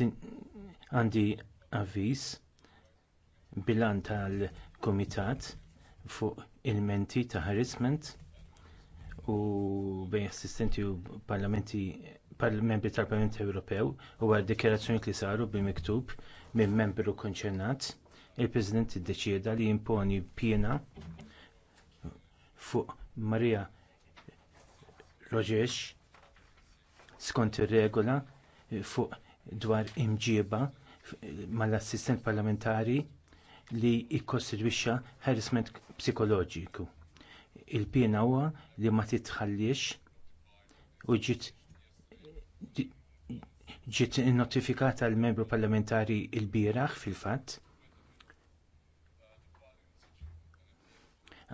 għandi avvis bilan tal-kumitat fuq il-menti ta' harassment u bejn assistenti u parlamenti membri tal-Parlament Ewropew u għal dikjarazzjonijiet li saru bil-miktub minn membru konċernat, il-President iddeċieda li jimponi pjena fuq Marija Roġex skont ir-regola fuq dwar imġieba mal-assistent parlamentari li jikkostitwixxa harassment psikoloġiku. il pina huwa li ma titħallix u ġiet ġiet notifikata l membru parlamentari lbieraħ fil-fatt.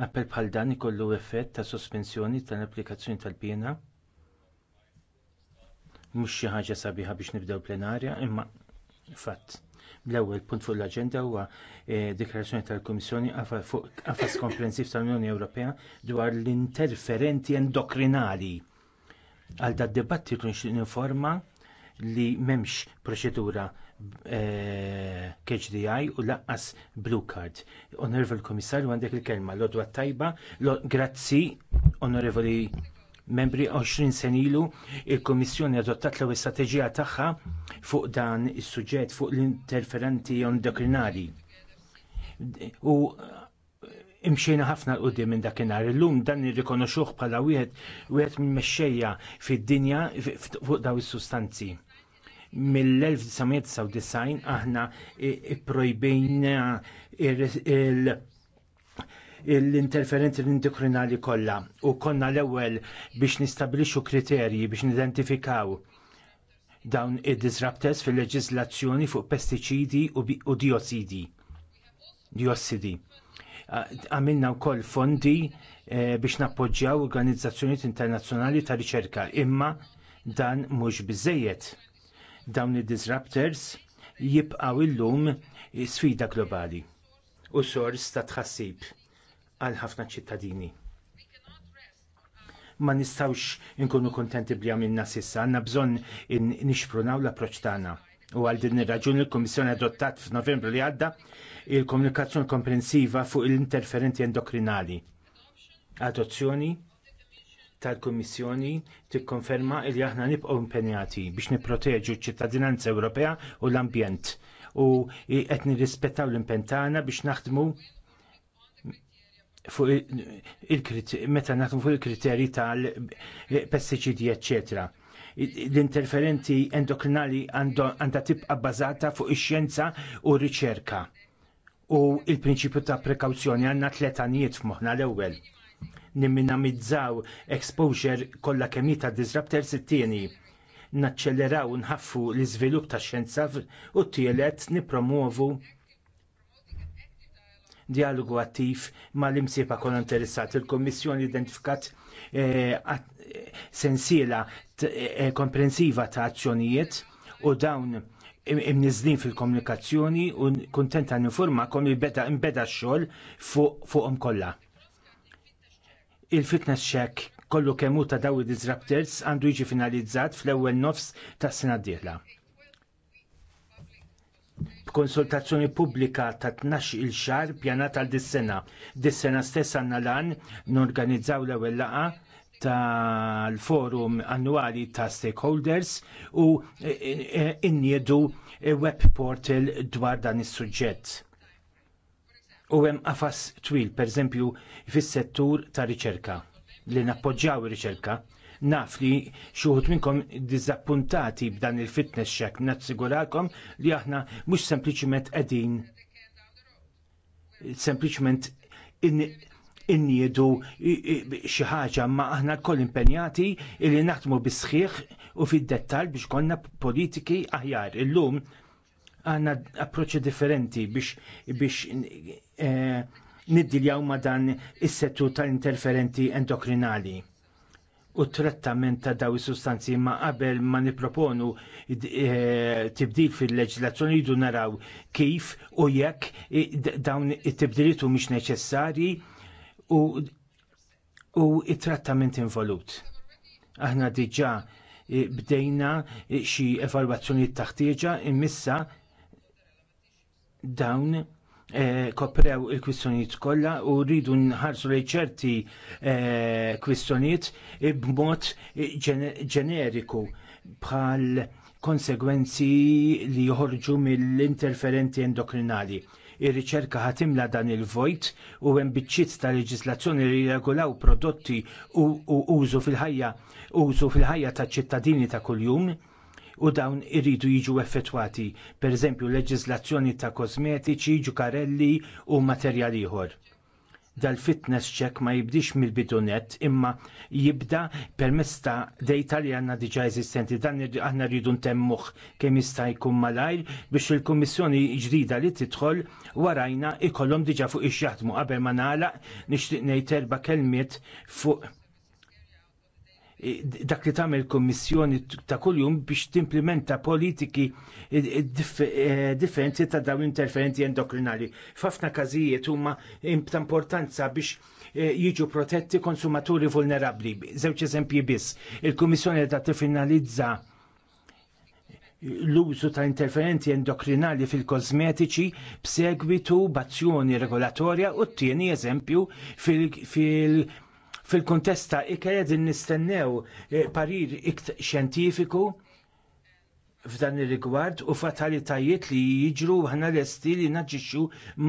Appel bħal dan ikollu effett ta' sospensjoni tal-applikazzjoni tal pina Mhux xi ħaġa sabiħa biex nibdew plenarja, imma fatt. L-ewwel punt fuq l-aġenda huwa eh, dikrazzjoni tal-Kummissjoni qafas komprensiv tal-Unjoni Ewropea dwar l-interferenti endokrinali. Għal dat dibattitu informa li m'hemmx proċedura KHDI eh, u laqqas Blue Card. Onorevoli Komissarju għandek il-kelma, l-odwa tajba, grazzi, onorevoli membri 20 sen ilu il-Kummissjoni adottat l istrateġija tagħha fuq dan is-suġġett fuq l-interferenti endokrinali. U eh, imxina ħafna l qudiem minn dakinhar. Illum dan irrikonoxuh bħala wieħed wieħed minn mexxejja fid-dinja fuq daw is-sustanzi mill-1999 aħna eh, ipprojbejna il l-interferenzi indikrinali kollha u konna l-ewwel biex nistabilixxu kriterji biex nidentifikaw dawn id-disruptors fil-leġiżlazzjoni fuq pestiċidi u diossidi. Diossidi. Għamilna wkoll fondi eh, biex nappoġġjaw organizzazzjonijiet internazzjonali ta' riċerka, imma dan mhux biżejjed. Dawn id-disruptors jibqgħu illum sfida globali u sors ta' tħassib għal ħafna ċittadini. Ma nistawx inkunu kontenti bli għamilna sissa, għanna bżon nixprunaw l-approċ tagħna. U għal din ir-raġuni l-Kummissjoni adottat f'Novembru li għadda il-komunikazzjoni komprensiva fuq l-interferenti endokrinali. Adozzjoni tal-Kummissjoni tikkonferma li aħna nibqgħu impenjati biex nipproteġu ċ-ċittadinanza Ewropea u l-ambjent u qed nirrispettaw l-impentana biex naħdmu fuq meta naħdmu fuq il-kriterji tal-pestiċidi, eċetera. L-interferenti endokrinali għandha tibqa' bbażata fuq ix-xjenza u r-riċerka. U l prinċipju ta' prekawzjoni għandna tletanijiet f'moħħna l-ewwel. Nimminamizzaw exposure kollha kemm ta' disruptors it-tieni naċċeleraw nħaffu l-iżvilupp tax xjenza u t-tielet nippromovu dialogu attiv mal imsieba kon interessat. Il-Kommissjoni identifikat eh, eh, sensiela eh, komprensiva ta' azzjonijiet u dawn imniżlin fil-komunikazzjoni u kontenta nifurmakom li imbeda xol xogħol fuqhom kollha. Il-fitness check kollu kemm hu ta' daw disruptors għandu jiġi finalizzat fl-ewwel nofs tas-sena d-dieħla b'konsultazzjoni pubblika ta' 12 il xahar pjanat għal dis-sena. Dis-sena stess għandna lan norganizzaw l-ewwel laqgħa tal-forum annwali ta' stakeholders u e, e, e, injedu web portal dwar dan is-suġġett u hemm qafas twil, pereżempju fis-settur ta' riċerka li nappoġġjaw ir-riċerka Naf li xuħut minnkom diżappuntati b'dan il-fitness check, nassigurakom li aħna mhux sempliċiment qegħdin sempliċement inniedu xi ħaġa ma aħna lkoll impenjati li naħdmu bisħiħ u fid-dettall biex konna politiki aħjar. Illum aħna approċċi differenti biex biex eh, niddiljaw ma dan is-settu tal-interferenti endokrinali u trattament ta' daw is-sustanzi ma qabel ma nipproponu eh, tibdil fil-leġislazzjoni jridu naraw kif u jekk eh, dawn it-tibdiliet mhux neċessarji u it-trattament involut. Aħna diġà eh, bdejna xi evalwazzjoni taħtieġa imissa dawn E, koprew il-kwistjonijiet kollha u rridu nħarsu lejn ċerti e, kwistjonijiet e, b'mod ġeneriku bħal konsegwenzi li joħorġu mill-interferenti endokrinali. Ir-riċerka ħatimla dan il-vojt u hemm biċċiet ta' leġislazzjoni li regolaw prodotti u użu fil-ħajja użu fil-ħajja ta' ċittadini ta' kuljum u dawn iridu jiġu effettwati, pereżempju leġiżlazzjoni ta' kosmetiċi, ġukarelli u materjal ieħor dal-fitness check ma jibdix mill-bidunet imma jibda permess ta' dejta li għandna diġà eżistenti. Dan aħna rridu ntemmuh kemm jista' jkun malajr biex il-kummissjoni ġdida li tidħol warajna ikollhom diġà fuq ix-xaħdmu qabel ma nagħlaq nixtieq ngħid erba' kelmiet fuq dak li tagħmel kummissjoni ta' kuljum biex timplementa politiki e, differenti ta' dawn interferenti endokrinali. F'ħafna każijiet huma ta' importanza biex e, jiġu protetti konsumaturi vulnerabbli. Żewġ eżempji biss. Il-Kummissjoni ta' tifinalizza l-użu ta' interferenti endokrinali fil-kosmetiċi b'segwitu b'azzjoni regolatorja u t-tieni eżempju fil-, fil Fil-kontesta ikejed nistennew eh, parir ikt xjentifiku f'dan ir-rigward u fatalitajiet li jiġru ħna lesti li naġixxu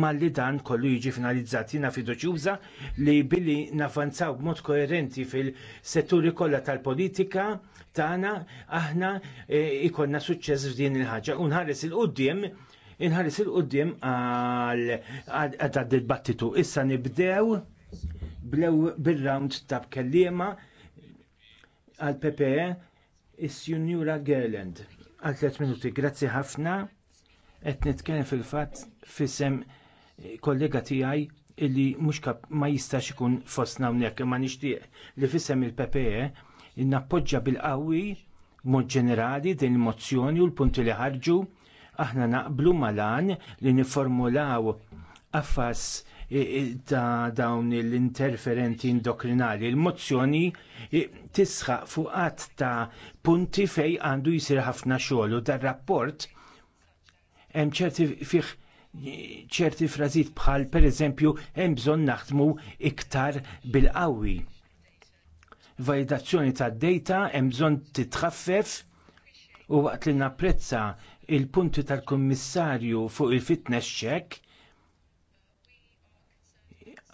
malli dan kollu jiġi finalizzat. Jiena fiduċjuża li billi navanzaw b'mod koerenti fil-setturi kollha tal-politika tagħna aħna eh, ikollna suċċess f'din il-ħaġa u nħares il-qudiem inħares il-qudiem għal għad dibattitu Issa nibdew blew bil-round ta' kellima għal PPE is-Junjura Gerland. Għal 3 minuti, grazzi ħafna, qed nitkellem fil-fatt fisem kollega tiegħi illi mhux ma jistax ikun fostna hawnhekk imma nixtieq li fisem il-PPE nappoġġa bil-qawwi mod ġenerali din il-mozzjoni u l-punti li ħarġu aħna naqblu malan li niformulaw affas ta' dawn l-interferenti endokrinali. Il-mozzjoni tisħaq fuq qatt ta' punti fej għandu jisir ħafna xogħol u dar rapport hemm ċerti fih ċerti frażit bħal pereżempju hemm bżonn naħdmu iktar bil-qawwi. Validazzjoni tad-data hemm bżonn titħaffef u waqt li napprezza il-punti tal-Kummissarju fuq il-fitness check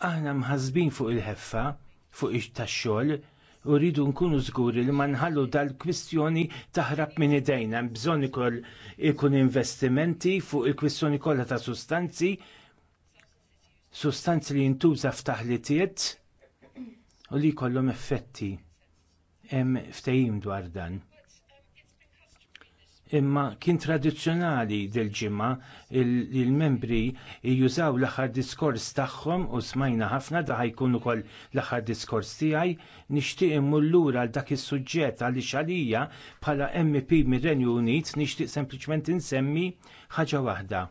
aħna mħazbin fuq il-ħeffa, fuq ix-tax-xogħol, u rridu nkunu żguri li ma nħallu dal-kwistjoni taħrab minn idejna. Bżonn ikoll ikun investimenti fuq il-kwistjoni kollha ta' sustanzi, sustanzi li jintuża f'taħlitiet u li jkollhom effetti hemm ftehim dwar dan imma kien tradizzjonali dil-ġimma il-membri jużaw l-aħħar diskors tagħhom u smajna ħafna da jkun ukoll l-aħħar diskors tiegħi nixtieq immur lura għal dak is-suġġett għaliex għalija bħala MP mir-Renju Unit nixtieq sempliċement insemmi ħaġa waħda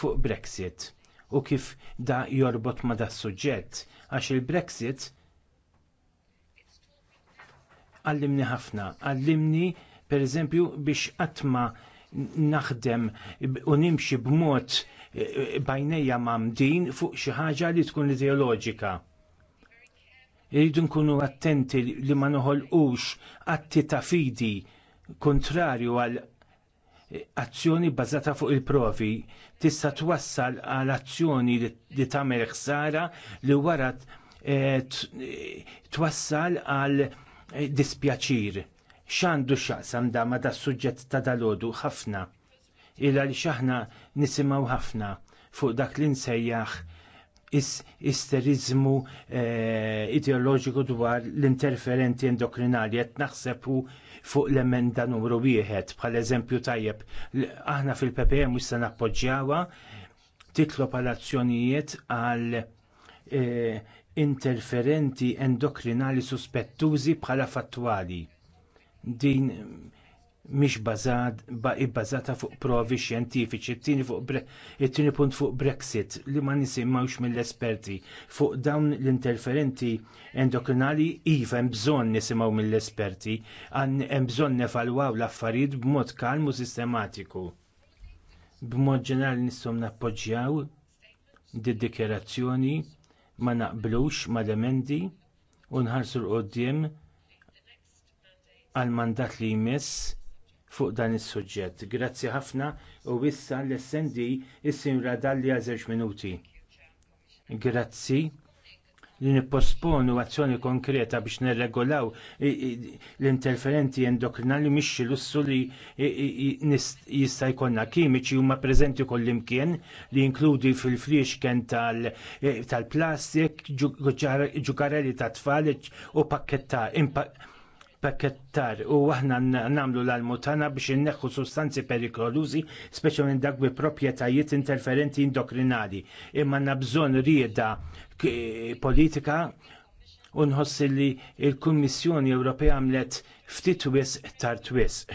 fuq Brexit u kif da jorbot ma da suġġett għax il-Brexit għallimni ħafna, għallimni pereżempju biex qatt ma naħdem u nimxi b'mod eh, eh, bajnejja mamdin fuq xi ħaġa li tkun ideoloġika. Irridu nkunu attenti li ma noħolqux atti ta' fidi kontrarju għal eh, azzjoni bbażata fuq il-provi tista' twassal għal azzjoni li tagħmel ħsara li wara twassal għal dispjaċir x'għandu x'aqsam dama tas suġġett ta' dalodu ħafna illa li xaħna nisimgħu ħafna fuq dak li nsejjaħ isterizmu eh, ideoloġiku dwar l-interferenti endokrinali qed naħseb fuq l-emenda numru wieħed bħal eżempju tajjeb aħna fil-PPM issa nappoġġjawha titlob għal azzjonijiet għal eh, interferenti endokrinali suspettużi bħala fattwali din mhix bbażata fuq provi xjentifiċi, it-tieni punt fuq Brexit li ma nisimgħux mill-esperti fuq dawn l-interferenti endokrinali iva hemm bżonn nisimgħu mill-esperti, hemm bżonn nevalwaw l-affarijiet b'mod kalm u sistematiku. B'mod ġenerali nistgħu nappoġġjaw did-dikjerazzjoni ma naqblux mal-emendi u nħarsu l-qoddim għal mandat li jmiss fuq dan is-suġġett. Grazzi ħafna u issa l-SND is-sinra dalli għal minuti. Grazzi li nipposponu azzjoni konkreta biex nirregolaw l-interferenti endokrinali mhix lussu li jista' jkollna kimiċi huma preżenti kullimkien li jinkludi fil-friexken eh, tal-plastik, ġukarelli tat tfal u pakketta pakettar u aħna nagħmlu l-almutana biex inneħħu sustanzi perikolużi, speċjalment dak bi proprjetajiet interferenti endokrinali. Imma għandna rieda politika u nħossi li l kummissjoni Ewropea għamlet ftit wisq tar wisq.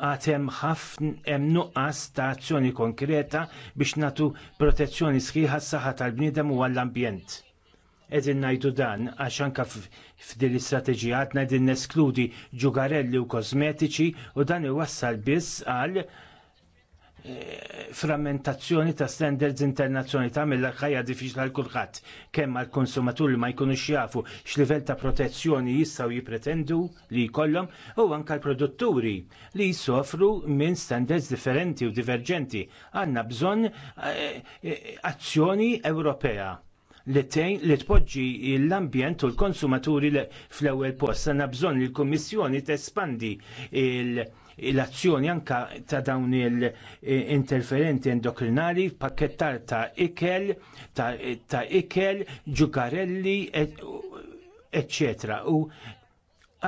Għatem ħafn hemm nuqqas ta' azzjoni konkreta biex natu protezzjoni sħiħa s-saħħa tal-bniedem u għall-ambjent edin najdu dan għax anka f'din l-istrateġija għadna din neskludi ġugarelli u kosmetiċi u dan iwassal biss għal eh, frammentazzjoni ta' standards internazzjoni ta' mill ħajja diffiċli għal kulħadd kemm għal konsumaturi ma jkunux jafu x'livell ta' protezzjoni jistgħu jipretendu li jkollhom u anke l-produtturi li jsofru minn standards differenti u diverġenti. Għandna bżonn eh, eh, azzjoni Ewropea li tejn li tpoġġi l-ambjent u l-konsumaturi fl-ewwel post. Sanna bżonn li l-Kummissjoni tespandi l-azzjoni anka ta' dawn il-interferenti endokrinali, pakkettar ta' ikel, ta' ikel, ġukarelli, eccetera. U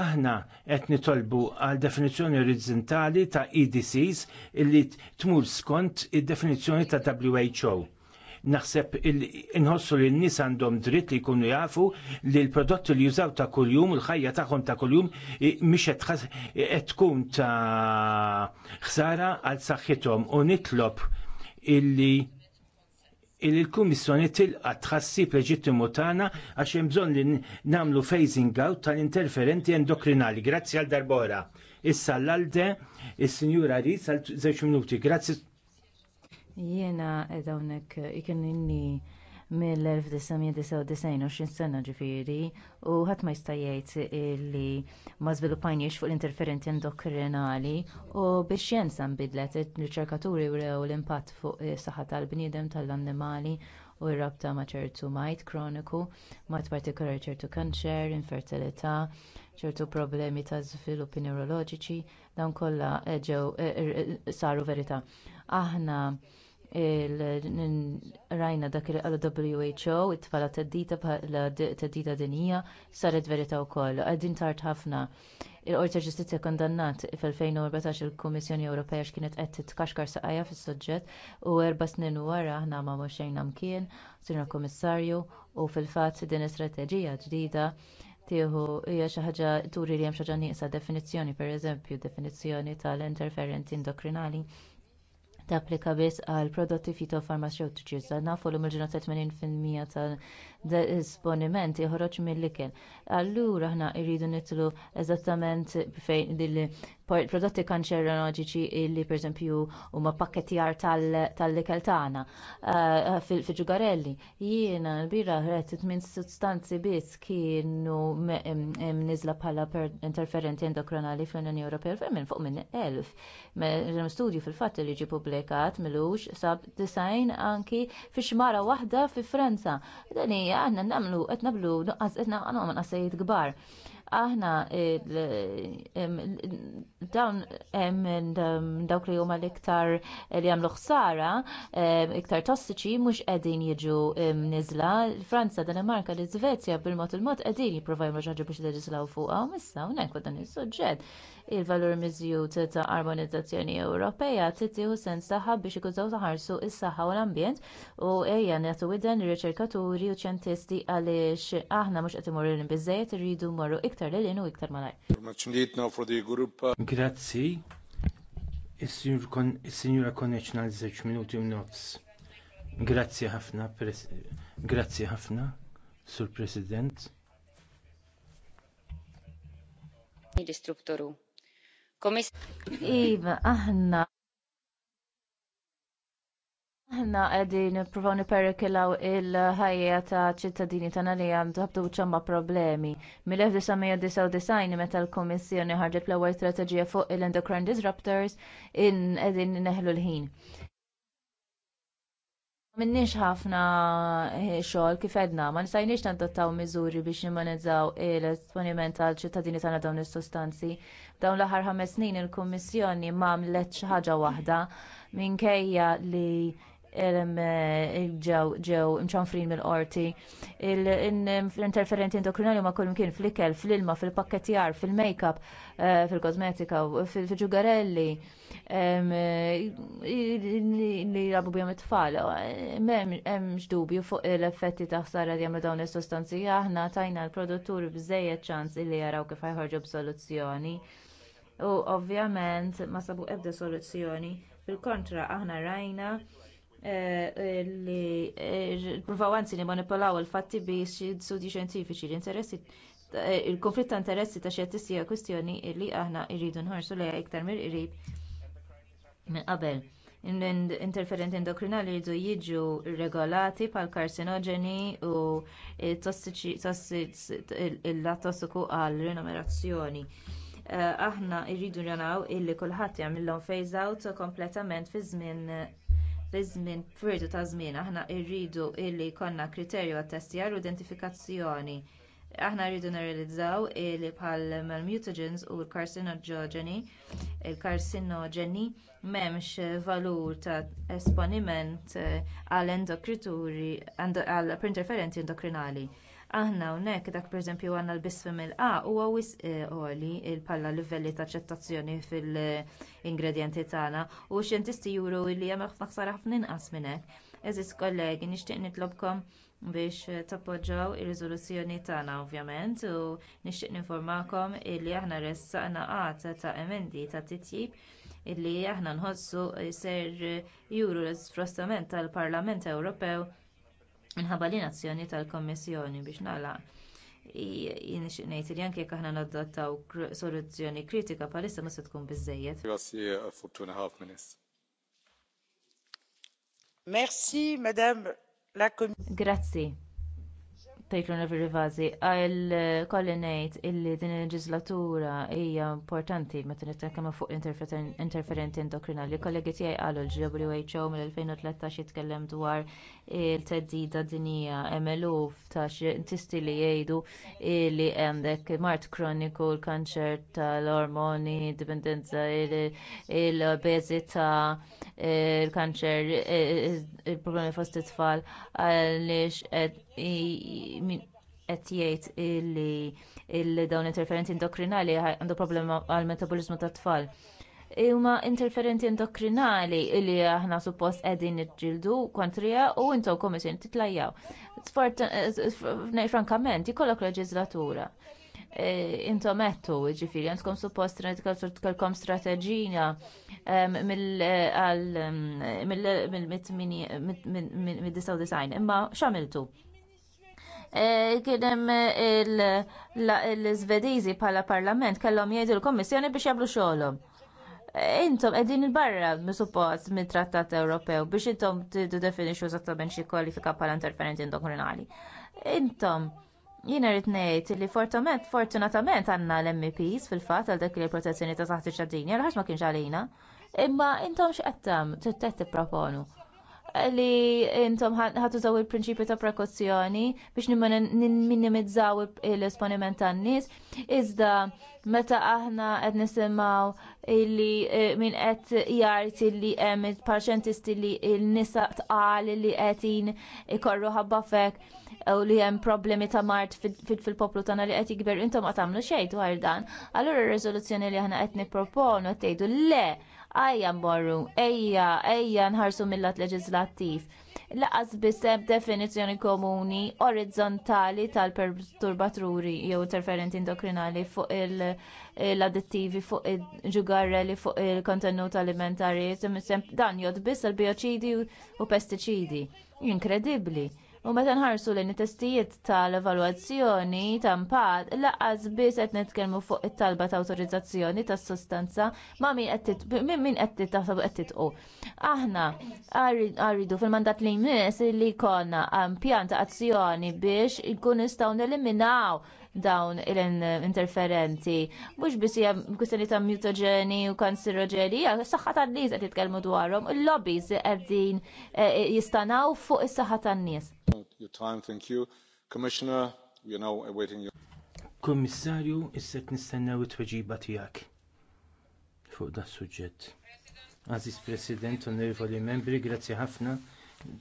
aħna qed nitolbu għal definizzjoni orizzontali ta' EDCs illi tmur skont id-definizzjoni ta' WHO naħseb inħossu li n-nies għandhom dritt li jkunu jafu li l-prodotti li jużaw ta' kuljum, il-ħajja tagħhom ta' kuljum miex qed tkun ta' ħsara għal saħħithom u nitlob illi il-Kummissjoni tilqa tħassib leġittimu tagħna għax hemm bżonn li nagħmlu phasing out tal-interferenti endokrinali. Grazzi għal darbora. Issa l-alde, is-Sinjura Ris għal żewġ minuti. Grazzi Jiena edha ikenni mill-1999 20 sena ġifieri u ħadd ma jista' jgħid li ma żviluppajniex fuq l-interferenti endokrinali u biex xjenza nbidlet ir-riċerkaturi wrew l-impatt fuq is-saħħa tal-bniedem tal-annimali u r-rabta ma' ċertu majt kroniku, mat partikolari ċertu kanċer, infertilità, ċertu problemi ta' żviluppi neuroloġiċi, dawn kollha ġew eh, eh, saru verità. Aħna rajna dak il għal WHO, it-tfala teddita bħala teddita dinija, saret verita u koll. Għaddin tart ħafna. Il-Qorti Ġustizja kondannat fil-2014 il-Kummissjoni Ewropea x'kienet qed titkaxkar saqajja fis suġġett u erba' snin wara aħna ma moxejn kien, sirna Kummissarju u fil-fatt din istrateġija ġdida tieħu hija xi ħaġa turi li hemm xi ħaġa nieqsa definizzjoni, pereżempju definizzjoni tal-interferenti endokrinali tapplika biss għal prodotti fitofarmaceutiċi iżda nafu l il-ġurnata 80% tal-disponiment joħroġ mill-ikel. Allura aħna rridu nitlu eżattament fejn prodotti kanċerogeniċi li pereżempju huma pakketjar tal likeltana tagħna eh, fil-ġugarelli. Jiena l-bira ħret minn sustanzi biss kienu nizla bħala interferenti endokronali fl-Unjoni Ewropea fejn minn fuq minn elf. Studju fil-fatt li ġi publikat milux sab design anki fi xmara waħda fi Franza. Dani aħna nagħmlu qed nablu nuqqas qed naqgħu ma' kbar aħna dawn hemm dawk li huma l-iktar li jagħmlu ħsara iktar tossiċi mhux qegħdin jiġu nizla. Franza, Danimarka, l-Iżvezja bil-mod il-mod qegħdin jippruvaw jmorġaġu biex leġislaw fuqha issa hawnhekk dan is-suġġett il-valur miżjud ta' armonizzazzjoni Ewropea tieħu sens tagħha biex ikużaw taħarsu is-saħħa u l-ambjent u ejja nagħtu widen ir-riċerkaturi u ċjentisti għaliex aħna mhux qed imorru lin biżżejjed irridu mmorru iktar lil u iktar malajr. Grazzi. Is-Sinjura Konneċ għal żewġ minuti u nofs. Grazzi ħafna, grazzi ħafna, Sur President. Il-istrutturu Komis. Iva, aħna. Aħna għedin provaw niperikilaw il-ħajja ta' ċittadini tagħna li għandu ħabdu ċamma problemi. Mill-1999 meta l-Komissjoni ħarġet l-ewwel strateġija fuq il-endocrine disruptors in qegħdin neħlu l-ħin. Minnix ħafna eh, xogħol kif edna, ma nistajniex tantattaw miżuri biex nimmanizzaw l-esponiment tal ċittadini tagħna dawn is-sustanzi. Dawn l-aħħar ħames snin il-Kummissjoni m'għamlet xi ħaġa waħda minkejja li ġew ġew imċanfrin mill-qorti. L-interferenti endokrinali ma kull kien fl-ikel, fl-ilma, fil-pakketjar, fil-makeup, eh, fil-kosmetika, fil-ġugarelli, li rabu bjom it-tfal. Hemm dubju fuq l-effetti ta' ħsara li jagħmlu dawn is-sostanzi aħna tajna l-produtturi bżejjed ċans li jaraw kif ħajħorġu soluzzjoni u ovvjament ma sabu ebda soluzzjoni. Fil-kontra aħna rajna eh, li eh, provaw anzi li manipolaw il-fatti biex studi xjentifiċi l-interessi eh, il-konflitt ta' interessi ta' xjettisti għu kwistjoni li aħna irridu nħarsu li iktar mill-qrib minn qabel. Interferenti endokrinali jridu jiġu regolati pal karsinogeni u il tossiku għal renumerazzjoni Eh, aħna rridu naraw illi kulħadd jagħmilhom phase out kompletament fi żmien fi periodu ta' żmien aħna rridu illi jkollna kriterju għat-testjar u identifikazzjoni. Aħna rridu nirrealizzaw li bħal mutagens u l-karsinogeni, il-karsinogeni m'hemmx valur ta' esponiment eh, għal endokrituri għal interferenti endokrinali. Aħna hawnhekk dak pereżempju għandna l-biss fimilqa huwa wisq għoli e, il-palla livelli ta' ċettazzjoni fil-ingredjenti tagħna u xjentisti juru li hemm ħafna ħafna inqas minn hekk. Eżis kollegi, nixtieq nitlobkom biex tappoġġjaw ir-riżoluzzjoni tagħna ovvjament u nixtieq ninformakom li aħna ressaqna qata ta' emendi ta' titjib illi aħna nħossu ser juru l-sfrostament tal-Parlament Ewropew minħabba li nazzjoni tal-Kommissjoni biex nagħlaq jinixtieq ngħid li anke jekk aħna nadottaw soluzzjoni kritika bħalissa ma se tkun biżżejjed. Uh, Merci, Madame la Commissaire. Grazzi. Pejtru Rivazi, għal uh, kollinejt illi din il-ġizlatura hija importanti meta nitkellem fuq interferenti endokrinali. Kollegi tiegħi qalu l-WHO mill-2013 jitkellem dwar il-teddida dinija hemm eluf ta' xjentisti li jgħidu li għandek mart kroniku l-kanċer tal-ormoni, dipendenza, il-obeżità, il-kanċer, il-problemi fost it-tfal għaliex qed jgħid illi dawn l interferenti endokrinali għandu problema għall metabolizmu tat-tfal huma interferenti endokrinali li aħna suppost qegħdin niġġieldu kontrija u intom komisjon titlajjaw. Eh, frankament, jkollok leġislatura. Eh, intom għettu, ġifiri, għandkom suppost tkellkom strateġija mill-99, imma xamiltu? Eh, kienem l-Svedizi pala parlament kellhom jgħidu l-Kommissjoni biex jagħmlu xogħolhom intom qegħdin il-barra suppost mit trattat Ewropew biex intom tiddefinixxu eżattament xi kwalifika bħala interferenti endokrinali. Intom jina rritnejt ngħid li fortament fortunatament għandna l mps fil-fatt għal dak li protezzjoni ta' saħħa ċaddini, għal ħax ma kienx għalina. Imma intom għattam, t tipproponu. proponu li intom ħatużaw il-prinċipju ta' prekozzjoni biex minimizzaw l-esponiment tan-nies, iżda meta aħna qed nisimgħu illi e, min qed jgħid illi hemm il-parċentisti li l-nisa tqal li qegħdin ikorru ħabba fek u li hemm problemi ta' mart fil-poplu tagħna li qed jikber intom għatamlu tagħmlu xejn dan. Allura r-riżoluzzjoni li aħna qed nipproponu qed tgħidu le Ajja mmorru, ejja, ejja nħarsu mill lat leġislattiv. Laqas biseb definizzjoni komuni orizzontali tal-perturbaturi jew interferenti endokrinali fuq l-addittivi fuq il-ġugarreli fuq il-kontenut alimentari, dan jod biss l bioċidi u pestiċidi. Inkredibbli U meta nħarsu lejn it-testijiet tal-evalwazzjoni ta' impatt, laqqas biss qed nitkellmu fuq it-talba ta' awtorizzazzjoni tas-sustanza ma' min qed min qed qed titqu. Aħna għarridu fil-mandat li jmiss li jkollna ehm, pjan ta' azzjoni biex ikun nistgħu neliminaw dawn il-interferenti. Mux biss hija kwistjoni ta' mutageni u kanserogeni, s-saħħa tan-nies qed jitkellmu dwarhom, il-lobbies qegħdin eh, jistanaw fuq is-saħħa tan-nies. Kommissarju, issa nistennew it-tweġiba tiegħek fuq da' suġġett. Aziz President, onorevoli membri, grazie ħafna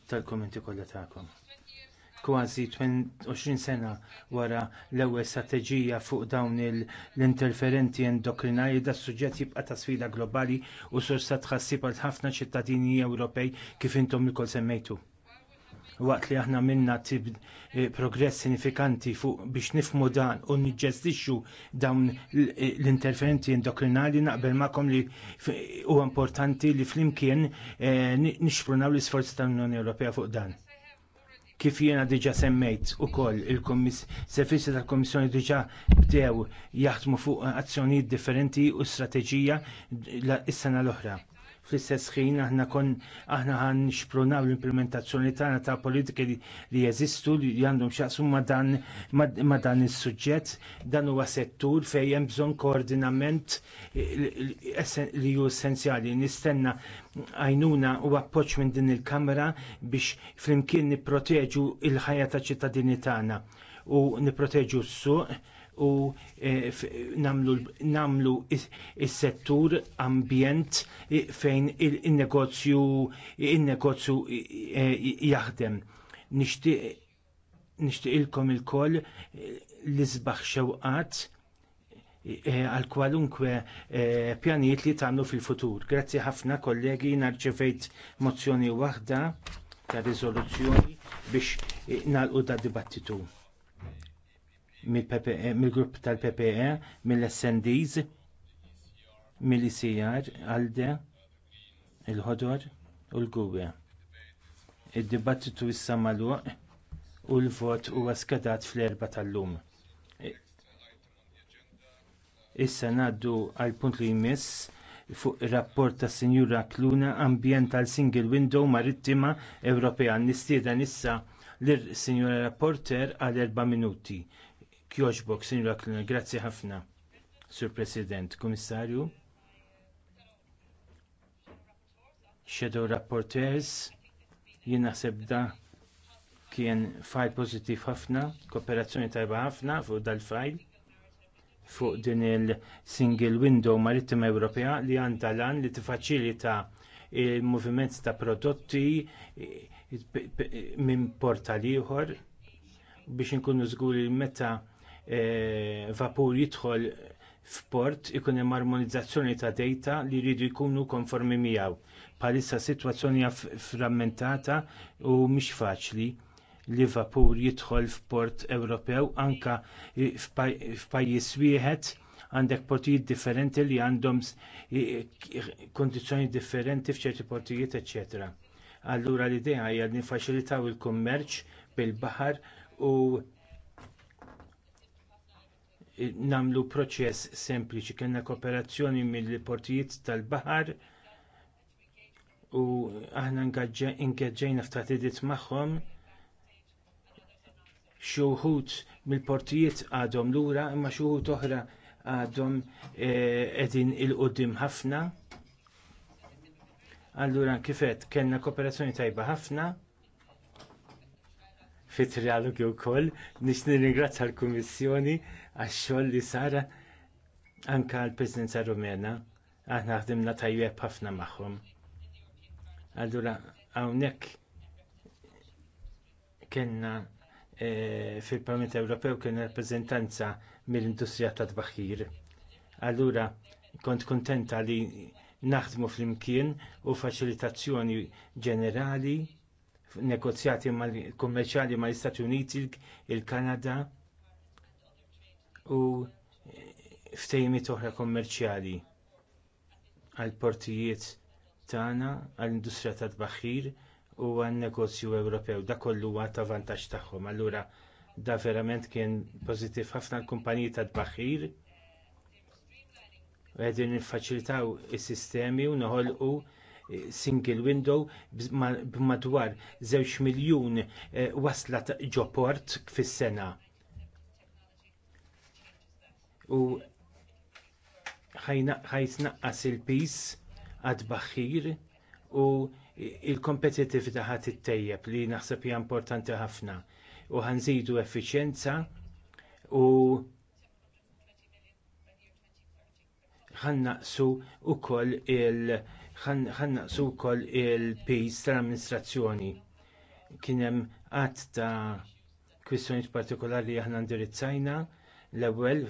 tal-kommenti kollha tagħkom kważi 20 sena wara l-ewwel strateġija fuq dawn l-interferenti endokrinali da suġġett jibqa' ta' sfida globali u sorsa tħassib għal ħafna ċittadini Ewropej kif intom ukoll semmejtu. Waqt li aħna minna tib eh, progress sinifikanti fuq biex nifmu dan u niġġestixxu dawn l-interferenti endokrinali naqbel magħkom li huwa importanti li flimkien eh, nixprunaw l-isforzi tal-Unjoni Ewropea fuq dan kif jiena diġa semmejt ukoll il-servizzi tal-Komissjoni diġa bdew jaħdmu fuq azzjonijiet differenti u strateġija is-sena l-oħra. Fl-istess ħin aħna kon aħna ħan l-implementazzjoni tagħna ta' politiki li jeżistu li għandhom x'jaqsmu ma' dan ma' dan is-suġġett, dan huwa settur fejn hemm bżonn koordinament li hu essenzjali. Nistenna għajnuna u appoġġ minn din il-Kamra biex flimkien nipproteġu l ħajja ta' ċittadini tagħna u nipproteġu s-suq u e, namlu is-settur ambjent fejn il-negozju il-negozju e, jaħdem. Nixtieqilkom ilkoll eh, l izbaħ xewqat eh, għal kwalunkwe pjaniet li tannu fil-futur. Grazzi ħafna kollegi narċevejt mozzjoni waħda ta' riżoluzzjoni biex nagħlqu da' dibattitu. E, mill-grupp tal-PPE, mill-SNDs, mill-ICR, ALDE, il-ħodor u l-gubja. Id-dibattitu issa magħluq u l-vot huwa skedat fl-erba tal-lum. Issa ngħaddu għall punt li jmiss fuq ir rapport tas Sinjura Kluna tal Single Window Marittima Ewropea. Nistieden issa lir-Sinjura Rapporter għal erba' minuti. Kjoġbok, Sinjura Klina, grazzi ħafna, Sur President, Komissarju, Shadow Rapporteurs, jien naħseb da kien fajl pozitiv ħafna, kooperazzjoni tajba ħafna fuq dal-fajl fuq din il-Single Window Marittima Ewropea li għandha lan li t-facilita l moviment ta' prodotti eh, minn porta ieħor biex inkunu żguri meta E, vapur jidħol f'port ikun hemm armonizzazzjoni ta' dejta li jridu jkunu konformi miegħu. Palissa sitwazzjoni frammentata u mhix faċli li vapur jidħol f'port Ewropew anke f'pajjiż wieħed għandek portijiet differenti li għandhom kundizzjoni differenti f'ċerti portijiet, eċċetera. Allura l-idea hija li nifaċilitaw il-kummerċ bil-baħar u nagħmlu proċess sempliċi. Kellna kooperazzjoni mill-portijiet tal-baħar u aħna ingaġġejna f'tat idiet magħhom xi wħud mill-portijiet għadhom lura imma xi wħud oħra għadhom e, qegħdin il-qudiem ħafna. Allura kifet kellna kooperazzjoni tajba ħafna fit-trialogi wkoll nixtieq nirringrazzja l-Kummissjoni għax-xogħol li sar anke għall-Presidenza Rumena aħna ħdimna tajjeb ħafna magħhom. Allura hawnhekk kellna e, fil-Parlament Ewropew kien rappreżentanza mill-industrija tat-tbaħħir. Allura kont kuntenta li naħdmu flimkien u faċilitazzjoni ġenerali negozjati mal-kummerċali mal-Istati Uniti, il-Kanada, u ftejmi oħra kommerċjali għall portijiet tagħna għall-industrija ta' tbaħħir u għan-negozju Ewropew dak kollu huwa ta' vantaġġ tagħhom. Allura da verament kien pożittiv ħafna l-kumpaniji ta' tbaħħir għedin niffaċilitaw is-sistemi u noħolqu single window b'madwar żewġ miljun eh, wasla ġoport fis-sena u ħajtnaqqas il-pis għad baħħir u il-kompetitivita ħat ittejjeb li naħseb hija importanti ħafna u ħanżidu effiċjenza u ħannaqsu wkoll il ħannaqsu il-pis tal-amministrazzjoni. Kien hemm qatt ta' kwistjonijiet partikolari li aħna ndirizzajna l-ewwel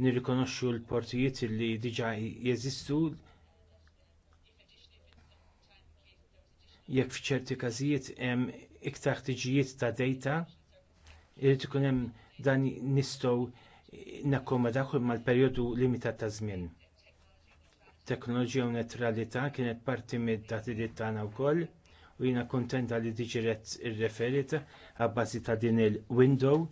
nirrikonoxxu l-portijiet li diġà jeżistu jekk f'ċerti każijiet hemm iktar ħtiġijiet ta' dejta, irid ikun hemm dan nistgħu nakkomodaw imma l-perjodu limitat ta' żmien. Teknoloġija u netralità kienet parti mid-datijiet tagħna wkoll u jiena kuntenta li diġi irreferita għabbażi ta' din il-window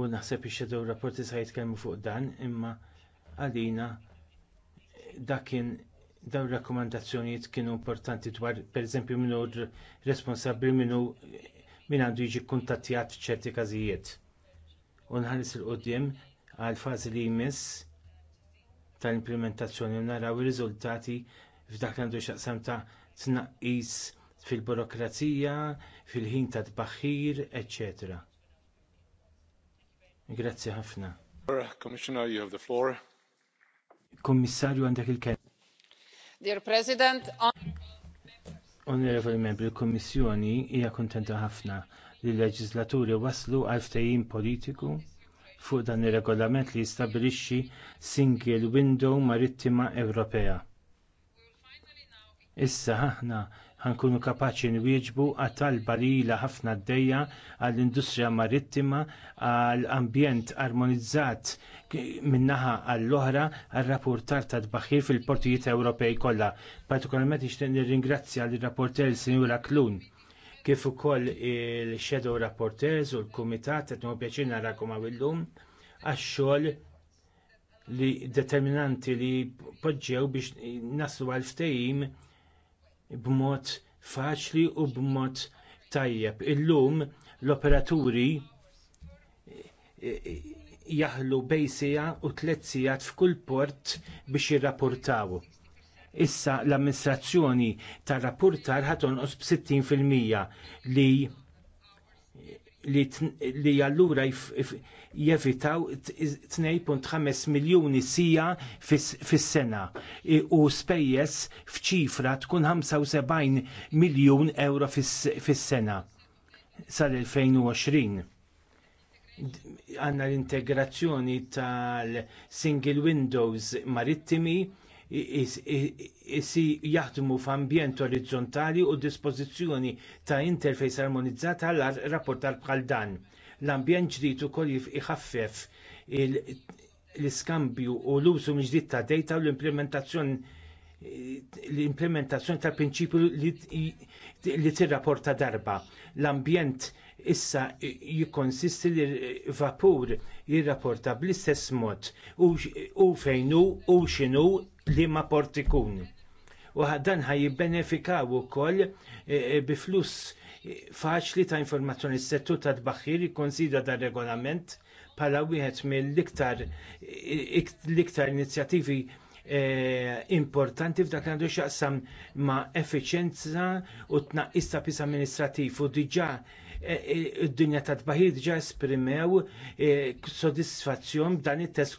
u naħseb biex xedew rapporti sa jitkellmu fuq dan imma għalina dakin dawn rakkomandazzjonijiet kienu importanti dwar pereżempju min hu responsabbli min hu għandu jiġi kontattijat f'ċerti każijiet. U nħares il qudiem għal fażi li jmiss tal-implementazzjoni u naraw ir-riżultati f'dak li għandu x'aqsam ta' tnaqqis fil-burokrazija, fil-ħin ta' tbaħħir, eccetera Grazzi ħafna. Commissioner, you have the floor. Kommissarju għandek il-kelma. Dear President, Onorevoli membri, il-Kommissjoni hija kuntenta ħafna li l-leġislaturi waslu għal ftehim politiku fuq dan ir-regolament li jistabilixxi Single Window Marittima Ewropea. Issa aħna ħankunu kapaċi nwieġbu għat-talba li ħafna d-dejja għall-industrija marittima għall-ambjent armonizzat min-naħa għall-oħra għal-rapportar ta' tbaħħir fil-portijiet Ewropej kollha. Partikolarment nixtieq nirringrazzja lir-rapporter Sinjura Klun kif ukoll il-Shadow Rapporters u l-Kumitat qed nħobbjaċina rakom għawillum għax-xogħol li determinanti li poġġew biex naslu għal ftehim b'mod faċli u b'mod tajjeb. Illum l-operaturi eh, eh, jaħlu bejsija u tliet sigħat f'kull port biex jirrapportaw. Issa l-amministrazzjoni tar-rapportar ħatonqos b'60% li li allura jevitaw 2.5 miljuni sija fis-sena u spejjes f'ċifra tkun 75 miljun euro fis-sena sal-2020 għanna l-integrazzjoni tal-single windows marittimi jissi jaħdmu f'ambjent orizzontali u dispożizzjoni ta' interface armonizzata għal rapportar bħal dan. L-ambjent ġdid ukoll iħaffef l-iskambju u l-użu mġdid ta' data u l-implementazzjoni l-implementazzjoni tal-prinċipju li tirrapporta darba. L-ambjent issa jikkonsisti li vapur jirrapporta bl-istess mod u fejnu u x'inhu li ma portikun. U dan ħaj jibbenefikaw ukoll e, e, bi flus e, faċli ta' informazzjoni s-settu ta' tbaħħir jikkonsidra dan regolament bħala wieħed mill-iktar l-iktar inizjattivi importanti f'dak għandu xaqsam ma' effiċjenza u tnaqqis ta' pis amministrativ u diġà E, e, id-dinja ta' tbaħir ġa esprimew e, sodisfazzjon b'dan it-test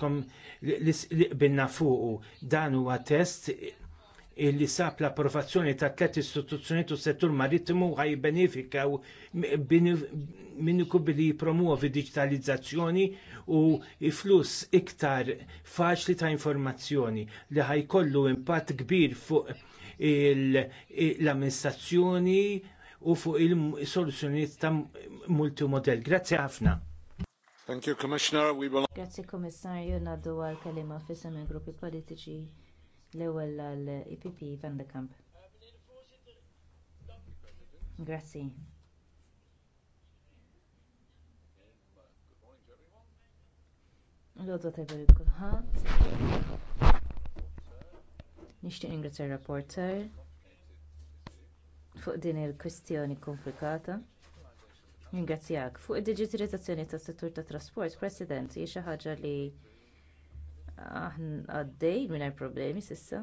li qbilna fuqu. Dan huwa test li sab l-approvazzjoni ta' tliet istituzzjonijiet u settur marittimu ħaj benefikaw minniku billi jipromuovi digitalizzazzjoni u flus iktar faċli ta' informazzjoni li ħajkollu impatt kbir fuq l-amministrazzjoni u fuq il soluzjoniet ta' multimodell. Grazie ħafna. Thank you, Commissioner. We will... Grazzi, Kommissarju, naddu għal kalima fissam il-gruppi politiċi l-ewel l ipp e Van de Kamp. Grazie. L-għodwa tajba li kullħat. Nishtiq ingrazzja il-rapporter fuq din il-kwistjoni komplikata. Ningrazzjak. Fuq id-diġitalizzazzjoni tas-settur tat trasport, President, hija xi ħaġa li aħna għaddej mingħajr problemi s'issa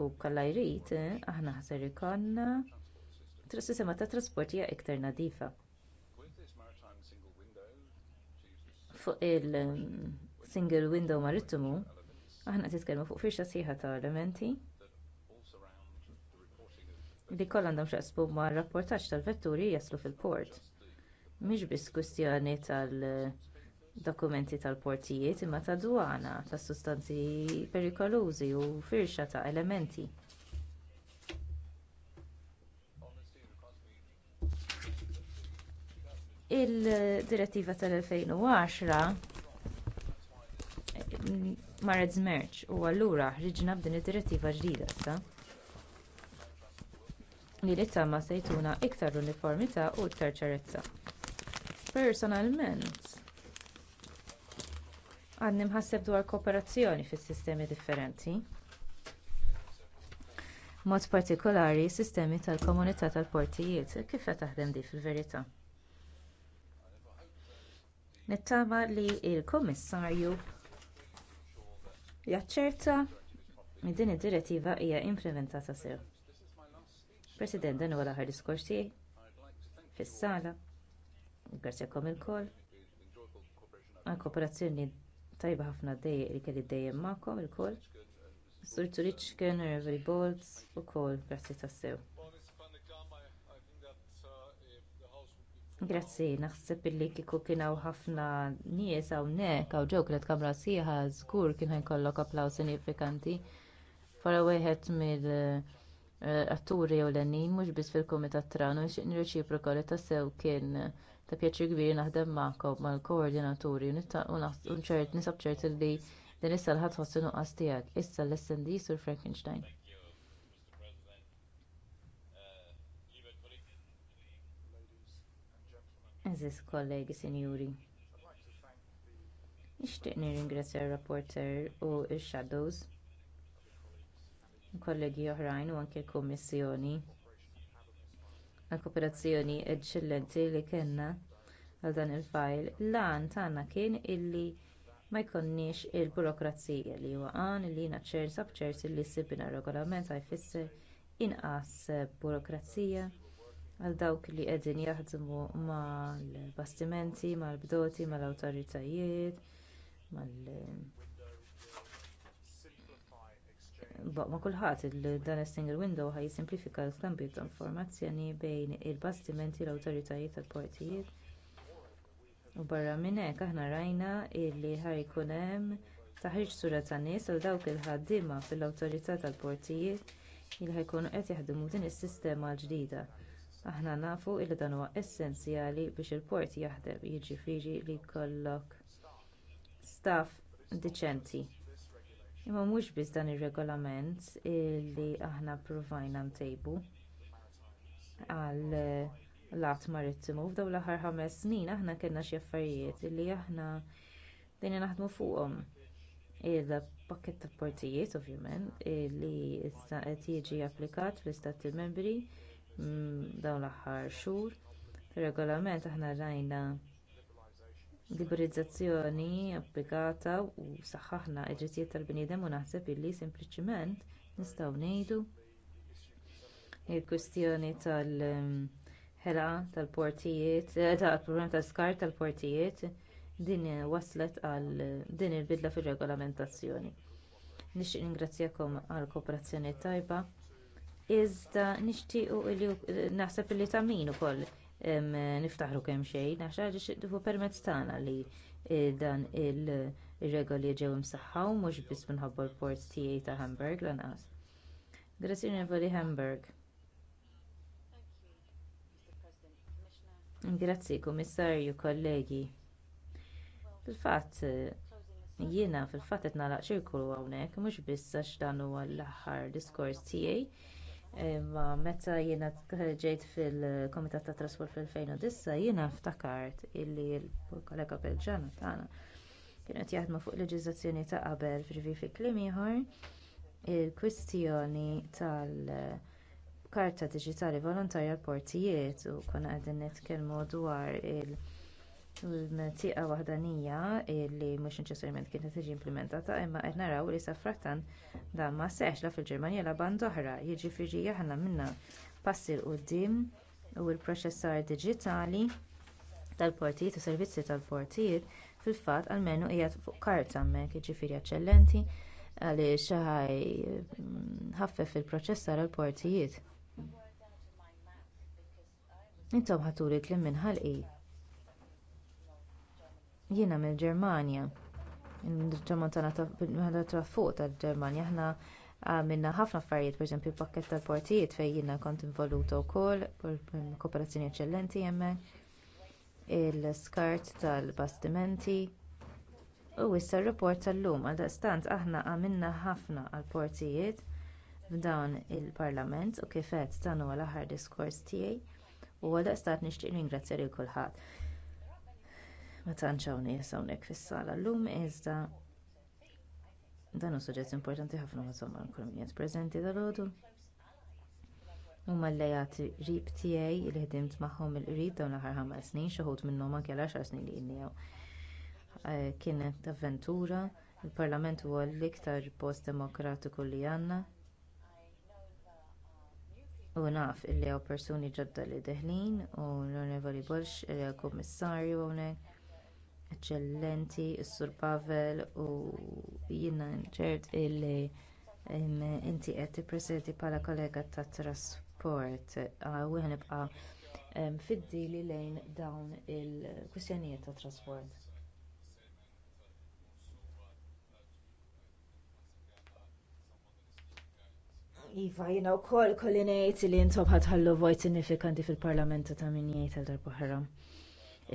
u kollha jrid aħna ħasar ikollna sistema tat trasport hija iktar nadifa. fuq il-single window marittimu, aħna titkellmu fuq firxa sieħa ta' elementi li kollha għandhom x'jaqsmu ma' rapportaġġ tal-vetturi jaslu fil-port. Mhix biss kwistjoni tal-dokumenti tal-portijiet imma ta' dwana ta' sustanzi perikolużi u firxa ta' elementi. il-direttiva tal-2010 marret żmerġ u allura ħriġna b'din id-direttiva ġdida issa li l-ittama se jtuna iktar uniformità u iktar ċarezza personalment għandi mħasseb dwar kooperazzjoni fis-sistemi differenti b'mod partikolari s-sistemi tal-komunità tal-portijiet kif qed taħdem dik fil-verità nittama li l-kummissarju jaċċerta li din id-direttiva hija implementata sew President, dan huwa l-aħħar diskors tiegħi fis-sala. Grazzjakom il-koll. Għal kooperazzjoni tajba ħafna dejjem li kelli dejjem magħkom il-koll. Sur Turichken, Reverie Bolts u koll, grazzi tassew. Grazzi, naħseb illi kieku kien hawn ħafna nies hawnhekk hawn ġew kienet kamra sieħa żgur kien ħajkollok applaw sinifikanti. Fara wieħed mill- Eh, atturi ewlenin mhux biss fil-Kumitat Tranu nixtieq nirreċiproka li sew kien ta' pjaċir kbir naħdem magħkom mal-koordinaturi u nċert nisab ċert li din issa l-ħadd ħossu nuqqas tiegħek. Issa l-SND sur Frankenstein. Eżis kollegi, sinjuri. Nixtieq nirringrazzja r-rapporter u x-shadows kollegi oħrajn u anke l-Kummissjoni għall kooperazzjoni eċċellenti li kellna għal dan il-fajl. L-għan tagħna kien illi ma jkollniex il-burokrazija li huwa għan li jiena ċerta b'ċerti li sibna regolament jfisser inqas burokrazija għal dawk li qegħdin jaħdmu mal-bastimenti, mal-bdoti, mal-awtoritajiet, mal-, -bastimenti, mal bdoti mal awtoritajiet mal ma' kulħadd dan is-single window ħaj jisimplifika l-skambju ta' informazzjoni bejn il-bastimenti l-awtoritajiet tal-portijiet u barra minn hekk aħna rajna li ħar ikun hemm taħriġ sura ta' nies għal dawk il-ħaddiema fil-awtorità tal-portijiet li ħajkunu qed jaħdmu din is-sistema l-ġdida. Aħna nafu li dan huwa essenzjali biex il-port jaħdem, jiġifieri li jkollok staff diċenti. Imma mhux biss dan ir-regolament li aħna pprovajna ntejbu għal lat marittimu F'daw l-aħħar ħames snin aħna kellna xi affarijiet li aħna dejna naħdmu fuqhom. Il-pakket ta' portijiet ovvjament li issa qed jiġi applikat fl-istati membri mm, dawn l-aħħar xhur. Fir-regolament aħna rajna liberalizzazzjoni applikata u saħaħna l drittijiet tal-bniedem u naħseb illi sempliċiment nistgħu ngħidu il-kwistjoni tal-ħela tal-portijiet, eh, tal-problema tal-skar tal-portijiet din waslet għal din il-bidla fir-regolamentazzjoni. Nixtieq ningrazzjakom għall kooperazzjoni tajba iżda nixtiequ eh, naħseb illi ta' min ukoll niftaħru kemm xejn għax għaliex xiddifu permezz tagħna li eh, dan il-regoli ġew imsaħħa u mhux biss minħabba l-port tiegħi ta' Hamburg lanqas. Grazzi Nevoli Hamburg. Grazzi, Kummissarju, kollegi. Fil-fatt, eh, jiena fil-fatt qed nagħlaq ċirkolu hawnhekk mhux biss għax dan huwa l-aħħar diskors tiegħi imma meta jiena ġejt fil-Komitat tat Trasport fil-2009 jiena ftakart illi l-kollega Belġana tagħna kien qed jaħdmu fuq leġiżlazzjoni ta' qabel ġrivi fi kliem ieħor il-kwistjoni tal-karta diġitali volontarja l-portijiet u konna qegħdin nitkellmu dwar il- tieqa waħdanija li mhux neċessarjament kienet tiġi implementata imma qed naraw li sa dan ma seħħx la fil-Ġermanja la band oħra, jiġifieri aħna minna passi l quddiem u l-proċessar diġitali tal-portijiet u servizzi tal-portijiet fil-fatt għalmenu hija fuq karta hemmhekk jiġifieri eċċellenti għaliex mm, ħaffef il-proċessar għall-portijiet. Intom ħaturi li minn ħalqi Jiena mill-Ġermanja. Il-Ġermanja tagħna ta' fuq tal-Ġermanja aħna għamilna ah, ħafna affarijiet, pereżempju pakket tal-portijiet fejn jiena kont involuta wkoll, kooperazzjoni eċċellenti hemmhekk, il-skart tal-bastimenti. U issa r-rapport tal-lum għaldaqstant aħna għamilna ħafna għall portijiet f'dawn il-Parlament u kif qed għal huwa l-aħħar diskors tiegħi u daqstant nixtieq ringrazzja lil kulħadd ma tantx nies hawnhekk fis-sala llum iżda dan hu suġġett importanti ħafna ma l-kumjent preżenti dalgħodu huma l rib qrib tiegħi li ħdimt magħhom il qrib dawn l-aħħar ħames snin xi wħud minnhom anke l-għaxar snin li jniew. Eh, Kienet avventura, il-Parlament huwa l-iktar post demokratiku li għandna. U naf illi hawn persuni ġodda li deħlin u l-Onorevoli Bolx il kummissarju hawnhekk eċċellenti is-Sur Pavel u jiena ċert illi inti qed tippreżenti bħala kollega tat trasport u nibqa' fid-dili lejn dawn il-kwistjonijiet ta' trasport. Iva, jina u koll kollinejt li jintob ħatħallu vojt sinifikanti fil-parlamentu ta' min jgħid għal darbuħra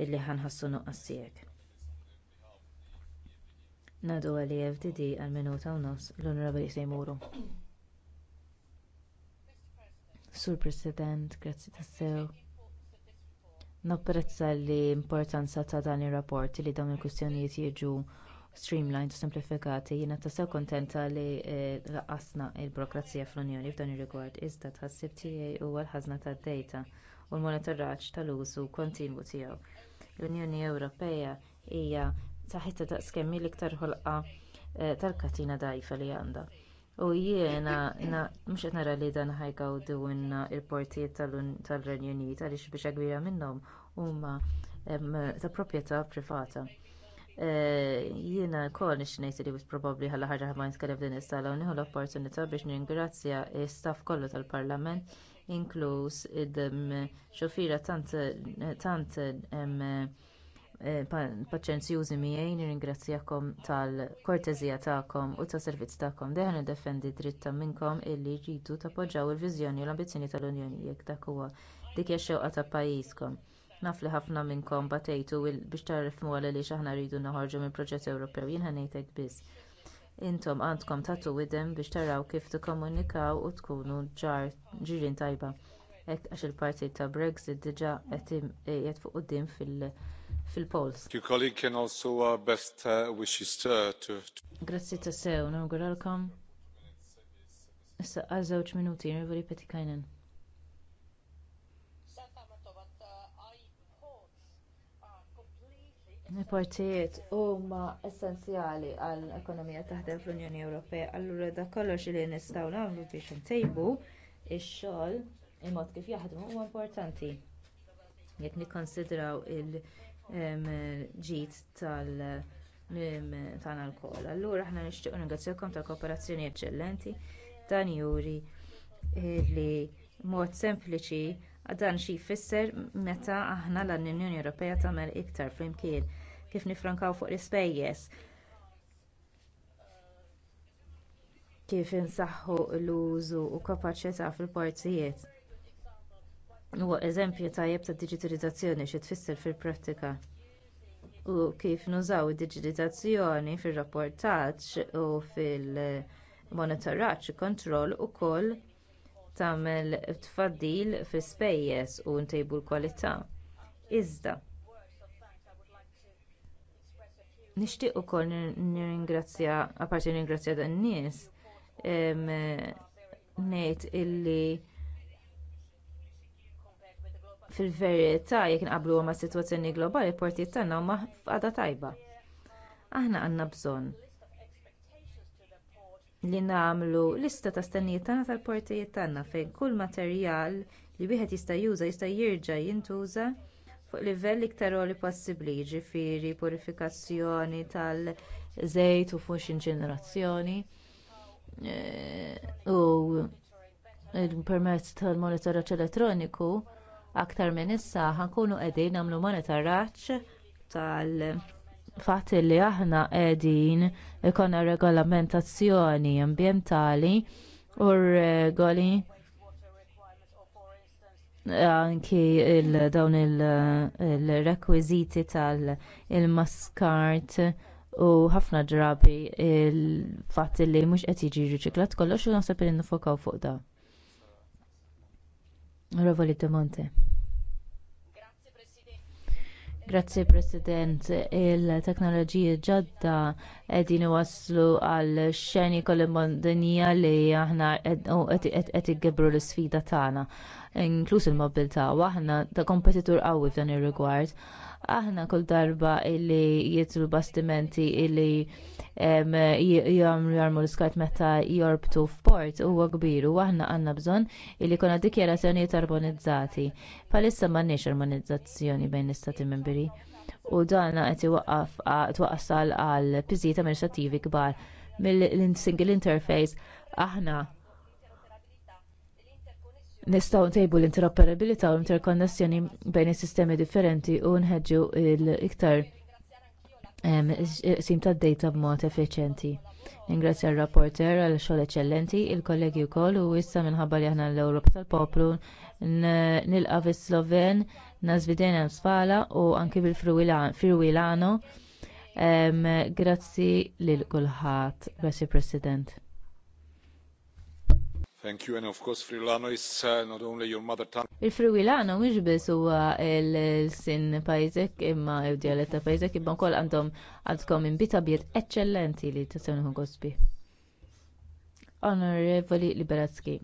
illi ħanħassu nuqqas tiegħek. Nadu għalli FDD għal minuta u nofs l-Onorabli Sejmuru. Sur President, grazzi sew. Napprezza l-importanza ta' dan ir-rapport li dawn il-kustjonijiet jiġu streamlined u simplifikati jiena tassew kuntenta li eh, laqasna l burokrazija fl-Unjoni f'dan ir-rigward iżda tħassib tiegħi huwa l-ħażna tad-dejta u l-monitoraġġ tal-użu kontinwu tiegħu. L-Unjoni Ewropea hija saħħitha ta' kemm l-iktar ħolqa eh, tal-katina dgħajfa li għandha u jiena mhux qed nara li dan ħajgawdu inna l-portijiet tal-Renju Unit għaliex biex kbira minnhom huma ta' proprjetà privata. Eh, jiena wkoll nix ngħid li probabbli ħalla ħaġa ħabba nitkellem din is-sala u nieħu l-opportunità biex ningrazzja s-staff kollu tal-Parlament inkluż id-xofira tant użi miegħi nirringrazzjakom tal-korteżija tagħkom u tas-servizz tagħkom Deħna niddefendi dritt ta' minnkom illi jridu tappoġġjaw il-viżjoni u l-ambizzjoni tal-Unjoni jekk dak huwa dik ix xewqa ta' pajjiżkom. Naf li ħafna minnkom batejtu biex tarifmu għaliex aħna rridu noħorġu mill-proġett Ewropew jien ħanejtek biss. Intom għandkom tagħtu widem biex taraw kif tikkomunikaw u tkunu ġar ġirien tajba. għax il-partit ta' Brexit diġà qed fuq quddiem fil- fil-polls. Your colleague can also uh, best uh, wishes to... Uh, to... Grazzi ta' sew, nawguralkom. Issa għal żewġ minuti, nirvoli Petikajnen. partijiet huma essenzjali għall ekonomija taħdem fl-Unjoni Ewropea, allura da kollox li nistgħu nagħmlu biex intejbu ix-xogħol il-mod kif jaħdmu huwa importanti. Jekk nikkonsidraw il- ġid tal tagħna lkoll. Allura aħna nixtiequ ningrazzjakom tal-kooperazzjoni eċċellenti dan juri li mod sempliċi dan xi jfisser meta aħna l-Unjoni Ewropea tagħmel iktar flimkien kif nifrankaw fuq l-ispejjeż. Kif insaħħu l-użu u kapaċità fil-portijiet huwa eżempju tajjeb ta' diġitalizzazzjoni xi tfisser fil-prattika u kif nużaw id-diġitalizzazzjoni fir-rapportaġġ u fil-monitoraġġ kontroll ukoll tagħmel tfaddil fl-ispejjeż u ntejbu l-kwalità iżda nixtieq ukoll nirringrazzja apparti nirringrazzja dan nies ngħid illi fil-verità jekk inqabblu ma' sitwazzjoni globali l-portijiet tagħna huma f'qagħda tajba. Aħna għandna bżonn li nagħmlu lista ta' stennijiet tagħna tal-portijiet tagħna fejn kull materjal li wieħed jista' juża jista' jerġa' jintuża fuq livell iktar għoli possibbli, jiġifieri purifikazzjoni tal-żejt u fux inġenerazzjoni eh, u permezz tal-monitoraġġ elettroniku Aktar minn issa ħankunu qegħdin nagħmlu monitoraġġ tal fatt li aħna qegħdin ikonna regolamentazzjoni ambjentali u regoli anki il dawn il-rekwiżiti il tal-maskart u ħafna drabi il-fatt li mhux qed jiġi riċiklat kollox u naħseb li nifokaw fuq da. Rovoli Demonte. Grazzi President, il-teknoloġiji ġodda qegħdin iwasslu għal xeni mondinija li aħna qed għibru l isfida tagħna, inkluż il mobilta u aħna ta' kompetitur qawwi f'dan ir-rigward aħna kull darba illi jitlu bastimenti illi jarmu l-skart meta jorbtu f'port huwa kbir u aħna għandna bżonn illi kuna dikjerazzjonijiet armonizzati. Palissa m'għandniex armonizzazzjoni bejn l-istati membri u dan qed iwaqqaf twaqqasal għal piżijiet amministrativi kbar mill-single interface aħna nistgħu ntejbu l-interoperabilità u l-interkonnessjoni bejn is-sistemi differenti u nħeġġu l-iktar sim tad-dejta b'mod effiċjenti. Ningrazzja l rapporter għal xogħol eċċellenti, il-kollegi wkoll u issa minħabba li aħna l-Ewropa tal-Poplu nilqa' fis-Sloven nażvidejna sfala u anki bil-Friwilano. Grazzi lil kulħadd, Grazzi President. Thank you, and of course, Friulano is uh, not only your mother tongue. Il-Friulano mhux biss huwa l-sin pajjiżek imma d-dialett ta' pajjiżek imma wkoll għandhom għandkom imbita biet eċċellenti li tasewni gosbi. Onorevoli Liberatski.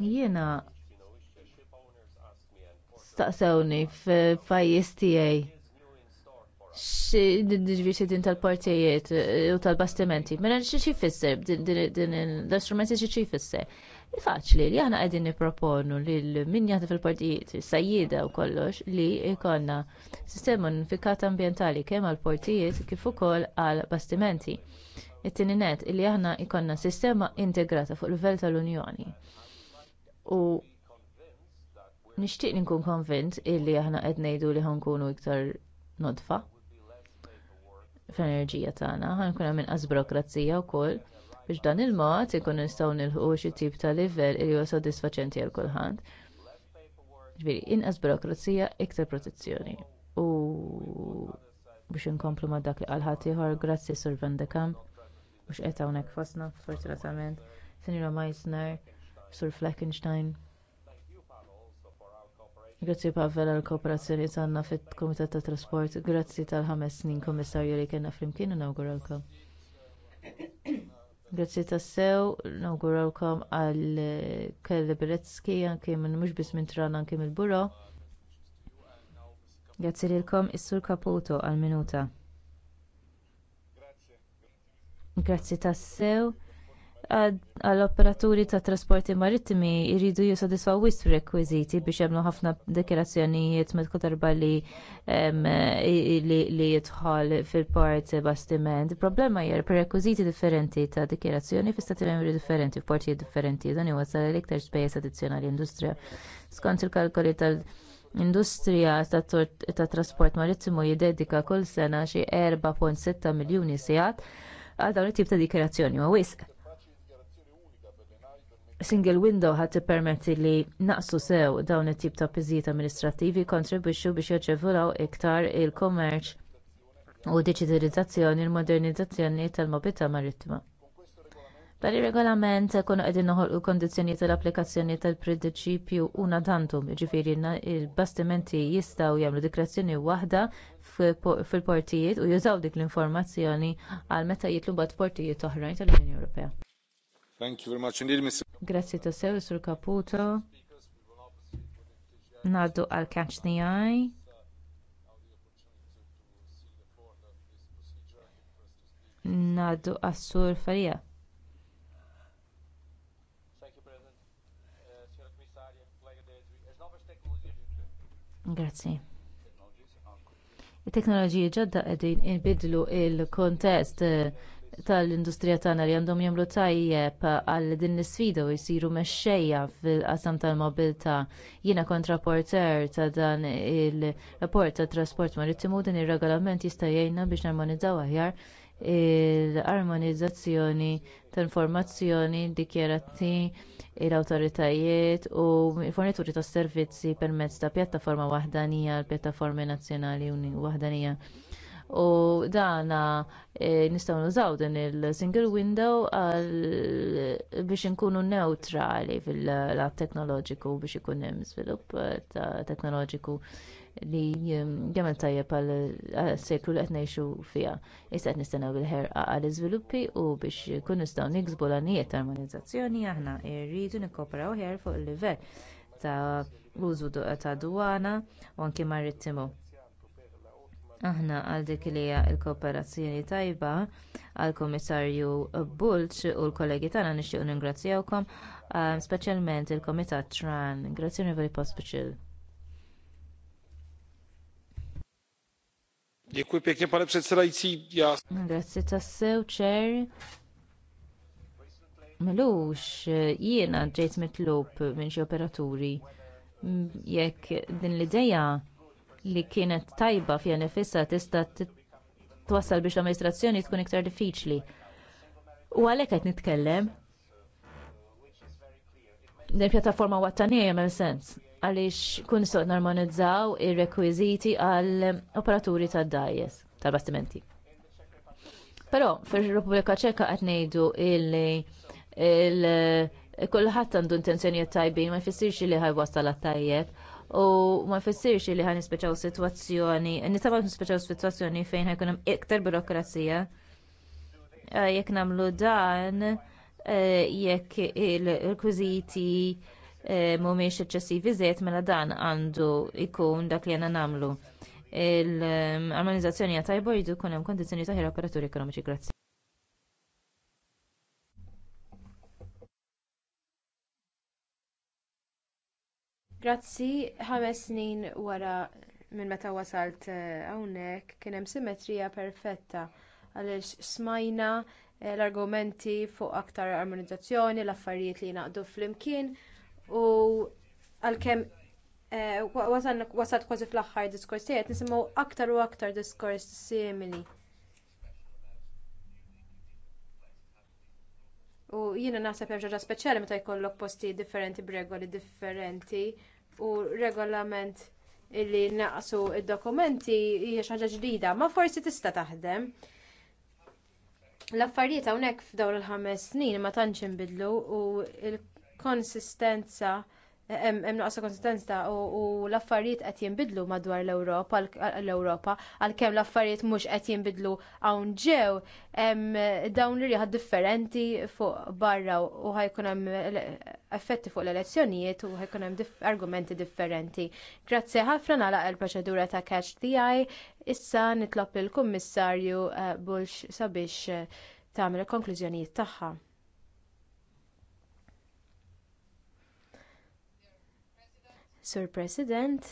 Jiena staqsewni f'pajjiż tiegħi diversitin tal-partijiet eh, u tal-bastimenti. Mela xi fisser din l-istrumenti xi fisser. Faċli li aħna qegħdin nipproponu li min jaħdem fil-partijiet sajjida u kollox li jkollna sistema unifikata ambjentali kemm għall portijiet kif ukoll għal bastimenti. It-tieni net li aħna jkollna sistema integrata fuq livell tal-Unjoni. U nixtieq nkun konvint illi aħna qed ngħidu li ħankunu iktar nodfa fl-enerġija tagħna, ħankun hemm inqas burokrazija wkoll biex dan il-mod ikun nistgħu nilħu xi tip ta' livell li huwa sodisfaċenti għal kulħadd. Ġifieri inqas burokrazija iktar protezzjoni. U biex inkomplu ma' dak li qal ħadd ieħor, grazzi Sur Van de Kamp mhux qed hawnhekk fostna fortunatament. Sinjura Meissner, Sur Fleckenstein. Grazzi Pavel għall kooperazzjoni tagħna fit-Kumitat tat Trasport. Grazzi tal-ħames snin Kummissarju li kellna flimkien inawguralkom. Grazzi tassew, nawguralkom għal Kelli Berezki anke minn mhux biss minn tran anke mill-buro. Grazzi lilkom is-Sur Caputo għal minuta. Grazzi tassew għall-operaturi tat trasporti marittimi jridu jisodisfaw wisq rekwiżiti biex jagħmlu ħafna dikjarazzjonijiet mill kotarba li li jidħol fil-port bastiment. Il-problema hija prerekwiżiti differenti ta' dikjarazzjoni fi stati membri differenti f'portijiet differenti dan iwassal l iktar spejjeż addizzjonali industrija. Skont il-kalkoli tal- industrija tat trasport marittimu jiddedika kull sena xi 4.6 miljuni sigħat għal dawn it-tip ta' dikjarazzjoni ma' wisq single window ħadd tippermetti li naqsu sew dawn it-tip ta' piżijiet amministrattivi kontribwixxu biex jaġevolaw iktar il-kummerċ u d-diġitalizzazzjoni u l-modernizzazzjoni tal-mobilità marittima. Dan ir-regolament ikunu qegħdin noħolqu kondizzjonijiet tal-applikazzjoni tal-prinċipju una tantum, jiġifieri l-bastimenti jistgħu jagħmlu dikrazzjoni waħda fil-portijiet u jużaw dik l-informazzjoni għal meta jitlu mbagħad portijiet oħrajn tal-Unjoni Ewropea. Thank you very much indeed, Mr. ta' sew, Sur Caputo. Naddu għal kanċni għaj. Naddu għal Sur Farija. Grazzi. Il-teknoloġija ġodda qegħdin il kontest eh, tal-industrija tagħna li għandhom jagħmlu tajjeb għal din l-isfida u jsiru mexxejja fil-qasam tal-mobilità. Jiena kontraporter ta' dan il-rapport tat trasport u din ir-regolament jista' jgħinna biex narmonizzaw aħjar l-armonizzazzjoni ta' informazzjoni dikjerati l-awtoritajiet u fornituri ta' servizzi permezz ta' pjattaforma waħdanija l-pjattaformi nazzjonali waħda u dana e, nistgħu nużaw din il-single window għal biex inkunu neutrali fil-lat teknoloġiku biex ikun hemm żvilupp teknoloġiku li jagħmel tajjeb għal seklu li qed ngħixu fiha. Issa qed nistennew bil-ħerqa għal iżviluppi u biex kun nistgħu niksbu l-għanijiet armonizzazzjoni aħna rridu nikkopraw ħer fuq il-livell ta' użu ta' dwana u anki marittimu aħna għal dik li hija l-kooperazzjoni tajba għall kummissarju Bulc u l-kollegi tagħna nixtiequ ningrazzjawkom ehm, speċjalment il-Komitat Tran. Grazzi Nivoli Pospiċil. Dziękuję pięknie panie przedsedajcy. Ja... Grazie tassew, chair. Melux, jiena ġejt mitlub minn xi operaturi. Jekk din l-ideja li kienet tajba fija nifissa tista' twassal biex l-amministrazzjoni tkun iktar diffiċli. U għalhekk qed nitkellem din pjattaforma wattanija jagħmel sens għaliex kun soq narmonizzaw ir-rekwiżiti għall operaturi tad-dajes tal-bastimenti. Però fir-Repubblika Ċeka qed ngħidu illi il, kulħadd għandu intenzjonijiet tajbin ma jfissirx li ħajwasal għat-tajjeb u ma jfissirx li ħan nispeċaw situazzjoni, nisabaw nispeċaw situazzjoni fejn ħajkun hemm iktar burokrazija. Eh, jekk nagħmlu dan, eh, jekk il-rekwiziti eh, mhumiex eċċessivi żejt mela dan għandu jkun dak li jena nagħmlu. Il-armonizzazzjoni għatajbu jridu jkun hemm kondizzjoni taħir operaturi ekonomiċi. Grazie. Grazzi, ħames snin wara minn meta wasalt eh, hawnhekk kien hemm simetrija perfetta għaliex smajna eh, l-argumenti fuq aktar armonizzazzjoni, l-affarijiet li jnaqdu flimkien u għalkemm eh, wasalt kważi fl-aħħar diskors tiegħek nisimgħu aktar u aktar diskors simili. U jiena naħseb hemm ġoġa speċjali meta jkollok posti differenti b'regoli differenti u regolament illi naqsu d dokumenti hija xi ħaġa ġdida, ma forsi tista' taħdem. L-affarijiet hawnhekk f'dawn il-ħames snin ma tantx inbidlu u l-konsistenza hemm naqsa konsistenza u l-affarijiet qed jinbidlu madwar l-Ewropa l-Ewropa għalkemm l-affarijiet mhux qed jinbidlu hawn ġew hemm dawn li rieħad differenti fuq barra u ħajkun hemm effetti fuq l-elezzjonijiet u ħajkun hemm argumenti differenti. Grazzi ħafna nagħlaq il-proċedura ta' catch the eye. Issa nitlob il kummissarju eh, Bush sabiex eh, tagħmel il-konklużjonijiet tagħha. Sur President,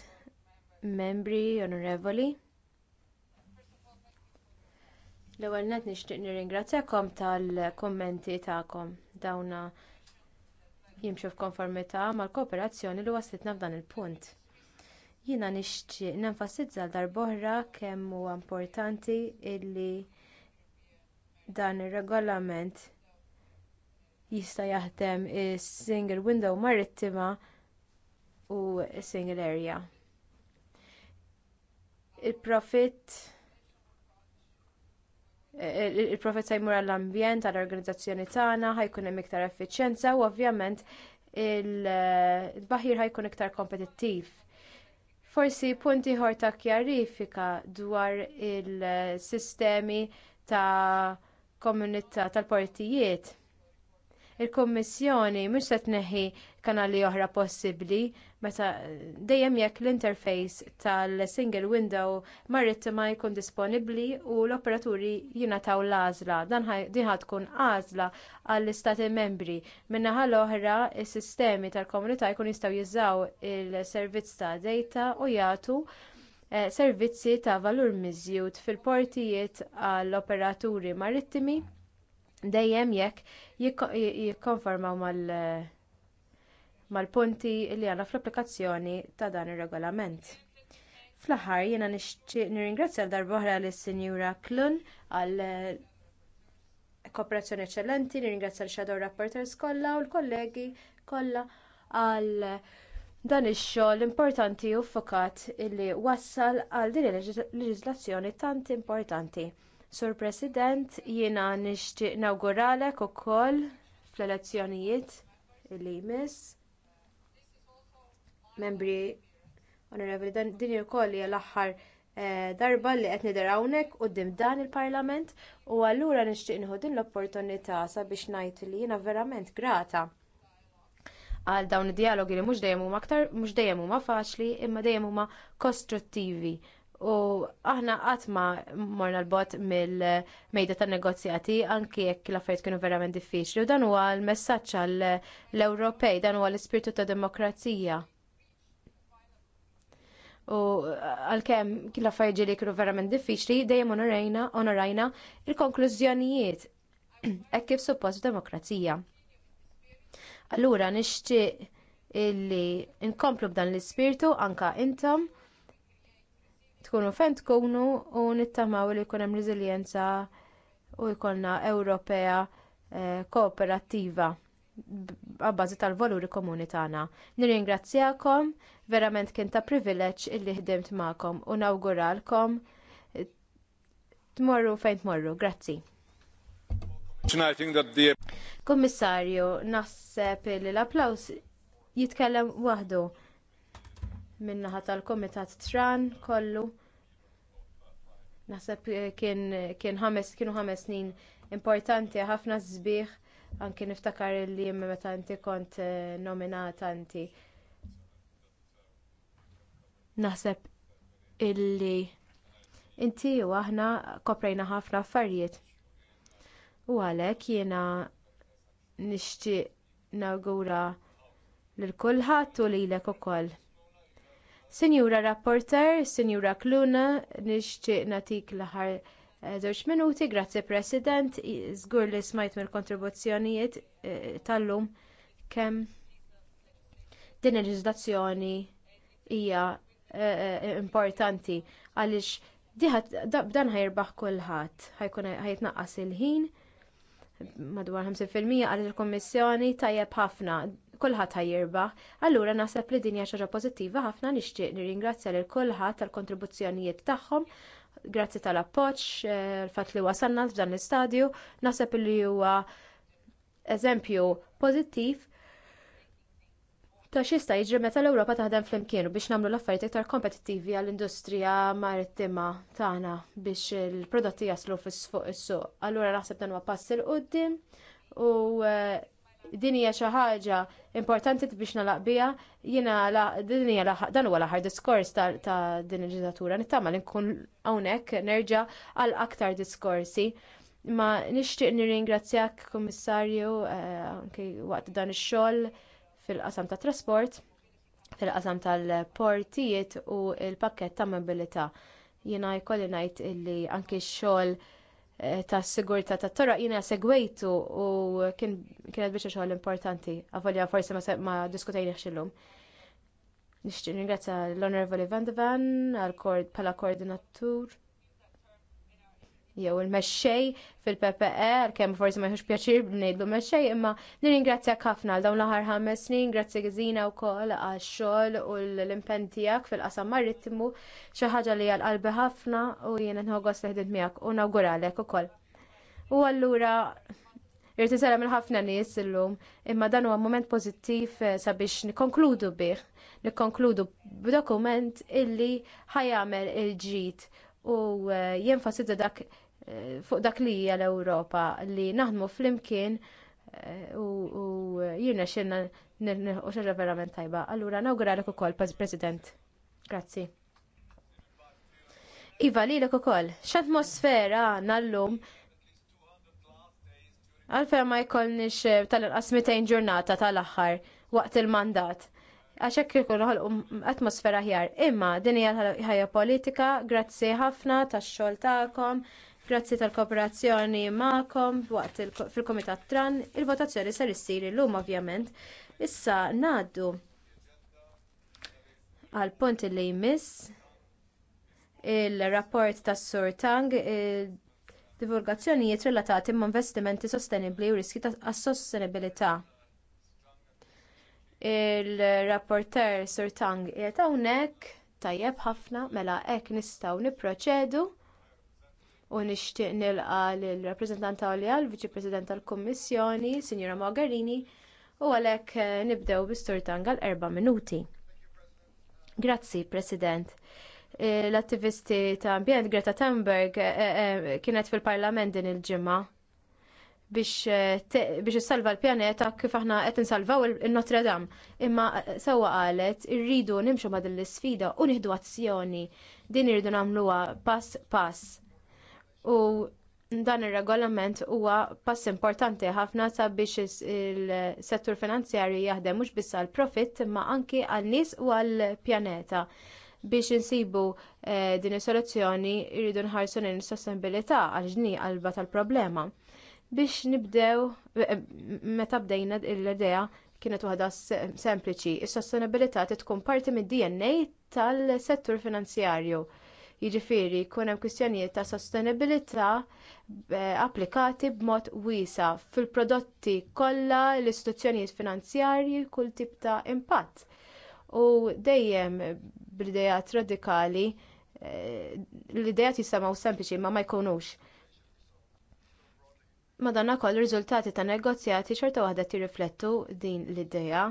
membri onorevoli, l-ewwel nett nixtieq nirringrazzjakom tal-kummenti tagħkom dawn jimxu f'konformità mal-kooperazzjoni li waslitna f'dan il-punt. Jiena nixtieq nenfasizza għal darb'oħra kemm huwa importanti li dan ir-regolament jista' jaħdem is-single window marittima u single area. Il-profit eh, il-profit se jmur għall-ambjent għall-organizzazzjoni tagħna ħajkun hemm iktar effiċjenza u ovvjament il-baħir ħajkun iktar kompetittiv. Forsi punti ħor ta' kjarifika dwar il-sistemi ta' komunità tal-partijiet. Il-Kommissjoni mhux se tneħħi kanali oħra possibbli meta dejjem jekk l-interface tal-single window marittima jkun disponibbli u l-operaturi jingħataw l-għażla dan din tkun għażla għall-istati membri min-naħa l-oħra is-sistemi tal-komunità jkun jistgħu jużaw il-servizz ta' dejta u jagħtu eh, servizzi ta' valur miżjud fil-portijiet għall-operaturi marittimi dejjem jekk jikkonformaw mal- mal-punti li għandna fl-applikazzjoni ta' dan ir-regolament. Fl-aħħar jiena nixtieq nirringrazzja darba oħra lis sinjura Klun għal eh, kooperazzjoni eċċellenti, nirringrazzja l-Shadow Rapporters kollha u l-kollegi kollha għal eh, dan ix-xogħol importanti u fokat illi wassal għal din il-leġiżlazzjoni tant importanti. Sur President, jiena nixtieq nawguralek ukoll fl-elezzjonijiet li jmiss membri onorevoli din ukoll hija l-aħħar eh, darba li qed nidher hawnhekk quddiem dan il-Parlament u allura nixtieq nieħu din l-opportunità sabiex ngħid li jiena verament grata għal dawn id-dialogi li mhux dejjem huma aktar mhux dejjem huma faċli imma dejjem huma kostruttivi u aħna qatt ma morna l-bot mill-mejda tan-negozjati anki jekk l-affarijiet kienu verament diffiċli u dan huwa l-messaġġ għall-Ewropej dan huwa l-ispirtu ta' demokrazija u uh, għalkemm kien l-affarijiet li kienu verament diffiċli dejjem onorajna onorajna il-konklużjonijiet hekk kif suppost demokrazija. Allura nishti illi nkomplu b'dan l-ispirtu anka intom tkunu fejn tkunu u nittamaw li jkun hemm riżiljenza u jkollna Ewropea eh, kooperattiva għabbażi tal-valuri komuni tagħna. Nirringrazzjakom verament kien ta' privileġġ illi ħdimt magħkom u nawguralkom tmorru fejn tmorru. Grazzi. Kommissarju, naħseb li l-applaws jitkellem waħdu min-naħa tal-Komitat Tran kollu. Naħseb kien, kien ħames kienu ħames snin importanti ħafna żbieħ anke niftakar li meta inti kont eh, nominata inti Naħseb illi inti u aħna koprejna ħafna affarijiet. U għalhekk jiena nixtieq nawgura lil kulħadd u lilek ukoll. Sinjura Rapporter, Sinjura Kluna, nixtieq nagħtik l-aħħar eh, żewġ minuti, grazzi President, żgur li smajt mill-kontribuzzjonijiet eh, tal-lum kemm din il-leġiżlazzjoni hija Eh, eh, importanti għaliex dan ħajrbaħ kulħadd ħajkun ħajtnaqqas il-ħin madwar 50% għal il-Kommissjoni tajjeb ħafna kulħadd ħajjirbaħ. Allura naħseb li din hija xaġa pożittiva ħafna nixtieq nirringrazzja lil kulħadd tal-kontribuzzjonijiet tagħhom grazzi tal-appoġġ eh, l-fatt li wasalna f'dan l-istadju naħseb li huwa eżempju pożittiv ta' xista jiġri meta l-Ewropa taħdem flimkien biex nagħmlu l-affarijiet iktar kompetittivi għall-industrija marittima tagħna biex il-prodotti jaslu fuq is-suq. Allura naħseb dan huwa pass il qudiem u eh, din hija xi ħaġa importanti biex nalaq biha jiena din hija dan huwa l-aħħar diskors ta' din il ġitatura nittama li nkun hawnhekk nerġa' għal aktar diskorsi. Ma nixtieq nirringrazzjak, Kummissarju, eh, anke waqt dan ix-xogħol fil-qasam tat trasport, fil-qasam tal-portijiet u l-pakkett ta' mobilità. Jiena jkolli ngħid illi anki x-xogħol eh, tas sigurtà tat torra jiena segwejtu u kienet biex xogħol importanti, għavolja forsi ma diskutajni xillum. Nixtieq ringrazzja l-Onorevoli Van de Van pala koordinatur jew il-mexxej fil-PPE għalkemm forsi ma jħux pjaċir ngħidlu mexxej imma nirringrazzjak ħafna għal dawn l-aħħar ħames snin, grazzi Gżina wkoll għax-xogħol u l-impenn tiegħek fil-qasam marittimu xi ħaġa li għal qalbi ħafna u jien nħoggos li ħdiet miegħek u nawguralek ukoll. U allura irti sara il ħafna nies illum, imma dan huwa moment pożittiv eh, sabiex nikkonkludu bih, nikkonkludu b'dokument illi ħajamel il-ġid u eh, jenfasizza dak fuq dak li hija l-Ewropa li naħdmu flimkien eh, u jirna xirna u xaġa verament tajba. Allura nawguralek ukoll President. Grazzi. Iva li l-ek ukoll, x'atmosfera għandna llum għalfej ma jkollniex eh, tal-inqas 200 ġurnata tal-aħħar waqt il-mandat għaxek kirkun uħalqu atmosfera ħjar. Imma din hija ħajja politika, grazzi ħafna tax-xogħol tagħkom, Grazzi tal-kooperazzjoni ma'kom waqt fil-Komitat Tran, il-votazzjoni ser issir illum ovvjament. Issa ngħaddu għal punt li jmiss il-rapport tas Sur Tang divulgazzjonijiet relatati ma' investimenti sostenibbli u riski tas sostenibilità. Il-rapporter Sur Tang qiegħed hawnhekk tajjeb ħafna mela hekk nistgħu nipproċedu u nixtieq nilqa lill-rappreżentanta għalija l-Viċi President tal-Kummissjoni, Sinjura Mogherini, u għalhekk eh, nibdew bis-surtan għal erba' minuti. Grazzi, President. Eh, l-attivisti ta' ambjent Greta Thunberg eh, kienet fil-Parlament din il-ġimgħa biex issalva l-pjaneta kif aħna qed insalvaw il-Notre Dame. Imma sewwa qalet irridu nimxu ma' din l-isfida u nieħdu azzjoni. Din irridu nagħmluha pass pass u dan ir-regolament huwa pass importanti ħafna sabiex il-settur finanzjarju jaħdem mhux biss għall profitt imma anki għal nies u għall pjaneta biex insibu eh, din is-soluzzjoni jridu nħarsu lejn is-sostenibilità għal ġni qalba tal-problema. Biex nibdew eh, meta bdejna l-idea kienet waħda sempliċi, is-sostenibilità tkun parti mid-DNA tal-settur finanzjarju Jiġifieri jkun hemm kwistjonijiet ta' sostenibilità eh, applikati b'mod wiesa fil-prodotti kollha, l-istituzzjonijiet finanzjarji, kull tip ta' impatt. U dejjem b'idejat radikali eh, l-idejat jistamaw sempliċi ma ma jkunux. Madankollu r-riżultati tan negozjati xorta waħda tirriflettu din l-idea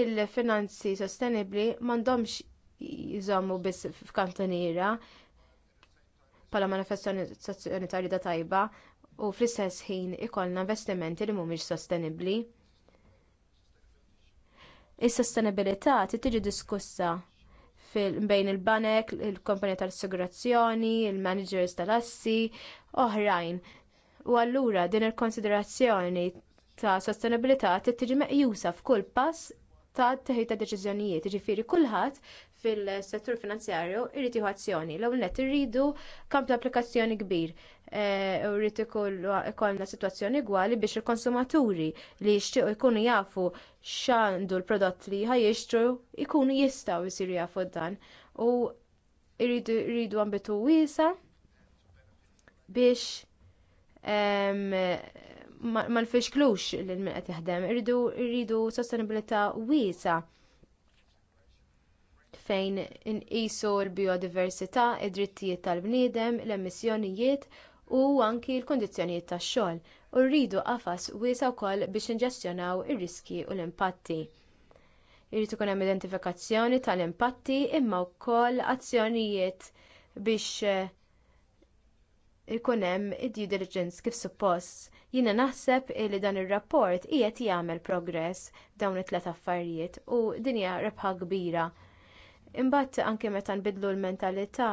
il-finanzi sostenibbli m'għandhomx jżommu biss f'kantoniera bħala manifestazzjoni ta' rida tajba u fl-istess ħin ikollna investimenti li mhumiex sostenibbli. Is-sostenibilità trid tiġi diskussa bejn il-banek, il-kompanija tal-assigurazzjoni, il-managers tal-assi, oħrajn. U allura din il-konsiderazzjoni ta' sostenibilità trid tiġi meqjusa f'kull pass ta' teħid ta' deċiżjonijiet, jiġifieri kulħadd fil-settur finanzjarju irrid jieħu azzjoni. L-ewwel nett irridu kamp ta' applikazzjoni kbir. E, u rrid ikollna sitwazzjoni gwali biex il-konsumaturi li jixtiequ jkunu jafu x'għandu l-prodott li ħajjixtru jkunu jistgħu jsiru jafu dan. U irridu ambitu wiesa biex ma nfixklux l-min qed jaħdem, irridu sostenibilità wiesa' fejn inqisu l-biodiversità, id-drittijiet tal-bniedem, l-emissjonijiet u anki l-kundizzjonijiet tax-xogħol u rridu qafas wiesa' wkoll biex inġestjonaw ir-riski u l-impatti. Irid ikun hemm identifikazzjoni tal-impatti imma wkoll azzjonijiet biex eh, ikun hemm id-due diligence kif suppost. Jiena naħseb li dan ir-rapport qiegħed jagħmel progress f'dawn it-tlet affarijiet u dinja rebħa kbira. Imbagħad anke meta nbidlu l-mentalità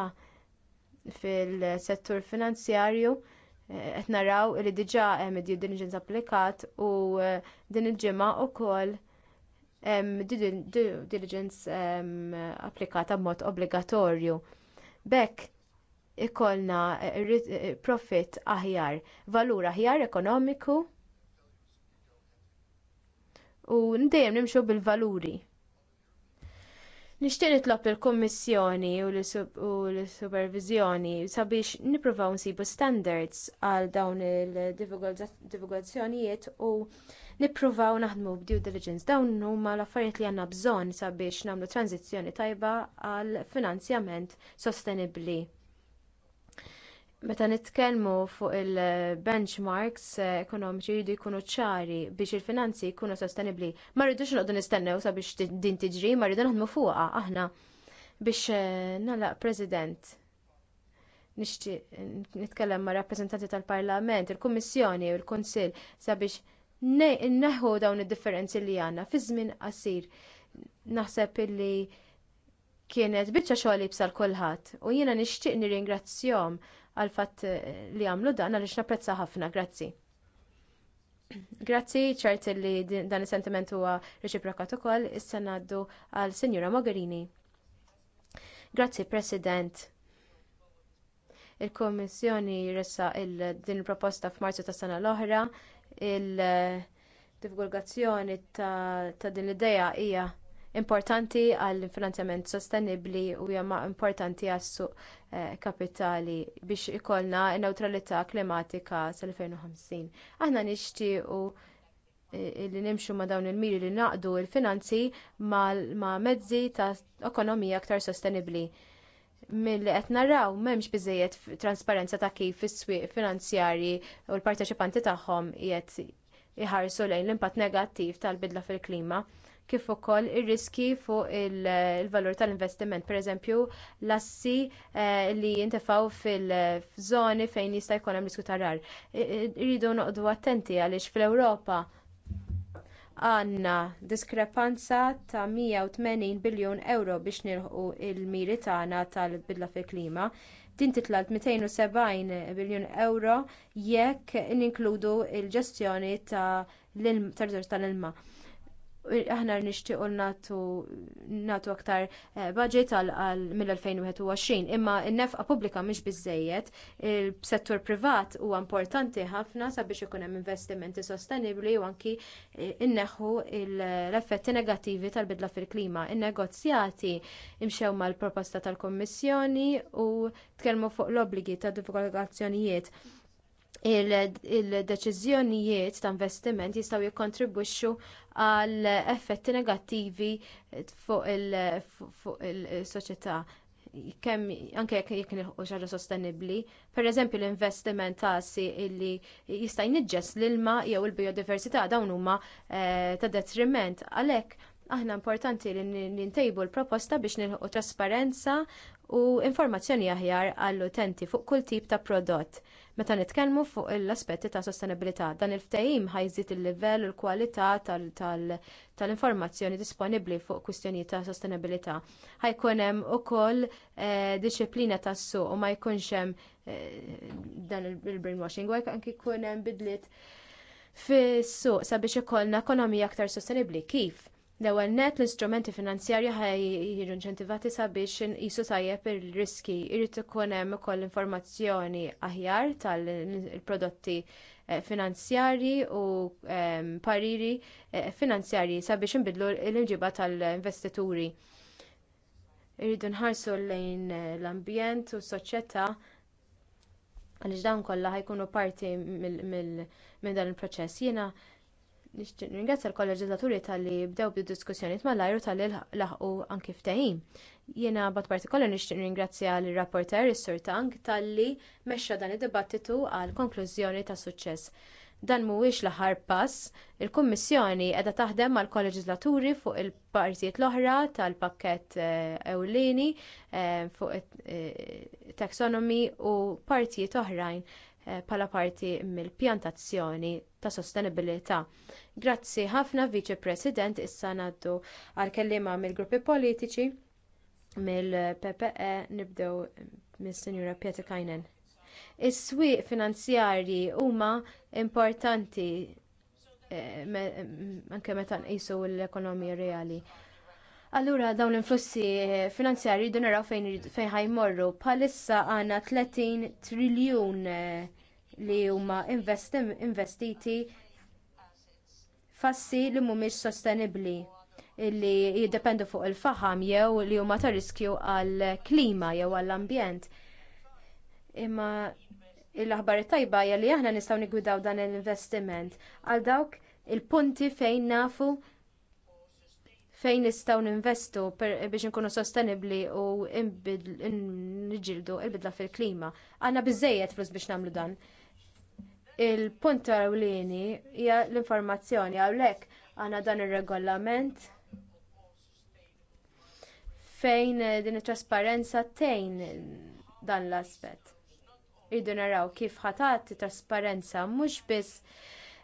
fil-settur finanzjarju eh, qed naraw li diġà hemm due diligence applikat u eh, din il-ġimgħa wkoll hemm due diligence ehm, applikata b'mod obbligatorju. B'hekk ikollna eh, profit aħjar, valur aħjar ekonomiku u dejjem nimxu bil-valuri. Nixtieq nitlob il-Kummissjoni u l-Supervizjoni sabiex nippruvaw nsibu standards għal dawn il-divulgazzjonijiet u nippruvaw naħdmu b'due diligence. Dawn huma l-affarijiet li għandna bżonn sabiex nagħmlu tranzizzjoni tajba għal finanzjament sostenibbli. Meta nitkellmu fuq il-benchmarks eh, ekonomiċi jridu jkunu ċari biex il-finanzi jkunu sostenibbli. Ma rridux noqdu nistennew sabiex din tiġri, ma rridu naħdmu fuqha aħna biex eh, nalaq President. Nixtieq nitkellem ma' rappreżentanti tal-Parlament, il-Kummissjoni u l-Kunsill sabiex neħu dawn id-differenzi li għandna fi żmien qasir. Naħseb illi kienet biċċa xogħol bsal kulħadd u jiena nixtieq nirringrazzjahom għal fatt eh, li għamlu dan għaliex napprezza ħafna, grazzi. Grazzi, ċert li dan is-sentiment huwa reċiprokat ukoll, issa ngħaddu għal Signora Mogherini. Grazzi, President il komissjoni ressa il din il-proposta f'Marzu tas sena l-oħra, il-divulgazzjoni ta', ta din l-idea hija importanti għall finanzjament sostenibbli u hija importanti għas-suq eh, kapitali biex ikollna n-newtralità klimatika sal-2050. Aħna nixtiequ eh, li nimxu ma dawn il-miri li naqdu l finanzi ma' mezzi ta' ekonomija aktar sostenibbli. Milli qed naraw m'hemmx biżżejjed trasparenza ta' kif is-swieq finanzjarji u l-parteċipanti tagħhom qiegħed iħarsu lejn l-impatt negattiv tal-bidla fil-klima kif ukoll ir-riski fuq il-valur il tal-investiment. Pereżempju, l-assi eh, li jintefgħu fil-żoni fejn jista' jkun hemm risku tarar. Irridu noqogħdu attenti għaliex fl-Ewropa għandna diskrepanza ta' 180 biljun euro biex nilħqu l miri tagħna tal-bidla fil-klima din titla 270 biljun euro jekk ninkludu l-ġestjoni tal-ilma aħna nixtiequ natu natu aktar eh, budget għal mill-2021 imma n-nefqa pubblika mhix biżżejjed il-settur privat huwa importanti ħafna sabiex ikun hemm investimenti sostenibbli u anki eh, inneħħu l-effetti negattivi tal-bidla fil-klima. In-negozjati imxew mal-proposta tal-Kommissjoni u tkellmu fuq l-obbligi ta' divulgazzjonijiet il-deċiżjonijiet ta' investiment jistgħu jikkontribwixxu għal effetti negattivi fuq is-soċjetà kemm anke jekk jekk nilħu ħaġa sostenibbli, pereżempju l-investiment tasi illi jista' jniġġes l-ilma jew il-biodiversità dawn huma eh, ta' detriment. Għalhekk aħna importanti li nintejbu l-proposta biex nilħu trasparenza u informazzjoni aħjar għall-utenti fuq kull tip ta' prodott. Meta nitkellmu fuq l-aspetti ta' sostenibilità, dan il-ftehim ħajżid il-livell u l-kwalità tal-informazzjoni disponibbli fuq kwistjonijiet ta' sostenibilità. Ħajkun hemm ukoll eh, disċiplina tas-suq u ma jkunx hemm eh, dan il-brainwashing u anki jkun hemm bidliet fis-suq sabiex ikollna ekonomija aktar sostenibbli. Kif? L-ewwel nett l-istrumenti finanzjarji jiġu inċentivati sabiex inqisu tajjeb ir-riski. Irid ikun hemm ukoll informazzjoni aħjar tal-prodotti eh, finanzjarji u ehm, pariri eh, finanzjarji sabiex inbidlu l-imġiba tal-investituri. Irridu nħarsu lejn eh, l-ambjent u s-soċjetà għaliex dawn kollha ħajkunu parti minn dan il-proċess. Jiena Nixtieq ringrazzja l-kolleġislaturi talli bdew bid-diskussjonijiet mal-ajru talli laħqu anki ftehim. Jiena bad partikolari nixtieq ringrazzja l-rapporter is-Sur Tank talli mexxa dan id-dibattitu għal konklużjoni ta' suċċess. Dan mhuwiex l-aħħar pass, il-Kummissjoni qiegħda taħdem mal kolleġislaturi fuq il-partijiet l-oħra tal-pakkett eh, ewlieni eh, fuq it-taxonomy eh, u partijiet oħrajn bħala parti mill-pjantazzjoni ta' sostenibilità. Grazzi ħafna Viċi President issa ngħaddu għal kelliema mill-gruppi politiċi mill-PPE nibdew mis-Sinjura Pieta Is-swieq finanzjarji huma importanti eh, anke meta nqisu l-ekonomija reali. Allura dawn l-influssi eh, finanzjarji jridu naraw fejn fejn ħajmorru. Bħalissa għandna 30 triljun eh, li huma investiti fassi li mhumiex sostenibbli li jiddependu fuq il-faħam jew li huma ta' riskju għall klima jew għall-ambjent. Imma l-aħbar tajba hija li aħna nistgħu nigwidaw dan l-investiment għal dawk il-punti fejn nafu fejn nistgħu ninvestu biex inkunu sostenibbli u nġildu il-bidla fil-klima. Għandna biżżejjed flus biex nagħmlu dan il-punt ewlieni hija l-informazzjoni hawnhekk għandna dan ir-regolament fejn din it-trasparenza tgħin dan l-aspett. Irridu naraw kif ħatat it trasparenza mhux biss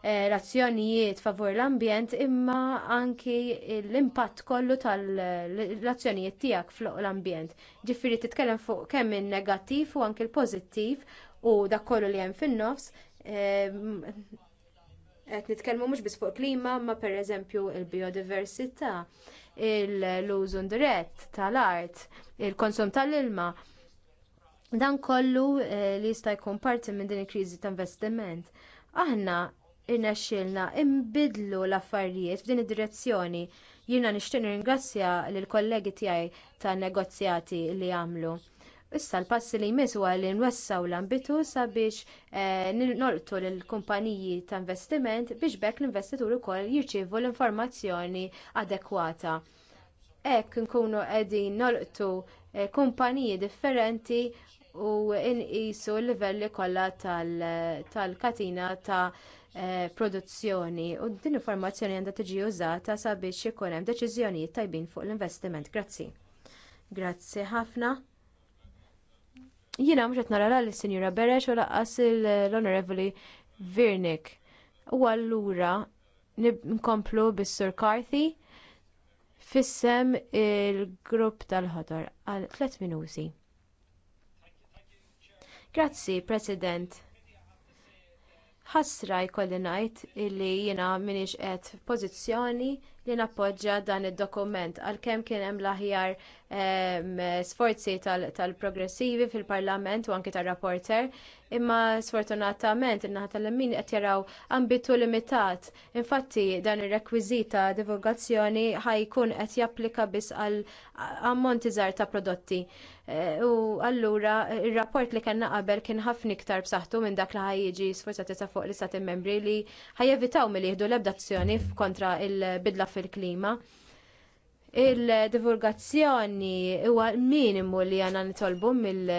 eh, l-azzjonijiet favur l-ambjent imma anki l-impatt kollu tal-azzjonijiet tiegħek fuq l-ambjent. Ġifieri titkellem fuq kemm in-negattiv u anki l-pożittiv u dak kollu li hemm fin-nofs qed nitkellmu mhux biss fuq klima, ma pereżempju l biodiversità l-użu indirett tal-art, il-konsum tal-ilma. Dan kollu eh, li jista' jkun parti minn din il-kriżi ta' investiment. Aħna xilna imbidlu l-affarijiet f'din id-direzzjoni. Jiena nixtieq ringrazzja lill kollegi tiegħi tan negozjati li għamlu Issa l-passi li jmiss huwa li nwessaw l-ambitu sabiex eh, nolqtu lill-kumpaniji ta' investiment biex bekk l-investituri wkoll jirċievu l-informazzjoni adekwata. Hekk nkunu qegħdin nolqtu eh, kumpaniji differenti u nqisu l-livelli kollha tal-katina ta' eh, produzzjoni u din informazzjoni għandha tiġi użata sabiex ikun hemm deċiżjonijiet tajbin fuq l-investiment. Grazzi. Grazzi ħafna. Jiena mxet qed nara la l-Sinjura Beresh u laqqas l-Onorevoli Virnik. U allura nkomplu bis-Sur Carthy fissem il-grupp tal-ħodor għal tliet minuti. Grazzi, President. Ħasra jkolli ngħid illi jiena m'iniex qed f'pożizzjoni li nappoġġja dan id-dokument għalkemm kien hemm l-aħjar sforzi tal-progressivi fil-parlament u anki tar-rapporter, imma sfortunatament in-naħa tal-emmin qed jaraw ambitu limitat. Infatti dan ir rekwizita divulgazzjoni divulgazzjoni ħajkun qed japplika biss għal ammonti żgħar ta' prodotti. E, u allura il rapport li kellna qabel kien ħafna iktar b'saħħtu minn dak li ħajjiġi sforzati ta' fuq l-istati membri li ħajjevitaw mill-jihdu l-ebdazzjoni kontra il bidla fil-klima il-divulgazzjoni huwa l-minimu li għandna nitolbu mill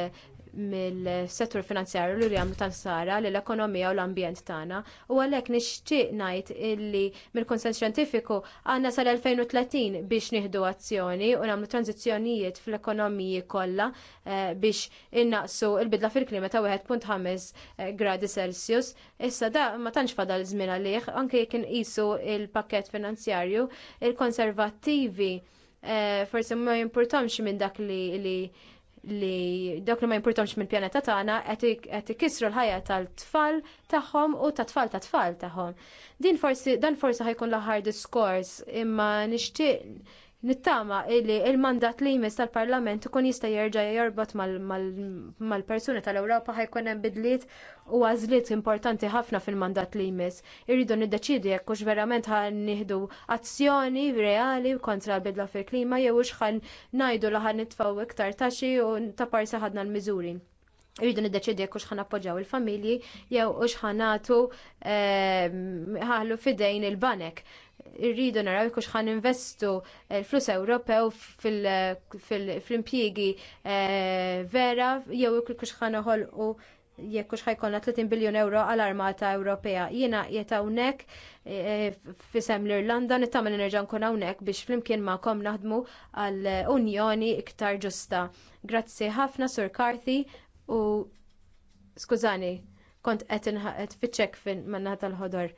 mill-settur finanzjarju li jagħmlu tansara lill ekonomija u l-ambjent tagħna u għalhekk nixtieq ngħid illi mill kunsens xjentifiku għandna sal-2030 biex nieħdu azzjoni u nagħmlu tranzizzjonijiet fl-ekonomiji kollha eh, biex innaqsu l-bidla fil-klima ta' 1.5 eh, gradi Celsius. Issa da ma tantx fadal żmien għalih anke jekk inqisu l pakkett finanzjarju il-konservattivi eh, forsi ma jimpurtomx minn dak li li dawk li ma jimpurtomx mill-pjaneta tagħna qed ikissru l-ħajja tal-tfal tagħhom u tat-tfal tat-tfal tagħhom. Din forsi dan forsi ħajkun l-aħħar diskors imma nixtieq Nittama illi il-mandat li jmiss tal-Parlament ikun jista' jerġa' jorbot mal-persuni tal-Ewropa ħajkun hemm bidliet u għażliet importanti ħafna fil-mandat li jmiss. Irridu niddeċidi jekk hux verament ħan nieħdu azzjoni reali kontra l-bidla fil-klima jew hux ħan ngħidu li ħan nitfgħu iktar taxxi u ta' parsi ħadna l-miżuri Irridu niddeċidi jekk xħan appoġġaw il-familji jew xħan nagħtu ehm, ħalu fidejn il-banek irridu naraw jekk ħan investu l-flus eh, Ewropew fl-impjiegi eh, vera jew kux ħan uħolqu jekk hux ħajkolna 30 biljun euro għall armata Ewropea. Jiena qiegħed hawnhekk eh, fisem l-Irlanda nittamel nerġa' nkun hawnhekk biex flimkien magħkom naħdmu għal Unjoni iktar ġusta. Grazzi ħafna Sur Carthy u skużani kont qed fiċċek fin man-naħa tal-ħodor.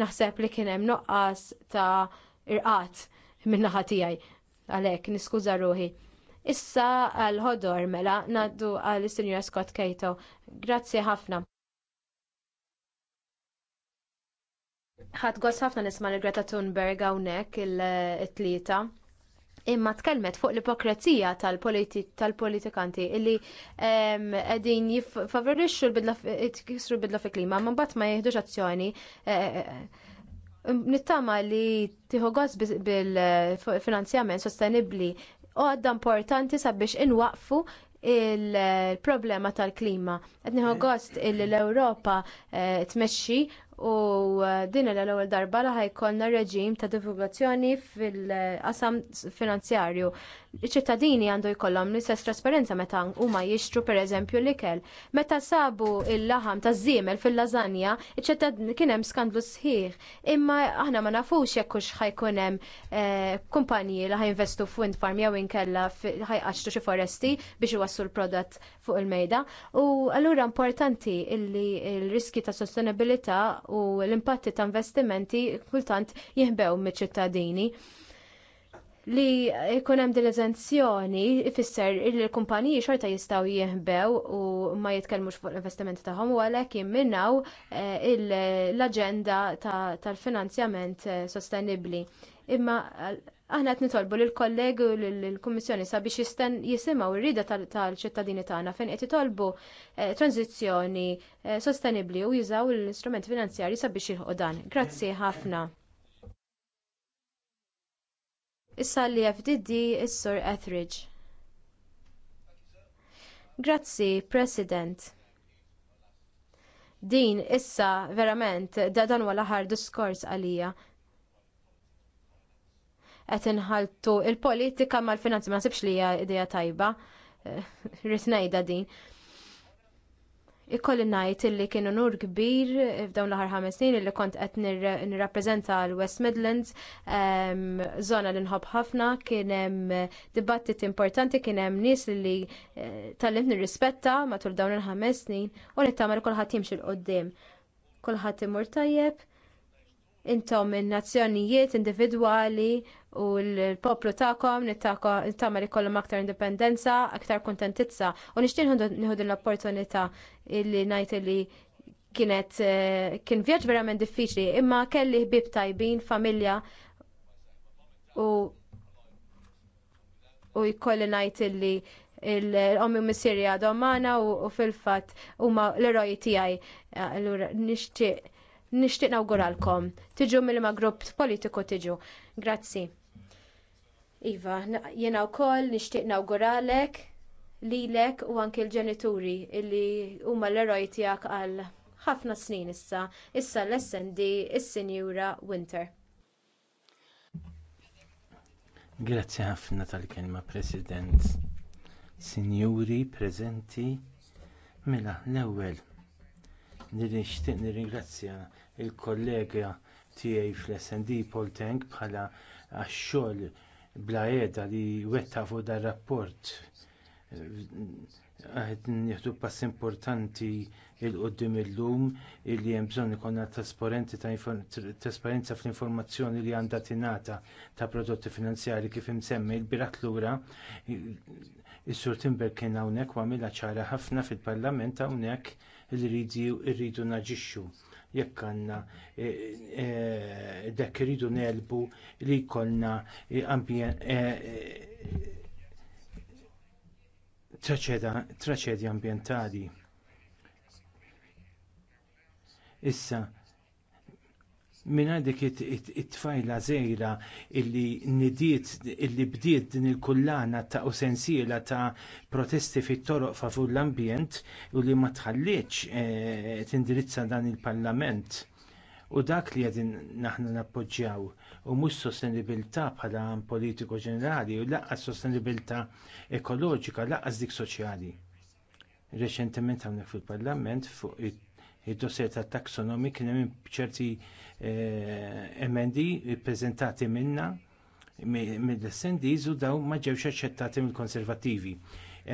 Naħseb li kien hemm noqqas ta' irqat min-naħa tiegħi għalhekk niskuża ruħi. Issa għal ħodor mela ngħaddu għal Sinjura Scott Cato. Grazzi ħafna. Ħadd gost ħafna nisma' l-Greta Thunberg hawnhekk il-tlieta. il tlieta imma tkellmet fuq l-ipokrazija tal-politikanti illi qegħdin jiffavorixxu l-bidla fi klima ma mbagħad ma jihdux azzjoni e, e, e, nittama li tieħu gost bil-finanzjament sostenibbli u għadda importanti sabiex inwaqfu il-problema tal-klima. Qed nieħu eh. gost illi l-Ewropa tmexxi u eh, din l ewwel darba li ħajkollna reġim ta' divulgazzjoni fil-qasam finanzjarju iċ-ċittadini għandu jkollhom l-istess trasparenza meta huma jixtru pereżempju l-ikel. Meta sabu il-laħam taż żiemel fil-lażanja, iċ-ċittadini kien hemm skandlu sħiħ, imma aħna ma nafux jekk hux ħajkun hemm eh, kumpaniji li ħajinvestu f'wind farm jew inkella ħajqaxtu xi foresti biex iwassu l-prodott fuq il-mejda. U allura importanti illi l-riski ta' sostenibilità u l-impatti ta' investimenti kultant jinbew miċ-ċittadini li jkun hemm dil-eżenzjoni ifisser li l-kumpaniji xorta jistgħu jieħbew u ma jitkellmux fuq l-investimenti tagħhom u għalhekk jimminaw eh, l-aġenda tal-finanzjament eh, sostenibbli. Imma eh, aħna qed nitolbu lill kollegi u lill-Kummissjoni sabiex jisten jisimgħu r-rida tal-ċittadini tagħna fejn qed jitolbu tranzizzjoni sostenibbli u jużaw l-istrumenti finanzjarji sabiex jilħu dan. Grazzi ħafna. Issa li FDD is-Sur Etheridge. Grazzi, President. Din issa verament dan huwa l-aħħar diskors għalija qed inħaltu l politika mal-finanzi ma sibx li hija idea tajba. Eh, Rid ngħidha din. Ikolli ngħid illi kien unur kbir f'dawn l-aħħar ħames snin illi kont qed nirrappreżenta l-West Midlands, ehm, żona li nħobb ħafna, kien hemm dibattit importanti, kien hemm nies li eh, tallimt nirrispetta matul dawn il-ħames snin u nittama li kulħadd jimxi l qoddim Kulħadd imur tajjeb, intom minn nazzjonijiet individwali u l-poplu tagħkom nittama li kollum aktar indipendenza, aktar kuntentizza. U nixtieq nħu l-opportunità li ngħid li kienet eh, kien vjaġġ verament diffiċli, imma kelli ħbib tajbin, familja u u jkolli ngħid li l-ommi missiri għadhom magħna u fil-fatt huma l-eroji tiegħi. ura nixtieq nishtiq nawguralkom. Tiġu mill-ma grupp politiku tiġu. Grazzi. Iva, jena u koll nishtiq nawguralek, lilek u anki l-ġenituri illi huma l-eroj tijak għal ħafna snin issa, issa l-SND, il sinjura Winter. Grazzi ħafna tal-kelma President. Sinjuri prezenti mela l-ewwel. Nirixtieq nirringrazzja l kollega tiegħi fl-SND Paul Tank bħala għax-xogħol bla jeda li wetta fuq dar rapport għed njieħdu pass importanti il-qoddim illum li hemm bżonn ikonna trasparenza fl-informazzjoni li għandha tingħata ta' prodotti finanzjarji kif imsemmi l-birat lura is-Sur Timber kien hawnhekk u għamilha ċara ħafna fil-Parlament hawnhekk li rridu naġixxu jekk għandna e, e, dak iridu nelbu li jkollna e, traċedja ambjentali. Issa, minna dik it-tfajla żgħira illi nidiet illi bdiet din il-kullana ta' u sensiela ta' protesti fit-toroq favur l-ambjent u li ma tħalliċ eh, tindirizza dan il-parlament u dak li għedin naħna nappoġġjaw u mhux sostenibilità bħala politiku ġenerali u laqqa sostenibilità ekoloġika laqqas dik soċjali. Reċentement għamna fil-Parlament fuq it id-dossier ta' taxonomi kien hemm ċerti eh, emendi ppreżentati minnha mill-SNDs u dawn ma ġewx aċċettati mill-konservattivi.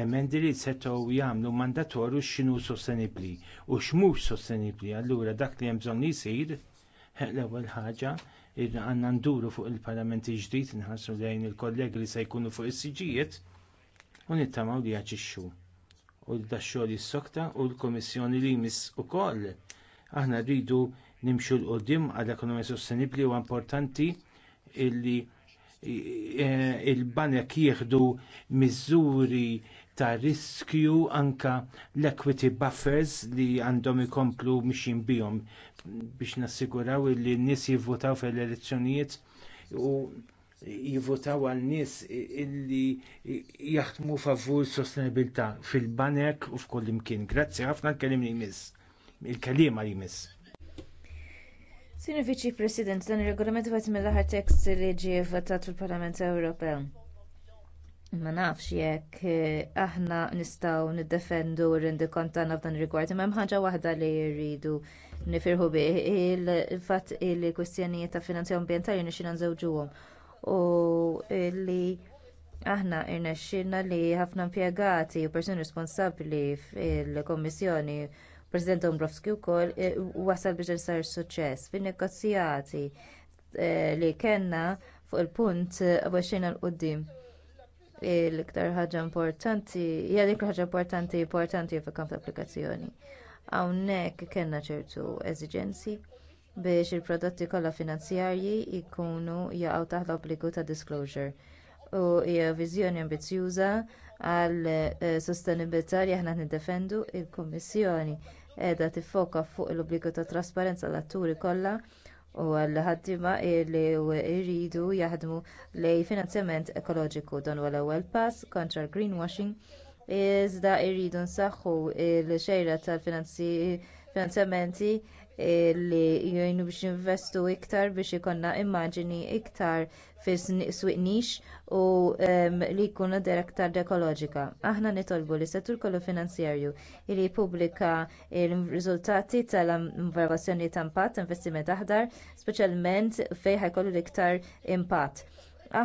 Emendi li setgħu jagħmlu mandatorju x'inhu sostenibbli u x'mhux sostenibbli. Allura dak li hemm bżonn jsir eh, l-ewwel ħaġa għandna nduru fuq il-parlamenti ġdid nħassu lejn il-kollegi li se jkunu fuq is-siġijiet u nittamaw li jaċixxu u l s sokta u l-Komissjoni li jmiss ukoll. Aħna rridu nimxu l-qoddim għall-ekonomija sostenibbli u importanti illi eh, il-banek jieħdu miżuri ta' riskju anke l-equity buffers li għandhom ikomplu mixin bihom biex nassiguraw li n-nies jivvotaw fil-elezzjonijiet u jivvotaw għal nies illi jaħdmu favur sostenibilità fil-banek u f'kull imkien. Grazzi ħafna l-kelim li jmiss. Il-kelim għal jmiss. Sinu Viċi President, dan il-regolament għat mill-aħħar tekst li ġie votat fil-Parlament Ewropew. Ma nafx jekk eh, aħna nistgħu niddefendu rendi kontana f'dan rigward, imma hemm ħaġa waħda li rridu nifirħu bi il-fatt li kwistjonijiet ta' finanzja ambientali nixin nżewġuhom u li aħna irnexxilna li ħafna impjegati u persuni responsabbli fil-Kommissjoni President Dombrovski wkoll e, wasal biex sar suċċess fin-negozjati e, li kellna fuq il-punt għabaxxina e, l-qoddim. L-iktar ħaġa importanti, hija dik ħaġa importanti importanti fil-kamp applikazzjoni. Hawnhekk kellna ċertu eżiġenzi biex il-prodotti kollha finanzjarji jkunu jaqgħu taħt l-obbligu ta' disclosure u hija viżjoni ambizzjuża għall eh, sostenibilità li aħna niddefendu il-kummissjoni qiegħda tiffoka fuq l-obbligu ta' trasparenza għall-atturi kollha u għall-ħaddiema li jridu jaħdmu lejn finanzjament ekoloġiku dan huwa l-ewwel pass kontra l-greenwashing iżda jridu nsaħħu l-xejra tal-finanzjamenti li jgħinu biex investu iktar biex ikonna immaġini iktar fis-swiqnix u li jkunu direktar ekoloġika. Aħna nitolbu li settur kollu finanzjarju li jippubblika l-riżultati tal-valvazzjoni ta' impatt investiment aħdar, speċjalment fejn ħajkollu l-iktar impatt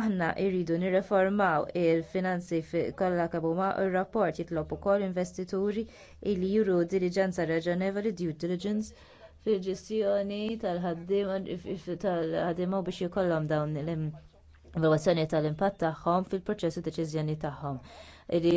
aħna rridu nirreformaw il-finanzi kollha kabuma r rapport jitlob ukoll investituri li juru diligenza raġonevoli due diligence fil-ġestjoni tal-ħaddiema biex jkollhom dawn l-evalwazzjoni tal-impatt tagħhom fil-proċess deċiżjoni tagħhom. Li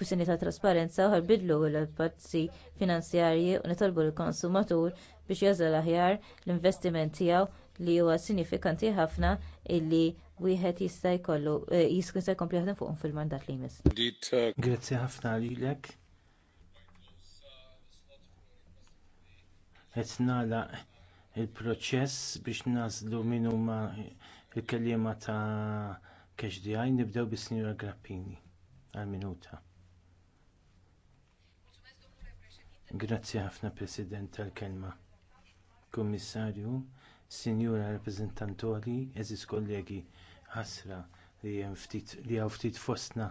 kwistjoni ta' trasparenza u ħarbidlu l-pazzi finanzjarji u nitolbu l-konsumatur biex jażel aħjar l-investiment tiegħu li huwa sinifikanti ħafna illi wieħed jista' jkollu eh, jista' jkompli ħadem fuqhom fil-mandat li jmiss. Grazzi ħafna lilek. qed nagħlaq il-proċess biex nażlu min huma l-kelliema ta' KHDI nibdew bis-Sinjura Grappini għal minuta. Grazzi ħafna President tal-kelma. Kummissarju, Sinjura Rappresentantori, eżis kollegi, ħasra li hemm li hawn ftit fostna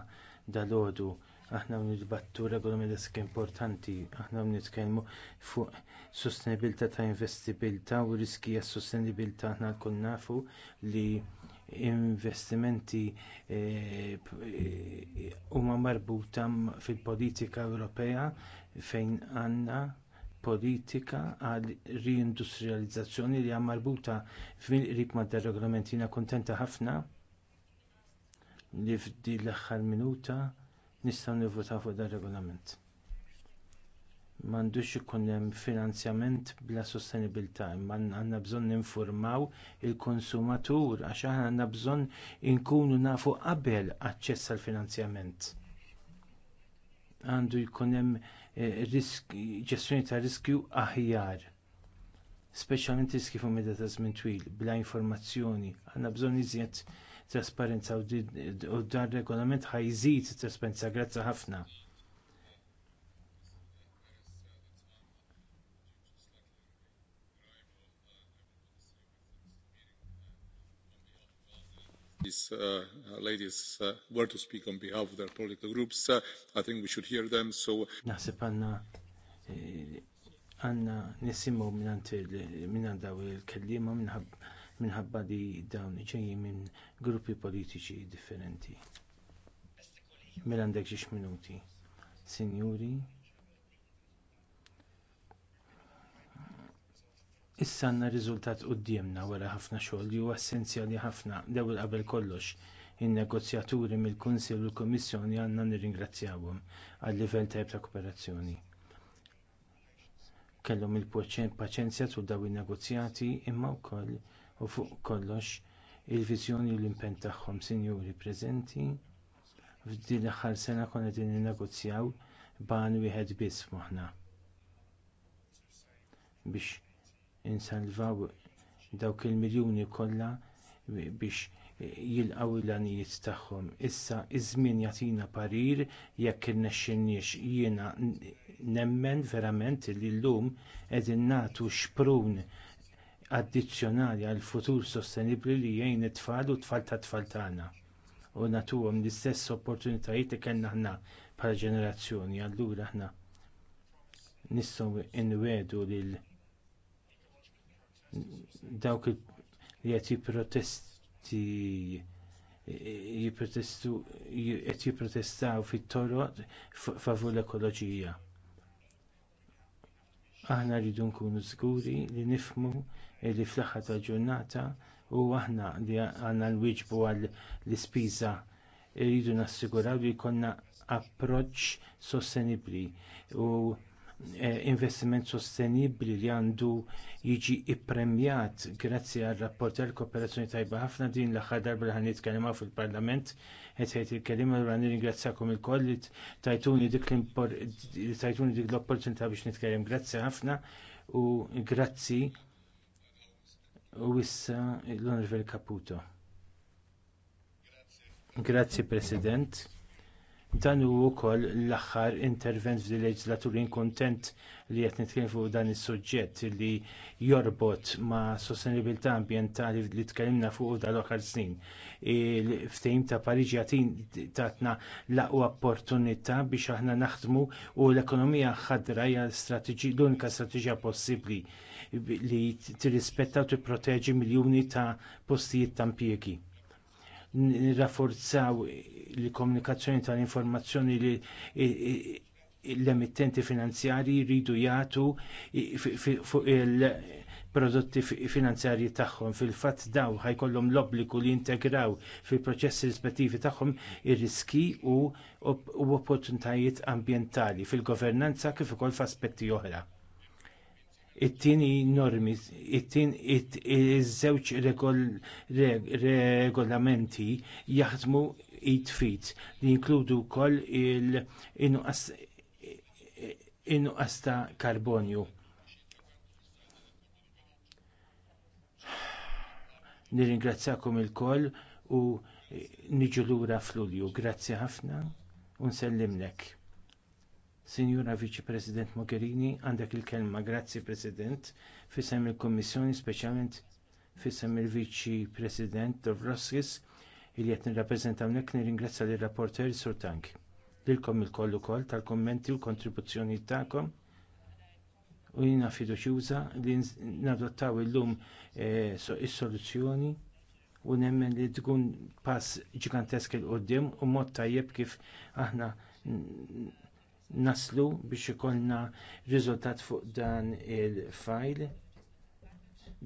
dalodu aħna nidbattu regolamenti importanti, aħna nitkellmu fuq sostenibilità ta' investibilità u riski għas sostenibilità aħna kun nafu li investimenti eh, huma marbuta fil-politika Ewropea fejn għandna politika għal riindustrializzazzjoni li hija marbuta fil-qrib ma' dar-regolamenti. Jiena kuntenta ħafna li f'din l-aħħar minuta nistgħu nivvotaw fuq dan regolament. M'għandux ikun hemm finanzjament bla sostenibilità, imma għandna bżonn ninfurmaw il-konsumatur għax aħna għandna bżonn inkunu nafu qabel aċċess għall finanzjament. Għandu jkun hemm eh, ġestjoni ta' riskju aħjar speċjalment riski fuq meta ta' żmien twil bla informazzjoni għandna bżonn iżjed trasparenza u dan regolament ħajżid trasparenza grazzi ħafna. These uh, ladies uh, were to speak on behalf of their political groups. Uh, I think we should hear them. So. Naħseb għanna eh, għanna nisimaw minn daw il-kellima minnħab minħabba li dawn ġejjin minn gruppi politiċi differenti. Mela għandek xiex minuti. Sinjuri, issa għandna riżultat quddiemna wara ħafna xogħol li huwa essenzjali ħafna dewl qabel kollox in-negozjaturi mill-Kunsill u l-Kummissjoni għandna nirringrazzjawhom għal livell tajb ta' kooperazzjoni. Kellhom il-paċenzja tul dawn in-negozjati imma wkoll u fuq kollox il-viżjoni u l-impenn tagħhom sinjuri preżenti f'din l-aħħar sena kon qegħdin ninnegozjaw ban wieħed biss moħħna biex insalvaw dawk il-miljuni kollha biex jilqgħu l-għanijiet tagħhom. Issa iż-żmien jagħtina parir jekk irnexxinniex jiena nemmen verament li llum qegħdin nagħtu xprun addizzjonali għall futur sostenibbli li jgħin it-tfal u t-tfal tat tfal tagħna u nagħtuhom l-istess opportunitajiet li kellna aħna bħala ġenerazzjoni allura aħna nistgħu nwedu lil dawk li qed jipprotesti jipprotestu qed jipprotestaw fit-toroq favur l-ekoloġija aħna rridu nkunu żguri li nifhmu li fl-aħħar tal-ġurnata u aħna li għandna nwieġbu għall ispiża rridu nassiguraw li jkollna approċċ sostenibbli u Eh, investiment sostenibbli li għandu jiġi ippremjat grazzi għal rapporter kooperazzjoni tajba ħafna din l-aħħar darba li ħan nitkellem fil-Parlament qed jgħid il-kelima u għandi ringrazzjakom ilkoll li tajtuni dik l-opportunità biex nitkellem. Grazzi ħafna u grazzi u issa l-Onorevoli Caputo. Grazzi President Dan hu wkoll l-aħħar intervent fil-leġislatur inkontent li qed nitkellem fuq dan is-suġġett li jorbot ma' sostenibilità ambjentali li tkellimna fuq dal aħħar snin. Il-ftehim ta' Pariġi għatin tatna l-aqwa opportunità biex aħna naħdmu u l-ekonomija ħadra hija l-unika strateġija possibbli li tirrispetta u tipproteġi miljuni ta' postijiet ta' impjiegi nirrafforzaw il-komunikazzjoni tal-informazzjoni li l-emittenti finanzjarji jridu jagħtu fuq il-prodotti finanzjarji tagħhom. Fil-fatt daw ħajkollhom l-obbligu li jintegraw fil-proċessi rispettivi tagħhom ir-riski u opportunitajiet ambjentali fil-governanza kif ukoll f'aspetti oħra it-tieni normi, iż-żewġ regolamenti jaħdmu it fit li jinkludu wkoll il-inuqas ta' karbonju. Nirringrazzakom ilkoll u niġu lura f'Lulju. Grazzi ħafna u nsellimlek. Sinjura Viċi President Mogherini, għandek il-kelma, grazzi President, fissem il-Kommissjoni, speċjalment fissem il-Viċi President Dovroskis, il qed nirrappreżenta nek nirringrazzja lir rapporter Sur Tank. Lilkom il-kollu kol tal-kommenti u kontribuzzjoni tagħkom u jina fiduċjuża li nadottaw illum eh, is-soluzzjoni u nemmen li tkun pass ġigantesk il-qoddim u mod tajjeb kif aħna naslu biex ikollna riżultat fuq dan il-fajl.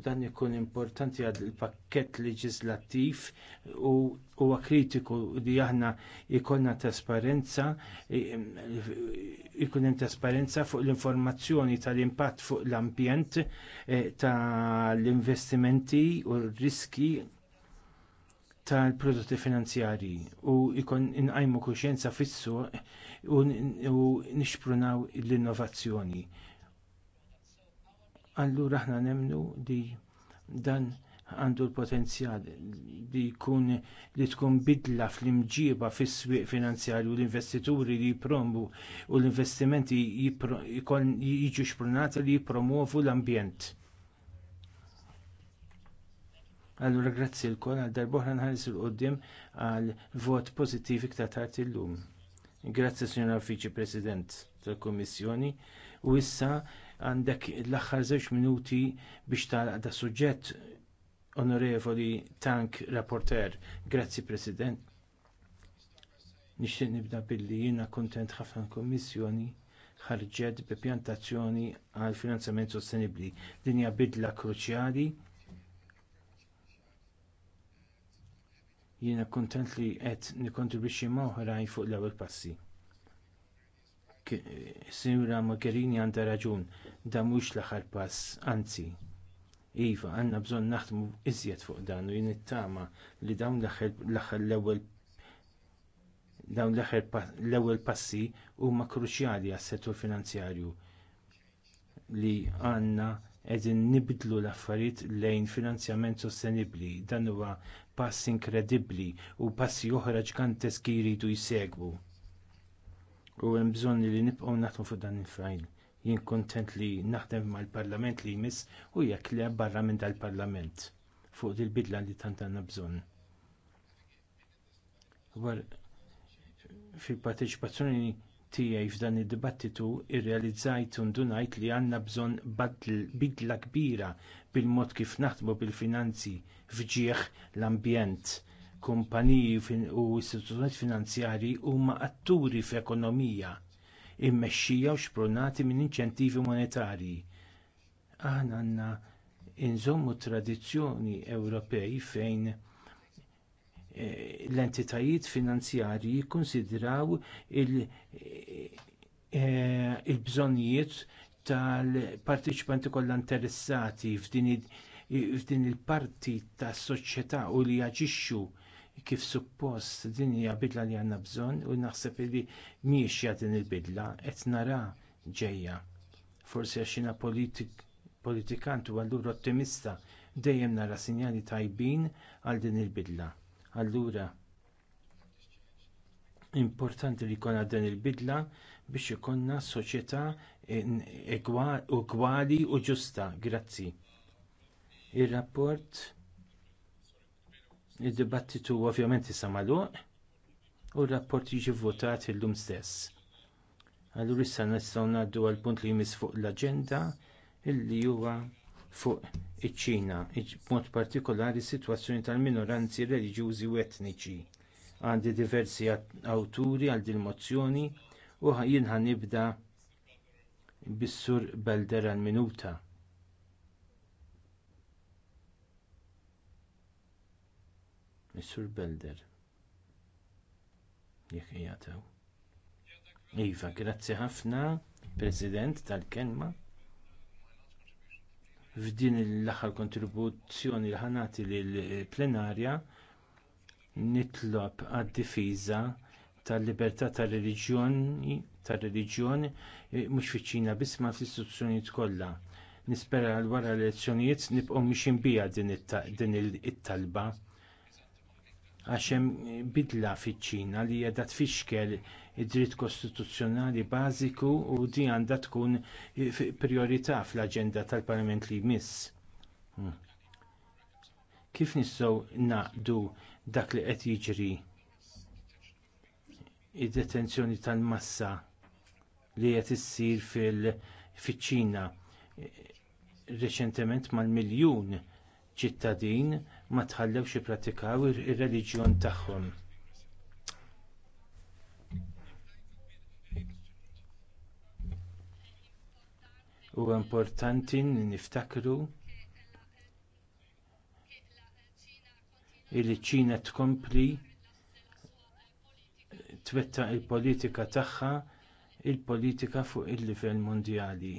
Dan ikun importanti għad il-pakket leġislattiv u huwa kritiku li aħna jkollna trasparenza, ikun hemm trasparenza fuq l-informazzjoni tal-impatt fuq l-ambjent eh, tal-investimenti u r-riski tal-prodotti finanzjarji u jkun inqajmu kuxjenza fis-suq u nixprunaw l-innovazzjoni. Allura aħna nemnu li dan għandu l-potenzjal li jkun li tkun bidla fl-imġiba fis-swieq finanzjarju l-investituri li jiprombu u l-investimenti jiġu xprunati li jippromovu l-ambjent Allura grazzi l-kol għal darbohra nħares il-qoddim għal vot pozittiv iktar tard illum. Grazzi s-sinjora Viċi President tal kummissjoni u issa għandek l-aħħar żewġ minuti biex tagħlaq da suġġett onorevoli Tank Rapporter. Grazzi President. Nixtieq nibda billi jiena kuntent ħafna l-Kommissjoni ħarġet bi pjantazzjoni għal finanzjament sostenibbli. Din hija bidla kruċjali jiena kuntent li qed nikkontribwixxi ma' oħrajn fuq l-ewwel passi. Sinjura Mogherini għandha raġun, dan mhux l-aħħar pass, anzi. Iva, għandna bżonn naħdmu iżjed fuq dan u jien ittama li dawn l-ewwel dawn l-ewwel passi huma kruċjali għas-settur finanzjarju li għandna qegħdin nibdlu l-affarijiet lejn finanzjament sostenibbli. Dan huwa pass inkredibbli u passi oħra ġganteski jridu jsegwu. U hemm bżonn li nibqgħu naħdmu fuq dan il-fajl. Jien kuntent li naħdem mal-Parlament li jmiss u jekk le barra minn dal-Parlament fuq il bidla li tant għandna bżonn. fil-parteċipazzjoni tiegħi f'dan id-dibattitu irrealizzajt u ndunajt li għandna bżonn bidla kbira bil-mod kif naħdmu bil-finanzi fġieħ l-ambjent. Kumpaniji u istituzzjonijiet finanzjarji huma atturi f'ekonomija immexxija u xpronati minn inċentivi monetarji. Aħna għandna inżommu tradizzjoni Ewropej fejn l-entitajiet finanzjarji jikkonsidraw eh, il-bżonnijiet tal-partiċipanti kollha interessati f'din il-parti tas-soċjetà u li jaġixxu kif suppost din hija bidla li għandna bżonn u naħseb li miexja din il-bidla qed nara ġejja. Forsi għax jiena politikant u allura ottimista dejjem nara sinjali tajbin għal din il-bidla. Allura, importanti li jkollna dan il-bidla biex ikollna soċjetà ugwali u ġusta. Grazzi. ir rapport id-dibattitu ovvjament issa magħluq u r-rapport jiġi vvotat illum stess. Allura issa nistgħu ngħaddu għall punt li jmiss fuq l-aġenda illi huwa fuq iċ-Ċina, b'mod partikolari s-sitwazzjoni tal-minoranzi reliġjużi u etniċi. Għandi diversi awturi għal din mozzjoni u jien nibda bis-sur Belder għal minuta. Missur Belder. Jekk jagħtew. Iva, grazzi ħafna, President tal-kelma f'din l-aħħar kontribuzzjoni li ħanati lill-plenarja nitlob għad-difiża tal-libertà tar-reliġjoni reliġjon eh, mhux fiċ-Ċina biss ma fl-istituzzjonijiet kollha. Nispera l wara l-elezzjonijiet nibqgħu mixin bija din it-talba għax hemm bidla fiċ-Ċina li qiegħda tfixkel id-dritt kostituzzjonali bażiku u di għandha tkun priorità fl-aġenda tal-Parlament li jmiss. Hmm. Kif nistgħu naqdu dak li qed jiġri id-detenzjoni tal-massa li qed issir fil-ċina reċentement mal-miljun ċittadin ma tħallewx pratikaw ir-reliġjon tagħhom. Huwa importanti niftakru li ċina tkompli twettaq il-politika tagħha il-politika fuq il-livell mondjali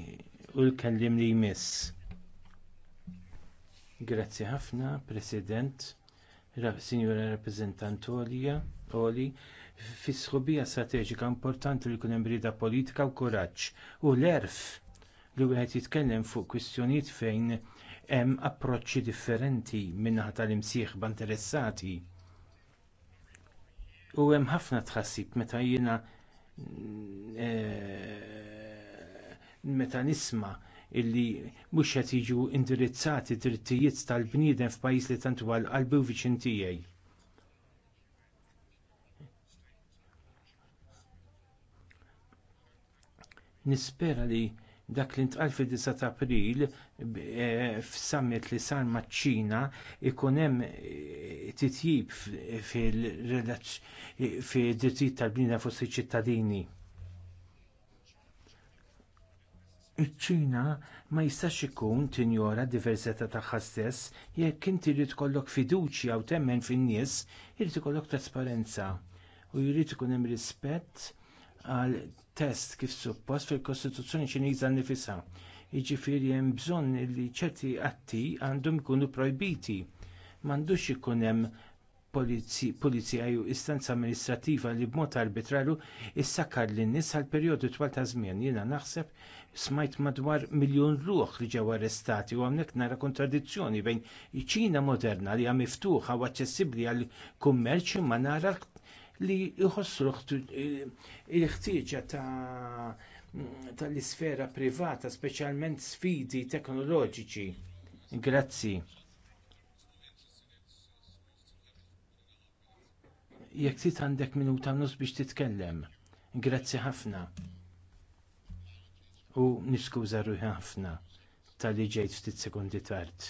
u l-kellim li jmiss. Grazzi ħafna, President, Signora Rappresentant Olja Oli, fi sħubija strateġika importanti li jkun hemm rieda politika u kuraġġ u l-erf li wieħed jitkellem fuq kwistjonijiet fejn hemm approċċi differenti min-naħa tal-imsieħba interessati. U hemm ħafna tħassib meta jiena eh, meta nisma' illi mhux qed jiġu indirizzati drittijiet tal-bniedem f'pajjiż li tant huwa qalbi u viċin tiegħi. Nispera li Dak li ntqal fid-9 ta' April e, f'summit li sar maċ-Ċina ikun hemm e, titjib fid-drittijiet e, tal-bnina fost iċ-ċittadini. Iċ-Ċina ma jistax ikun tinjora d diversità tagħha stess jekk inti rrid tkollok fiduċja u temmen fin-nies, jrid ikollok trasparenza u jrid ikun hemm rispett għal test kif suppost fil-Kostituzzjoni Ċiniża nifisha. Jiġifieri hemm bżonn li ċerti atti għandhom ikunu projbiti. M'għandux ikun hemm pulizija jew istanza amministrattiva li b'mod arbitrarju issakkar lin nies għal perjodu twal ta' żmien. Jiena naħseb smajt madwar miljun ruħ li ġew arrestati u hawnhekk nara kontradizzjoni bejn iċ ċina moderna li hija miftuħa u aċċessibbli għall kummerċ imma nara li jħossru l-ħtieġa ta' tal-isfera privata, speċjalment sfidi teknoloġiċi. Grazzi. Jekk tit għandek minuta nus biex titkellem. Grazzi ħafna. U niskuża ruħi ħafna tal-li ġejt ftit sekundi tard.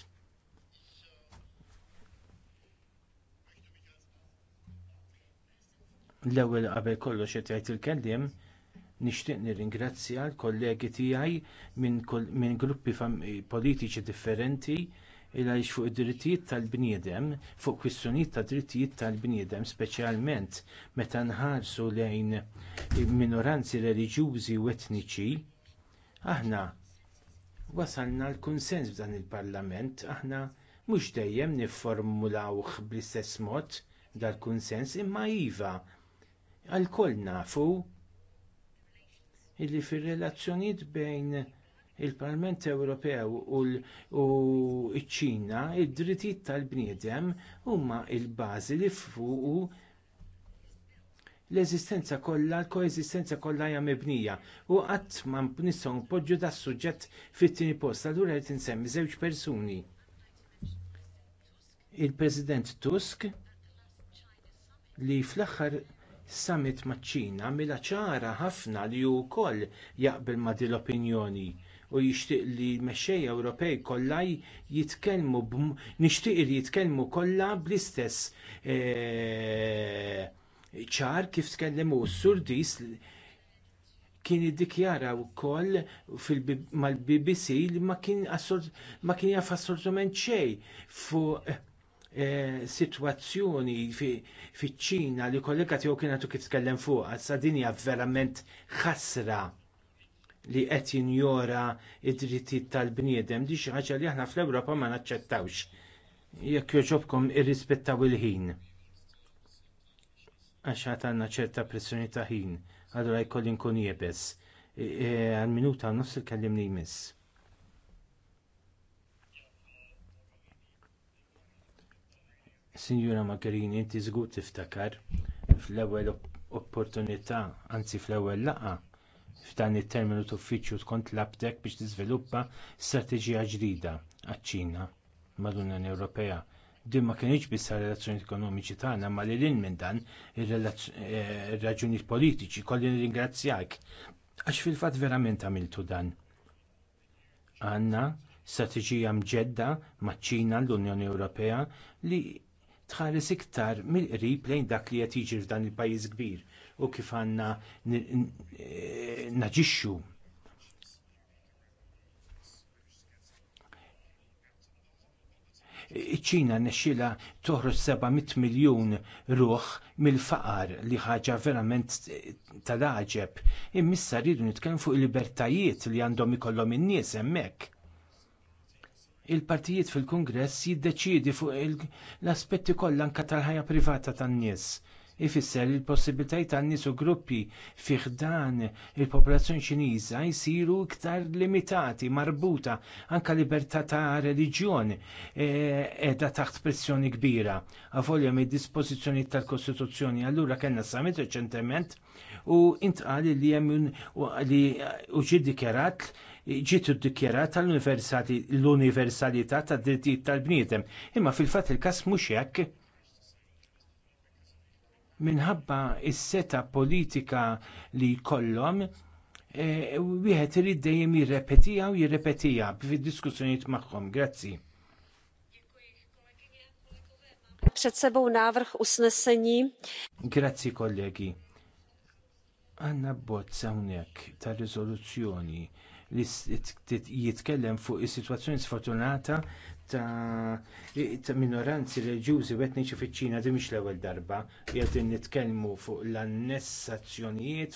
L-ewwel qabel kollox qed jgħid il-kelliem nixtieq nirringrazzja l-kollegi tiegħi minn gruppi politiċi differenti il għaliex fuq id-drittijiet tal-bniedem, fuq kwistjonijiet ta' drittijiet tal-bniedem, speċjalment meta nħarsu lejn minoranzi reliġjużi u etniċi, aħna wasalna l-kunsens f'dan il-Parlament, aħna mhux dejjem nifformulaw bl-istess mod dal-kunsens imma iva Għalkoll nafu illi fir-relazzjonijiet bejn il-Parlament Ewropew u ċ-Ċina id-drittijiet tal-bniedem huma l-bażi li fuqu l-eżistenza kollha, l-koeżistenza kollha hija mibnija u qatt ma nistgħu npoġġu da suġġett fit-tieni post allura qed insemmi żewġ persuni. Il-President Tusk li fl-aħħar summit maċ-Ċina mila ċara ħafna li hu wkoll jaqbel ma' din l-opinjoni u jixtieq li mexxej Ewropej kollha jitkellmu nixtieq li jitkellmu kollha bl-istess eh, ċar kif tkellem s-sur kien iddikjara wkoll mal-BBC li ma kien jaf assortiment xejn fuq E, situazzjoni fiċ-Ċina li kollega tiegħu kien għandu kif tkellem fuq, din dinja verament ħasra li qed jinjora id-drittijiet tal-bniedem di xi ħaġa li aħna fl-Ewropa ma naċċettawx. Jekk joġobkom irrispettaw il-ħin. Għax ħadd għandna ċerta pressjoni ta' ħin, allura jkolli nkun jebes. E, e, għal minuta nofs il kellimni li jmiss. Sinjura Magherini, inti żgur tiftakar fl-ewwel opportunità, anzi fl-ewwel laqgħa f'dan it-terminu uffiċċju tkont labdek biex tiżviluppa strateġija ġdida għaċ-Ċina mal-Unjoni Ewropea. Din ma kienx biss relazzjonijiet ekonomiċi tagħna ma lil minn dan eh, ir-raġunijiet politiċi kolli nirringrazzjak għax fil-fatt verament għamiltu dan. Għandna strateġija mġedda maċ-Ċina l-Unjoni Ewropea li tħares iktar mill-qrib lejn dak li qed jiġi f'dan il-pajjiż kbir u kif għandna naġixxu ċina nexxila toħroġ 700 miljun ruħ mill-faqar li ħaġa verament tal imma Immissa rridu nitkellmu fuq il-libertajiet li għandhom ikollhom in-nies hemmhekk il-partijiet fil-Kungress jiddeċiedi fuq l-aspetti kollha anke tal-ħajja privata tan-nies. Ifisser li l-possibilitajiet tan-nies u gruppi fih dan il-popolazzjoni Ċiniża jsiru iktar limitati, marbuta anke libertà ta' reliġjoni qiegħda taħt pressjoni kbira. Avolja mid dispożizzjoni tal-Kostituzzjoni allura kellna summit reċentement u intqal li hemm li u ġiddikerat. dikjarat ġiet iddikjarata l-universalità tad-drittijiet tal-bniedem. Imma fil-fatt il-każ mhux hekk minħabba s seta politika li jkollhom e, wieħed irid dejjem jirrepetiha u jirrepetiha fid-diskussjonijiet magħhom. Grazzi. návrh usnesení. Grazzi kollegi. Għanna bozz hawnhekk ta' riżoluzzjoni li jitkellem fuq is-sitwazzjoni sfortunata ta' minoranzi reliġjużi u etniċi fiċ-Ċina di mhix l-ewwel darba qegħdin nitkellmu fuq l-annessazzjonijiet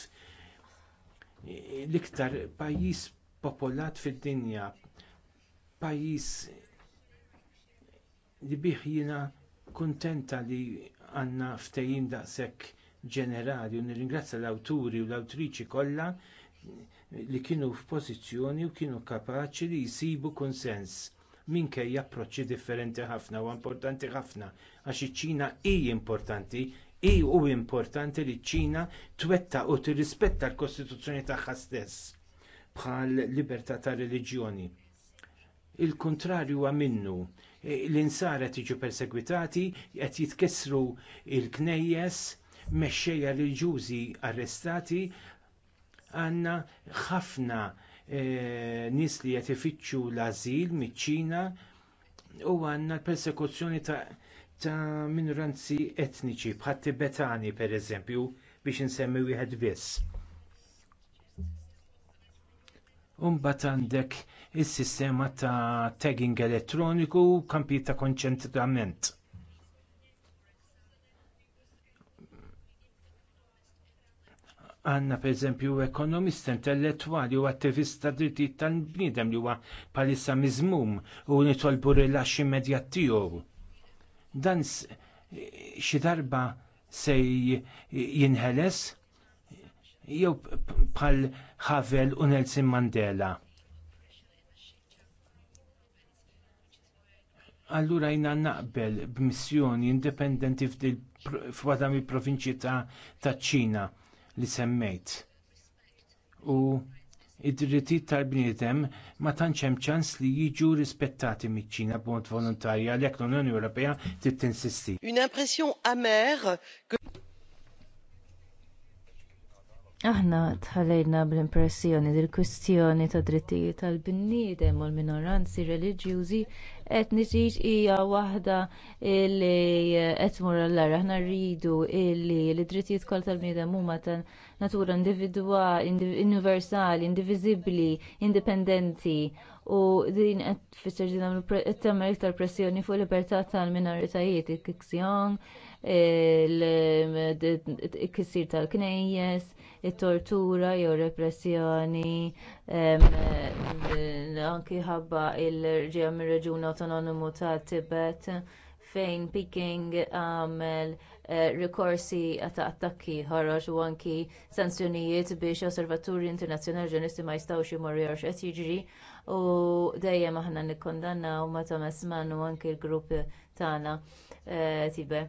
l-iktar pajjiż popolat fid-dinja, pajjiż li bih jiena kuntenta li għandna ftehim daqshekk ġenerali u nirringrazzja l-awturi u l-awtriċi kollha li kienu f'pożizzjoni u kienu kapaċi li jsibu konsens minkejja approċċi differenti ħafna u importanti ħafna għax iċ-Ċina hi importanti hi u importanti li ċ-Ċina twetta u tirrispetta l-Kostituzzjoni tagħha stess bħal libertà ta' reliġjoni. Il-kontrarju għal minnu e, l-insara tiġu persegwitati, qed jitkissru l knejjes mexxejja reliġjużi arrestati għanna ħafna e, nies li qed ifittxu l għażil miċ-Ċina u għandna l-persekuzzjoni ta', ta minoranzi etniċi bħat Tibetani pereżempju biex insemmi wieħed biss. Umbat għandek is-sistema ta' tagging elettroniku u kampijiet ta' konċentrament Għanna per eżempju ekonomista intellettuali u attivista drittijiet tal-bniedem li huwa palissa miżmum u nitolbu rilaxxi immedjat tiegħu. Dan xi darba se jinħeles jew bħal ħavel u Nelson Mandela. allura jina naqbel b'missjoni indipendenti f'wadami mill provinċi ta' ċina li semmejt. U id-drittijiet tal-bniedem ma tantx hemm ċans li jiġu rispettati miċ-Ċina b'mod volontarju għalhekk l-Unjoni Ewropea trid tinsisti. Une impression amère Aħna tħallejna bl-impressjoni li l-kwistjoni ta' drittijiet tal bniedem u l-minoranzi reliġjużi etniċi hija waħda li qed tmur l ara Aħna rridu li l-drittijiet kollha tal-bniedem huma ta' natura individwali, universali, indivisibbli, indipendenti u din qed tfisser din tagħmel iktar pressjoni fuq libertà tal-minoritajiet, il il kissir tal-knejjes, it-tortura jew repressjoni anki ħabba il-ġew mir-Reġjun autonomu ta' tibet fejn Peking għamel eh, rikorsi ta' attakki ħarraġ u anki sanzjonijiet biex osservaturi internazzjonali ġurnalisti ma jistgħux imorru jarx qed jiġri u dejjem aħna nikkondannaw ma ta' mesman u anki l-grupp tagħna eh, tibe.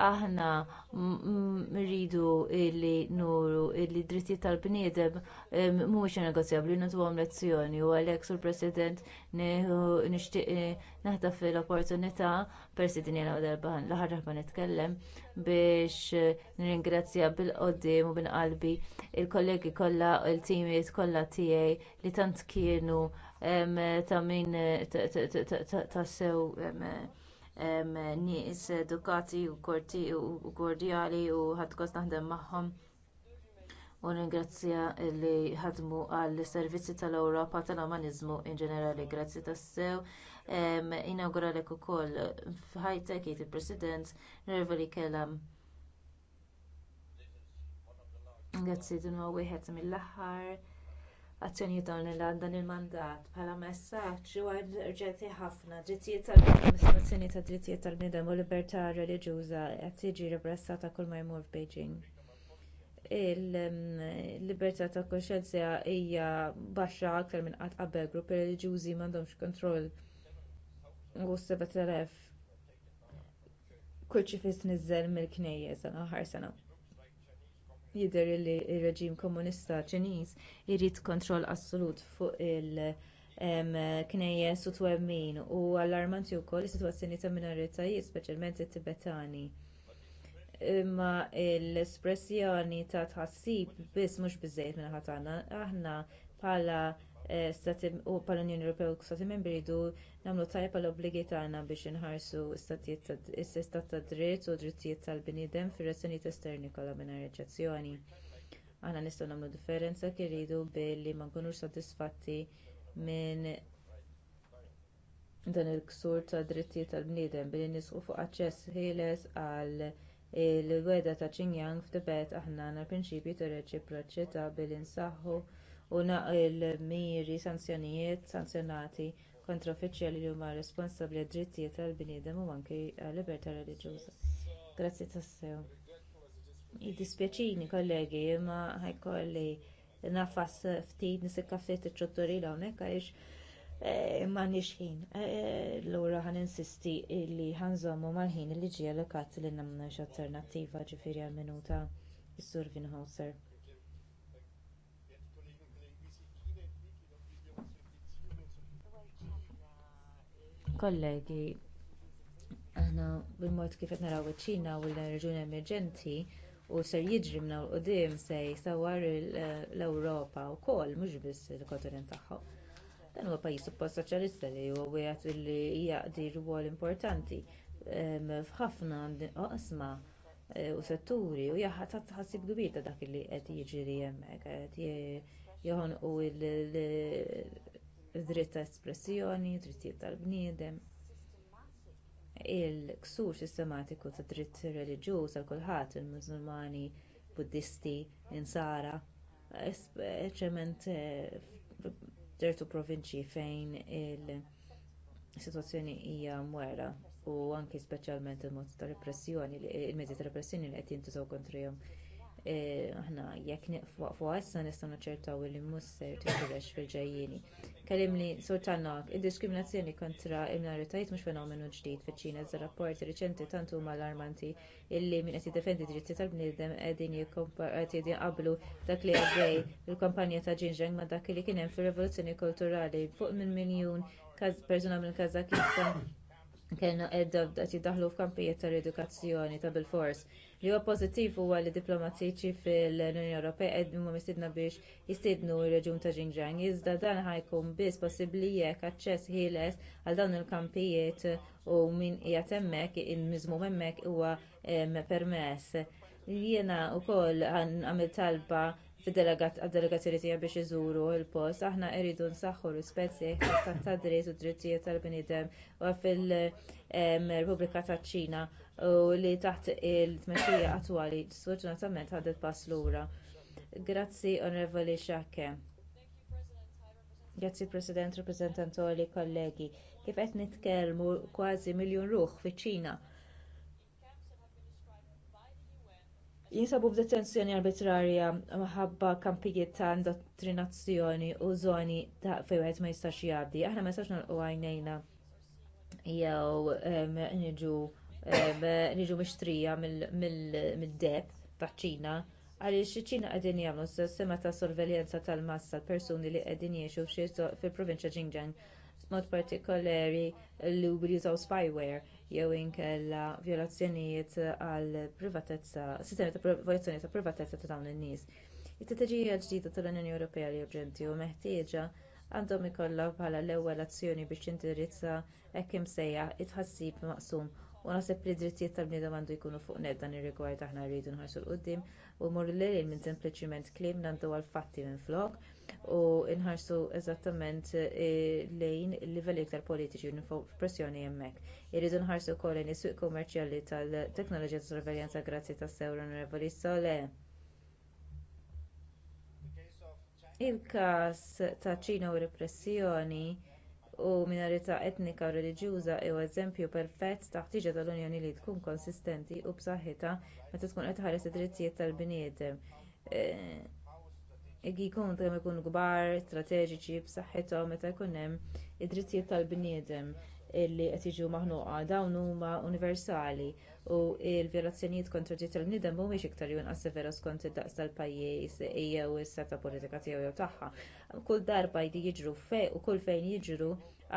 Aħna rridu illi nuru illi dritti tal-bniedem eh, mhuwiex negozjabbli għom lezzjoni u għalhekk sur President nixtieq l eh, fil-opportunità persi din jena darba l-aħħar darba nitkellem biex nirringrazzja bil-qoddim u bil qalbi il-kollegi kollha il-timijiet kollha tiegħi li tant kienu ta' min ta' sew nies edukati u kordjali u ħadkos naħdem magħhom u ringrazzja li ħadmu għall servizzi tal-Ewropa tal-Umaniżmu in ġenerali. Grazzi tassew. Inauguralek ukoll f'ħajtek jgħid il-President Nervoli Kellam. Grazzi wieħed mill-aħħar azzjonijiet dawn li għandhom il-mandat bħala messaġġ huwa urġenti ħafna drittijiet tal-bniedem is-sitwazzjoni tad-drittijiet tal bnedmin u l-libertà reliġjuża qed tiġi repressata kull ma jmur f'beijing il-libertà ta' kuxjenza hija baxxa aktar minn qatt qabel gruppi reliġjużi m'għandhomx kontroll u 7000 kull xi fis niżżel mill-knejjes għal aħħar sena jidher li r-reġim komunista ċiniż irid kontroll assolut fuq il-knejjes u twemmin u allarmanti wkoll is-sitwazzjoni ta' minoritajiet speċjalment it-tibetani imma l-espressjoni ta' tħassib biss mhux biżżejjed minn ħadd aħna bħala eh, u bħala Unjoni Ewropea u Stati Membri jridu nagħmlu tajba l obbligi tagħna biex inħarsu s-istat tad dritt u d-drittijiet tal-bniedem fir-relazzjonijiet esterni kollha mingħajr eċċezzjoni. Aħna nistgħu nagħmlu differenza kien iridu billi ma nkunux sodisfatti minn dan il-ksur tad drittijiet tal-bniedem billi nisqu fuq aċċess ħieles għal il-weda ta' Xinjiang f'Tibet aħna għandna prinċipji ta' reċiproċità billi nsaħħu u naqil miri sanzjonijiet sanzjonati kontra uffiċjali li huma responsabbli għad-drittijiet tal-bniedem u anke għal-libertà reliġjuża. Grazzi tassew. Jiddispjaċini kollegi, imma ħajkolli nafas ftit nisikka ftit iċ-ċottoril hawnhekk għaliex eh, m'għandniex ħin. Eh, eh, lura ħan insisti li ħanżommu mal-ħin li ġie allokat li namna alternattiva ġifieri għal-minuta s sur Hauser. kollegi aħna bil-mod kif qed naraw iċ-ċina u l-reġjuni emerġenti u ser jiġri minn hawn quddiem se jsawwar l-ewropa wkoll mhux biss il-kontinent tagħha dan huwa pajjiż suppost soċjalista li huwa wieħed li jaqdi rwol importanti f'ħafna oqsma e, u setturi u jaħat ħassib kbir ta' dak li qed jiġri hemmhekk qed dritt ta' espressjoni, drittijiet tal-bniedem, il-ksur sistematiku tad dritt reliġjuż għal kulħadd il-Mużulmani, Buddisti, Insara, speċjalment eh, ċertu provinċi fejn il-sitwazzjoni hija mwera u anki speċjalment il-mod ta' repressjoni, il-mezzi ta' repressjoni li qed jintużaw kontrihom Eh, aħna jekk waqfu issa nistgħu naċċertaw li mhux se titfirex fil-ġejjieni. Kellimni Sultanak, id-diskriminazzjoni kontra l minoritajiet mhux fenomenu ġdid fiċ-Ċina iżda rapporti riċenti tant huma alarmanti illi min qed jiddefendi d-dritti tal-bniedem qegħdin jinqablu dak li għaddej il-kampanja ta' Xinjiang ma' dak li kien hemm fir-rivoluzzjoni kulturali fuq minn miljun persuna mill Kazakistan kellna qed jiddaħħlu f'kampijiet tal-edukazzjoni ta' bilfors Li huwa pożittiv huwa li diplomatiċi fil-Unjoni Ewropea qed huma mistiedna biex jistidnu r reġun ta' Xinjiang, iżda dan jkun biss possibbli jekk aċċess ħieles għal dawn il-kampijiet u min qiegħed hemmhekk il-miżmum hemmhekk huwa permess. Jiena wkoll għamil talba għad-delegazzjoni tiegħi biex iżuru l-post, aħna rridu nsaħħu rispett sejħ ta' tadriz u drittijiet tal-bniedem u fil-Repubblika taċ ċina u li taħt il-tmexxija attwali sfortunatament ħadet pass lura. Grazzi Onorevoli Xakke. Grazzi President, Rappresentantoli, kollegi. Kif qed nitkellmu kważi miljun ruħ fiċ-Ċina jinsabu f'detenzjoni arbitrarja minħabba kampijiet ta' indottrinazzjoni u żoni ta' fejn wieħed ma jistax jgħaddi. Aħna ma jistax nagħlqu għajnejna jew niġu mixtrija mill-deb taċ ċina għaliex iċ-Ċina qegħdin jagħmlu sistema ta' sorveljanza tal-massa persuni li qegħdin jgħixu fil-provinċja Xinjiang b'mod partikolari li jużaw spyware jew inkella vjolazzjonijiet għal privatezza, sistemi ta' violazzjoni ta' privatezza ta' dawn in-nies. It-strateġija ġdida tal-Unjoni Ewropea li urġenti u meħtieġa għandhom ikollha bħala l-ewwel azzjoni biex tindirizza hekk imsejjaħ it-tħassib maqsum u naħseb li d-drittijiet tal-bniedem għandu jkunu fuq net dan ir-rigward aħna rridu nħarsu l-qudiem u mmur lil minn sempliċiment kliem nandu għal fatti minflok u nħarsu eżattament eh, lejn il iktar politiċi u pressjoni hemmhekk. Irridu nħarsu wkoll lejn is-suq kummerċjali tal-teknoloġija ta' sorveljanza grazzi tas-sew onorevoli Sole. Il-każ ta' Ċina u repressjoni u minorità etnika u reliġjuża huwa eżempju perfett ta' ħtiġa tal-Unjoni li tkun konsistenti u b'saħħitha meta tkun qed tħares id-drittijiet tal-bniedem. Eh, egi kontra ma jkunu kbar, strateġiċi, b'saħħithom meta jkun hemm id-drittijiet tal-bniedem illi qed jiġu maħnuqa dawn huma universali u l violazzjonijiet kontra d-dritt tal-bniedem mhumiex iktar jonqas severa skont id-daqs tal-pajjiż jew is-seta politika tiegħu jew tagħha. Kull darba jdi jiġru fejn u kull fejn jiġru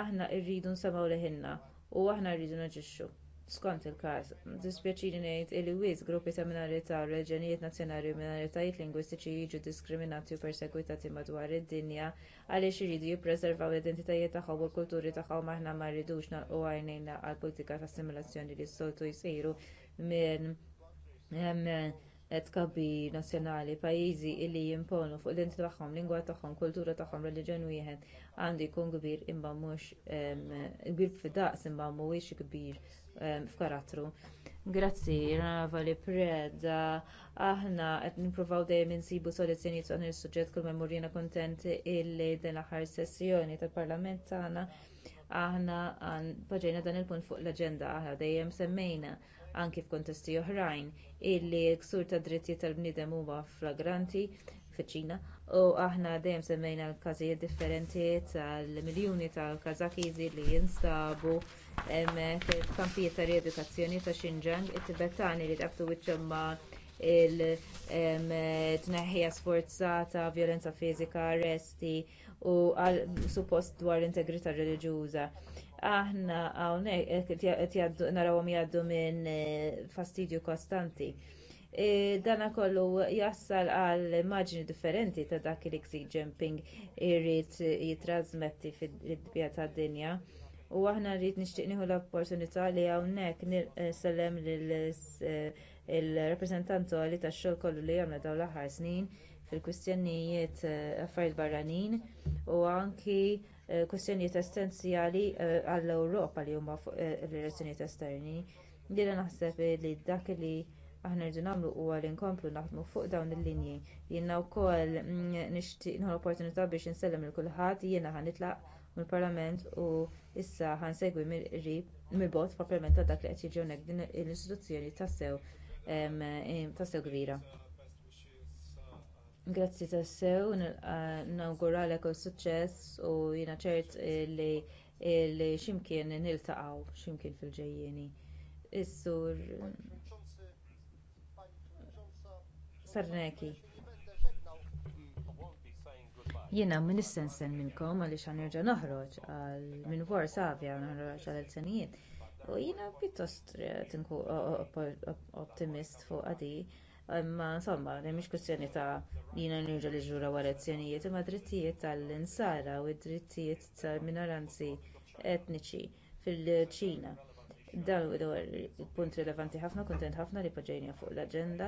aħna rridu nsemgħu leħinna u aħna rridu naġixxu skont il-każ dispjaċini ngħid li wisq gruppi ta' minorità u nazzjonali u minoritajiet lingwistiċi jiġu diskriminati u persegwitati madwar id-dinja għaliex iridu jippreservaw l-identitajiet tagħhom u l-kulturi tagħhom aħna ma rridux nagħlqu għajnejna għall politika ta' assimilazzjoni li s-soltu jsiru minn eh, tkabbi nazzjonali pajjiżi li jimponu fuq l-identità tagħhom, lingwa tagħhom, kultura tagħhom, reliġjon wieħed għandu jkun kbir imma mhux kbir f'daqs imma mhuwiex kbir f'karattru. Grazzi, Ravali Preda, aħna qed nippruvaw dejjem insibu soluzzjonijiet għan il-suġġett kull memorjina kontent illi din l-aħħar sessjoni tal-Parlament tagħna aħna paġejna dan il-punt fuq l-aġenda aħna dejjem semmejna anki f'kontesti oħrajn illi ksur ta' drittijiet tal-bniedem huma flagranti fiċ-Ċina u aħna dejjem semmejna l-każijiet differenti tal-miljuni ta' Kazakiżi li jinstabu hemmhekk f'kampijiet ta' riedukazzjoni ta' Xinjiang, it-Tibetani li taqtu wiċċemma ma' il-tneħħija sforzata, vjolenza fiżika, arresti u suppost dwar l-integrità reliġjuża aħna hawnhekk narawhom jgħaddu minn eh, fastidju kostanti E, dana kollu jassal għal maġni differenti ta' dak li Xi Jinping irrid jitrasmetti fid-dbija tad-dinja. U aħna rrid nixtieq nieħu l-opportunità li hawnhekk sellem lill-rappreżentant eh, li tax-xogħol kollu li jagħmel dawn l-aħħar snin fil-kwistjonijiet eh, affarijiet barranin u anki eh, kwistjonijiet essenzjali għall-Ewropa li huma fuq ir relazzjonijiet esterni. Jiena naħseb li dak li aħna rridu nagħmlu huwa li nkomplu naħdmu fuq dawn il-linji. Jiena wkoll nixtieq nħol opportunità biex insellem lil kulħadd jiena ħanitlaq mill-Parlament u issa ħansegwi mill-qrib mill proprjament ta' dak li qed jiġi hawnhekk din l-istituzzjoni tassew tassew kbira. Grazzi tas-sew, nawguralek u suċċess u jiena ċert li li ximkien niltaqgħu ximkien fil-ġejjeni. Is-sur Sarneki. Jiena min istensen minnkom għaliex nerġa' noħroġ għal minn vor savja noħroġ għal il-senijiet. U jiena pittost tinku optimist fuq għadi, imma insomma, mhix kwestjoni ta' jiena nirġa' li ġura il-senijiet, imma drittijiet tal-insara u drittijiet tal-minoranzi etniċi fil-ċina Dan huwa punt rilevanti ħafna, kontent ħafna li poġġejna fuq l-aġenda.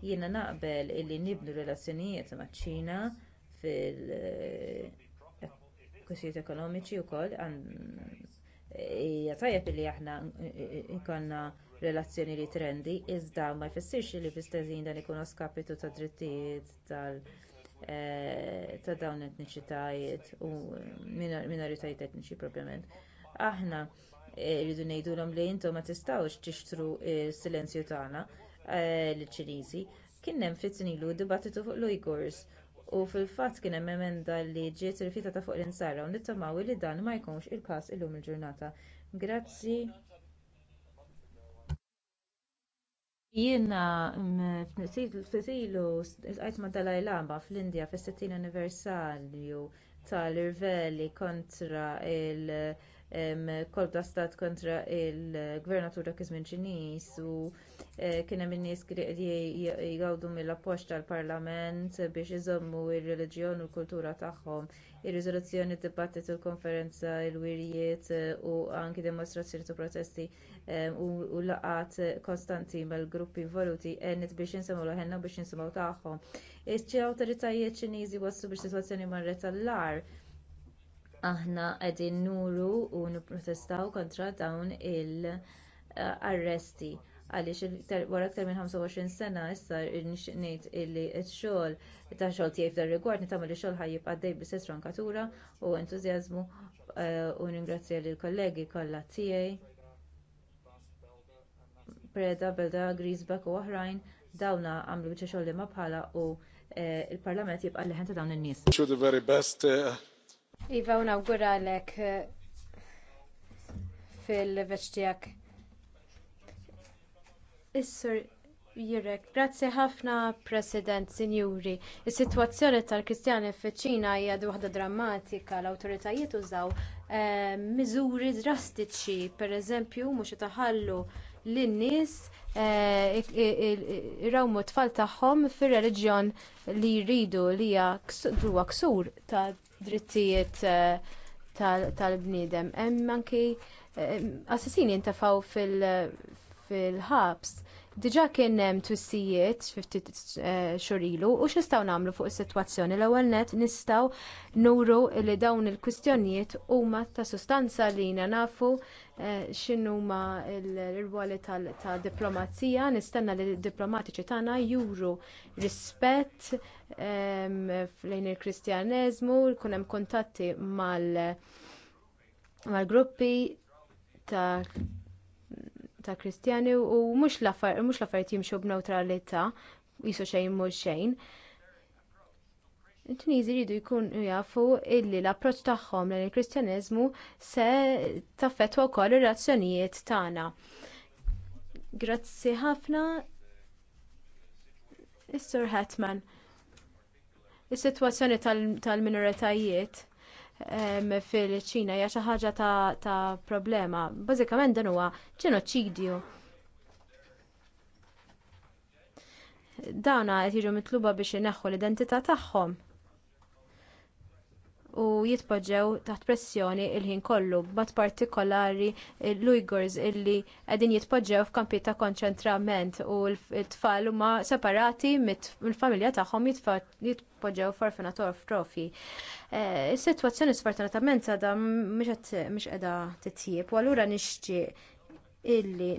Jiena naqbel illi nibnu relazzjonijiet maċ ċina fil kwestijiet ekonomiċi wkoll hija tajjeb li aħna ikonna relazzjoni li trendi, iżda ma jfissirx li fistazin dan ikunu skapitu ta' drittijiet tal- eh, ta' dawn etniċitajiet u minoritajiet etniċi propjament. Aħna Irridu ngħidulhom li intom ma tistgħux tixtru s-silenzju tagħna eh, l ċiniżi Kien hemm ftit ilu dibattitu fuq l-Uyghurs u fil-fatt kien hemm emenda li ġiet irrifjutata fuq l insarra u nittamaw li dan ma jkunx il-każ illum il-ġurnata. Grazzi. Jiena f'nisilu il-qajt ma' Dalai Lama fl-Indja fis-60 anniversarju tal-irveli kontra il- kolda stat kontra il-gvernatura kizmin ċinis u e, kien hemm in-nies jgawdu mill-appoġġ tal-Parlament biex iżommu r-reliġjon u l-kultura tagħhom. Ir-riżoluzzjoni dibattit il-konferenza il-wirjiet e, u anki demonstrazzjoni e, u protesti u laqat kostanti mal-gruppi involuti għennet biex insemgħu l-ħenna biex insemgħu tagħhom. Iċċi awtoritajiet ċiniżi wassu biex sitwazzjoni marret tal-lar aħna qegħdin nuru u nipprotestaw kontra dawn il-arresti għaliex wara aktar minn 25 sena issa nixtieq ngħid illi x-xogħol ta' xogħol tiegħi f'dan rigward nitagħmel li xogħol ħajjib għaddej bl-istess rankatura u entużjażmu eh, u ningrazzja lill kollegi kollha tiegħi. Preda, Belda, Griesbeck u oħrajn dawna għamlu biċċa xogħol ma bħala u eh, l parlament jibqa' leħen ta' dawn in-nies. Iva, unawgura għalek eh, fil-veċ Issur Jirek, grazzi ħafna President, Sinjuri. Is-sitwazzjoni tal-Kristjani fiċ-Ċina hija waħda drammatika. L-awtoritajiet użaw eh, miżuri drastiċi, pereżempju mhux itaħallu lin-nies eh, irawmu tfal tagħhom fir-reliġjon li jridu li hija ksur ta' drittijiet eh, tal-bniedem. Hemm anki eh, assassini ntefgħu fil-ħabs Diġà kien hemm twissijiet ftit eh, xhur ilu u x'istgħu nagħmlu fuq is-sitwazzjoni l-ewwel nett nistgħu nuru li dawn il-kwistjonijiet huma ta' sustanza li jiena nafu eh, x'inhuma l rwoli tad-diplomazija, nistenna li d-diplomatiċi tagħna juru rispett ehm, lejn il-Kristjaneżmu, jkun hemm kuntatti mal-gruppi ta' ta' Kristjani u mhux l-affarijiet jimxu b'newtralità jisu xejn mhux xejn. Il-Tuniżi jridu jkunu jafu illi l-approċċ tagħhom lejn il-Kristjaneżmu se taffettwa wkoll ir-razzjonijiet tagħna. Grazzi ħafna Is-Sur Hetman. Is-sitwazzjoni tal-minoritajiet fil-ċina hija xi ħaġa ta' problema. Bażikament dan huwa ġenoċidju. Dawna qed jiġu mitluba biex ineħħu l-identità tagħhom u jitpoġġew taħt pressjoni l-ħin kollu b'mod partikolari l-uigurs illi qegħdin jitpoġġew f'kampi ta' konċentrament u t-tfal huma separati mill-familja tagħhom jitpoġġew f'orfanator f'trofi. Eh, is-sitwazzjoni sfortunatament għadha mhix qiegħda titjieb u allura nixtieq illi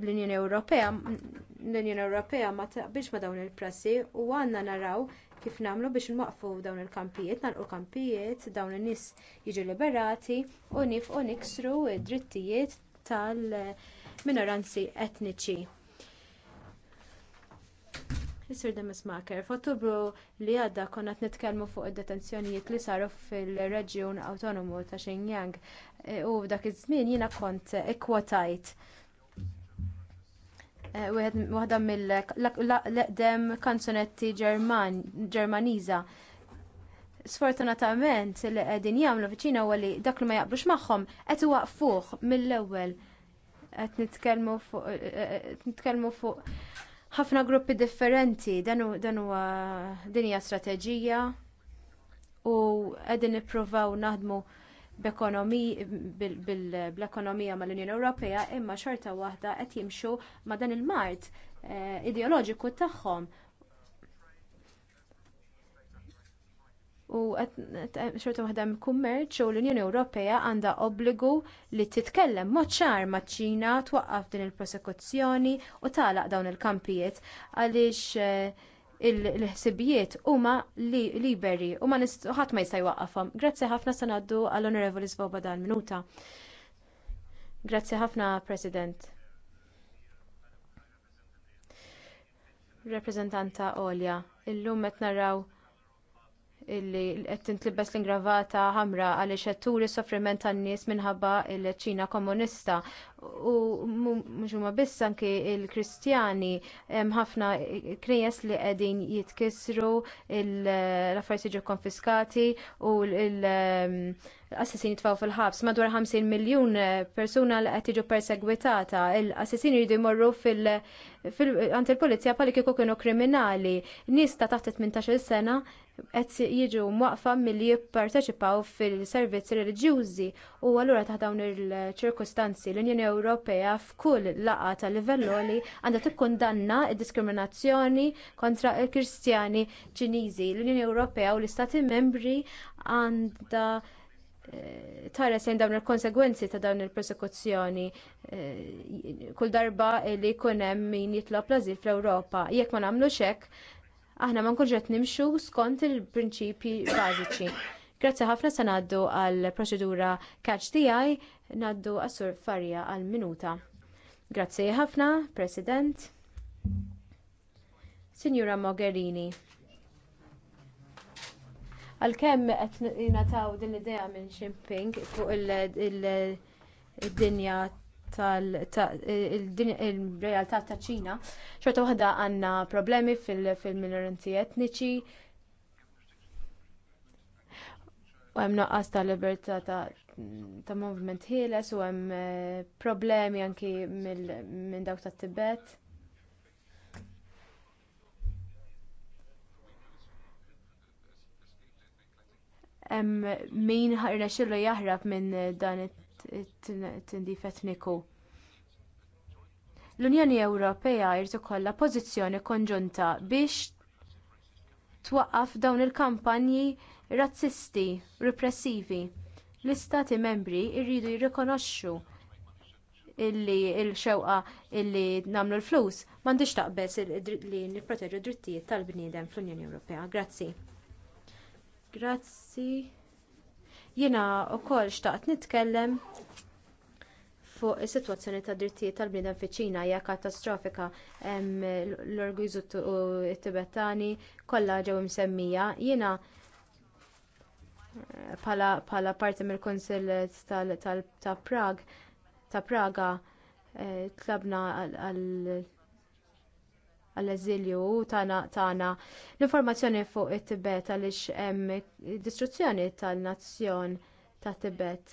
l-Unjoni Ewropea l-Unjoni Ewropea ma taqbilx ma dawn il-prassi u għandna naraw kif nagħmlu biex nwaqfu dawn il-kampijiet, nagħlqu kampijiet, dawn in-nies jiġu liberati u nifqu niksru d-drittijiet tal-minoranzi etniċi. Isir Demis Maker, f'Ottubru li għadda konna qed nitkellmu fuq id-detenzjonijiet li saru fil-Reġjun Awtonomu ta' Xinjiang e, u f'dak iż-żmien jiena kont ikkwotajt Eh, waħda mill-eqdem kanzunetti Ġermaniża. Sfortunatament li qegħdin jagħmlu fiċina huwa li dak li ma jaqbux magħhom qed iwaqfuh mill-ewwel qed nitkellmu fuq eh, eh, nitkellmu fuq ħafna gruppi differenti dan huwa din hija strateġija u qegħdin nippruvaw naħdmu bl-ekonomija mal-Unjoni Ewropea imma xorta waħda qed jimxu ma' dan il-mart eh, ideoloġiku tagħhom. U xorta waħda kummerċ u l-Unjoni Ewropea għandha obbligu li titkellem mod ċar maċ-Ċina twaqqaf din il-prosekuzzjoni u tagħlaq dawn il-kampijiet għaliex eh, il-ħsibijiet huma liberi u ma ħadd ma jista' jwaqqafhom. Grazzi ħafna se ngħaddu għall onorevoli Svoboda dal minuta. Grazzi ħafna President. Rappreżentanta Olja, illum qed naraw illi qed tintlibes l-ingravata ħamra għaliex qed turi soffriment tan-nies minħabba l-Ċina komunista u mhux huma biss anki l-Kristjani hemm ħafna knies li qegħdin jitkissru l-affarijiet jiġu konfiskati u l- ehm, assassin jitfaw fil-ħabs madwar 50 miljun persuna li qed jiġu persegwitata. l assassin jridu jmorru fil- ant il-polizija pali kienu kriminali. Nies ta' taħt 18 sena qed jiġu mwaqfa milli jipparteċipaw fil-servizzi reliġjużi u allura taħt dawn il-ċirkustanzi l-Unjoni Ewropea f'kull laqgħa ta' livell għoli għandha tikkundanna d-diskriminazzjoni kontra l-Kristjani Ċiniżi. L-Unjoni Ewropea u l-Istati Membri għandha eh, tara sejn dawn il-konsegwenzi ta' dawn il-persekuzzjoni eh, kull darba li jkun hemm min jitlob l-azil fl-Ewropa. Jekk ma nagħmlux hekk, Aħna ma nkunx qed nimxu skont il-prinċipji bażiċi. Grazzi ħafna se ngħaddu għall proċedura catch DI, ngħaddu għas-sur Farja għal minuta. Grazzi ħafna, President. Signora Mogherini għalkemm qed jingħataw din l-idea minn Xi fuq il dinja tal-realtà ta' ċina, xorta waħda għandna problemi fil-minoranzi etniċi, u hemm noqqas ta' libertà ta' movement ħieles u hemm eh, problemi anki minn dawk tat Tibet. min ħarna xillu jahrab minn eh, dan it tindif etniku. L-Unjoni Ewropea jrid ikollha pożizzjoni konġunta biex twaqqaf dawn il-kampanji razzisti, repressivi. L-istati membri jridu jirrikonoxxu illi l xewqa illi nagħmlu l-flus m'għandix taqbeż li nipproteġu d-drittijiet tal-bniedem fl-Unjoni Ewropea. Grazzi. Grazzi. Jiena wkoll xtaqt nitkellem fuq is-sitwazzjoni tad drittijiet tal-bniedem fiċ-Ċina hija katastrofika hemm l-Orgwiż u t-Tibetani kollha ġew imsemmija. Jiena bħala parti mill-Kunsill tal-Prague ta' Praga eh, tlabna għal għall-eżilju u tagħna l-informazzjoni fuq it-Tibet għaliex hemm distruzzjoni tan-nazzjon ta' Tibet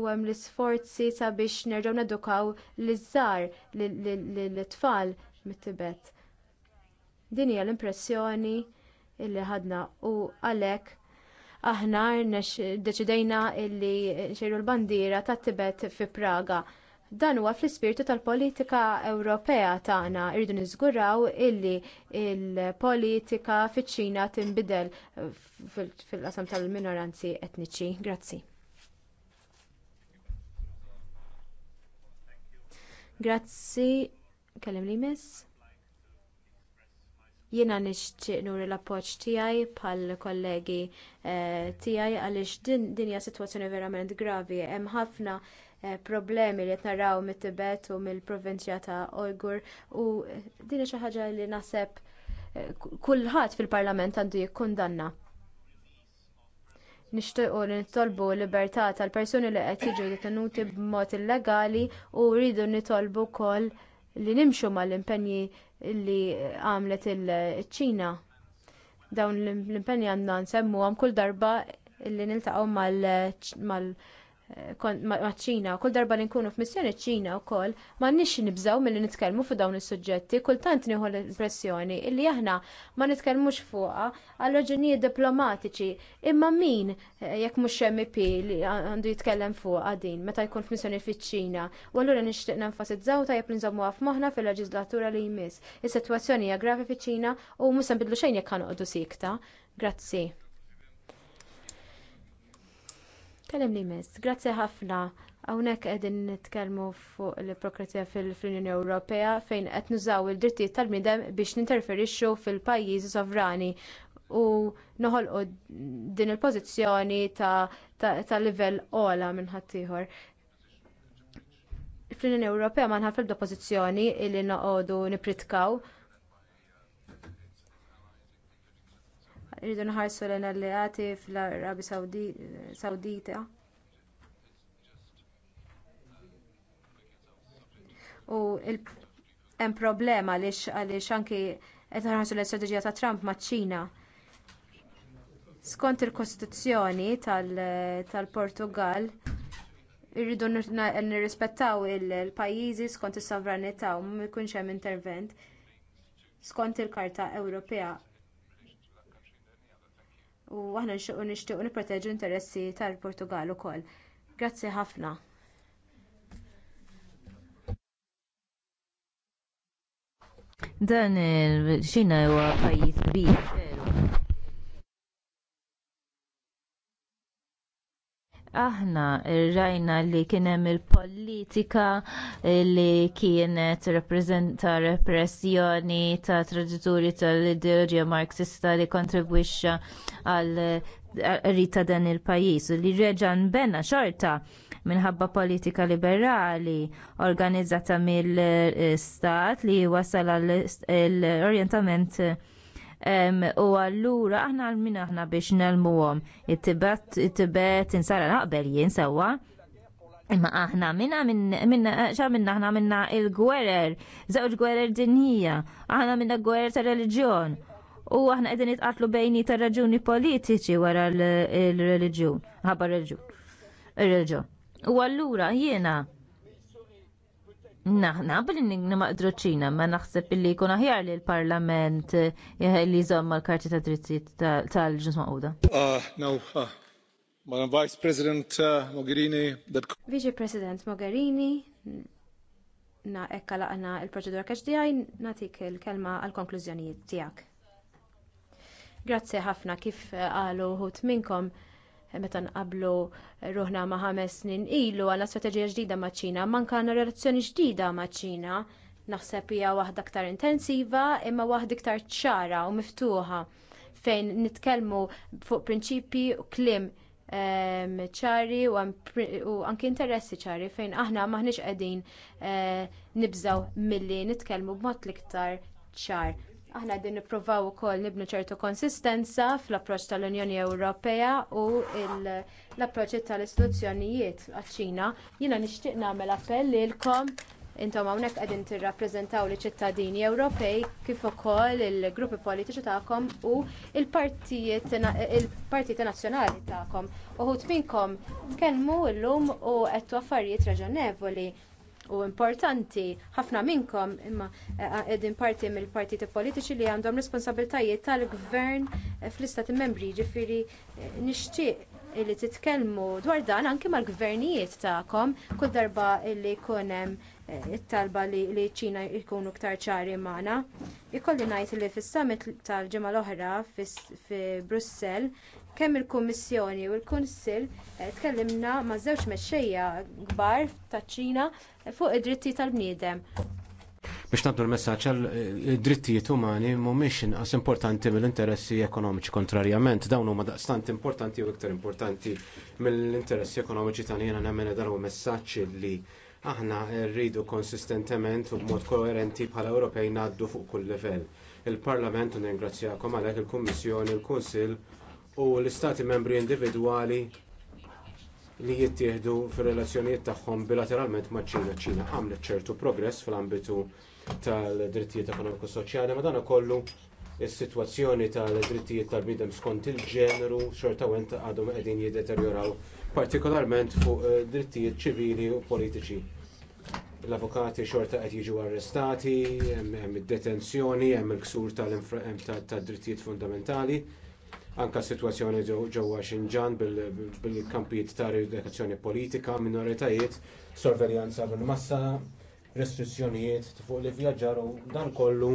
u hemm l-isforzi sabiex nerġgħu nedukaw l-iżżar l-tfal mit-Tibet. Din hija l-impressjoni li ħadna u għalhekk aħna deċidejna li xejru l-bandiera tat Tibet fi Praga. Dan huwa fl-ispirtu tal-politika Ewropea tagħna irridu niżguraw illi l politika fiċ-Ċina tinbidel fil-qasam tal-minoranzi etniċi. Grazzi. Grazzi, kellem li miss. Jiena nixtieq nuri l-appoġġ tiegħi bħall kollegi eh, tiegħi għaliex din hija sitwazzjoni verament gravi. Hemm ħafna Eh, problemi li qed naraw mit-Tibet u mill-provinċja ta' Ojgur u eh, din xi ħaġa li naħseb eh, kulħadd fil-Parlament għandu jikkundanna. Nixtiequ li l libertà tal-persuni li qed jiġu detenuti b'mod illegali u rridu nitolbu wkoll li nimxu mal-impenji li għamlet il-ċina. Dawn l-impenji għandna nsemmuhom kull darba li niltaqgħu mal-, mal ma' ċina kull darba li nkunu f'missjoni ċ-Ċina wkoll m'għandniex nibżgħu milli nitkellmu fuq dawn is-suġġetti, kultant nieħu l-impressjoni illi aħna ma nitkellmux fuqha għal raġunijiet diplomatiċi, imma min eh, jekk mhux MP li għandu jitkellem fuqha din meta jkun f'missjoni fiċ-Ċina, u allura nixtieq nenfasizzaw nżammu għaf f'moħħna fil-leġislatura li jmiss. Is-sitwazzjoni hija gravi fiċ-Ċina u mhux se nbidlu xejn jekk ħanoqogħdu sikta. Grazzi kellimni li miss, grazzi ħafna. Hawnhekk qegħdin nitkellmu fuq l ipokrizija fil-Unjoni Ewropea fejn qed nużaw id-drittijiet tal-bniedem biex ninterferixxu fil-pajjiżi sovrani u noħolqu din il-pożizzjoni ta' livell ogħla minn ħaddieħor. Fl-Unjoni Ewropea ma nħarf-ebda pożizzjoni li noqogħdu nipritkaw irridu nħarsu l-alleati fl-Arabi Sawdita. U hemm problema għaliex għaliex anki qed nħarsu l-istrateġija ta' Trump maċ-Ċina. Skont il-Kostituzzjoni tal-Portugal irridu nirrispettaw il-pajjiżi skont is-sovranità u ma jkunx hemm intervent skont il-Karta Ewropea u aħna nxuq nixtiequ nipproteġu interessi tal-Portugal ukoll. Grazzi ħafna. Dan il-ċina huwa pajjiż kbir aħna rajna li kien hemm il-politika eh, li kienet reprezenta repressjoni ta' traġitturi tal-ideoloġija marxista li kontribwixxa għal eh, rita dan il-pajjiż li reġa' nbenna xorta minħabba politika liberali organizzata mill-istat eh, li wasal għall-orjentament u allura aħna għalmina min aħna biex nelmuhom. It-Tibet it-tibet insara naqbel jien sewwa. Imma aħna minna minna xa minna aħna minna il-gwerer, żewġ gwerer dinjija, aħna minna gwerer ta' reliġjon. U aħna qegħdin nitqatlu bejni ta' raġuni politiċi wara l-reliġjun, ħabba reliġjun. ir U allura jiena Naħna bil nimaqdru maqdroċina, ma naħseb illi jkun aħjar li l-Parlament eh, li jżomm l-Karti ta' Drittijiet tal-Ġus Maquda. Ah, ah. Madam Vice President ah, Mogherini. Vice President Mogherini, na ekka laqna il-proċedura KHDI, natik il-kelma għal-konklużjonijiet tijak. Grazie ħafna kif eh, għalu hut minkom meta nqablu ruħna ma' ħames snin ilu għal strateġija ġdida ma' ċina, manka għandna relazzjoni ġdida ma' ċina. Naħseb hija waħda aktar intensiva imma waħda iktar ċara u miftuħa fejn nitkellmu fuq prinċipji u kliem ehm, ċari u anki interessi ċari fejn aħna maħniex qegħdin eh, nibżgħu milli nitkellmu b'mod l-iktar ċar. Aħna din nipprovaw ukoll nibnu ċertu konsistenza fl-approċċ tal-Unjoni Ewropea u l approċ tal-istituzzjonijiet għaċ-Ċina. Jiena nixtieq nagħmel appell lilkom intom hawnhekk qegħdin tirrappreżentaw liċ ċittadini Ewropej kif ukoll il-gruppi politiċi tagħkom u il-partijiet nazzjonali tagħkom. Uħud minkom tkellmu llum u qed affarijiet raġonevoli u importanti ħafna minnkom imma qegħdin eh, parti mill-partiti politiċi li għandhom responsabiltajiet tal-gvern eh, fl-istati membri ġifiri eh, nixtieq li titkellmu dwar dan anke mal-gvernijiet tagħkom kull darba li jkun hemm it-talba li ċina jkunu ktar ċari magħna. Ikolli ngħid li fis-summit tal-ġimgħa l-oħra fi Brussell Kemm il-Kummissjoni u l-Kunsill eh, tkellimna ma' żewġ mexxejja kbar taċ-Ċina fuq id-dritti tal-bniedem. Biex nabdu l-messaġġ għal eh, drittijiet umani mhumiex inqas importanti mill-interessi ekonomiċi kontrarjament dawn huma daqstant importanti u iktar importanti mill-interessi ekonomiċi ta' jiena nemmen dan huwa messaġġ li aħna rridu konsistentement u b'mod koerenti bħala Ewropej ngħaddu fuq kull livell. Il-Parlament u ningrazzjakom għalhekk il-Kummissjoni, il-Kunsill u l-istati membri individwali li jittieħdu fir-relazzjonijiet tagħhom bilateralment maċ-Ċina. ċina għamlet ċertu progress fl-ambitu tal-drittijiet ekonomiku soċjali, ma dan kollu is-sitwazzjoni tal-drittijiet tal-bidem skont il-ġeneru xorta went għadhom qegħdin jiddeterjoraw partikolarment fuq eh, drittijiet ċivili u politiċi. L-avukati xorta qed jiġu arrestati, hemm id-detenzjoni, hemm il-ksur tad-drittijiet fundamentali anka situazzjoni ġewwa Xinjiang bil-kampijiet ta' redikazzjoni politika, minoritajiet, sorveljanza bil-massa, restrizzjonijiet fuq li vjaġġaru, u dan kollu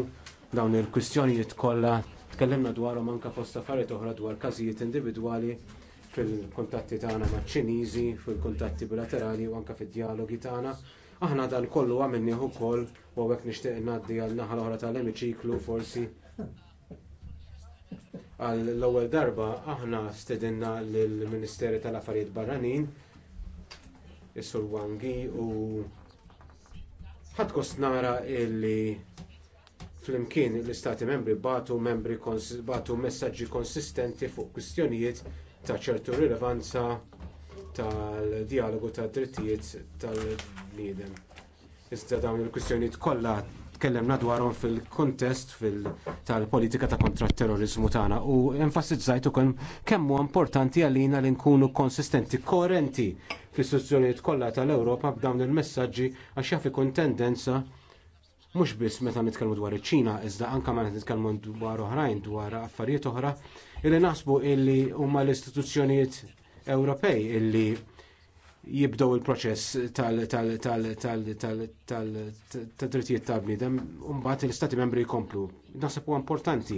dawn il-kwistjonijiet kollha tkellimna dwarhom anke fost affarijiet oħra dwar każijiet individwali fil-kuntatti tagħna maċ-Ċiniżi, fil-kuntatti bilaterali u anke fid-dialogi tagħna. Aħna dan kollu għamilnieh ukoll u hekk nixtieq ngħaddi għal naħa l-oħra tal-emiċiklu forsi Għal l-ewwel darba aħna stedinna lill-Ministeri tal-Affarijiet Barranin is-Sur Wangi u ħadd kost nara illi flimkien l-istati membri batu membri batu messaġġi konsistenti fuq kwistjonijiet ta' ċertu rilevanza tal-dialogu tad drittijiet tal-bniedem. Iżda dawn il-kwistjonijiet kollha tkellemna dwarhom fil-kontest fil kontest tal politika ta' kontra t terrorizmu tagħna u enfasizzajt ukoll kemm huwa importanti għalina li nkunu konsistenti, koerenti fl-istituzzjonijiet kollha tal-Ewropa b'dawn il-messaġġi għax jaf ikun tendenza mhux biss meta nitkellmu dwar iċ-Ċina, iżda anke meta nitkellmu dwar oħrajn dwar affarijiet oħra, illi naħsbu illi huma l-istituzzjonijiet Ewropej illi jibdow il-proċess tal-drittijiet tal-bnidem, mbagħad l-istati membri jkomplu. Naħseb huwa importanti.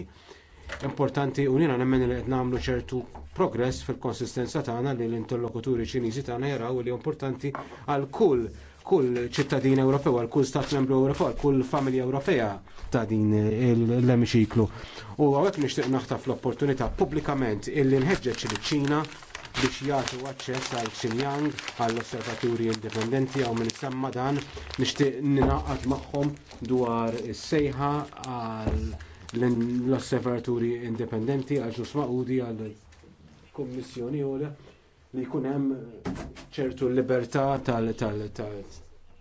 Importanti u nina nemmen li qed nagħmlu ċertu progress fil-konsistenza tagħna li l-interlokuturi Ċiniżi tagħna jaraw li importanti għal kull kull ċittadin Ewropew, għal kull stat membru Ewropew, għal kull familja Ewropea ta' din l-emiċiklu. U għawek nixtieq naħtaf l-opportunità pubblikament illi nħeġġeġ li ċina biex jagħtu aċċess għal Xinjiang għall osservaturi indipendenti għaw minn semma dan nixtieq ninaqat magħhom dwar is-sejħa għal l-osservaturi indipendenti għal ġus maqudi għal kummissjoni u li jkun hemm ċertu libertà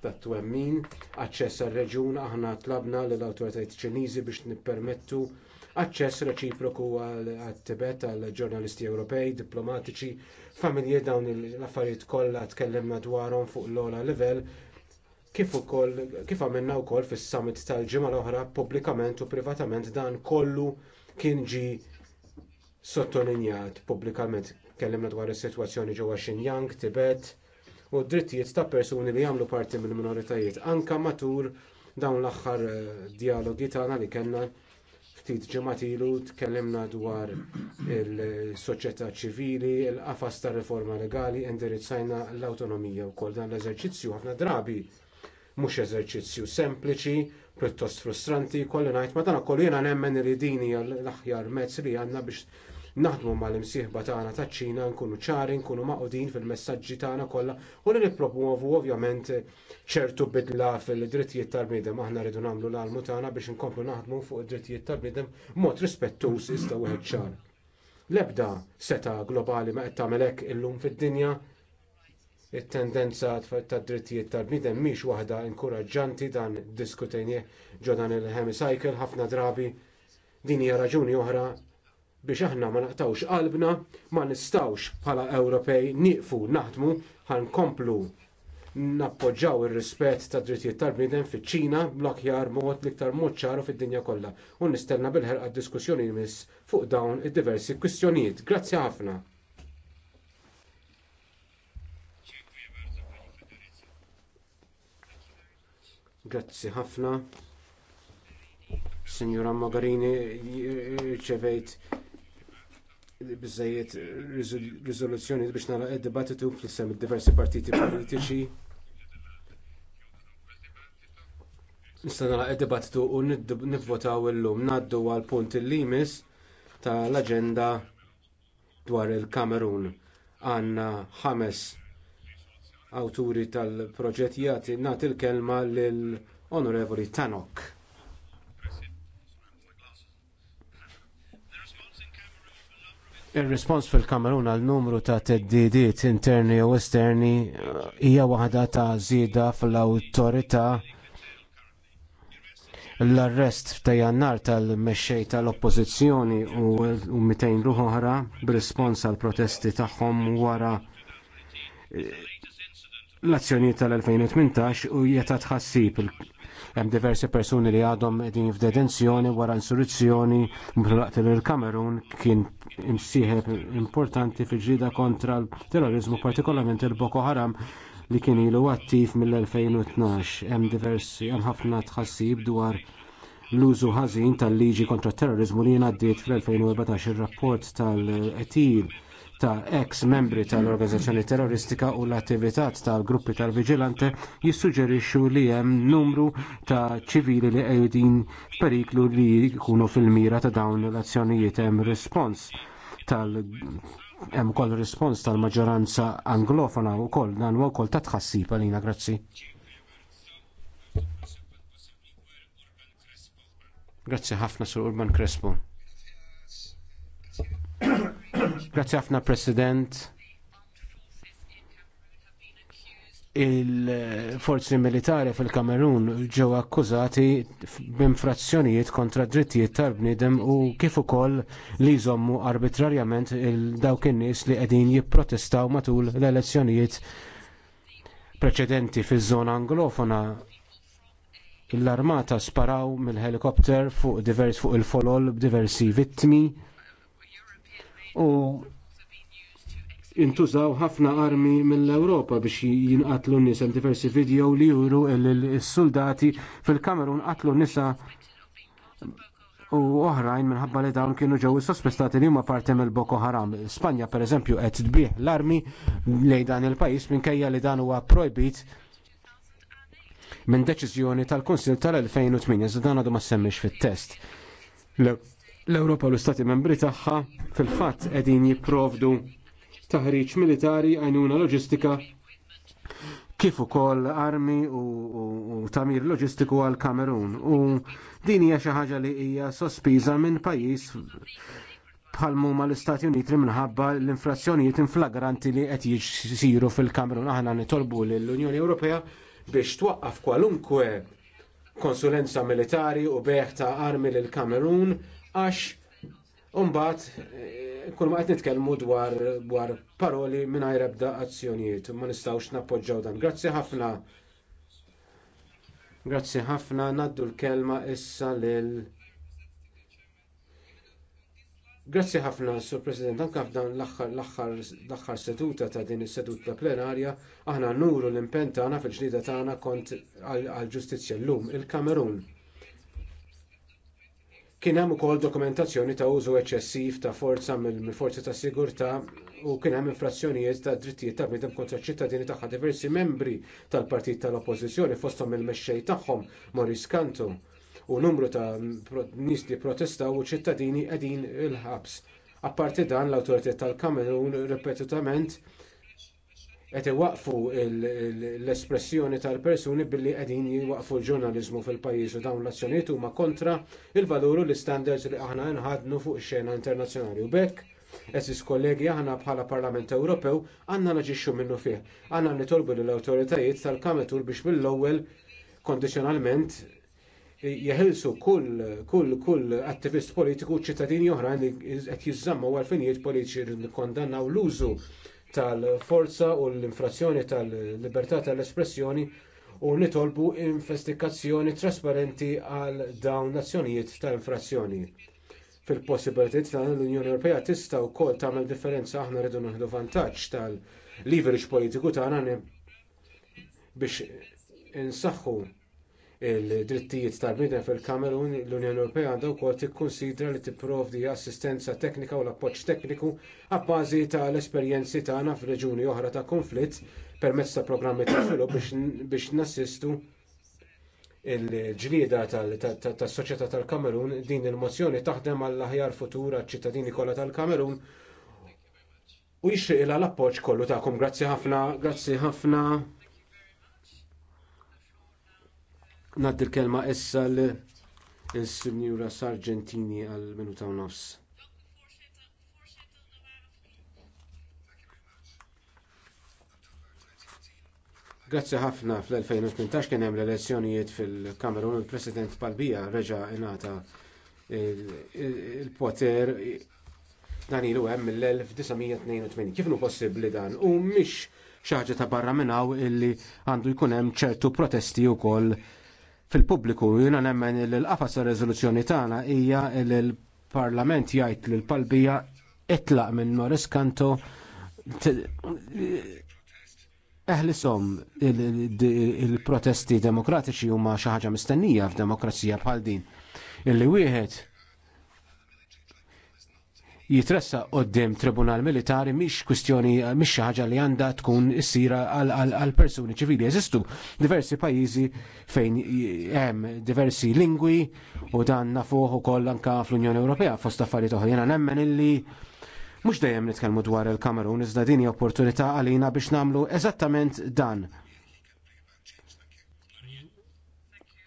tat-twemmin, aċċess għar reġjun aħna tlabna lill awtoritajiet Ċiniżi biex nippermettu aċċess reċiproku għat-Tibet għal ġurnalisti Ewropej, diplomatiċi, familji dawn l-affarijiet kollha tkellimna dwarhom fuq l-ola livell kif ukoll kif għamilna wkoll fis-summit tal-ġimgħa l-oħra pubblikament u privatament dan kollu kien ġie sottolinjat pubblikament tkellimna dwar is-sitwazzjoni ġewwa Xinjiang, Tibet u d-drittijiet ta' persuni li jagħmlu parti mill minoritajiet anke matul dawn l-aħħar eh, dijalogi tagħna li kellna Ftit ġimgħat ilu tkellimna dwar il-soċjetà ċivili, il-qafas ta' riforma legali, indirizzajna l-awtonomija wkoll dan l-eżerċizzju ħafna drabi mhux eżerċizzju sempliċi, pjuttost frustranti, kolli ngħid ma dan kollu jiena nemmen li l-aħjar mezz li għandna biex naħdmu mal-imsieħba tagħna taċ-Ċina nkunu ċari, nkunu maqudin fil-messaġġi tagħna kollha u li nippromuovu ovvjament ċertu bidla fil-drittijiet tal-bniedem aħna rridu nagħmlu l-almu tagħna biex inkomplu naħdmu fuq id-drittijiet tal-bniedem mod rispettuż iżda wieħed ċar. L-ebda seta globali ma qed tagħmel hekk illum fid-dinja it-tendenza tad drittijiet tal-bniedem mhix waħda inkoraġġanti dan diskutejnieh ġo dan il-hemicycle ħafna drabi din hija raġuni oħra biex aħna ma naqtawx qalbna, ma nistawx bħala Ewropej nieqfu naħdmu ħankomplu nappoġġaw ir-rispett tad drittijiet tal-bniedem fiċ-Ċina bl-akjar mod l-iktar mod ċaru fid-dinja kollha u nistenna bil-ħerqa diskussjoni jmiss fuq dawn id-diversi kwistjonijiet. Grazzi ħafna. Grazzi ħafna. Signora Magarini, ċevejt bizzejiet riżoluzzjoni biex nara id-dibattitu fl-sem diversi partiti politiċi. Nista' nara id-dibattitu u nivvotaw illum ngħaddu għal punt il-limis tal-aġenda dwar il-Kamerun. Għanna ħames awturi tal-proġett jagħti nagħti l-kelma lill onorevoli Tanok. Ir-respons fil-Kamerun għal numru ta' teddidiet interni u esterni uh, hija waħda ta' żieda fl-awtorità l-arrest ta' jannar tal-mexxej tal-oppożizzjoni u 200 ruħ oħra b'rispons għal protesti tagħhom wara uh, l-azzjonijiet tal-2018 u jeta tħassib hemm diversi persuni li għadhom qegħdin f'detenzjoni wara insurrezzjoni mlaqt il-Kamerun kien imsieħeb importanti fil-ġida kontra l-terrorizmu, partikolarment il-Boko Haram li kien ilu attiv mill-2012. Hemm diversi hemm ħafna tħassib dwar l-użu ħażin tal-liġi kontra t terrorizmu li jingħaddiet fl-2014 ir-rapport tal-qtil ta' ex membri tal-organizzazzjoni terroristika u l-attività tal-gruppi tal vigilante jissuġġerixxu li hemm numru ta' ċivili li qegħdin periklu li jkunu fil-mira ta' dawn l-azzjonijiet hemm respons tal- hemm ukoll rispons tal-maġġoranza anglofona wkoll dan huwa wkoll ta' tħassib għalina grazzi. Grazzi ħafna sur Urban Crespo. Grazzi ħafna President. Il-forzi militari fil-Kamerun ġew akkużati b'infrazzjonijiet kontra drittijiet tal-bniedem u kif ukoll li jżommu arbitrarjament il-dawk in-nies li qegħdin jipprotestaw matul l-elezzjonijiet preċedenti fiż-żona anglofona l-armata sparaw mill-helikopter fuq divers fuq il-folol b'diversi vittmi u intużaw ħafna armi mill-Ewropa biex jinqatlu n-nisa diversi video li juru l-soldati fil-Kamerun qatlu nisa u oħrajn minħabba li dawn kienu ġew sospestati li huma parti mill Boko Haram. Spanja pereżempju qed tbih l-armi lejn dan il-pajjiż minkejja li dan huwa projbit minn deċiżjoni tal-Kunsil tal-2008 iżda dan għadu ma semmix fit-test L-Ewropa u l-Stati membri tagħha fil-fatt qegħdin jipprovdu taħriġ militari għajnuna loġistika kif ukoll armi u, u, u tamir loġistiku għal Kamerun. U din hija xi ħaġa li hija sospiża minn pajjiż bħal huma l-Istati Uniti minħabba l-infrazzjonijiet inflagranti li qed jisiru fil-Kamerun. Aħna nitolbu lill-Unjoni Ewropea biex twaqqaf kwalunkwe konsulenza militari u beħ ta' armi lil Kamerun għax umbat eh, kull ma qed nitkellmu dwar dwar paroli mingħajr ebda azzjonijiet ma nistgħux nappoġġaw dan. Grazzi ħafna. Grazzi ħafna naddu l-kelma issa lil Grazzi ħafna, Sur President, anka f'dan l-aħħar seduta ta' din is-seduta plenarja, aħna nuru l impenta għana fil-ġlida tagħna kont għall ġustizzja llum il-Kamerun. Kien hemm ukoll dokumentazzjoni ta' użu eċċessiv ta' forza mill-forzi ta' sigurtà u kien hemm infrazzjonijiet ta' drittijiet ta' bniedem kontra ċittadini tagħha diversi membri tal-partit tal-Oppożizzjoni fosthom il-mexxej tagħhom Maurice Kantu. u numru ta' nies li protestaw u ċittadini qegħdin il-ħabs. Apparti dan l-awtoritajiet tal-Kamerun ripetutament qed iwaqfu l-espressjoni tal-persuni billi qegħdin jiwaqfu l-ġurnaliżmu fil-pajjiż u dawn l-azzjonijiet huma kontra il-valur u l-istandards li aħna nħadnu fuq ix-xena internazzjonali. U bekk eżis kollegi aħna bħala Parlament Ewropew għandna naġixxu minnu fih. Għandna nitolbu lill-awtoritajiet tal-Kametur biex mill-ewwel kondizzjonalment jeħilsu kull kull kull attivist politiku ċittadini oħrajn li qed jiżammu għalfinijiet finijiet politiċi kondannaw l-użu tal-forza u l-infrazzjoni tal-libertà tal-espressjoni u nitolbu investigazzjoni trasparenti għal dawn l-azzjonijiet ta' infrazzjoni. Fil-possibilitiet tagħna l-Unjoni Ewropea tista' wkoll tagħmel differenza aħna rridu nieħdu vantaġġ tal-leverage politiku tagħna biex insaħħu il-drittijiet tal-bniedem fil-Kamerun, l-Unjoni Ewropea għandha wkoll tikkunsidra li tipprovdi assistenza teknika u l-appoġġ tekniku abbażi tal-esperjenzi tagħna f'reġuni oħra ta' konflitt permezz ta' programmi ta' svilupp biex nassistu il-ġlieda tas-soċjetà tal-Kamerun din il-mozzjoni taħdem għall aħjar futur għaċ-ċittadini kollha tal-Kamerun u jixtieq l appoġġ kollu tagħkom. Grazzi ħafna, grazzi ħafna. Naddi l-kelma issa l-Sinjura Sargentini għal minuta u nofs. Grazzi ħafna fl-2018 kien hemm l-elezzjonijiet fil-Kamerun il-President Palbija reġa' ingħata il-poter dan ilu hemm mill-1982. Kif nu possibbli dan? U mhix xi ħaġa ta' barra minn hawn illi għandu jkun hemm ċertu protesti wkoll fil-pubbliku jiena nemmen li l-qafas rezoluzzjoni tagħna hija li l-Parlament jgħid li l-palbija itlaq minn Morris Kanto eħlisom il-protesti demokratiċi huma xi ħaġa mistennija f'demokrazija bħal din. Illi wieħed jitressa qoddim tribunal militari mhix kwistjoni mhix xi ħaġa li għandha tkun issira għal persuni ċivili. Jeżistu diversi pajjiżi fejn hemm diversi lingwi u dan nafuh ukoll anke fl-Unjoni Ewropea fost affarijiet oħra. Jiena nemmen illi mhux dejjem nitkellmu dwar il-Kamerun iżda din hija opportunità għalina biex nagħmlu eżattament dan.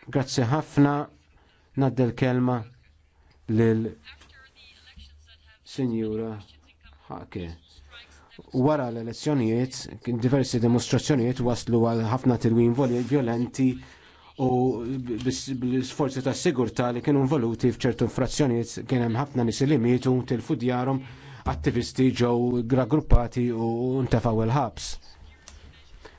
Grazzi ħafna naddel kelma lil Sinjura Hake. Wara l-elezzjonijiet, diversi demostrazzjonijiet waslu għal ħafna tilwin violenti u bl-sforzi ta' sigurta li kienu involuti f'ċertu frazzjonijiet kien hemm ħafna nies li mietu attivisti ġew raggruppati u ntefgħu il-ħabs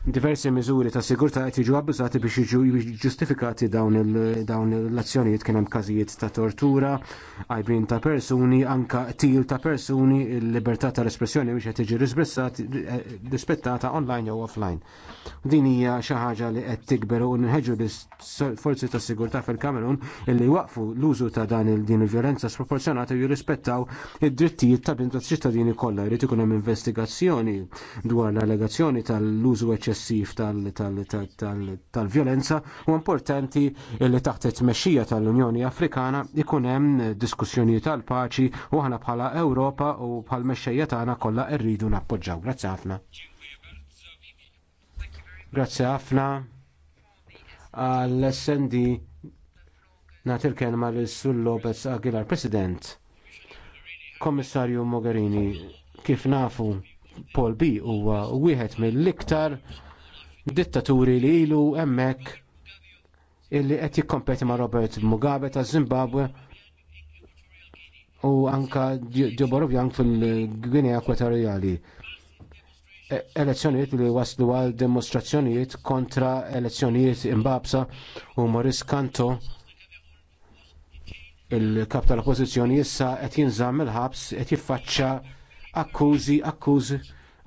diversi miżuri ta' sigurtà qed jiġu abbużati biex jiġu ġustifikati dawn l-azzjonijiet kien hemm każijiet ta' tortura, għajbin ta' persuni, anka til ta' persuni, il-libertà tal-espressjoni biex qed tiġi eh, rispettata online jew offline. Din hija xi ħaġa li qed tikber u nħeġġu l-forzi ta' sigurtà fil-Kamerun illi waqfu l-użu ta' dan din il-vjolenza sproporzjonata u jirrispettaw id-drittijiet ta' binta ċittadini kollha. Jrid ikun hemm investigazzjoni dwar l-allegazzjoni tal-użu eċċessiv aggressiv tal-violenza u importanti li taħt it-tmexxija tal-Unjoni Afrikana ikun hemm diskussjonijiet tal-paċi u aħna bħala Ewropa u bħal mexxejja tagħna kollha rridu nappoġġaw. Grazzi ħafna. Grazzi ħafna għall-SND nagħti l-kelma lil Sul Lopez Aguilar, President. Kommissarju Mogherini, kif nafu Paul B huwa wieħed mill-iktar dittaturi li ilu hemmhekk illi qed jikkompeti ma' Robert Mugabe ta' Zimbabwe u anka Djoborov Jank fil-Gwinea Ekwatorjali. E- elezzjonijiet li waslu għal demonstrazzjonijiet kontra elezzjonijiet imbabsa u Maurice Kanto il-kap tal-oppozizjoni issa qed jinżamm il-ħabs qed jiffaċċja akkużi akkużi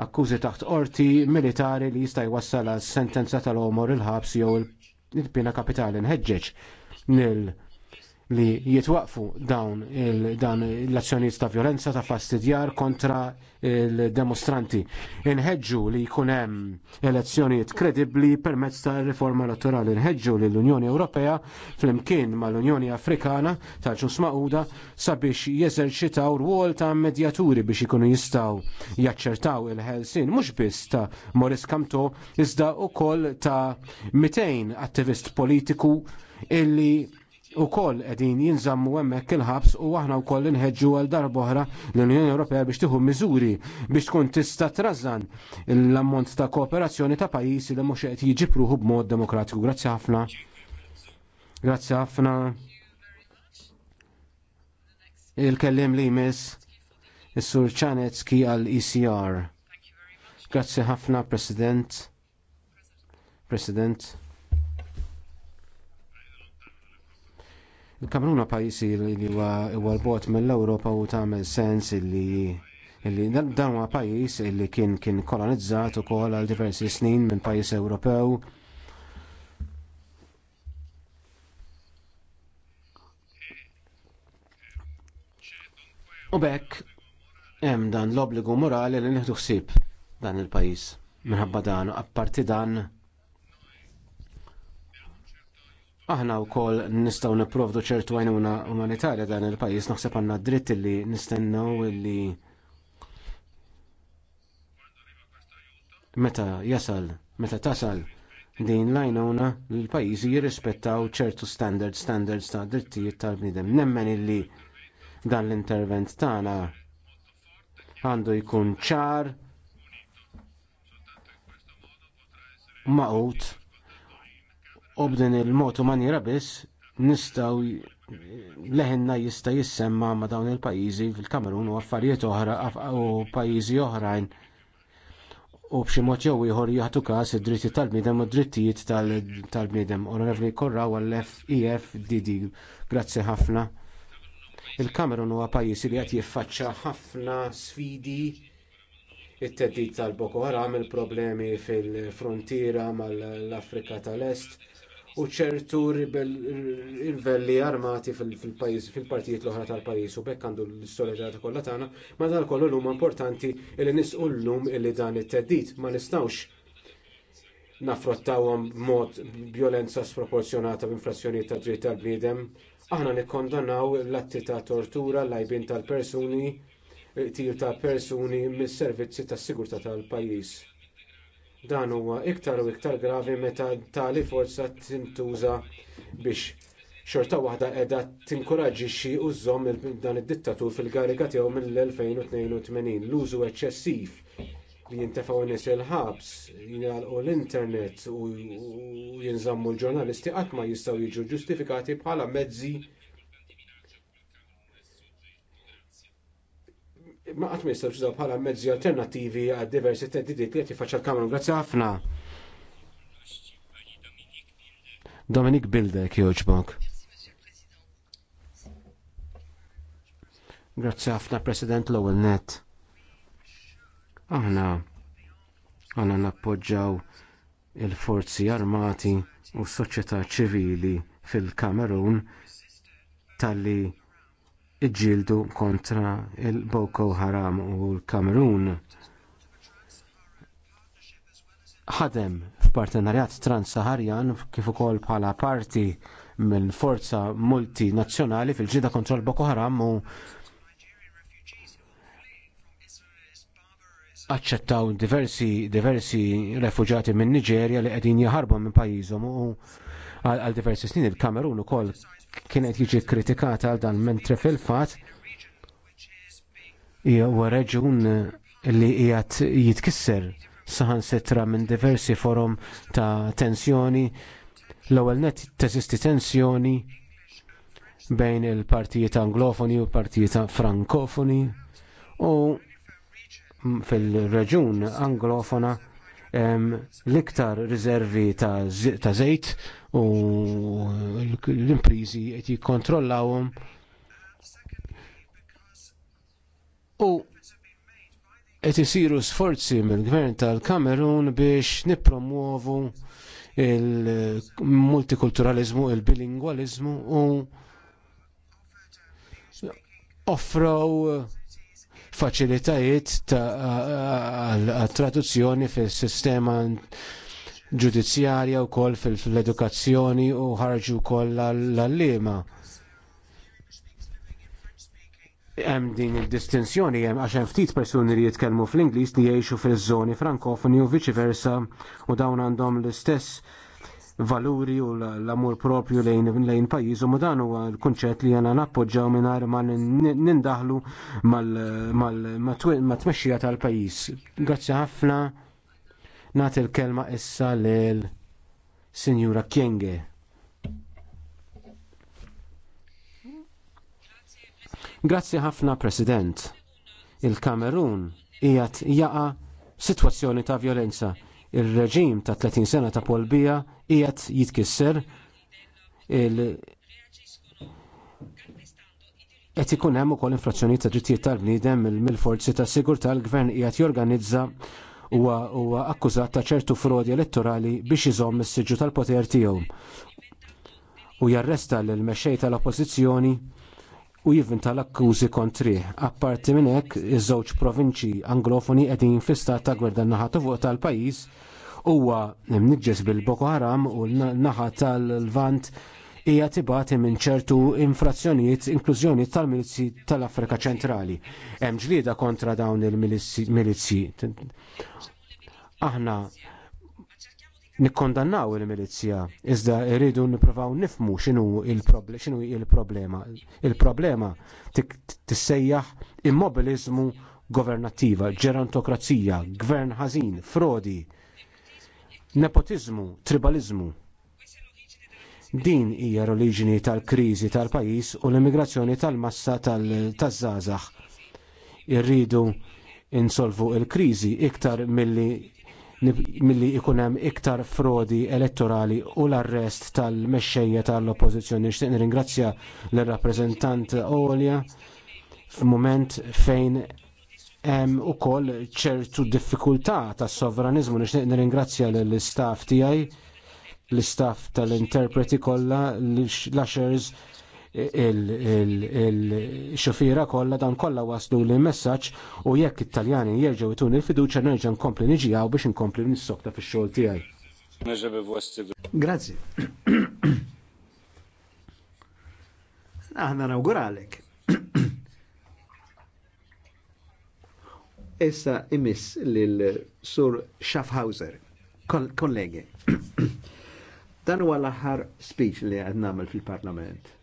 akkużi taħt qorti militari li jista' jwassal għas sentenza tal-omor il-ħabs jew il-pina kapitali nħeġġeġ nil li jitwaqfu dawn dan l-azzjonijiet ta' violenza ta' fastidjar kontra il-demostranti. Inħeġġu li jkun hemm elezzjonijiet kredibbli permezz ta' riforma elettorali. Inħeġġu li l-Unjoni Ewropea flimkien mal unjoni Afrikana tal-ġus ma'uda sabiex jeżerċitaw rwol ta' medjaturi biex ikunu jistgħu jaċċertaw il-ħelsin mhux biss ta' Moris Kamto iżda wkoll ta' 200 attivist politiku illi u koll edin jinżammu hemmhekk il-ħabs u aħna wkoll inħedġu għal darboħra l-Unjoni Ewropea biex tieħu miżuri biex tkun tista' trażan l-ammont ta' kooperazzjoni ta' pajjiżi li mhux qed jiġipruħu b'mod demokratiku. Grazzi ħafna. Grazzi ħafna. Il-kellim li jmiss is-Sur Ċanetski għal ECR. Grazzi ħafna, President. President. Il-Kamruna pajjiżi li huwa l-bot mill-Ewropa u tagħmel sens li illi dan huwa pajjiż illi kien kien kolonizzat ukoll għal diversi snin minn pajjiż Ewropew. U bekk hemm dan l-obbligu morali li neħdu ħsieb dan il-pajjiż minħabba dan apparti dan Aħna u kol nistaw niprovdu ċertu għajnuna umanitarja dan il-pajis, naħseb għanna dritt li nistennaw li meta jasal, meta tasal din lajnuna l pajis jirrispettaw ċertu standard, standards ta' drittijiet tal-bnidem. Nemmen illi dan l-intervent tagħna għandu jkun ċar maqut U b'din il-mod u maniera biss nistaw leħenna jista jissemma ma dawn il-pajizi fil-Kamerun u affarijiet oħra u pajizi oħrajn u b'xi mod jew ieħor jaħtu każ id-dritti tal-bniedem u d-drittijiet tal-bniedem. Onorevli Korraw għall e DD, Grazzi ħafna. Il-Kamerun huwa pajjiż li qed jiffaċċja ħafna sfidi it-teddid tal-Boko Haram, il-problemi fil-frontiera mal-Afrika tal-Est u ċertu rivelli armati fil-pajis, fil-partijiet l-oħra tal-pajis u bekk għandu l-solidarieta kollha tagħna, ma dan kollu l-huma importanti li nisqu llum illi dan it-teddit ma nistgħux naffrottawhom b'mod violenza sproporzjonata b'infrazzjonijiet ta' dritt tal-bniedem. Aħna nikkondannaw l-atti ta' tortura, l-lajbin tal-persuni, tir ta' persuni mis-servizzi tas-sigurtà tal-pajjiż Dan huwa iktar u iktar gravi meta tali forza tintuża biex xorta waħda qiegħda tinkoraġixxi u żomm dan id-dittatur fil-gariga tiegħu mill-2082. L-użu eċċessiv li jintefgħu nies il-ħabs, jingħalqu l-internet u jinżammu l-ġurnalisti qatt ma jistgħu jiġu ġustifikati bħala mezzi ma qatt ma jużaw bħala mezzi alternattivi għad diversi teddidiet li qed jiffaċċja l-Kamerun. Grazzi ħafna. Dominik Bildek jogħġbok. Grazzi ħafna President l-ewwel net. Aħna għana nappoġġaw il-forzi armati u s-soċjetà ċivili fil-Kamerun talli iġġieldu kontra l boko Haram u l-Kamerun ħadem f'partenarjat trans-Saharjan kif ukoll bħala parti minn forza multinazzjonali fil-ġida kontra l-Boko Haram u aċċettaw diversi, diversi refuġati minn Niġerja li qegħdin jaħarbu minn pajjiżhom u għal diversi snin il-Kamerun ukoll kienet jiġi kritikata għal dan mentre fil-fat huwa reġun li qiegħed jitkisser saħan minn diversi forum ta' tensjoni l-ewwel net teżisti tensjoni bejn il-partijiet anglofoni u partijiet frankofoni u fil-reġun anglofona l-iktar riservi ta' żejt u l-imprizi qed jikkontrollawhom. U qed isiru sforzi mill-gvern tal-Kamerun biex nippromuovu il-multikulturalizmu, il bilingwaliżmu u offrow faċilitajiet ta' traduzzjoni fil-sistema ġudizzjarja u kol fil-edukazzjoni u ħarġu wkoll l liema Hemm din id-distinzjoni hemm għax hemm ftit persuni li jitkellmu fl-Ingliż li jgħixu fiż-żoni frankofoni u viċi versa u dawn għandhom l-istess valuri u l-amur propju lejn lejn pajjiżu u dan huwa l-kunċett li jana nappoġġaw mingħajr ma nindaħlu mat-tmexxija tal-pajjiż. Grazzi ħafna nagħti il kelma issa lil Sinjura Kienge. Grazzi ħafna President. Il-Kamerun hija jaqa' sitwazzjoni ta' violenza Ir-reġim ta' 30 sena ta' polbija qiegħed jitkisser il- qed ikun hemm ukoll infrazzjonijiet ta' drittijiet tal-bniedem mill-forzi ta' sigurtà l-gvern qiegħed jorganizza huwa akkużat ta' ċertu frodi elettorali biex iżomm is-siġġu tal-poter tiegħu u jarresta lill mexxej tal-Oppożizzjoni u jivvinta l-akkużi kontri. Apparti minn hekk, iż-żewġ provinċi anglofoni qegħdin fl-istat ta' gwerda naħa fuq tal-pajjiż huwa mniġġes bil-Boko Haram u l-naħa tal-Vant hija tibati minn ċertu infrazzjonijiet, inklużjoni tal-milizzi tal-Afrika ċentrali. Hemm ġlieda kontra dawn il-milizzi. Aħna nikkondannaw il-milizja, iżda rridu niprofaw nifmu xinu il-problema. Il-problema tissejjaħ immobilizmu governattiva, ġerontokrazija, gvern ħażin, frodi, nepotizmu, tribalizmu. Din hija l-oriġini tal-kriżi tal-pajjiż u l-immigrazzjoni tal-massa tal-żgħażagħ. Irridu insolvu l kriżi iktar milli milli ikun hemm iktar frodi elettorali u l-arrest tal-mexxejja tal-oppożizzjoni. Nixtieq ringrazzja l rappresentant Olja f'mument fejn hemm ukoll ċertu diffikultà tas-sovranizmu nixtieq nirringrazzja lill-istaff tiegħi l-istaff tal-interpreti kollha l-ashers il-xofira kollha dan kollha waslu li messaġġ u jekk it-Taljani jerġgħu jtun il-fiduċja nerġa' nkompli nġijaw biex inkompli nissokta fix-xogħol tiegħi. Grazzi. Aħna nawguralek. Issa imiss lil Sur Schaffhauser, kollegi. Dan huwa l-aħħar speech li qed nagħmel fil-Parlament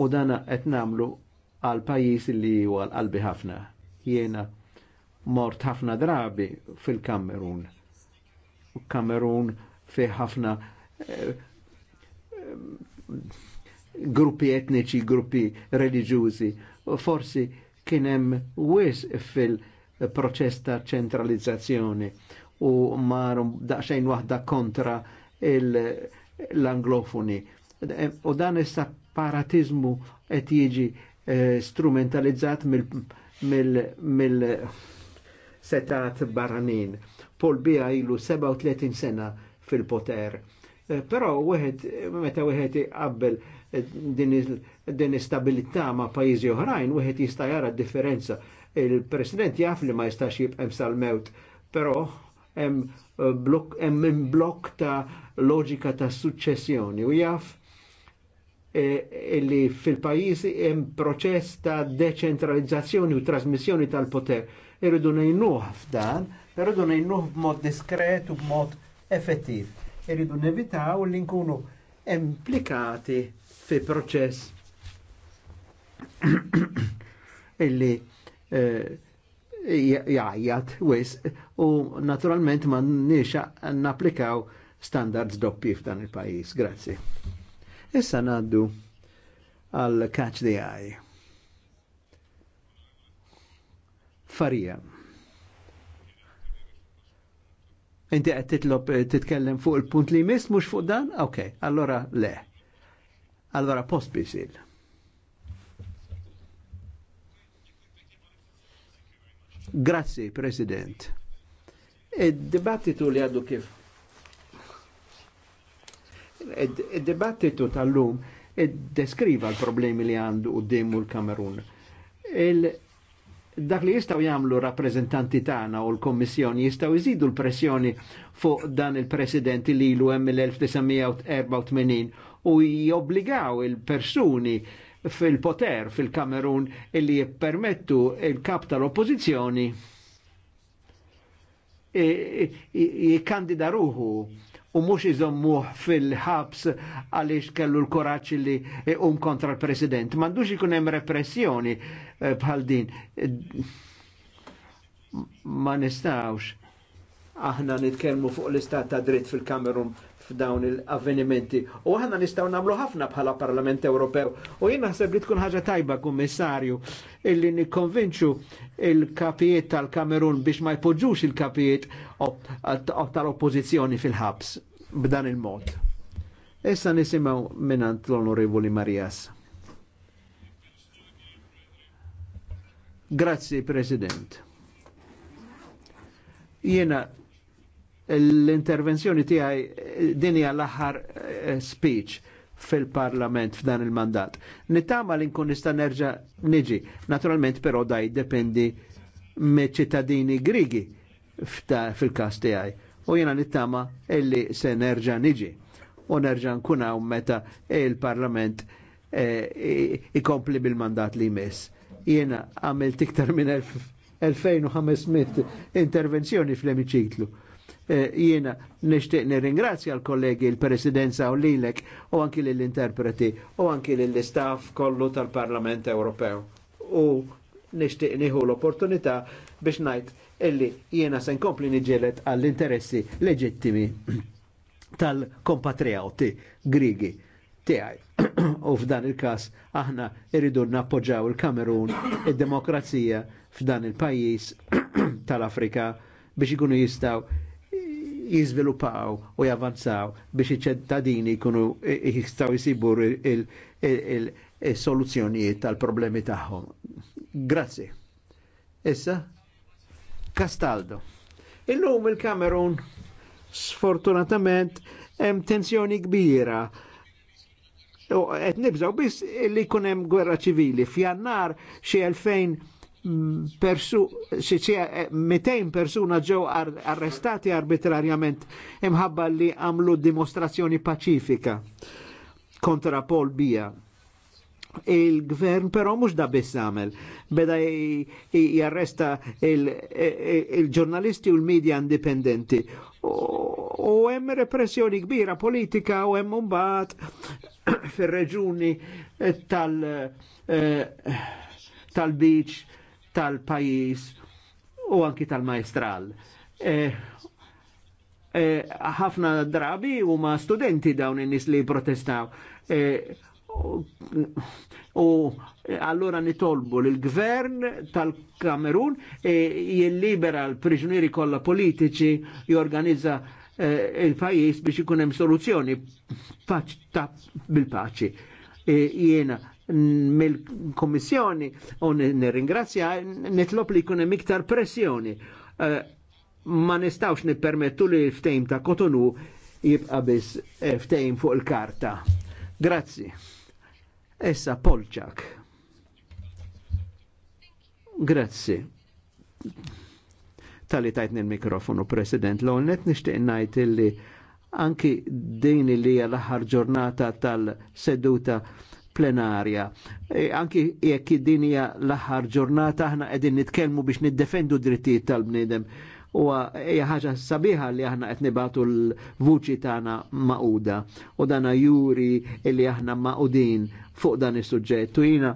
u dana qed namlu għal pajis li huwa qalbi ħafna. Jiena mort ħafna drabi fil-Kamerun. Kamerun fi ħafna eh, eh, gruppi etniċi, gruppi reliġjużi. Forsi kien hemm wis fil-proċess ta' ċentralizzazzjoni u mar daqsxejn waħda kontra l-anglofoni. Eh, u dan issa separatizmu qed jiġi eh, strumentalizzat mill-setat mil, mil barranin. Paul Bia ilu 37 sena fil-poter. Eh, Però wieħed meta wieħed iqabbel eh, din istabilità ma' pajjiżi oħrajn, wieħed jista' jara differenza. Il-President jaf li ma jistax jibqem sal-mewt, però hemm eh, blok, blok ta' loġika ta' suċċessjoni u jaf illi e, e, fil-pajjiżi hemm proċess ta' deċentralizzazzjoni u trasmissjoni tal-poter. Irridu ngħinuh f'dan, irridu ngħinuh b'mod diskret u b'mod effettiv. Irridu nevitaw li nkunu implikati fi proċess illi e, jgħajjat wis u naturalment ma n-applikaw standards doppi f'dan il-pajis. Grazie. Issa naddu għal catch the eye. Farija. Inti għed titlob titkellem fuq il-punt li mis, mux fuq dan? Ok, allora le. Allora post bisil. Grazie, President. Il dibattito li għaddu kif il dibattitu tal-lum id-deskriva l-problemi li għandu u l-Kamerun. Dak li jistaw jamlu rappresentanti tana u l-Kommissjoni jistaw jżidu l-pressjoni fuq dan il-President li l hemm mill-1984 u jobbligaw il-persuni fil-poter fil-Kamerun li jippermettu il-kap tal-oppozizjoni jikkandida ruħu u mux iżommuħ fil-ħabs għaliex kellu l-koraċ li um kontra l-president. Mandux ikun hemm repressjoni eh, bħal din. Ma nistawx. Aħna nitkellmu fuq l-istat ta' dritt fil-Kamerun f'dawn il-avvenimenti. U aħna nistgħu nagħmlu ħafna bħala Parlament Ewropew. U jina naħseb li tkun ħaġa tajba, Kummissarju, illi nikkonvinċu il-kapijiet tal-Kamerun biex ma jpoġġux il-kapijiet tal oppozizjoni fil-ħabs b'dan il-mod. Issa nisimaw minant l-Onorevoli Marijas. Grazzi, President. Jena l-intervenzjoni tiegħi dinja l-aħħar eh, speech fil-parlament f'dan il-mandat. Nittama li nkun nista' nerġa' niġi. Naturalment però da jiddependi me ċittadini Grigi fil-kas tiegħi. U jiena nittama illi se nerġa' niġi. U nerġa' nkun hawn meta il-parlament eh, ikompli bil-mandat li jmiss. Jiena għamilt iktar minn 2500 intervenzjoni fl-emiċiklu Eh, jiena nishtiq nirringrazzja l-kollegi l-Presidenza u lilek u anki l-interpreti u anki l-istaff kollu tal-Parlament Ewropew. U nishtiq nieħu l-opportunità biex najt illi jiena se nkompli niġelet għall-interessi leġittimi tal-kompatrioti grigi tiegħi. u f'dan il-każ aħna irridu nappoġġaw il-Kamerun id-demokrazija f'dan il-pajjiż tal-Afrika biex ikunu jistaw jizvilupaw u javanzaw biex iċ-ċittadini jkunu eh, eh, jistaw jisibu il-soluzzjonijiet eh, tal-problemi tagħhom. Grazzi. Issa, Castaldo. Illum il-Kamerun sfortunatament hemm tensjoni kbira qed nibżgħu biss li jkun hemm gwerra ċivili. F'jannar xi persu, xieċija eh, 200 persuna ġew ar arrestati arbitrarjament imħabba li għamlu dimostrazzjoni pacifika kontra Paul Bia. Il-gvern però mux da biss għamel. Beda jarresta il-ġurnalisti il il u l-medja indipendenti. U hemm repressjoni kbira politika u hemm mbagħad fir-reġuni tal- eh, tal-biċ tal-pajis u anki tal-maestral. E, e, ħafna eh, eh, drabi u ma studenti dawn in-nis li protestaw. Eh, u allora nitolbu l-gvern tal-Kamerun e, jillibera l-priġunieri kollha politiċi jorganizza il-pajis biex ikun hemm soluzzjoni bil-paċi. Jiena mill-Kommissjoni u nirringrazzja nitlob li jkun hemm iktar pressjoni. Eh, ma nistawx nippermettu li l-ftejm ta' Kotonu jibqa' biss eh, ftejm fuq il-karta. Grazzi. Essa Polċak. Grazzi. Tali tajtni l-mikrofonu, President Lonet, nishtiq najt illi anki din li hija l-aħħar ġurnata tal-seduta plenarja. E, anki jekk din hija l-aħħar ġurnata aħna qegħdin nitkellmu biex niddefendu drittijiet tal-bniedem. U hija ħaġa sabiħa li aħna qed nibatu l-vuċi tagħna maquda u dana juri li aħna maqudin fuq dan is-suġġett u jiena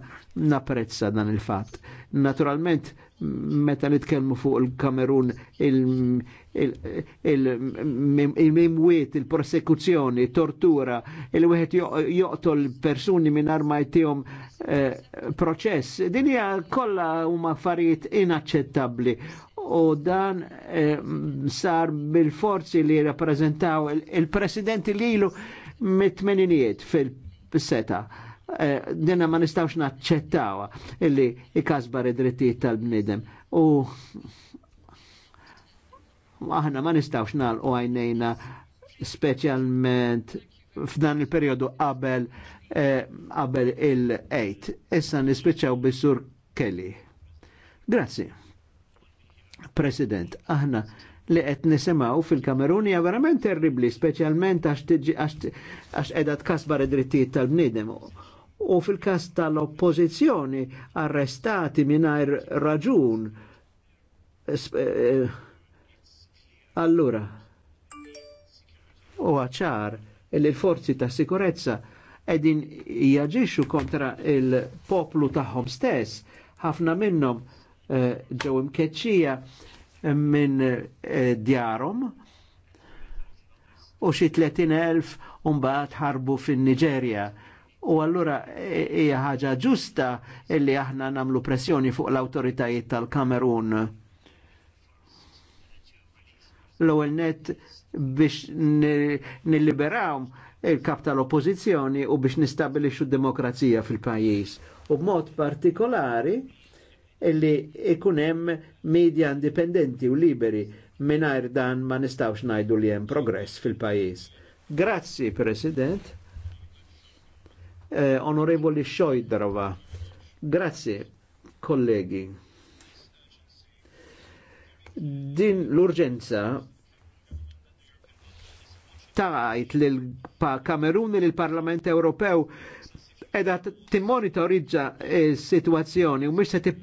napprezza dan il-fatt. Naturalment meta nitkellmu fuq il-Kamerun il-mimwiet, il-prosekuzzjoni, tortura, il-wieħed joqtol persuni mingħajr ma jtihom proċess. Din hija kollha huma affarijiet inaċċettabbli u dan sar bil-forzi li rappreżentaw il-presidenti lilu mit-tmeninijiet fil-seta Eh, dinna ma nistawx naċċettawa illi ikasbar id-drittijiet tal-bnidem. U aħna ma nistawx nalqu għajnejna specialment f'dan il-periodu qabel eh, qabel il-8. Issa nispiċċaw bis-sur Kelly. Grazzi. President, aħna li qed nisimgħu fil-Kamerun hija verament terribli, speċjalment għax qiegħda tkasbar id-drittijiet tal-bniedem u fil-kas tal-oppozizjoni arrestati mingħajr raġun. Eh, allura, u għacħar il forzi ta' sikurezza edin jagġiċu kontra il-poplu tagħhom stess, ħafna minnhom eh, ġew imkeċċija minn eh, djarhom u xi 30,000 mbagħad ħarbu fin-Niġerja U allura e, hija ħaġa ġusta illi aħna namlu pressjoni fuq l-autoritajiet tal-Kamerun. L-ewwel net biex nilliberaw il-kap tal-oppożizzjoni u biex nistabilixxu demokrazija fil-pajjiż. U b'mod partikolari illi ikun hemm media indipendenti u liberi mingħajr dan ma nistgħux ngħidu li hemm progress fil-pajjiż. Grazzi, President. Eh, onorevoli Xojdarova, grazie colleghi. Din l'urgenza tajt lil l-Kamerun lil parlament Ewropew edha timmonitorizza eh, situazzjoni u mux se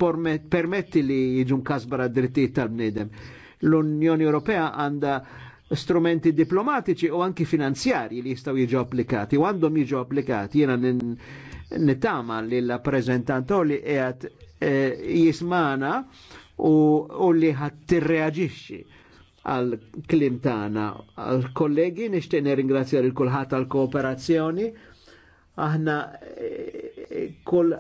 permetti li jiġun kasbara d-drittijiet tal-bnidem. L-Unjoni Ewropea għanda strumenti diplomatiċi u anki finanzjarji li jistaw jiġu applikati u għandhom jiġu applikati jena nittama li l-rappresentanto li għed eh, jismana u, u li għad tirreagġiċi għal klim tagħna. Għal kollegi nixtieq nirringrazzja il kulħadd għal kooperazzjoni. Aħna eh, kull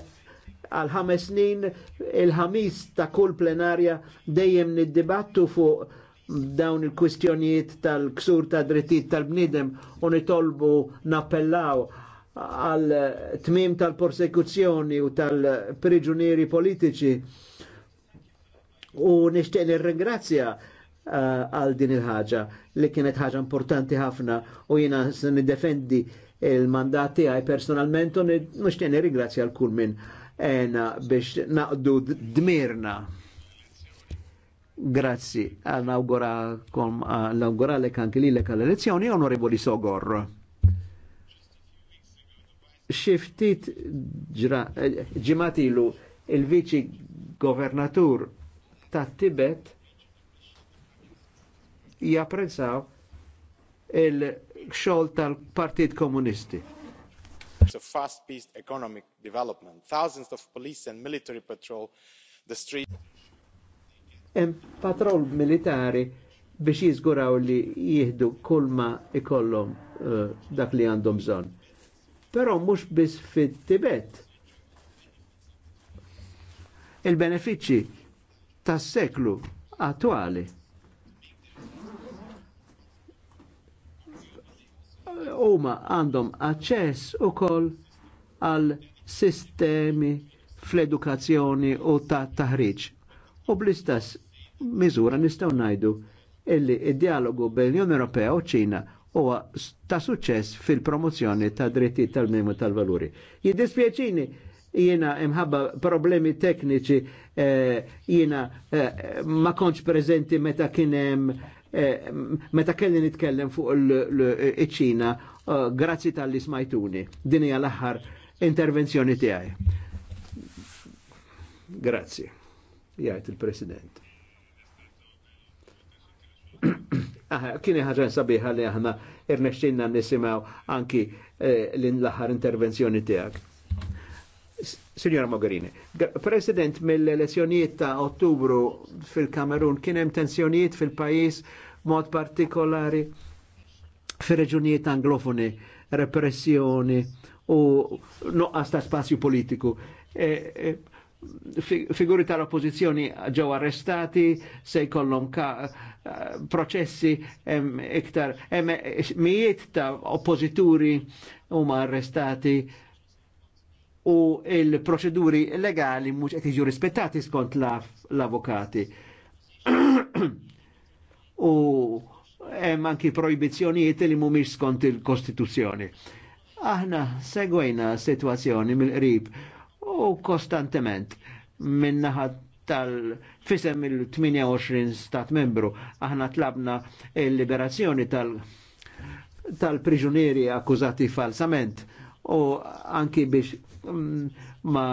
għal ħames snin il-ħamis ta' kull plenarja dejjem niddibattu fuq dawn il-kwistjonijiet tal-ksur ta' drittijiet tal-bnidem u nitolbu nappellaw għal tmim tal-persekuzzjoni u tal-priġunieri politiċi u nishtiq nirringrazzja eh, għal din il-ħaġa li kienet ħaġa importanti ħafna u jina nidefendi il-mandat tiegħi personalment u nixtieq nirringrazzja l kull minn biex naqdu dmirna. Grazzi, għal-awguralek -augura, anki li l elezzjoni onorevoli Sogor. Xiftit ġimatilu eh, il-viċi governatur ta' Tibet japprezzaw il-xol tal-Partit Komunisti. It's a fast-paced economic development. Thousands of police and military patrol the street hemm patrol militari biex jiżguraw li jihdu kolma ikollhom uh, dak li għandhom bżonn. Però mhux biss fit-Tibet. Il-benefiċċji tas-seklu attuali huma għandhom aċċess ukoll għal sistemi fl-edukazzjoni u ta' taħriġ U bl-istess miżura nistgħu ngħidu illi d dialogu bejn unjoni Ewropea u Ċina huwa ta' suċċess fil-promozzjoni ta' drittijiet tal-minimu tal-valuri. Jiddispjaċini jiena imħabba problemi tekniċi eh, jiena eh, ma konċ prezenti meta kien hemm eh, meta kelli nitkellem fuq il-ċina grazzi tal-li smajtuni. Din hija l-aħħar intervenzjoni tiegħi. Grazzi jgħid il-President. Kien ħaġa sabiħa li aħna irnexxinna nisimgħu anki eh, l-aħħar intervenzjoni tiegħek. Signora Mogherini, President mill-elezzjonijiet ta' Ottubru fil-Kamerun kien hemm tensjonijiet fil-pajjiż mod partikolari fir-reġunijiet anglofoni, repressjoni u noqqas ta' spazju politiku. Eh, eh, figuri tal-oppozizjoni ġew arrestati, se jkollhom proċessi iktar, hemm mijiet ta' oppożituri huma arrestati u il-proċeduri legali mhux qed jiġu rispettati skont l-avukati. u hemm anki projbizzjonijiet li mhumiex skont il-Kostituzzjoni. Aħna segwejna situazzjoni mill-qrib u kostantement minnaħat tal-fisem il-28 stat membru. Aħna tlabna il-liberazzjoni tal-priġunieri tal akkużati falsament u anki biex mm, ma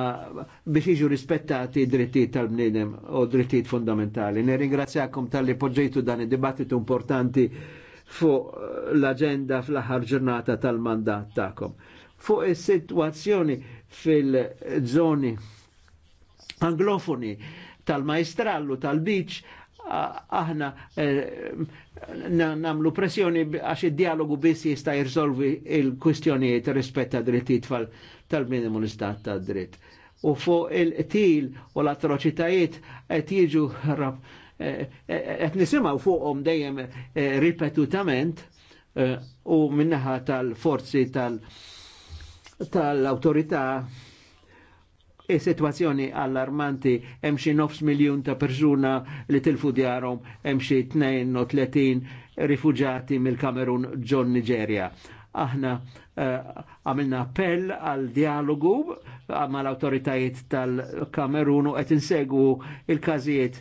biex iġu rispettati drittijiet tal-bnidem u drittijiet fundamentali. Nirringrazzjakom tal-li poġġejtu dan id-dibattitu importanti fuq l-agenda fl-aħħar ġurnata tal-mandat ta'kom. Fuq is-sitwazzjoni fil-żoni anglofoni tal-majstrallu, tal-biċ, aħna eh, namlu pressjoni għax id-dialogu biss jista' jirżolvi il-kwistjonijiet rispett ta' tfal tal-minimu l-istat ta' dritt. U fuq il-til u l-atroċitajiet qed jiġu eh, eh, qed nisimgħu fuqhom dejjem ripetutament u minnaħa tal-forzi tal-, -forzi tal tal-autorità e situazzjoni allarmanti hemm xi nofs miljun ta' persuna li tilfu djarhom hemm xi 32 rifuġati mill-Kamerun ġon Niġerja. Aħna eh, għamilna uh, appell għal dialogu eh, ma' l-autoritajiet tal-Kamerun u qed insegwu il-każijiet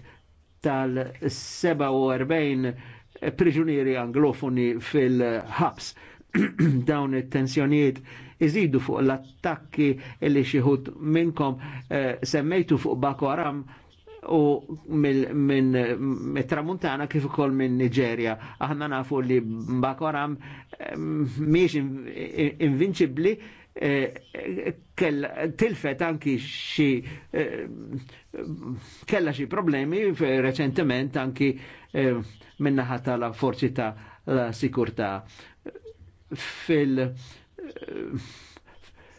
tal-47 eh, priġunieri anglofoni fil-ħabs. Dawn it-tensjonijiet iżidu fuq l-attakki li xieħut minnkom eh, semmejtu fuq Bakoram u minn tramuntana kif ukoll minn Nigeria. Aħna nafu li Bakoram eh, miex invinċibli eh, tilfet anki xi kella xi problemi reċentement anki minnaħa tal-forzi ta' sikurta fil-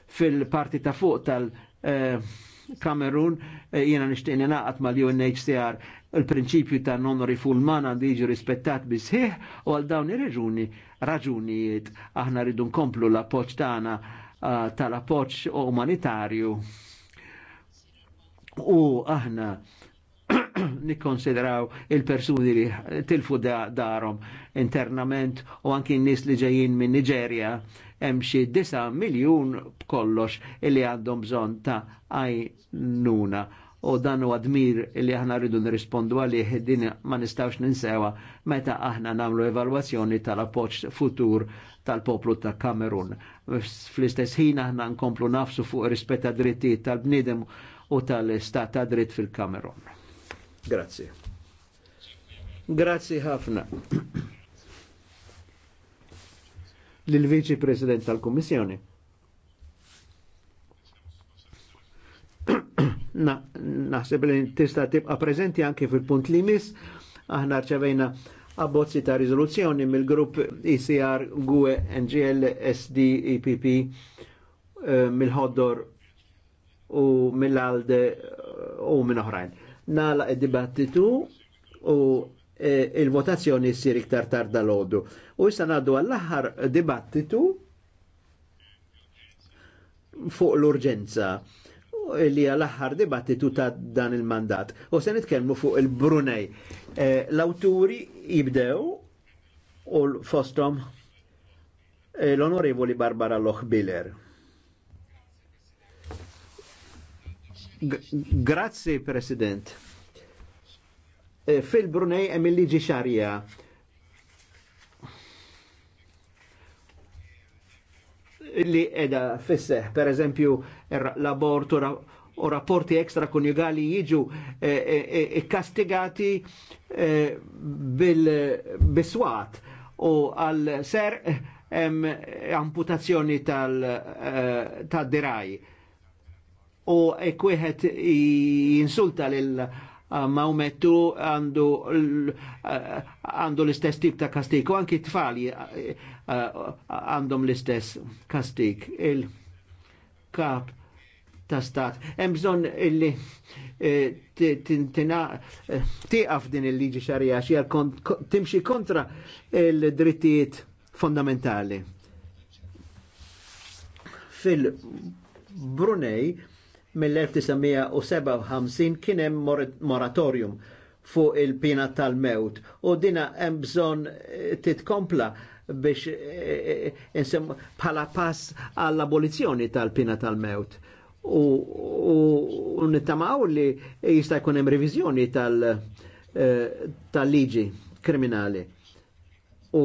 fil-parti ta' fuq tal-Kamerun eh, eh, jiena nishtiqni naqat mal-UNHCR il-prinċipju ta' non full man għandu jiġi rispettat bisħiħ u għal dawn ir-raġuni raġunijiet aħna rridu nkomplu l-appoġġ tagħna eh, tal-appoġġ umanitarju u aħna nikkonsidraw il-persuni li tilfu darhom internament u anki n-nies li ġejjin minn Niġerja hemm xi 9 miljun b'kollox li għandhom bżonn ta' għajnuna u dan huwa dmir li aħna rridu nirrispondu għalih din ma nistawx ninsewa meta aħna nagħmlu evalwazzjoni tal-appoġġ futur tal-poplu ta' Kamerun. Fl-istess ħin aħna nkomplu nafsu fuq rispetta ta' drittijiet tal bnidem u tal-istat ta' dritt fil-Kamerun. Grazzi. Grazzi ħafna lill-Viċi President tal-Kummissjoni. Naħseb na li tista' tibqa' preżenti anke fil-punt li miss, aħna rċevejna abbozzi ta' riżoluzzjoni mill-grupp ICR e GUE NGL SD EPP, eh, mill-ħoddor u mill-alde eh, u minn oħrajn. Nala id-dibattitu u E, il-votazzjoni ssir iktar tarda l ħodu U issa ngħaddu għall-aħħar dibattitu fuq l-urġenza li għall aħħar dibattitu ta' dan il-mandat. U se nitkellmu fuq il-Brunei. E, l-awturi jibdew u fostom e, l-onorevoli Barbara Lochbiller. Grazie, Presidente. Eh, fil-Brunei hemm il-liġi xarja. Li edha fisseħ, per eżempju, er- l-abort u rapporti ekstra konjugali jiġu ikkastigati eh, eh, bil-biswat u għal ser amputazzjoni tal-diraj. U kwieħed jinsulta lil Ah, Mawmettu għandu ah, għandu l-istess tip ta' kastik u anki tfali ah, għandhom l-istess kastik il-kap ta' stat. Hemm bżonn illi eh, eh, tieqaf din il-liġi xarija xi timxi kontra il-drittijiet fondamentali. Fil-Brunei mill-1957 kienem moratorium fuq il-pina tal-mewt u dina hemm bżonn eh, titkompla biex eh, eh, insem bħala pass għall-abolizjoni tal-pina tal-mewt. U, u nittamaw li jista' jkun hemm reviżjoni tal-liġi tal kriminali. U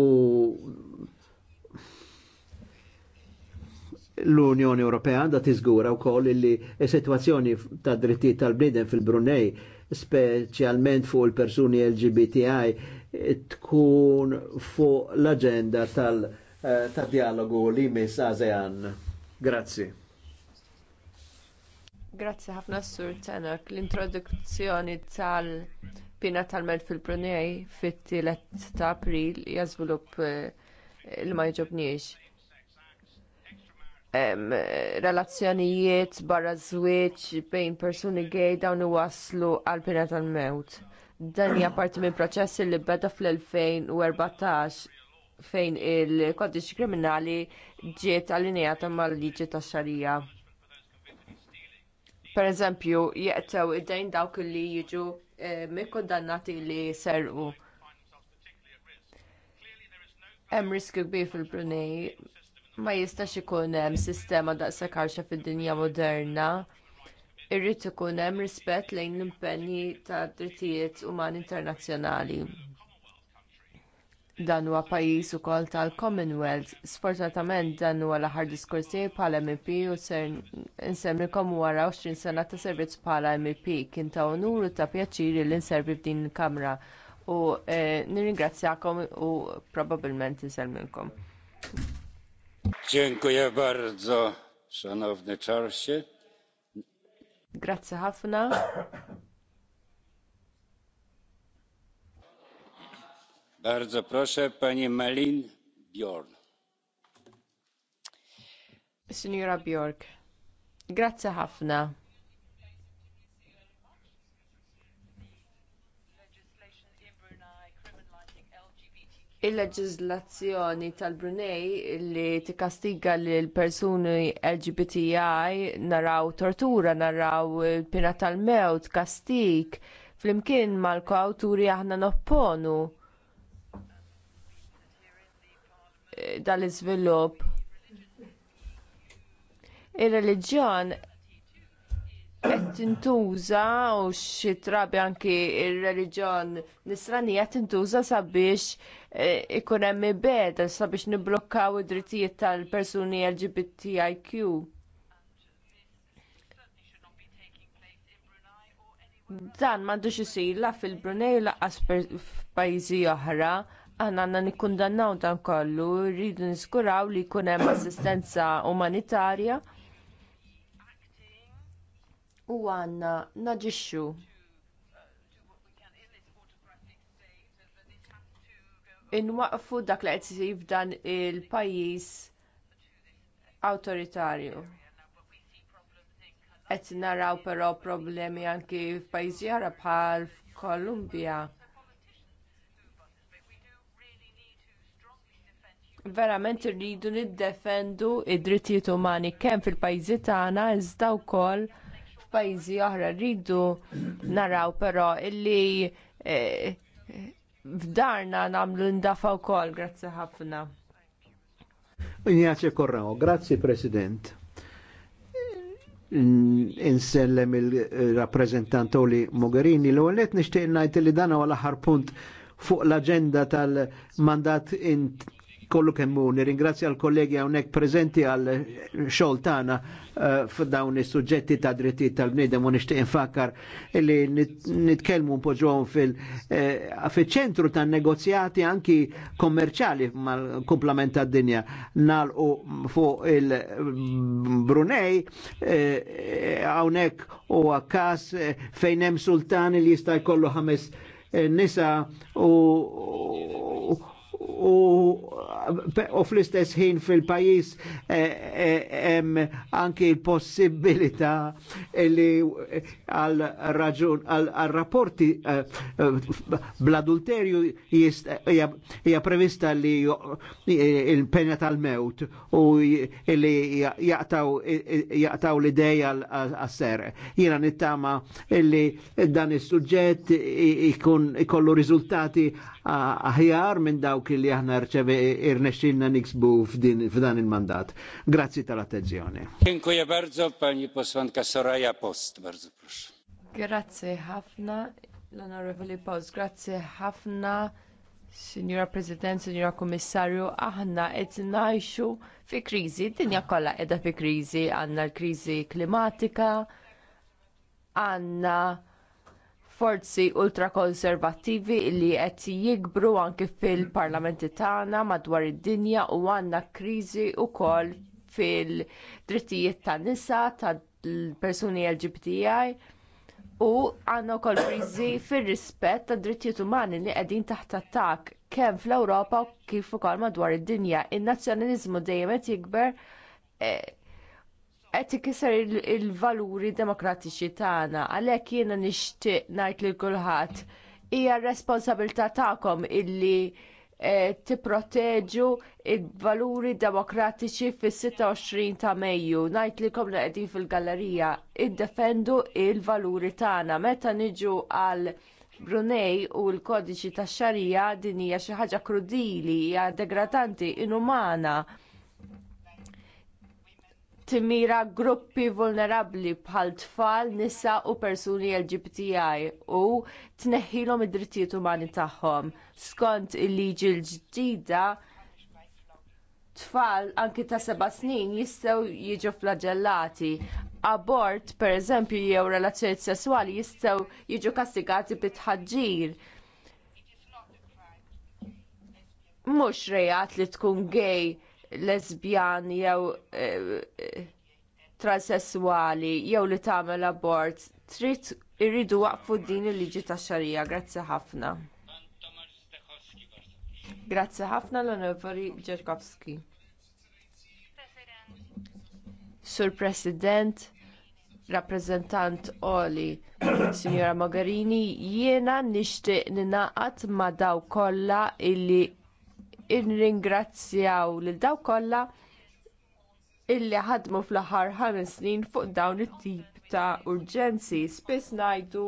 l-Unjoni Ewropea għandha tiżgura wkoll li s-sitwazzjoni ta' drittijiet tal-bniedem fil-Brunei, speċjalment fuq il-persuni LGBTI, tkun fuq l-aġenda tal- eh, ta' dialogu li mis ASEAN. Grazzi. Grazzi ħafna s-sur tenak. L-introduzzjoni tal-pina tal-mel fil-Brunei fit-tielet ta' april jazvilup eh, il-ma jġobniex relazzjonijiet barra żwieġ bejn persuni gay dawn iwasslu għal pina tal-mewt. Dan hija parti minn proċess li beda fl-2014 fejn il-kodiċ kriminali ġiet allinjata mal-liġi tax xarija. Pereżempju, jeqtew id dajn dawk li jiġu eh, mikkondannati li serqu. Hemm risk kbir fil brunei ma jistax ikun hemm sistema daqshekk fid-dinja moderna. Irrid ikun hemm rispett lejn l-impenni tad drittijiet umani internazzjonali. Dan huwa pajjiż ukoll tal-Commonwealth. Sfortunatament dan huwa l-aħħar diskors tiegħi bħala MP u ser insemmilkom wara 20 sena ta' servizz bħala MP. Kien ta' onur u ta' pjaċiri li nservi f'din il-Kamra u eh, nirringrazzjakom u probabbilment insemmilkom. Grazie ħafna. Bardzo proszę, pani Malin Bjorn. Signora Bjork, grazie ħafna. il-leġiżlazzjoni tal-Brunei li tikkastiga lill persuni LGBTI naraw tortura, naraw pina tal-mewt, kastig, flimkien mal-koawturi aħna nopponu dal-iżvilupp. Ir-reliġjon qed tintuża u xi trabi anki r reliġjon nisranija tintuża sabiex e, ikun hemm ibeda sabiex nibblokkaw id-drittijiet tal-persuni LGBTIQ. Dan m'għandux isir fil-Brunei laqas f'pajjiżi oħra aħna għandna nikkundannaw dan kollu, rridu niskuraw li jkun hemm assistenza umanitarja u għandna naġixxu. Inwaqfu dak li qed isir f'dan il-pajjiż awtoritarju. Qed naraw però problemi anki f'pajjiżi oħra bħal f'Kolumbja. verament irridu niddefendu id-drittijiet umani kemm fil-pajjiżi tagħna iżda wkoll f'pajjiżi oħra rridu naraw però illi eh, f'darna nagħmlu ndafa wkoll, grazzi ħafna. Ignazio Corrao, grazzi President. Insellem il-rappresentant Oli Mogherini, l għallet nishtiq najt li dana għal-ħar punt fuq l-agenda tal-mandat kollu kemmu. Nirringrazzja l-kollegi għonek prezenti għal xoltana eh, f'dawn is-suġġetti ta' dritti tal-bnidem u nishtiq infakkar li nitkelmu poġon fil-ċentru eh, ta' negozjati anki kommerċali mal-komplement ta' dinja u fuq il-Brunei mm, għonek u għakas eh, eh fejnem sultan li jista' jkollu ħames eh, nisa u u fl-istess ħin fil-pajis hemm eh, eh, anki l-possibilità li għal raġun għal rapporti eh, eh bl-adulterju hija prevista li il-pena tal-mewt u li jaqtaw l idej għal-asser. Jiena nittama li dan is-suġġett ikun ikollu riżultati aħjar minn dawk li aħna rċeve irnexxilna niksbu f'dan il-mandat. Grazzi tal-attenzjoni. Dziękuję bardzo, pani posłanka Soraya Post, bardzo proszę. Grazzi ħafna, l-onorevoli Post, grazzi ħafna. Signora President, Signora Kommissarju, aħna qed ngħixu fi kriżi, dinja kollha qiegħda fi kriżi, għandna l-kriżi klimatika, għandna forzi ultrakonservattivi li qed jikbru anke fil-parlamenti tagħna madwar id-dinja u għandna kriżi wkoll fil-drittijiet tan-nisa tal-persuni LGBTI u għandna wkoll kriżi fir-rispett tad-drittijiet umani li qegħdin taħt attakk kemm fl-Ewropa kif ukoll madwar id-dinja. In-nazzjonaliżmu dejjem qed jikber eh, qed ikisser il-valuri demokratiċi tagħna għalhekk jiena nixtieq ngħid lil kulħadd hija r-responsabilità tagħkom illi eh, tipproteġu l il valuri demokratiċi fis-26 ta' Mejju. Ngħid lilkom li qegħdin fil-gallerija iddefendu l valuri tagħna meta niġu għal Brunei u l-kodiċi tax-xarija din hija xi ħaġa krudili, hija degradanti, inumana timira gruppi vulnerabbli bħal tfal, nisa u persuni LGBTI u tneħħilhom id-drittijiet umani tagħhom. Skont il-liġi l-ġdida, tfal anki ta' seba' snin jistgħu jiġu flagellati. Abort, pereżempju, jew relazzjonijiet sesswali jistgħu jiġu kastigati bi tħaġġir Mhux rejat li tkun gay lesbjan jew e, e, transessuali jew li tagħmel abort trid irridu waqfu din il-liġi tax-xarija. Grazzi ħafna. Grazzi ħafna l-Onorevoli Ġerkowski. Sur President, rappreżentant Oli, Signora Mogherini, jiena nixtieq ninaqat ma' daw kollha illi irringrazzjaw lil dawk kollha illi ħadmu fl-aħħar ħames snin fuq dawn it-tip ta' urġenzi spiss ngħidu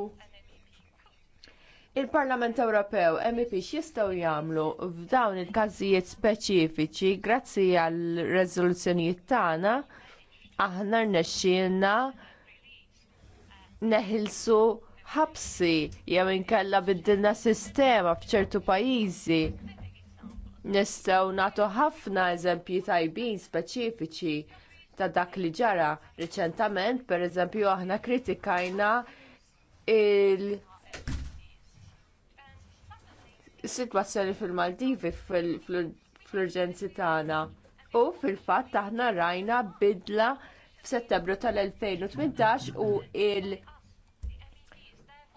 il-Parlament Ewropew MEP jistgħu jagħmlu f'dawn il-każijiet speċifiċi grazzi għal reżoluzzjonijiet tagħna aħna rnexxielna neħilsu ħabsi jew inkella biddilna sistema f'ċertu pajjiżi Nistgħu nagħtu ħafna eżempji tajbin speċifiċi ta' dak li ġara riċentament, pereżempju aħna kritikajna il- situazzjoni fil-Maldivi fl-urġenzi tagħna. U fil-fatt aħna rajna bidla f'Settembru tal-2018 u l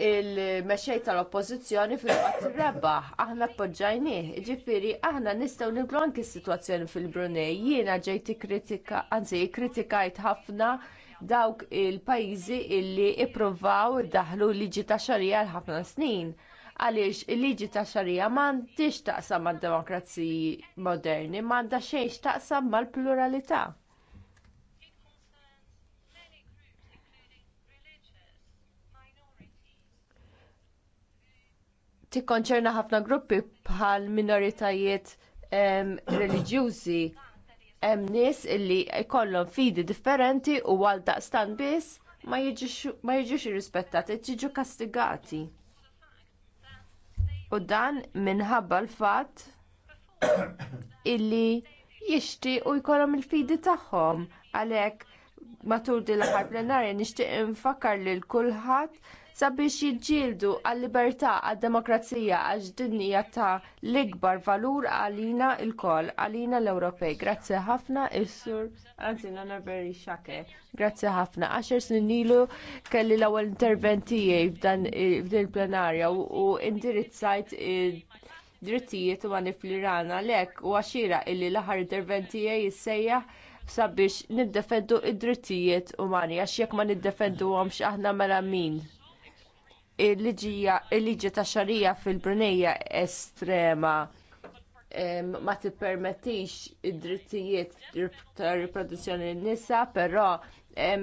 il mexej tal-oppożizzjoni fil-qatt rebaħ, aħna appoġġajnieh, ġifieri aħna nistgħu nibdlu anke s-sitwazzjoni fil-Brunei. Jiena ġejt kritika, anzi kritikajt ħafna dawk il-pajjiżi illi ippruvaw daħlu liġi ta' xarija għal ħafna snin għaliex il-liġi ta' xarija m'għandix taqsam mad-demokraziji moderni, m'għandha xejn taqsam mal-pluralità. tikkonċerna ħafna gruppi bħal minoritajiet reliġjużi hemm nies illi jkollhom fidi differenti u għal daqstan biss ma jiġux irrispettati, jiġu kastigati. U dan minħabba l-fatt illi jixtiequ jkollhom il-fidi tagħhom għalhekk matul din l-aħħar plenarja nixtieq infakkar lil kulħadd sabiex jiġġieldu għal-libertà għad-demokrazija għax din hija ta' l-ikbar valur għalina lkoll, għalina l-Ewropej. Grazzi ħafna is-sur Anzina Narberi Xake. Grazzi ħafna. Għaxer snin ilu kelli l-ewwel intervent tiegħi f'dan il-plenarja u indirizzajt drittijiet umani fl-Irana għalhekk u għaxira illi l-aħħar intervent tiegħi jissejjaħ sabiex niddefendu id-drittijiet umani għax jekk ma niddefenduhomx aħna mela min il-liġi ta' xarija fil-Brunejja estrema ma tippermettix id-drittijiet ta' riproduzzjoni n-nisa, però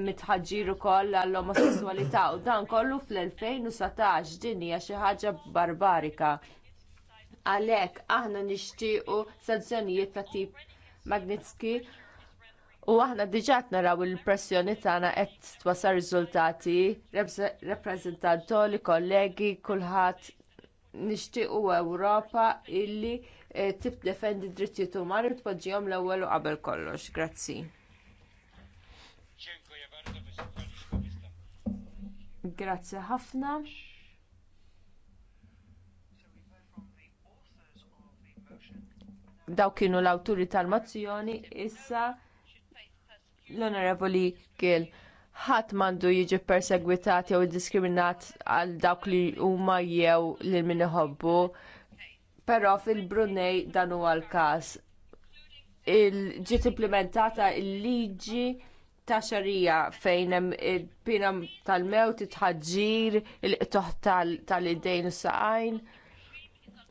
mitħagġir ukoll għall-omosessualità u dan kollu fl-2017 din hija xi ħaġa barbarika. Għalhekk aħna nixtiequ sanzjonijiet ta' tip Magnitski U aħna diġà qed naraw il-pressjoni tagħna qed twasal riżultati, rappreżentantoli, kollegi, kulħadd nixtiequ Ewropa illi eh, tib defendi drittijiet umani u tpoġġihom l-ewwel u qabel kollox. Grazzi. Grazzi ħafna. Daw kienu l-awturi tal-mozzjoni issa l-Onorevoli Gill ħadd m'għandu jiġi persegwitat jew diskriminat għal dawk li huma jew lil min iħobbu, però fil-Brunei dan huwa l-każ. Ġiet implementata l-liġi ta' xarija fejn hemm il-pina tal-mewt, it-tħaġġir, il-qtoħ tal-idejn u saqajn.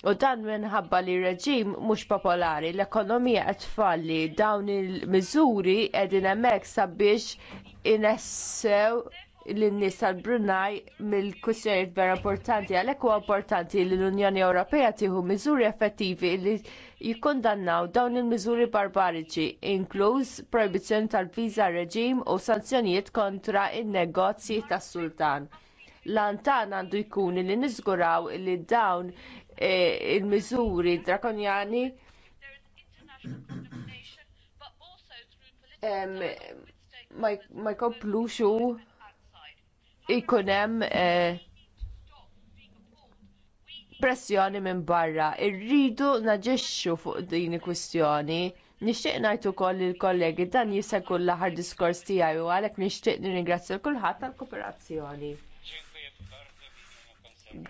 U dan minħabba li reġim mhux popolari, l-ekonomija qed tfalli dawn il-miżuri qegħdin hemmhekk sabiex inessew lin-nies tal-Brunaj mill-kwistjonijiet vera importanti għalhekk huwa importanti li l-Unjoni Ewropea tieħu miżuri effettivi li jikkundannaw dawn il-miżuri barbariċi, inkluż projbizzjoni tal-viża reġim u sanzjonijiet kontra n negozji tas-sultan l għandu jkun li niżguraw li dawn Eh, il mizuri drakonjani ma jkomplu u eh, pressjoni minn barra. Irridu naġixxu fuq din il-kwistjoni. Nixtieq ngħid ukoll il-kollegi dan jista' l-aħħar diskors tiegħi u għalhekk nixtieq nirringrazzja kulħadd tal-kooperazzjoni.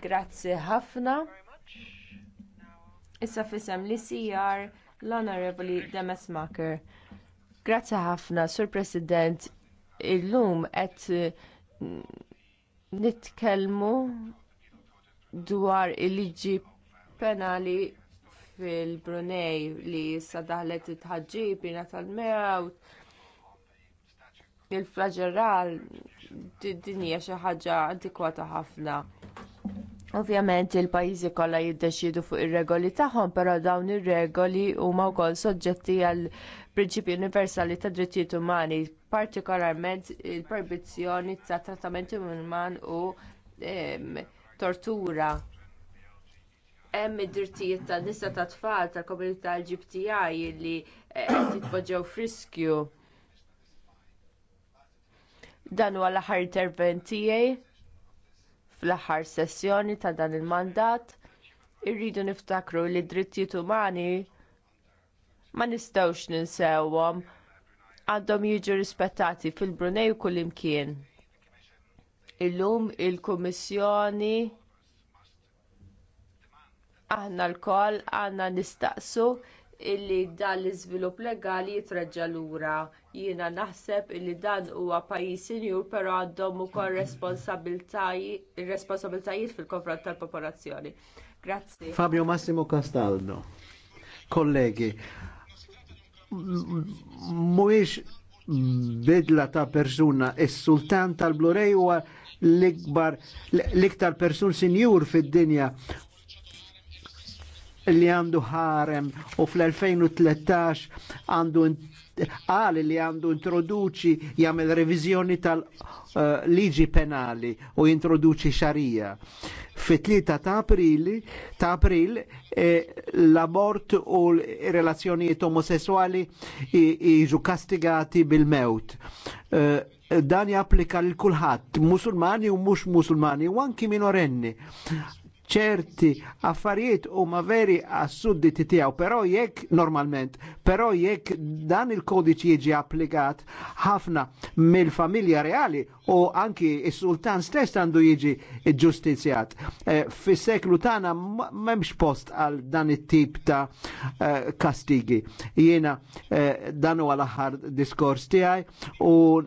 Grazzi ħafna. Issa fisem li sijar l-Honorable Demes Maker. Grazzi ħafna, Sur President, illum qed mm, nitkellmu dwar il-liġi penali fil-Brunei li issa daħlet it-ħagġib jina tal-mewt il-flaġeral din hija xi ħaġa antikwata ħafna. Ovvjament il-pajjiżi kollha jiddeċiedu fuq ir-regoli tagħhom, però dawn ir-regoli huma wkoll soġġetti għal prinċipji universali ta' drittijiet umani, partikolarment il-perbizzjoni ta' trattamenti uman u em, tortura. Hemm id-drittijiet tan nisa ta' tfal tal komunità LGBTI li eh, qed jitpoġġew friskju. Dan huwa l-aħħar intervent tiegħi fl-aħħar sessjoni ta' dan il-mandat irridu niftakru li d-drittijiet umani ma nistgħux ninsewhom għandhom jiġu rispettati fil-Brunei u kullimkien. Illum il-Kummissjoni aħna lkoll għandna nistaqsu illi dan l-iżvilupp legali jitreġġa' lura. Jiena naħseb illi dan huwa pajjiż sinjur però għandhom ukoll responsabiltajiet fil-konfront tal-popolazzjoni. Grazzi. Fabio Massimo Castaldo. Kollegi, mhuwiex bidla ta' persuna, is-sultan tal-Blu-ray huwa l-ikbar, l-iktar persun sinjur fid-dinja li għandu ħarem u fl-2013 għandu għal li għandu introduċi jagħmel revizjoni tal-liġi uh, penali u introduċi xarija. Fit-3 ta' aprili, ta' april, eh, l-abort u l-relazzjonijiet omosessuali jiġu kastigati bil-mewt. Uh, dan japplika l kulħadd musulmani u mhux musulmani u anki minorenni ċerti affarijiet huma veri għas-sudditi tiegħu, però jekk normalment, però jekk dan il-kodiċi jiġi applikat ħafna mill-familja reali u anki is-sultan stess għandu jiġi ġustizjat. E, eh, Fis-seklu tagħna m'hemmx post għal dan it-tip ta' e, kastigi. Jiena e, dan huwa l-aħħar diskors tiegħi u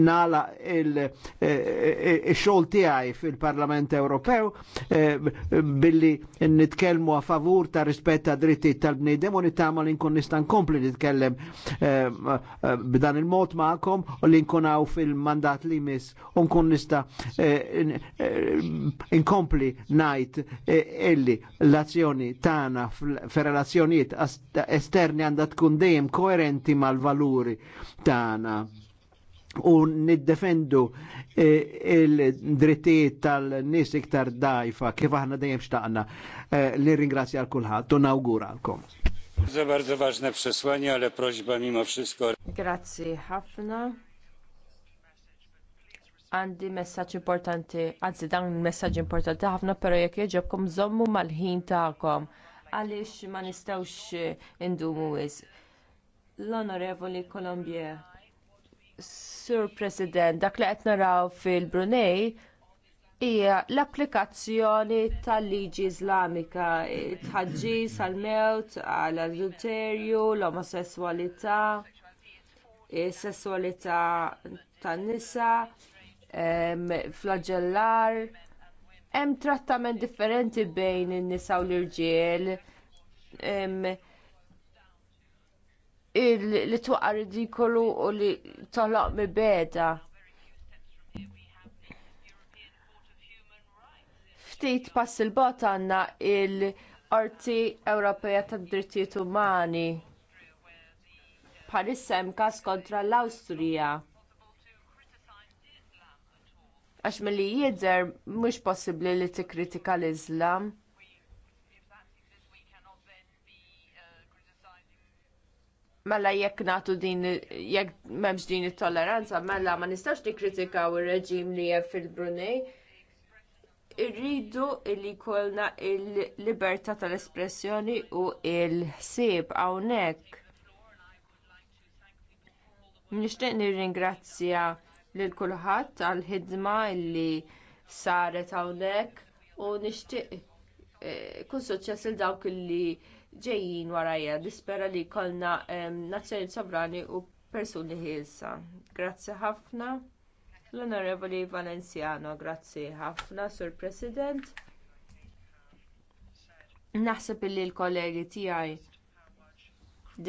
nala il-xogħol il tiegħi fil-Parlament Ewropew Eh, billi nitkellmu a favur ta' rispett ta' dritti tal-bnidem u nittama li nkun nistan kompli nitkellem eh, eh, b'dan il-mod ma'kom u li nkunaw fil-mandat li mis u nkun nista inkompli najt illi l-azzjoni tana f-relazzjoniet esterni għandha tkun dejjem koerenti mal-valuri tana u niddefendu eh, il-drittijiet tal-nis iktar dajfa kif aħna dejjem xtaqna li eh, ringrazzja għal kulħadd u nawguralkom. Za bardzo ważne przesłanie, ale prośba mimo wszystko. Grazzi ħafna. Għandi messaġġ importanti, anzi dan messaġġ importanti ħafna, però jek jogħġobkom zommu mal-ħin ta'kom, għalix ma nistawx eh, indumu wis. L-Onorevoli Colombier. Sur President, dak li qed naraw fil-Brunei hija l-applikazzjoni tal-liġi Iżlamika, tħaġġis għall mewt għal adulterju, l-omosessualità, is-sesswalità tan-nisa, flagellar. Hemm trattament differenti bejn in-nisa u l-irġiel li twaqqa ridikolu u li toloq mi beda. Ftit pass il-bot għandna l arti Ewropea tad drittijiet umani. Bħalissa hemm każ kontra l-Awstrija. Għax milli jidher mhux possibbli li tikkritika l-Iżlam. mela jekk nagħtu din jekk m'hemmx din it-tolleranza mela ma nistax nikkritikaw ir-reġim li hemm fil-Brunei. Irridu li jkollna l libertà tal-espressjoni u l-ħsieb hawnhekk. Nixtieq nirringrazzja lil kulħadd għall ħidma li saret hawnhekk u nixtieq eh, kun suċċess il dawk li ġejjin warajja nispera li jkollna nazzjonijiet sovrani u persuni ħielsa. Grazzi ħafna. L-Onorevoli Valenciano, grazzi ħafna, Sur President. Naħseb li l-kollegi tiegħi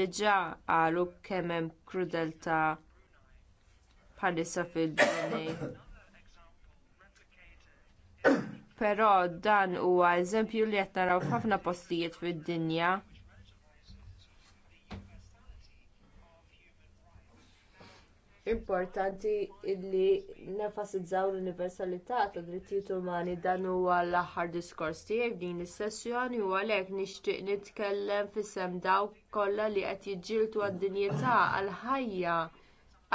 diġà għalu kemm hemm bħalissa fil-Brunei però dan huwa eżempju li qed naraw f'ħafna postijiet fid-dinja. Importanti li nefasizzaw l-universalità tad drittijiet umani dan huwa l-aħħar diskors tiegħek din is-sessjoni u għalhekk nixtieq nitkellem fis-sem dawk kollha li qed jiġġieldu għad-dinjità għall-ħajja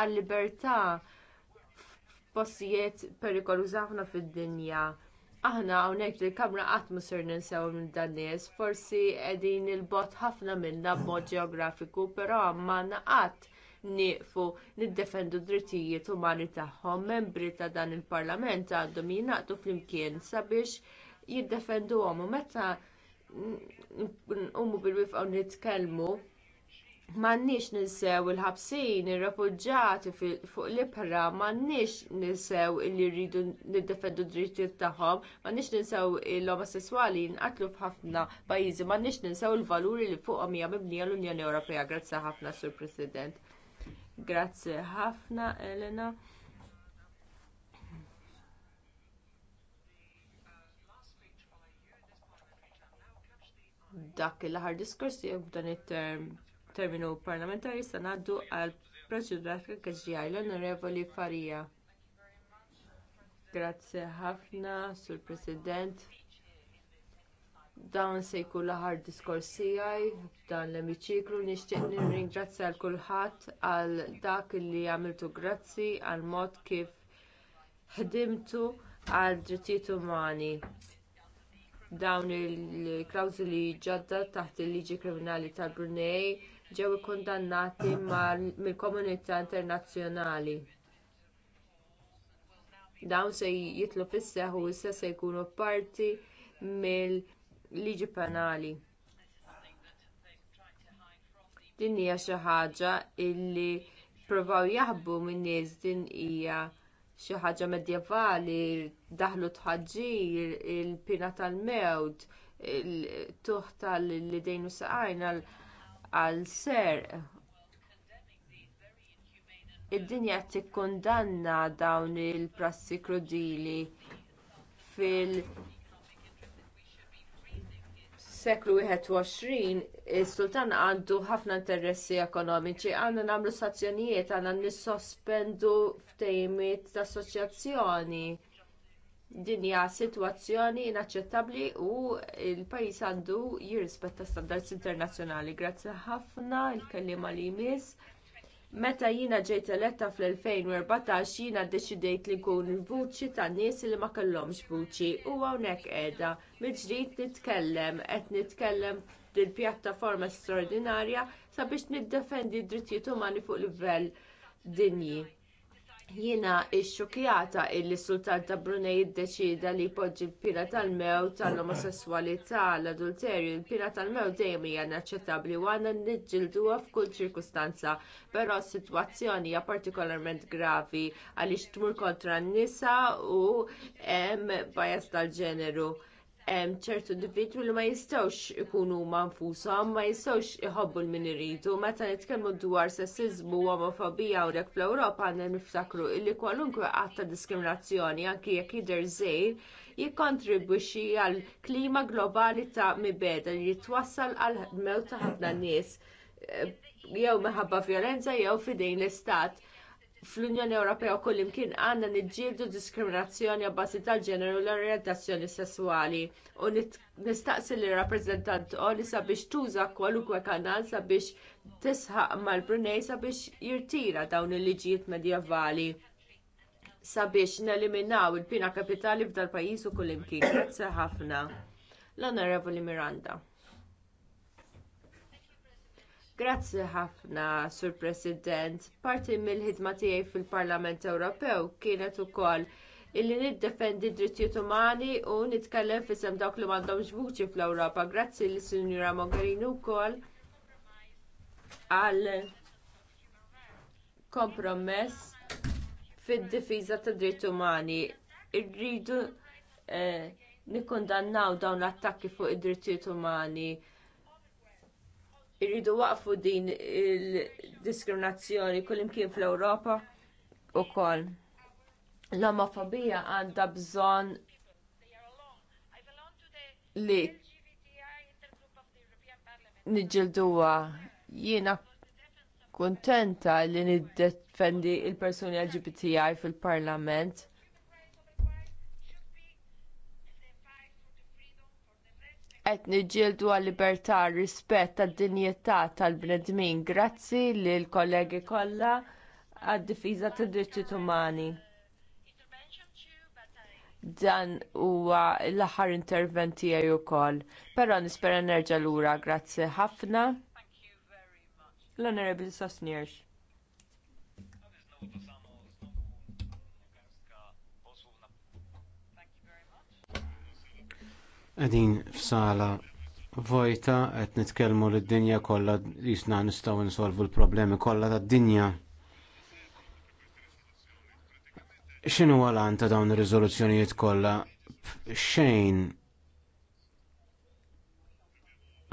għal-libertà f'postijiet perikolużi ħafna fid-dinja aħna hawnhekk il kamra qatt ma sirna ninsew minn dan nies, forsi qegħdin il-bot ħafna minnha b'mod ġeografiku, però għandna qatt nieqfu niddefendu drittijiet umani tagħhom. Membri ta' dan il-Parlament għandhom jingħaqdu flimkien sabiex jiddefenduhom u meta umu bil-wifqaw nitkellmu M'għandniex ninsew il-ħabsin, ir-refuġġati fuq l-ibħra, m'għandniex ninsew li rridu niddefendu d-drittijiet tagħhom, m'għandniex ninsew l-omosessuali nqatlu f'ħafna pajjiżi, m'għandniex ninsew il-valuri li fuqhom hija mibnija l-Unjoni Ewropea. Grazzi ħafna, Sur President. Grazzi ħafna, Elena. Dak il-ħar diskors jibdan it-term terminu parlamentari se ngħaddu għal proċedura tal-KGI l-Onorevoli Farija. Grazzi ħafna, Sur President. Dawn se jkun l-aħħar diskors tiegħi f'dan l-emiċiklu nixtieq nirringrazzja għal kulħadd għal dak li għamiltu grazzi għal mod kif ħdimtu għal drittijiet umani dawn il-klawżoli ġodda taħt il-liġi kriminali tal-Brunei ġew ikkundannati mill-komunità internazzjonali dawn se jitlu fis-seħħ u issa se jkunu parti mill-liġi penali din hija xi ħaġa li ppruvaw jaħbu min-nies din hija xi ħaġa medjevali daħlu tħaġġir il-pina tal-mewt il-tuħ tal-idejn u saqajna għal serq id-dinja tikkundanna dawn il-prassi krudili fil-seklu 21 is-sultan għandu ħafna interessi ekonomiċi għandna nagħmlu sanzjonijiet għandna nissospendu ftehimiet ta' assoċjazzjoni Din hija sitwazzjoni inaċċettabbli u l-pajjiż għandu jirrispetta standards internazzjonali. Grazzi ħafna l-kelliema li jmiss. Meta jiena ġejt eletta fl-2014 jiena ddeċidejt li nkun il-vuċi tan nies li ma kellhomx vuċi u hawnhekk qiegħda mill-ġdid nitkellem qed nitkellem din pjattaforma straordinarja sabiex niddefendi d-drittijiet umani fuq livell dinji Jiena xxukjata illi sultan ta' Brunei ddeċida li jpoġġi l pira tal-mew tal-omosessualità l-adulterju. il pira tal-mew dejjem hija inaċċettabbli u għandna niġġilduha f'kull ċirkustanza, però s-sitwazzjoni hija partikolarment gravi għaliex tmur kontra n-nisa u hemm bajas tal-ġeneru ċertu individwi li ma jistgħux ikunu huma nfushom, ma jistgħux iħobbu l min iridu. Meta nitkellmu dwar sessiżmu u omofobija hawnhekk fl-Ewropa għandna niftakru li kwalunkwe qatt ta' diskriminazzjoni anke jekk jidher żgħir jikkontribwixxi għal klima globali ta' mibeda li jitwassal għal mewt ta' ħafna nies eh, jew minħabba vjolenza jew fidejn l-istat fl-Unjoni Ewropea u kull imkien għandna niġġieldu diskriminazzjoni għabbażi tal-ġeneru l orientazzjoni sesswali u nistaqsi li rappresentant oli sabiex tuża kwalunkwe kanal sabiex tisħaq mal-Brunei sabiex jirtira dawn il-liġijiet medjevali sabiex neliminaw il-pina kapitali f'dal pajjiż u kull imkien. Grazzi ħafna. L-Onorevoli Miranda. Grazzi ħafna, Sur President. Parti mill-ħidma tiegħi fil-Parlament Ewropew kienet ukoll illi niddefendi drittijiet umani u nitkellem fisem dawk li m'għandhomx vuċi fl-Ewropa. Grazzi lil sinjura Mogherini wkoll għal kompromess fid-difiża tad dritt umani. Irridu eh, nikkondannaw dawn l-attakki fuq id-drittijiet umani irridu waqfu din il-diskriminazzjoni kullimkien fl-Ewropa wkoll. L-omofobija għandha bżonn li nġilduwa Jiena kuntenta li niddefendi l persuni LGBTI fil-Parlament qed niġġieldu għal-libertà, rispett tad-dinjità tal-bnedmin. Grazzi lill kollegi kollha għad-difiża tad-drittijiet umani. Dan huwa l-aħħar intervent tiegħi wkoll, però nispera nerġa' lura grazzi ħafna. L-Onorevoli Sosnierx. Qegħdin f'sala vojta qed nitkellmu lid dinja kollha jisna nistgħu nsolvu l-problemi kollha tad-dinja. X'inhu għalan ta' dawn ir-riżoluzzjonijiet kollha? Xejn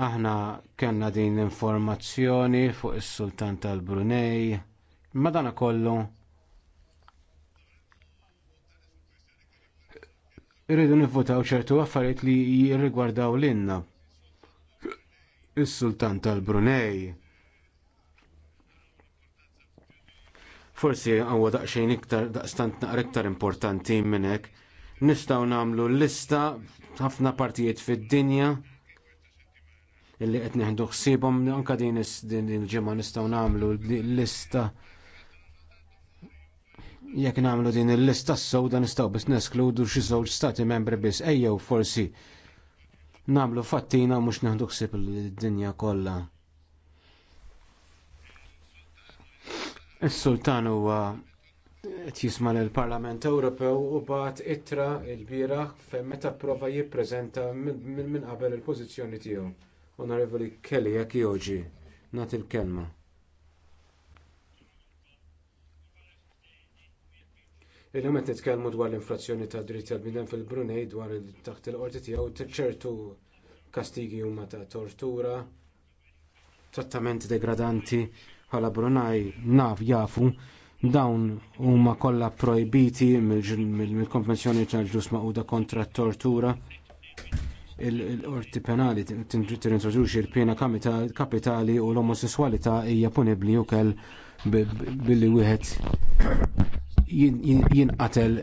aħna kellna din l-informazzjoni fuq is-Sultan tal-Brunei. Madana kollu irridu nivvotaw ċertu affarijiet li jirrigwardaw l-inna. Is-sultan tal-Brunei. Forsi għawa daqxejn iktar, daqstant naqra iktar importanti minn hekk. Nistgħu nagħmlu lista ħafna partijiet fid-dinja illi qed neħdu ħsiebhom anke din il-ġimgħa nistgħu nagħmlu lista jekk nagħmlu din il-lista s-sowda nistgħu biss neskludu xi żewġ stati membri biss ejjew forsi nagħmlu fattina mhux neħdu ħsieb id-dinja kollha. Is-sultan huwa qed jisma' lill-Parlament Ewropew u bagħad ittra l-bieraħ fejn meta pprova jippreżenta minn qabel il-pożizzjoni tiegħu. Onorevoli Kelly jekk joġi, nagħti l-kelma. Il-għamet nitkellmu dwar l-infrazzjoni ta' dritt tal-bnidem fil-Brunei dwar taħt il-qorti tiegħu ċertu kastigi huma ta' tortura, trattamenti degradanti bħala Brunei naf jafu dawn huma kollha projbiti mill-Konvenzjoni tal-Ġus Maquda kontra t tortura il-qorti penali tintroduċi l-pena kapitali u l omosesswalità hija punibbli wkoll billi wieħed jinqatel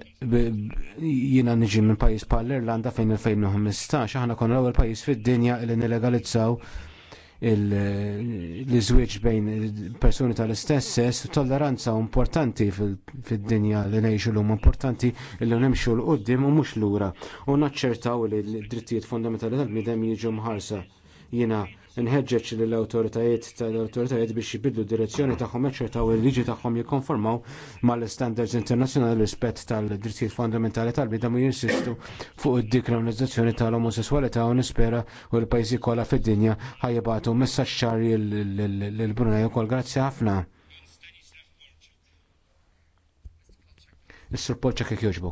jiena niġi minn pajjiż bħal irlanda fejn il-2015 aħna konna l-ewwel pajjiż fid-dinja li nilegalizzaw l-iżwieġ bejn persuni tal-istess sess tolleranza importanti fid-dinja li ngħixu l-hum importanti li nimxu l qudiem u mhux lura u naċċertaw li d-drittijiet fundamentali tal-bniedem jiġu mħarsa jiena nħeġġeġ lill awtoritajiet tal-awtoritajiet biex jibidlu direzzjoni tagħhom jaċċertaw il-liġi tagħhom jikkonformaw mal-standards internazzjonali rispett tal-drittijiet fondamentali tal-bida ma jinsistu fuq id-dikriminalizzazzjoni tal-omosessualità u nispera u l-pajjiżi kollha fid-dinja ħajjibatu messaġġ xari lill-Brunei wkoll grazzi ħafna. Is-sur Polċa kif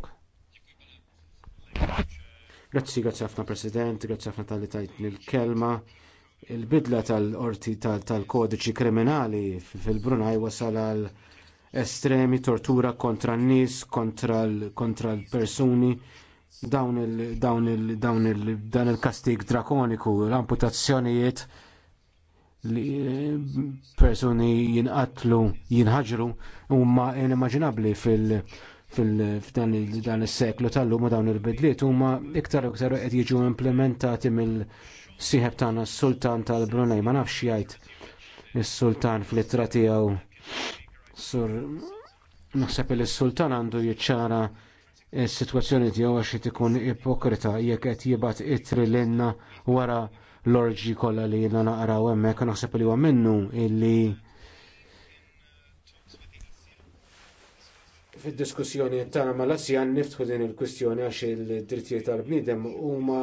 Grazzi, grazzi ħafna President, grazzi ħafna tal-li tajt nil kelma il-bidla tal-qorti tal-kodiċi kriminali fil-Brunaj wasal għal estremi tortura kontra n-nies, kontra l-persuni, dawn il-kastig drakoniku, l-amputazzjonijiet li persuni jinqatlu, jinħaġru, huma inimmaġinabbli fil- fil-dan il-seklu tal-lum u dawn il-bidliet huma iktar iktar qed jiġu implementati mill- siħeb tagħna s-sultan tal-Brunei ma nafx jgħid is-sultan fl-ittra tiegħu sur naħseb li s-sultan għandu jiċċara s-sitwazzjoni tiegħu għax ikun ipokrita jekk qed jibgħat itri lilna wara l-orġi kollha li jiena naqraw hemmhekk naħseb li huwa minnu illi fid-diskussjoni tagħna mal-ASEAN niftħu din il-kwistjoni għax il-drittijiet tal-bniedem huma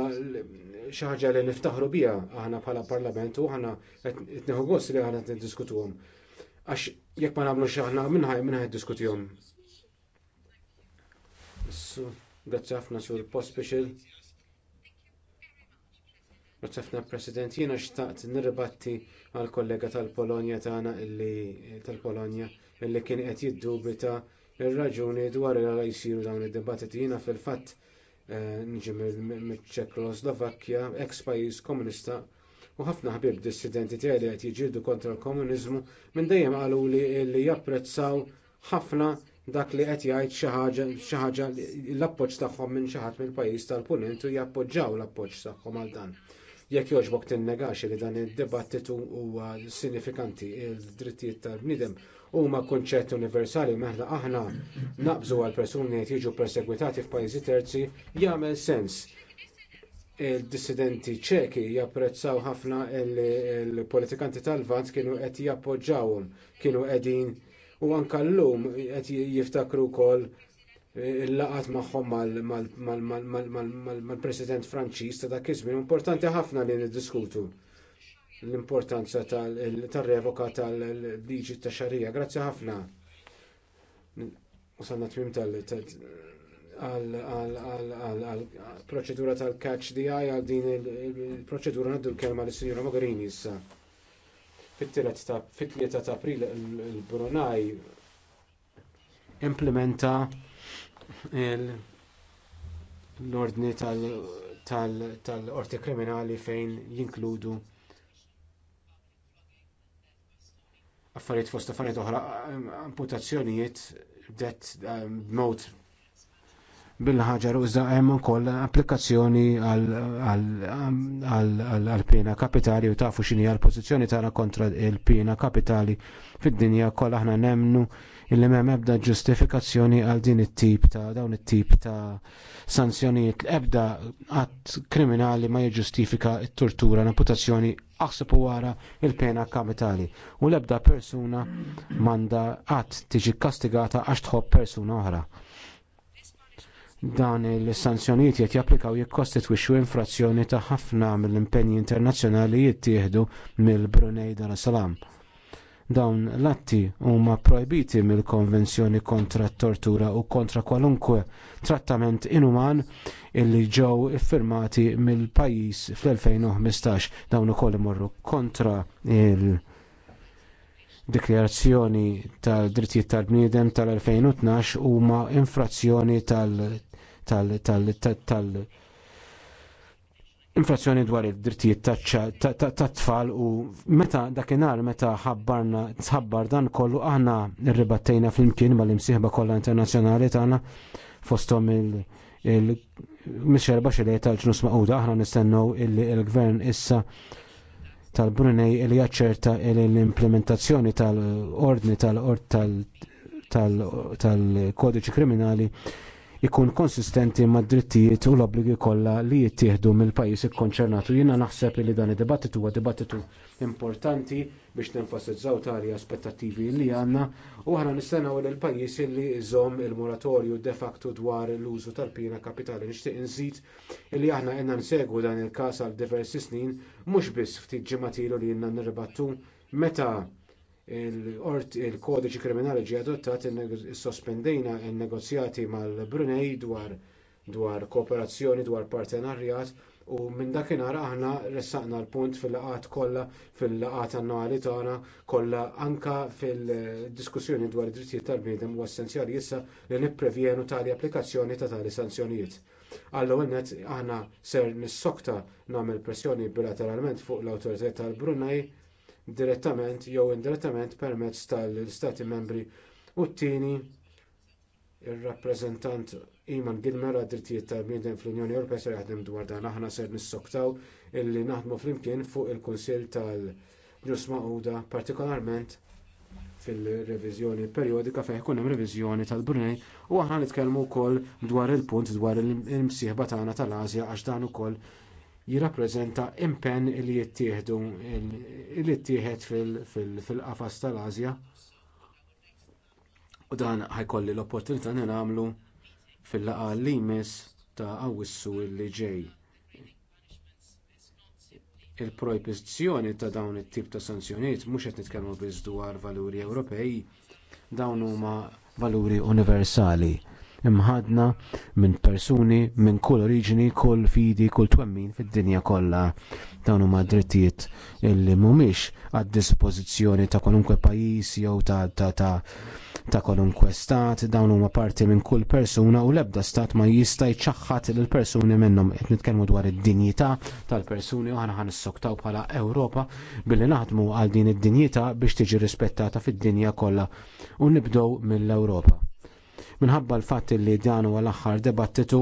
xi ħaġa li niftaħru biha aħna bħala Parlament u aħna qed neħu gost li aħna qed niddiskutuhom. Għax jekk ma nagħmlux aħna minnħaj minnħaj diskutihom. Grazzi ħafna sur post special. Grazzi ħafna President, jiena xtaqt nirribatti għal kollega tal-Polonja tagħna illi tal-Polonja illi kien qed jiddubita ir-raġuni dwar li jsiru dawn id-dibattiti jiena fil-fatt Eh, nġi mill-Ċekoslovakkja, eks pajjiż komunista u ħafna ħbib dissidenti tiegħi qed jiġġieldu kontra l-komuniżmu minn dejjem qalu li japprezzaw ħafna dak li qed jgħid xi ħaġa l-appoġġ tagħhom minn xi ħadd mill-pajjiż tal-Punent u jappoġġaw l-appoġġ tagħhom għal dan. Jekk jogħġbok tinnegax li dan id-dibattitu huwa sinifikanti il-drittijiet tal-bniedem huma kunċett universali meħla aħna naqbżu għal persuni li jiġu persegwitati f'pajjiżi terzi jagħmel sens. Il-dissidenti ċeki japprezzaw ħafna il-politikanti tal-Vant kienu qed jappoġġawhom, kienu qegħdin u anke llum qed jiftakru wkoll il-laqat magħhom mal-President Franċiż ta' dak iż-żmien importanti ħafna li niddiskutu l-importanza tal-revoka tal-liġi ta' xarija. Grazzi ħafna. Usanna tal-proċedura tal-catch di għaj għal din il-proċedura għaddu l-kelma l-Sinjura Mogherini issa. Fit-tlieta ta' april il-Brunaj implementa l-ordni tal-orti kriminali fejn jinkludu affarijiet fost affarijiet oħra, amputazzjonijiet bdet b'mod um, bil ħagġar użda hemm ukoll applikazzjoni għall pina kapitali u tafu x'inhi l-pożizzjoni tagħna kontra l-pina kapitali fid-dinja kollha aħna nemnu illi m'hemm ebda ġustifikazzjoni għal din it-tip ta' dawn it-tip ta' sanzjonijiet ebda għat kriminali ma jiġġustifika t tortura l-amputazzjoni aħseb wara il-pena kapitali u l-ebda persuna manda għat tiġi kastigata għax tħobb persuna oħra dan il-sanzjonijiet qed japplikaw jikkostitwixxu infrazzjoni ta' ħafna mill-impenji internazzjonali jittieħdu mill-Brunei dar salam Dawn l-atti huma projbiti mill-Konvenzjoni kontra t-tortura u kontra kwalunkwe trattament inuman illi ġew iffirmati mill-pajjiż fl-2015. Dawn ukoll imorru kontra il- dikjarazzjoni tal-drittijiet tal-bniedem tal-2012 huma infrazzjoni tal-, tal, tal, tal infrazzjoni dwar id-drittijiet tat-tfal u meta dakinhar meta ħabbarna tħabbar dan kollu aħna rribattejna flimkien mal-imsieħba kollha internazzjonali tagħna fosthom il- mixerba xilej tal-ġnus maquda aħna nistennew illi il-gvern issa tal-Brunei li jaċċerta l-implementazzjoni tal-ordni tal-kodiċi kriminali ikun konsistenti mad drittijiet u l-obbligi kollha li jittieħdu mill-pajjiż ikkonċernatu. Jiena naħseb li dan id-dibattitu huwa dibattitu importanti biex nenfasizzaw tali aspettattivi li għandna u ħana nistennaw l pajjiż li jżomm il-moratorju de facto dwar l-użu tal-pina kapitali nixtieq inżid li aħna qedna nsegwu dan il-każ għal diversi snin mhux biss ftit ġimgħat ilu li jenna nirbattu meta il-kodiċi kriminali ġie adottat sospendejna n negozjati mal-Brunei dwar dwar kooperazzjoni dwar partenarjat u minn dakinhar aħna ressaqna l-punt fil-laqat kollha fil-laqat annwali tagħna kollha anke fil-diskussjoni dwar id-drittijiet tal-bniedem u essenzjali issa li nipprevjenu tali applikazzjoni ta' tali sanzjonijiet. Allora net aħna ser nissokta nagħmel pressjoni bilateralment fuq l-awtoritajiet tal-Brunei direttament jew indirettament permezz tal istati membri u t-tieni ir-rappreżentant Iman Gilmer għad-drittijiet tal-bniedem fl-Unjoni Ewropea se jaħdem dwar dan aħna ser nissoktaw illi naħdmu flimkien fuq il-Kunsill tal-Ġus Magħquda partikolarment fil-reviżjoni perjodika fejn ikun hemm reviżjoni tal-Brunei u aħna nitkellmu wkoll dwar il-punt dwar il-msieħba tagħna tal-Asja għax dan ukoll jirrappreżenta impenn li jittieħdu li jittieħed fil-qafas tal-Asja. U dan ħajkolli l-opportunità li nagħmlu fil laqgħa li jmiss ta' Awwissu li ġej. Il-projbizzjoni ta' dawn it-tip ta' sanzjonijiet mhux qed nitkellmu biss dwar valuri Ewropej, dawn huma valuri universali imħadna minn persuni minn kull oriġini, kull fidi, kull twemmin fid-dinja kollha. Dawn huma drittijiet illi mhumiex għad-dispożizzjoni ta' kwalunkwe pajjiż jew ta' ta' ta' ta' kwalunkwe stat, dawn huma parti minn kull persuna u l-ebda stat ma jista' jċaħħat lil persuni minnhom. Qed nitkellmu dwar id-dinjità tal-persuni u ħana ħanissoktaw bħala Ewropa billi naħdmu għal din id-dinjità biex tiġi rispettata fid-dinja kollha u nibdew mill-Ewropa minħabba l-fatt li dan huwa l-aħħar debattitu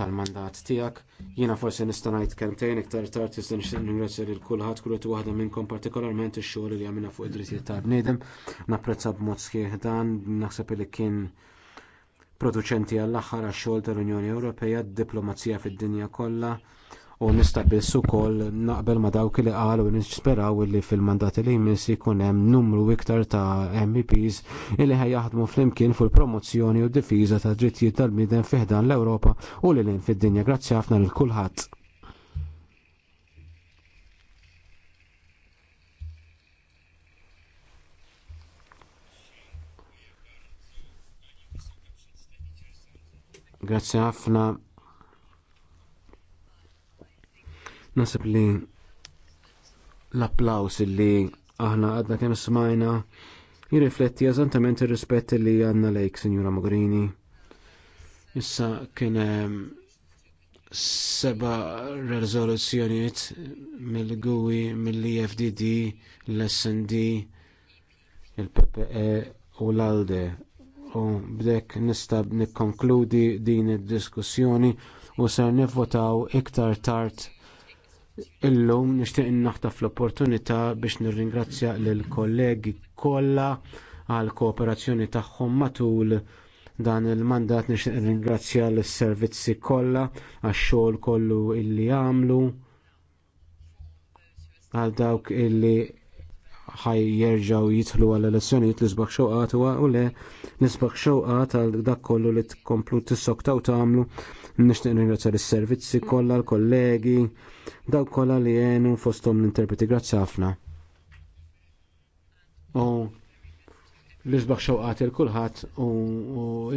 tal-mandat tiegħek. Jiena forsi nista' ngħid kemmtejn iktar tard tista' nixtieq ningrazzja lil kulħadd kull waħda minnkom partikolarment ix-xogħol li għamilna fuq id-drittijiet tal-bniedem. Napprezza b'mod sħiħ dan, naħseb li kien produċenti għall-aħħar għax-xogħol tal-Unjoni Ewropea, d-diplomazija fid-dinja kollha u nistabilsu ukoll naqbel ma dawk li qalu nisperaw li fil-mandati li jmiss ikun hemm numru iktar ta' MEPs li jaħdmu flimkien fuq il-promozzjoni u d-difiża ta' drittijiet tal-bniedem fiħdan l-Ewropa u lil fid-dinja. Grazzi ħafna lil kulħadd. Grazie ħafna. Nasib li l applaus li aħna għadna kemm smajna jirrifletti għazantament ir rispet li għandna lejk, Signora Mogherini. Issa kien seba rezoluzzjonijiet mill-GUI, mill ifdd l-SND, il-PPE u l-ALDE. E u b'dek nista' nikkonkludi din id-diskussjoni u ser nivvotaw iktar tard Illum nixtieq naħtaf l-opportunità biex nirringrazzja lill kollegi kollha għall kooperazzjoni tagħhom matul dan il-mandat nixtieq nirringrazzja lis servizzi kollha għax-xogħol kollu illi għamlu għal dawk illi ħaj jerġaw jidħlu għal elezzjonijiet li sbaħ xoqat u le nisbaħ xoqat għal dak kollu li tkomplu soktaw tagħmlu nixtieq nirringrazzja lis servizzi kollha l-kollegi dawk kollha li jenu fosthom l-interpreti grazzi ħafna. U l-isbaħ xewqat il kulħadd u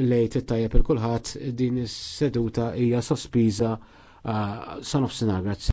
l-lejt it-tajjeb il kulħadd din is-seduta hija sospiża uh, sa nofsinhar grazzi.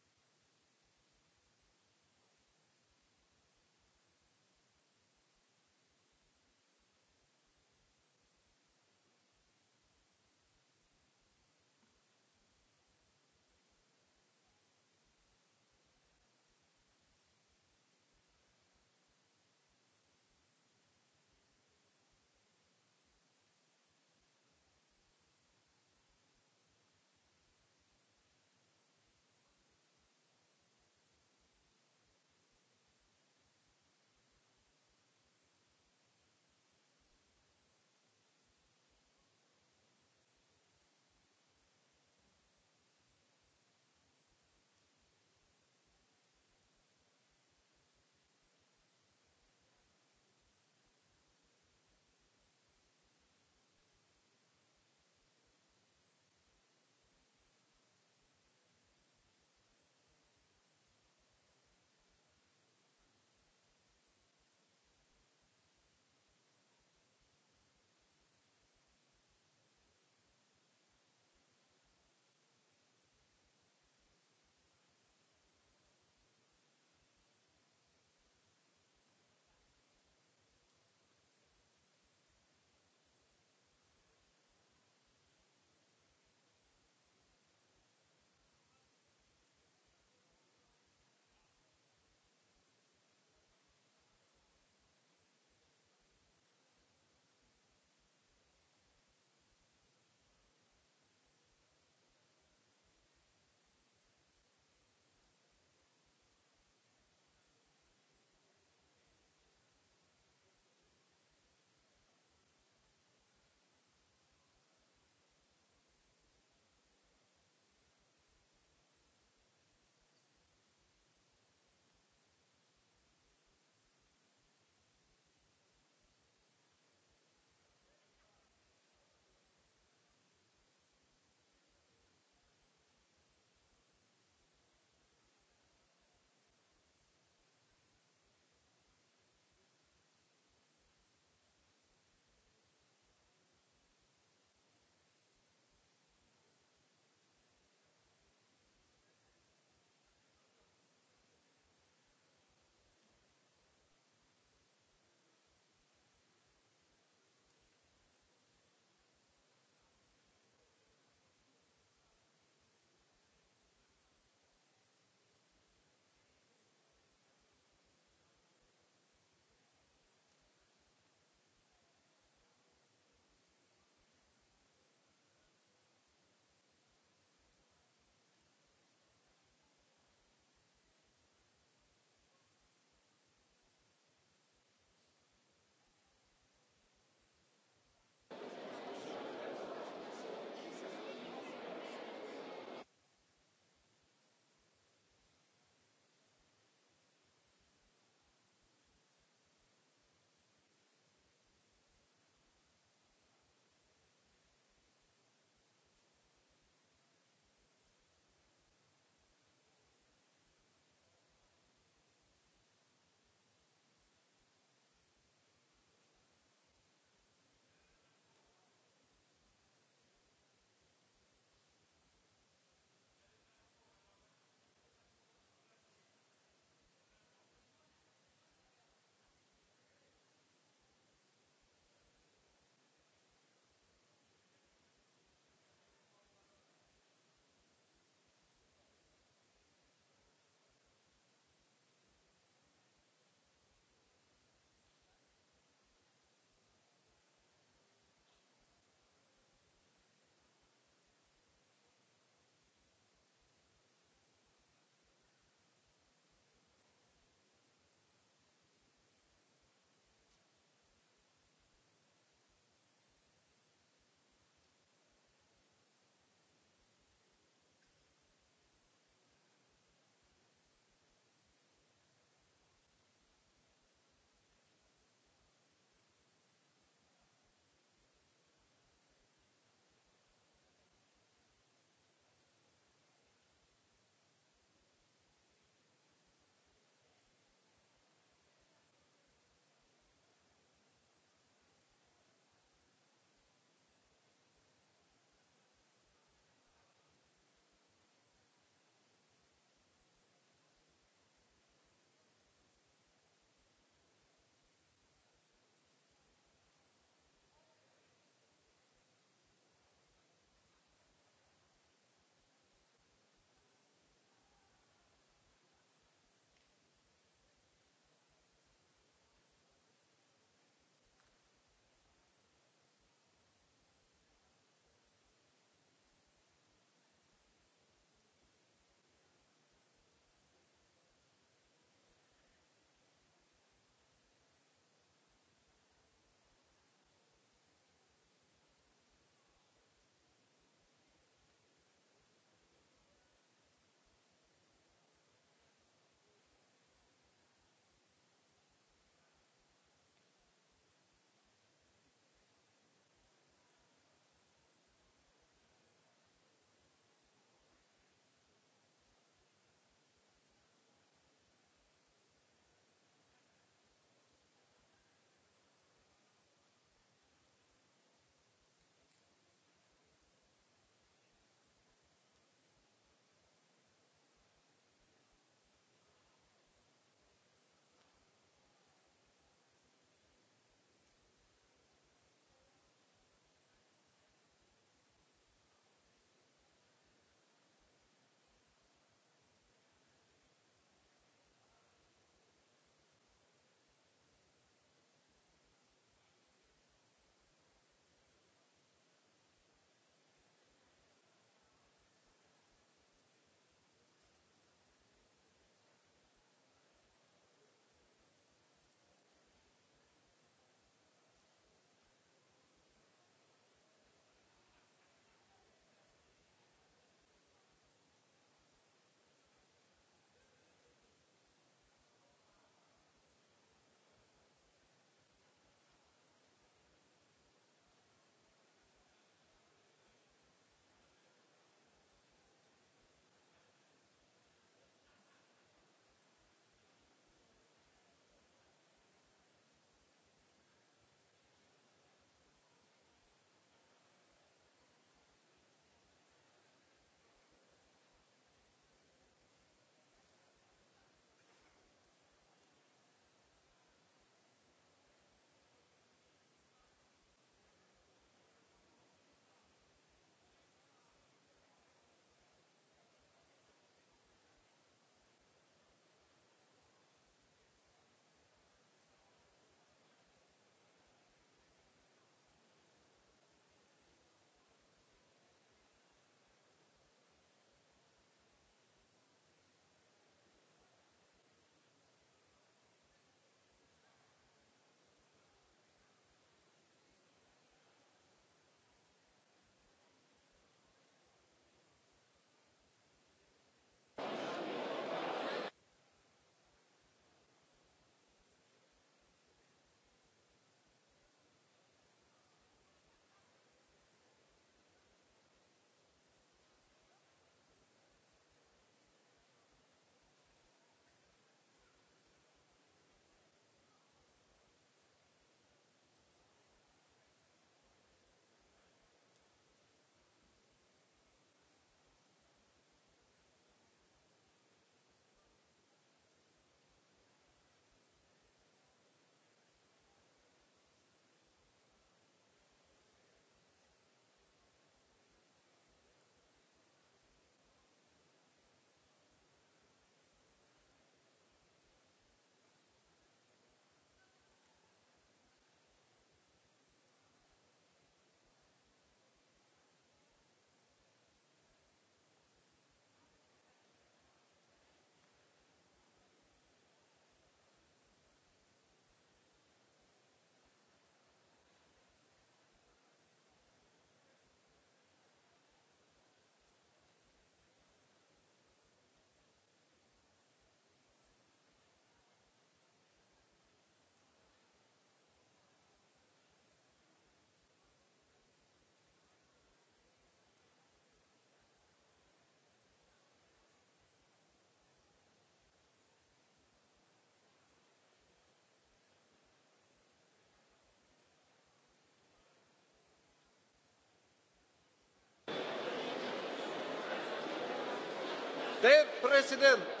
president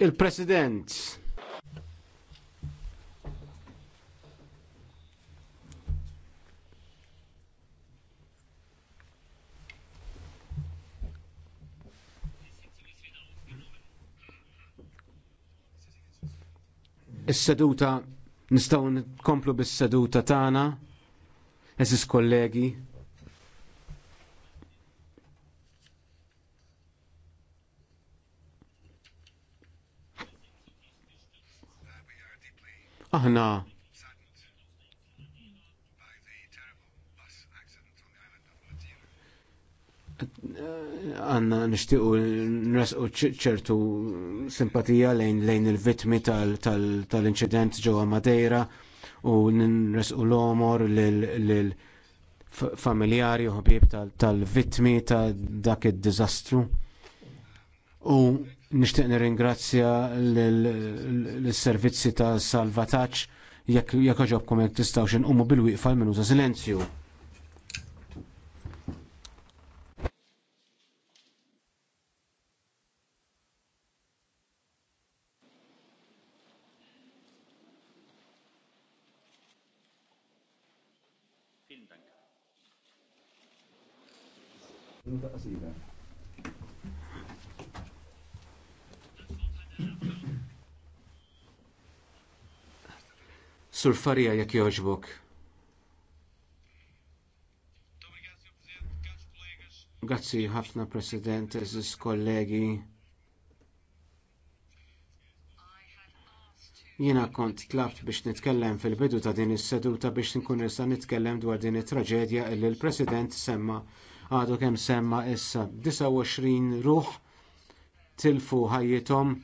Il-President. Is-seduta nistgħu nkomplu bis-seduta tagħna. Eżis kollegi, ħafna għanna nishtiqu nresqu ċertu simpatija lejn lejn il-vitmi tal-inċident tal, ġewwa Madeira u nresqu l-omor lill-familjari u ħbieb tal-vitmi ta' dak id-diżastru. U Nixtieq nirringrazzja l-servizzi ta' salvataġġ jekk jekk ġobkom jekk tistgħu xinqumu bil-wieqfa minuta silenzju. Sur Farija jekk joġbok. Grazzi ħafna President, eżis kollegi. Jiena kont tlabt biex nitkellem fil-bidu ta' din is-seduta biex nkun nista' nitkellem dwar din it-traġedja li l-President semma għadu kemm semma issa 29 ruħ tilfu ħajjithom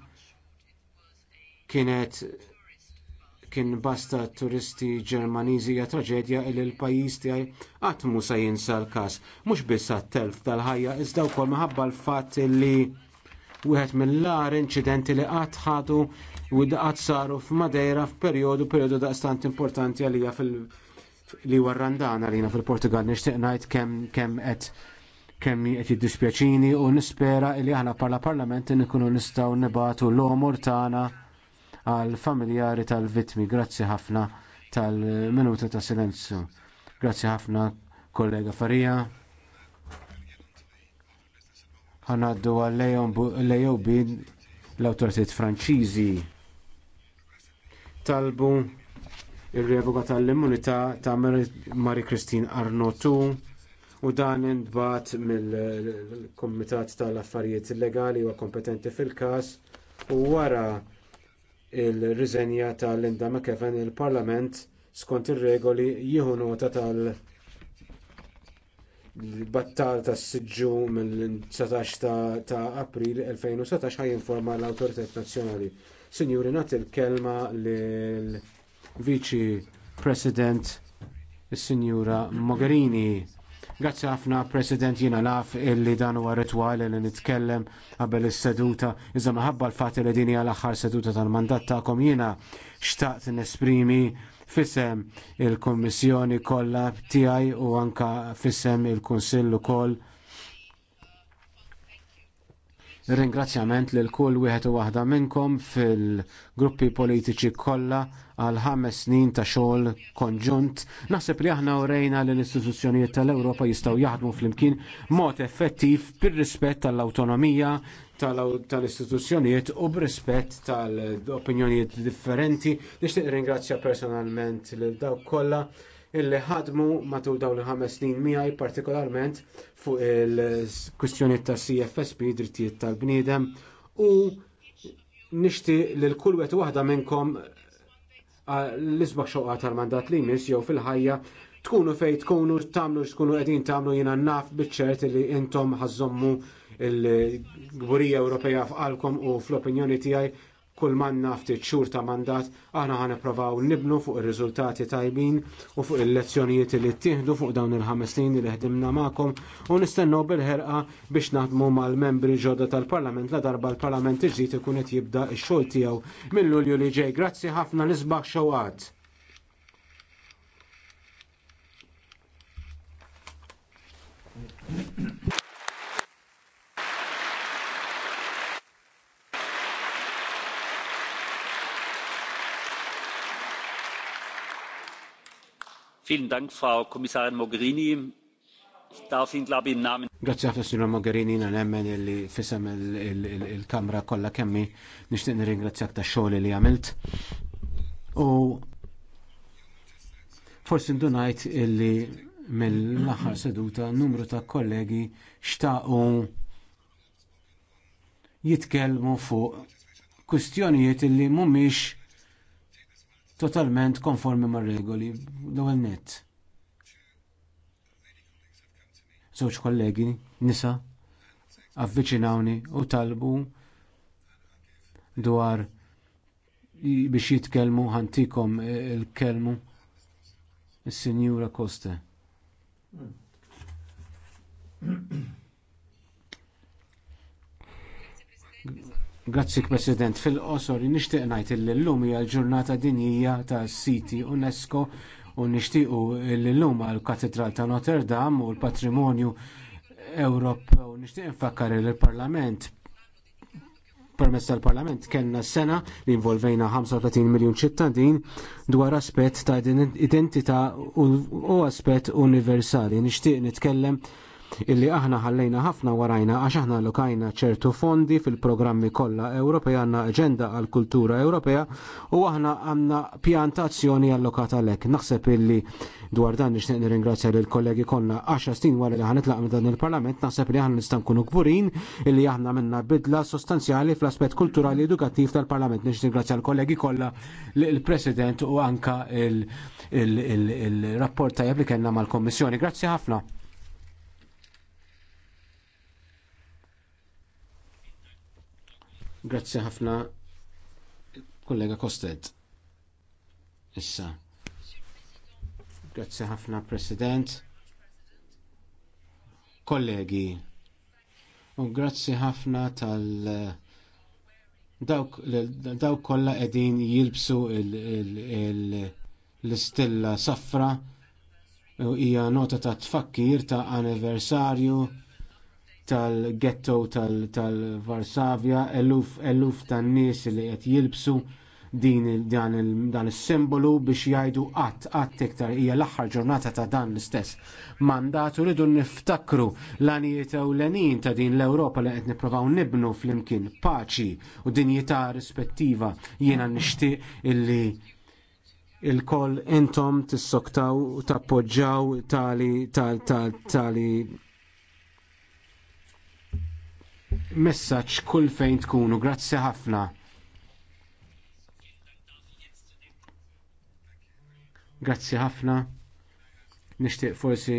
kienet kien basta turisti Ġermaniżi hija traġedja li l-pajjiż tiegħi qatt mhu se jinsa l-każ. Mhux biss għat-telf tal-ħajja iżda wkoll minħabba l-fatt li wieħed mill-ar inċidenti li qatt ħadu u qatt saru f'Madeira f'perjodu perjodu daqstant importanti għalija fil- li warrandana għalina fil-Portugal nixtieq ngħid kemm kemm qed kemm qed jiddispjaċini u nispera li aħna bħala parlament nikunu nistgħu nibatu l-omur tagħna għal familjari tal-vittmi. Grazzi ħafna tal-minuta ta' silenzju. Grazzi ħafna kollega Farija. Ħanaddu għal l l-autoritet franċiżi talbu ir-revoka tal-immunità ta' Mari Christine Arnotu u dan indbat mill kumitat tal-Affarijiet Legali u kompetenti fil-każ u wara il-riżenja ta' Linda McEvan il-Parlament skont ir-regoli jieħu nota tal- battal tas siġġu mill-19 ta' April 2017 ħaj informa l awtoritet nazzjonali. Sinjuri, nagħti il kelma lill viċi President, is-Sinjura Mogherini. Grazzi ħafna, President, jina naf illi dan huwa ritwal li nitkellem qabel is-seduta. Iżda maħabba l-fatt li dini għal aħħar seduta tal-mandat tagħkom jiena xtaqt nesprimi fisem il-Kummissjoni kollha tiegħi u anka fisem il-Kunsill ukoll Ringrazzjament lil kull wieħed u waħda minnkom fil-gruppi politiċi kollha għal ħames snin ta' xogħol konġunt. Naħseb li aħna urejna li l-istituzzjonijiet tal-Ewropa jistgħu jaħdmu flimkien mod effettiv bir-rispett tal-awtonomija tal-istituzzjonijiet u b'rispett tal-opinjonijiet differenti. Nixtieq ringrazzja personalment lil dawk kollha illi ħadmu matul dawn il-ħames snin miegħi partikolarment fuq il-kwistjoni ta' CFSP, drittijiet tal-bniedem, u nishti li l-kull wet waħda minnkom l-isbaħ xoqqa tal-mandat li jmiss jew fil-ħajja tkunu fej tkunu tamlu tkunu qegħdin tagħmlu jiena naf biċċert li intom ħażommu l-Gburija Ewropea f'qalkom u fl-opinjoni tiegħi kull manna ftit xhur ta' mandat aħna ħan nipprovaw nibnu fuq ir-riżultati tajbin u fuq il-lezzjonijiet li ttieħdu fuq dawn il-ħames snin li ħdimna magħkom u nistennew bil-ħerqa biex naħdmu mal-membri ġodda tal-Parlament la darba l-Parlament iġdid ikun qed jibda x-xogħol tiegħu mill-Lulju li ġej. Grazzi ħafna l-isbaħ xewqat. Grazie Dank, Frau Kommissarin Mogherini. non è meno il fissam il camera ħafna la Mogherini nemmen stiamo ringraziando il-Kamra kollha kemmi nixtieq nirringrazzjak tax-xogħol li għamilt. U forsi ndunajt illi mill-aħħar seduta numru ta' kollegi xtaqu jitkellmu fuq kwistjonijiet illi mhumiex totalment konformi mar regoli l-ewwel nett. Żewġ kollegi nisa avviċinawni u talbu dwar biex jitkellmu ħantikom il-kelmu is-Sinjura Costa. Grazzi President, fil-qosor nixtieq ngħid illi llum hija l-ġurnata dinjija tas siti UNESCO u nixtiequ illum għall katedral ta' Notre Dame u l-Patrimonju Ewropew. Nixtieq infakkar li l-Parlament permezz tal-Parlament kellna sena li involvejna 35 miljun ċittadin dwar aspett ta' identità u aspett universali. Nixtieq nitkellem illi aħna ħallejna ħafna warajna għax aħna lokajna ċertu fondi fil-programmi kollha Ewropea, għandna aġenda għall kultura Ewropea u aħna għandna pjantazzjoni allokata lek. Naħseb illi dwar dan nixtieq nirringrazzja lil kollegi kollha 10 snin wara li ħanet minn dan il-Parlament naħseb li aħna nista' nkunu kburin illi aħna minna bidla sostanzjali fl-aspett kulturali edukattiv tal-Parlament. Nix nirringrazzja l-kollegi kollha il-President u anka il-rapport tajjeb li kellna mal-Kommissjoni. Grazzi ħafna. Grazzi ħafna kollega Kosted. Issa. Grazzi ħafna President. Kollegi. U grazzi ħafna tal- dawk, dawk kollha qegħdin jilbsu l-istilla safra u hija nota ta' tfakkir ta' anniversarju tal-ghetto tal-Varsavja, eluf, eluf tan nies li qed jilbsu din dan is-simbolu biex jgħidu qatt qatt iktar hija l-aħħar ġurnata ta' dan l-istess. Mandatu rridu niftakru l-anijiet ewlenin ta' din l-Ewropa li qed nippruvaw nibnu flimkien paċi u dinjità rispettiva jiena nixtieq illi il-koll intom tissoktaw tappoġġaw tali tali tali messaġġ kull fejn tkunu. Grazzi ħafna. Grazzi ħafna. Nixtieq forsi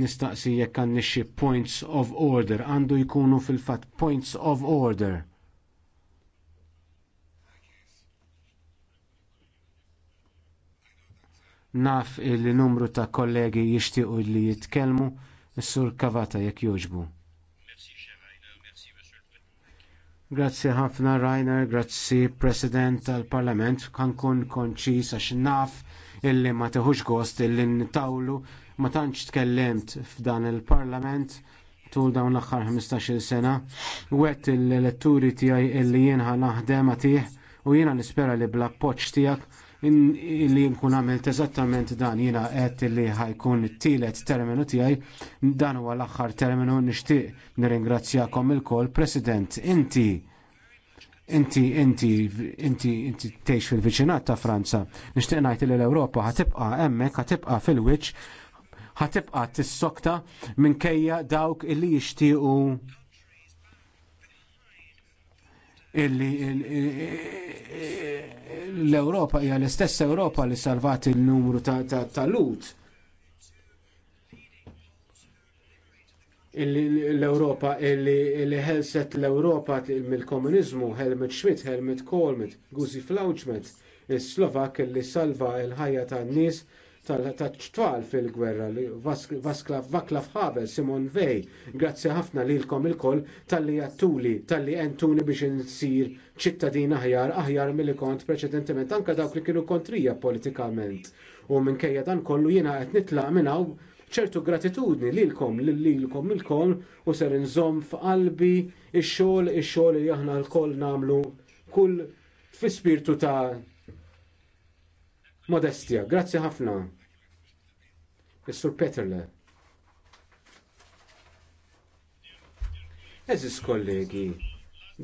nistaqsi jekk għandni xi points of order, għandu jkunu fil-fatt points of order. Naf il-numru ta' kollegi jixtiequ li jitkellmu, is-sur Kavata jekk jogħġbu. Grazzi ħafna Rainer, grazzi President tal-Parlament, kan kun konċis għax naf illi ma teħux gost illi nitawlu. ma tantx tkellimt f'dan il-Parlament tul dawn l-axħar 15-il sena u għet l-elettori tijaj illi jienħa naħdem għatih u jiena nispera li bla poċ tijak li nkun għamilt eżattament dan jina għed li ħajkun t-tielet terminu tijaj, dan huwa l-axħar terminu nishtiq nirringrazzjakom ingrazzjakom il-kol, President, inti inti inti inti inti tgħix fil-viċinat ta' Franza. Nixtieq ngħid li l-Ewropa ħatibqa' hemmhekk ħatibqa' fil-wiċċ ħatibqa' tissokta minkejja dawk illi jixtiequ illi l-Europa hija l-istess Europa li salvat il-numru ta' lut. L-Europa illi ħelset l-Europa mill-komunizmu, Helmut Schmidt, Helmut Kohl, Guzi Flauchmet, is-Slovak illi salva l ħajja tan-nies tal-ċtwal fil-gwerra li Vaklav Havel, Simon Vej, grazzi ħafna lilkom ilkoll talli jattuli, talli entuni biex insir ċittadin aħjar, aħjar milli kont preċedentement, anke dawk li kienu kontrija politikament. U minkejja dan kollu jiena qed nitlaq minn ċertu gratitudni lilkom, lilkom, lilkom u ser nżom f'qalbi il xogħol ix-xogħol li l lkoll nagħmlu kull fi spirtu ta' modestia. Grazzi ħafna. Is-Sur Peterle. Eżis kollegi,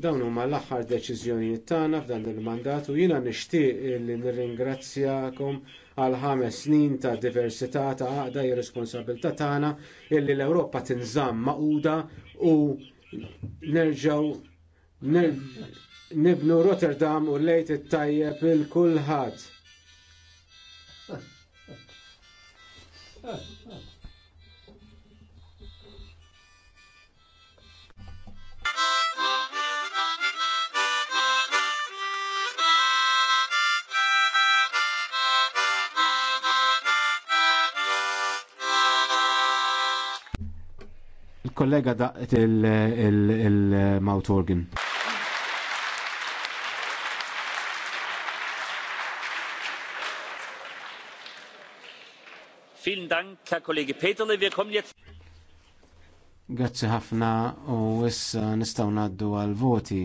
dawn huma l-aħħar deċiżjonijiet tagħna f'dan il-mandat u jiena nixtieq li nirringrazzjakom għal ħames snin ta' diversità ta' għaqda responsabilità tagħna illi l-Ewropa tinżamm maquda u nerġgħu nibnu Rotterdam u lejt it-tajjeb il kulħadd. kollega daqt il-Mount Organ. Vielen Dank, Herr Kollege Peterle. Wir kommen jetzt. Grazzi ħafna u issa nistgħu ngħaddu għal voti.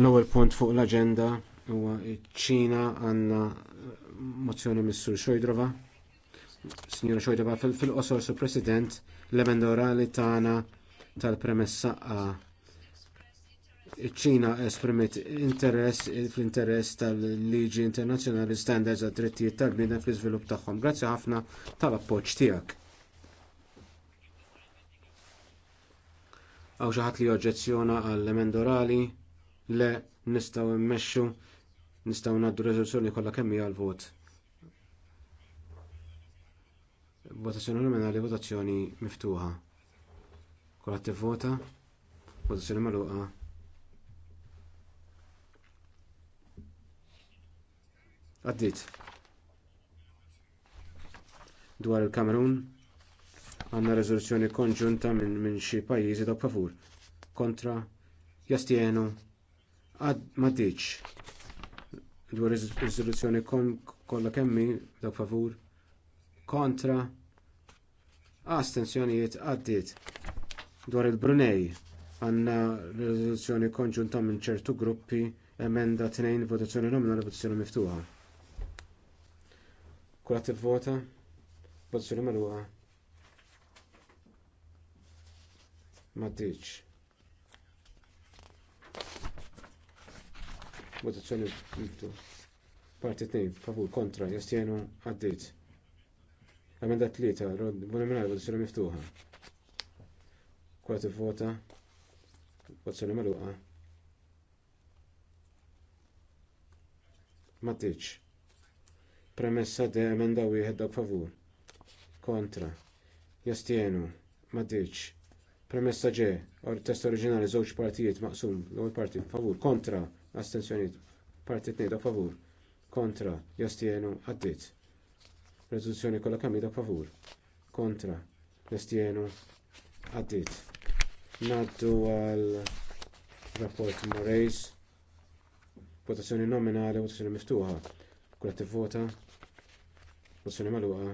L-ewwel punt fuq l-aġenda huwa ċ-Ċina għandna mozzjoni Missur Xojdrova. Signora Xojdrova fil-qosor Sur President l-emenda orali tagħna tal-premessa A ċ-Ċina esprimet interess fl-interess tal-liġi internazzjonali standards għad drittijiet tal-bniedem fl-iżvilupp tagħhom. Grazzi ħafna tal-appoġġ tiegħek. Għaw xi ħadd li oġġezzjona għall emendorali le nistgħu immexxu nistgħu ngħaddu reżoluzzjoni kollha kemm hija l-vot. Votazzjoni nominali, votazzjoni miftuħa. Kulħadd tivvota, votazzjoni magħluqa. Għaddit. Dwar il-Kamerun għandna riżoluzzjoni konġunta minn min xi pajjiżi dawk favur. Kontra jastienu għad maddiċ. Dwar riżoluzzjoni kollha kemmi dawk favur. Kontra astensjonijiet għaddiet. Dwar il-Brunei għandna riżoluzzjoni konġunta minn ċertu gruppi emenda tnejn votazzjoni nominali votazzjoni miftuħa. Kulat t vota votazzjoni maluqa. Maddiċ. Votazzjoni miftu. Parti t 2, favur, kontra, jastienu, għaddit. Emenda 3, boneminar, votazzjoni miftuħa. Kulat il-vota, votazzjoni maluqa. Maddiċ. Premessa dejjem emenda wieħed dak favur. Kontra. Jastienu. Maddiċ. Premessa ġe. Or test oriġinali żewġ partijiet maqsum. L-ewwel parti favur. Kontra. Astensjoniet. Parti tnejn dak favur. Kontra. Jastienu. Għaddit. Rezoluzzjoni kollha kemm dak favur. Kontra. Jastienu. Għaddit. Naddu għal rapport Morejs. Votazzjoni nominali, votazzjoni miftuħa. Kulla tivvota malu għa.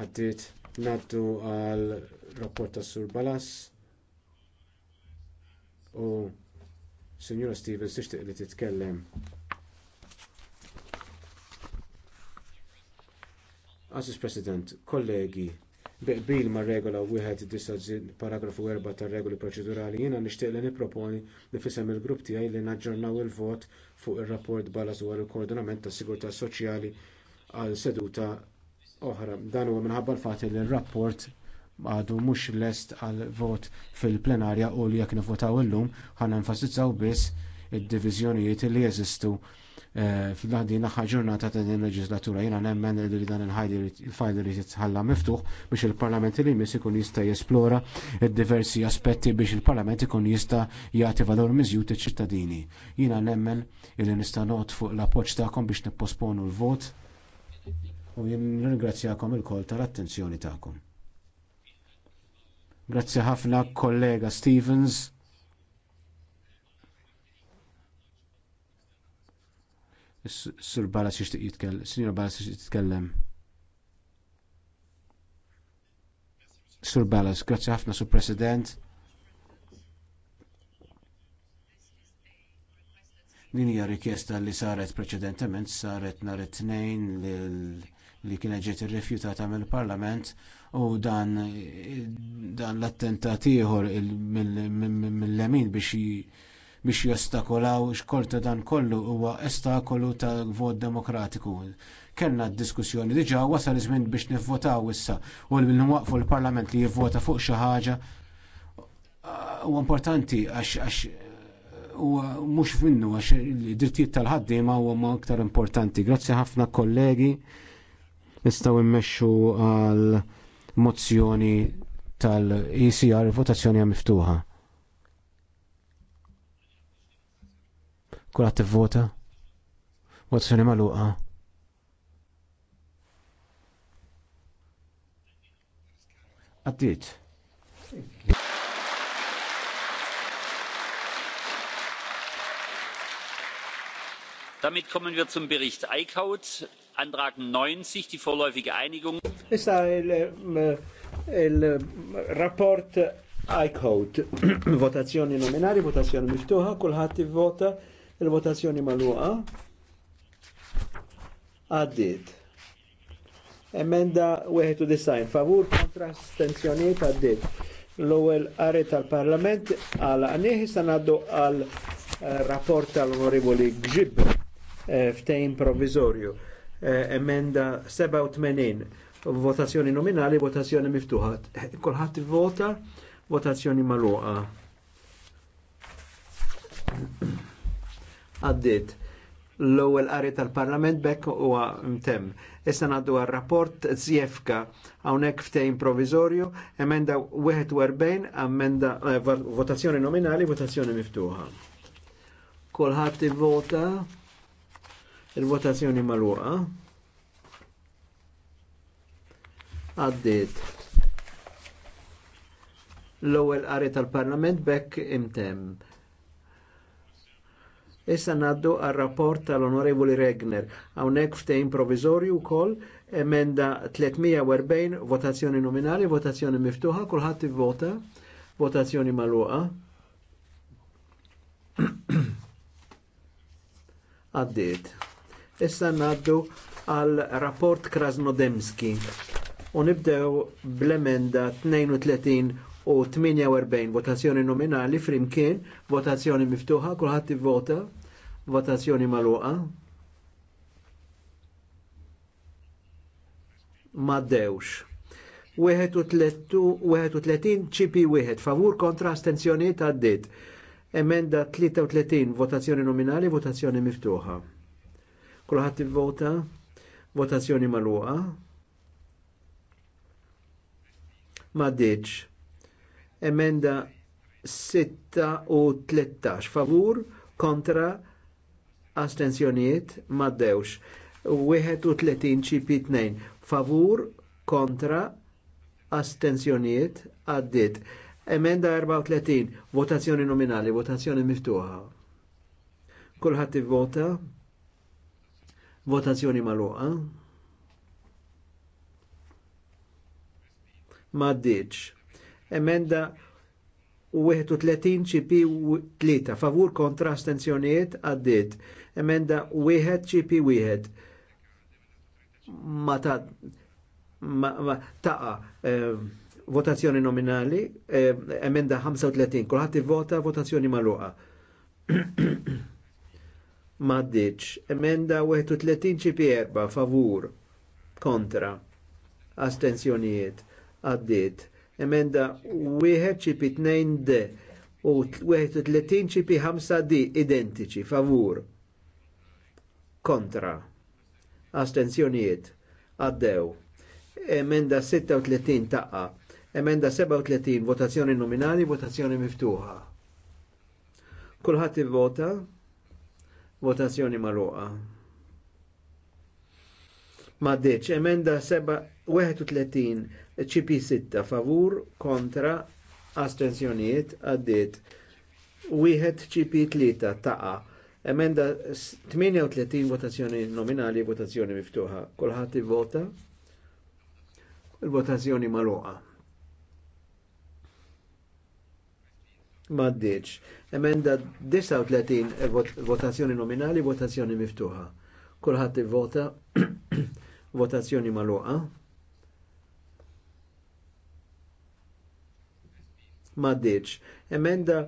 Għaddit naddu għal rapport tas Sur Balas u Signora Stevens tixtieq li titkellem. Għazis President, kollegi, Beqbil ma' regola wieħed disa paragrafu 4 tar regoli proċedurali jiena nixtieq li nipproponi li fisem il-grupp tiegħi li naġġornaw il-vot fuq ir-rapport bala dwar il-koordinament tas sigurtà soċjali għal seduta oħra. Dan huwa minħabba l-fatt li r-rapport għadu mhux lest għal vot fil-plenarja u li jekk nivvotaw illum ħana nfasizzaw biss id-diviżjonijiet li jeżistu Eh, fil-għaddi ħagġurnata ġurnata ta' din il-leġislatura jena nemmen li dan il-fajl li jitħalla miftuħ biex il-parlament li jmiss ikun jista' jesplora diversi aspetti biex il-parlament ikun jista' jagħti valur miżjut iċ-ċittadini. Jina nemmen li nista' not fuq l-appoġġ tagħkom biex nipposponu l-vot u nirringrazzjakom il-kol tal-attenzjoni tagħkom. Grazzi ħafna kollega Stevens. Sur Balas jishtiq jitkellem, Sinjor Balas jishtiq jitkellem. Sur Balas, grazie ħafna Sur President. Din hija rikjesta li saret preċedentement saret nhar it-tnejn li kienet ġiet irrifjutata mill-Parlament u dan dan l-attentat ieħor mill-lemin biex biex jostakolaw x'korta dan kollu huwa ostakolu ta' vot demokratiku. Kellna d-diskussjoni diġà wasal iż-żmien biex nivvotaw issa u li nwaqfu l-Parlament li jivvota fuq xi ħaġa huwa importanti għax huwa mhux minnu għax id-drittijiet tal-ħaddiema huwa aktar importanti. Grazzi ħafna kollegi nistgħu immexxu għal mozzjoni tal-ECR votazzjoni miftuħa. Kulħadd tivvota. Votazzjoni maluqa? Għaddit. Damit kommen wir zum Bericht Eickhout, Antrag 90, die vorläufige Einigung. Issa il-rapport ähm, ähm, il, Eickhout, votazzjoni nominali, votazzjoni miftuħa, kulħadd vota, Il-votazzjoni maluqa għaddit. Emenda 91 favur kontra stenzjoniet għaddit. L-ewwel qari tal-Parlament għal għanieħi sanaddu għal eh, rapport tal-Onorevoli Gġib eh, ftejn provvizorju. Eh, emenda 87 votazzjoni nominali, votazzjoni miftuħa. Kulħadd vota, votazzjoni magħluqa għaddit l-ewwel qari tal-Parlament bekk huwa mtemm. Issa ngħaddu għar-rapport Zjefka hawnhekk ftehim provizorju, emenda 41, emenda eh, votazzjoni nominali, votazzjoni miftuħa. Kulħadd ivvota il-votazzjoni magħluqa. Għaddiet. L-ewwel qari tal-Parlament bekk imtemm Issa naddu għal rapport tal-Onorevoli Regner. Hawnhekk ftehim provizorju wkoll emenda 340 votazzjoni nominali, votazzjoni miftuħa, kulħadd ivvota, votazzjoni magħluqa. Għaddiet. Issa naddu għal rapport Krasnodemski. U nibdew bl-emenda 32 u 48 votazzjoni nominali frimkien, votazzjoni miftuħa, kulħadd ivvota, Votazzjoni maluqa. Maddewx. 31 ċipi 1 favur kontra ta' dit. Emenda 33 votazzjoni nominali, votazzjoni miftuħa. Kulħadd vota votazzjoni maluqa. ditx. Emenda 6 u 13 favur kontra astensjonijiet maddewx. 31 CP2 favur kontra astensjonijiet għaddit. Emenda 34 votazzjoni nominali, votazzjoni miftuħa. Kulħadd ivvota votazzjoni magħluqa. Ma ddiċ. Emenda u 31 ċipi 3 favur kontra astenzjoniet għaddit. Emenda 1 ċipi 1. Ma ta' ma, ma taqa eh, votazzjoni nominali, eh, emenda 35, kulħadd vota votazzjoni magħluqa. ma ddiċ, emenda 31 ċipi 4 favur kontra astenzjonijiet għaddit emenda 1 ċipi 2 d u 31 ċipi 5 d identiċi favur kontra astenzjonijiet għaddew emenda 36 taqqa emenda 37 votazzjoni nominali votazzjoni miftuħa kulħadd ivvota votazzjoni magħluqa ma' emenda 37 ċp6 favur kontra astenzjonijiet għaddiet. Wieħed ċp3 taqa. Emenda 38 votazzjoni nominali, votazzjoni miftuħa. Kulħadd ivvota. Il-votazzjoni magħluqa. Maddiċ. Emenda 39 votazzjoni nominali, votazzjoni miftuħa. Kulħadd ivvota. votazzjoni magħluqa. maddiċ. Emenda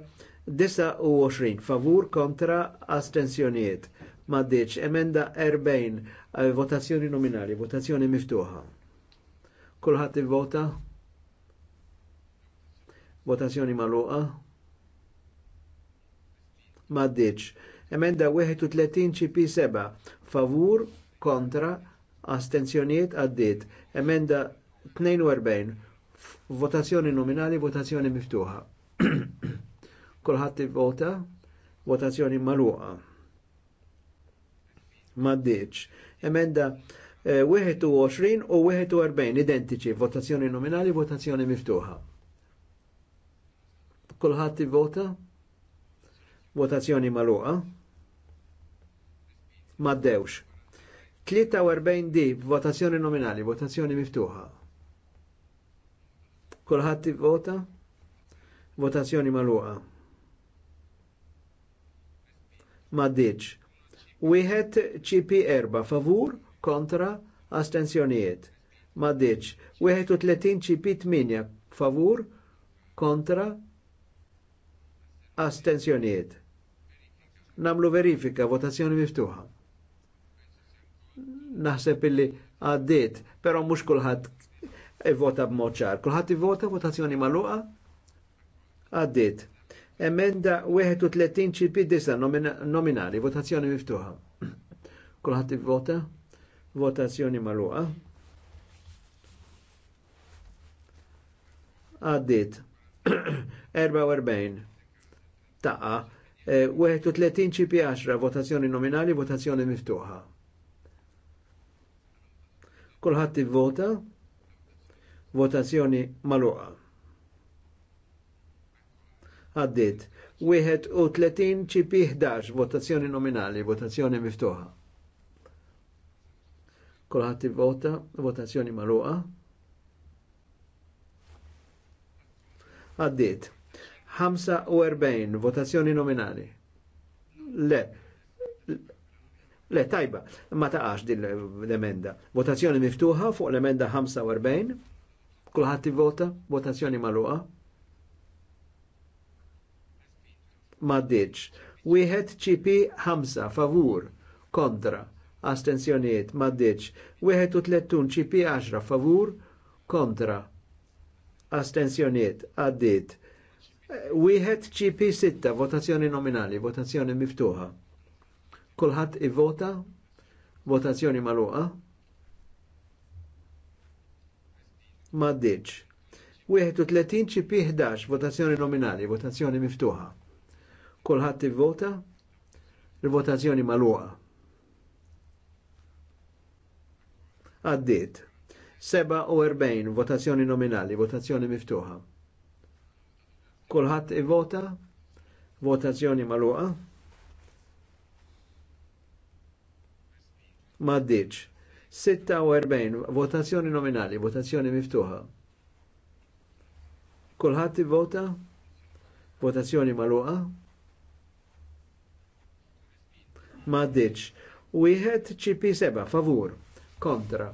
29 favur kontra astensjonijiet maddiċ. Emenda 40 eh, votazzjoni nominali, votazzjoni miftuħa. Kulħadd vota Votazzjoni magħluqa? Maddiċ. Emenda 31 CP7 favur kontra astenzjoniet għaddit. Emenda 42 votazzjoni nominali, votazzjoni miftuħa. Kulħadd vota, votazzjoni maluqa. Maddiċ. Emenda eh, 21 u 41 identiċi, votazzjoni nominali, votazzjoni miftuħa. Kulħadd vota, votazzjoni maluqa. Maddewx. 43 di, votazzjoni nominali, votazzjoni miftuħa. Kulħadd vota? Votazzjoni maluqa. Maddiċ. Wieħed CP erba favur kontra astensjonijiet. u tletin CP 8 favur kontra astensjonijiet. Namlu verifika, votazzjoni miftuħa. Naħseb illi għaddiet, pero mux kullħat e vota b'mod Kulħadd ivota votazzjoni magħluqa? Għaddiet. Emenda 31 ċipi disa nominali, votazzjoni miftuħa. Kulħadd ivvota? Votazzjoni magħluqa? Għaddiet. 44 taqa 31 ċipi 10 votazzjoni nominali, votazzjoni miftuħa. Kulħadd ivvota? Votazzjoni maluqa. Għaddit. 31 ċipi 11, votazzjoni nominali, votazzjoni miftuħa. Kolħati vota, votazzjoni maluqa. Għaddit. 45, votazzjoni nominali. Le, Le, tajba, ma taqax din l-emenda. Votazzjoni miftuħa fuq l-emenda 45. Kulħadd vota, votazzjoni magħluqa. M'għaddiċ. Wieħed ċP ħamsa favur kontra astensjonijiet m'għaddiċ. Wieħed u tlettun ċP 10 favur kontra astensjonijiet għaddit. Wieħed ċP 6 votazzjoni nominali, votazzjoni miftuħa. Kulħadd ivvota, votazzjoni magħluqa. ma ddiċ. 31 ċipi 11, votazzjoni nominali, votazzjoni miftuħa. Kolħat vota, il-votazzjoni maluqa. Għaddit. 47, votazzjoni nominali, votazzjoni miftuħa. Kolħat vota, votazzjoni maluqa. Ma 46 votazzjoni nominali, votazzjoni miftuħa. Kulħadd ivvota? Votazzjoni magħluqa? Ma ddiċ. Wieħed CP7 favur kontra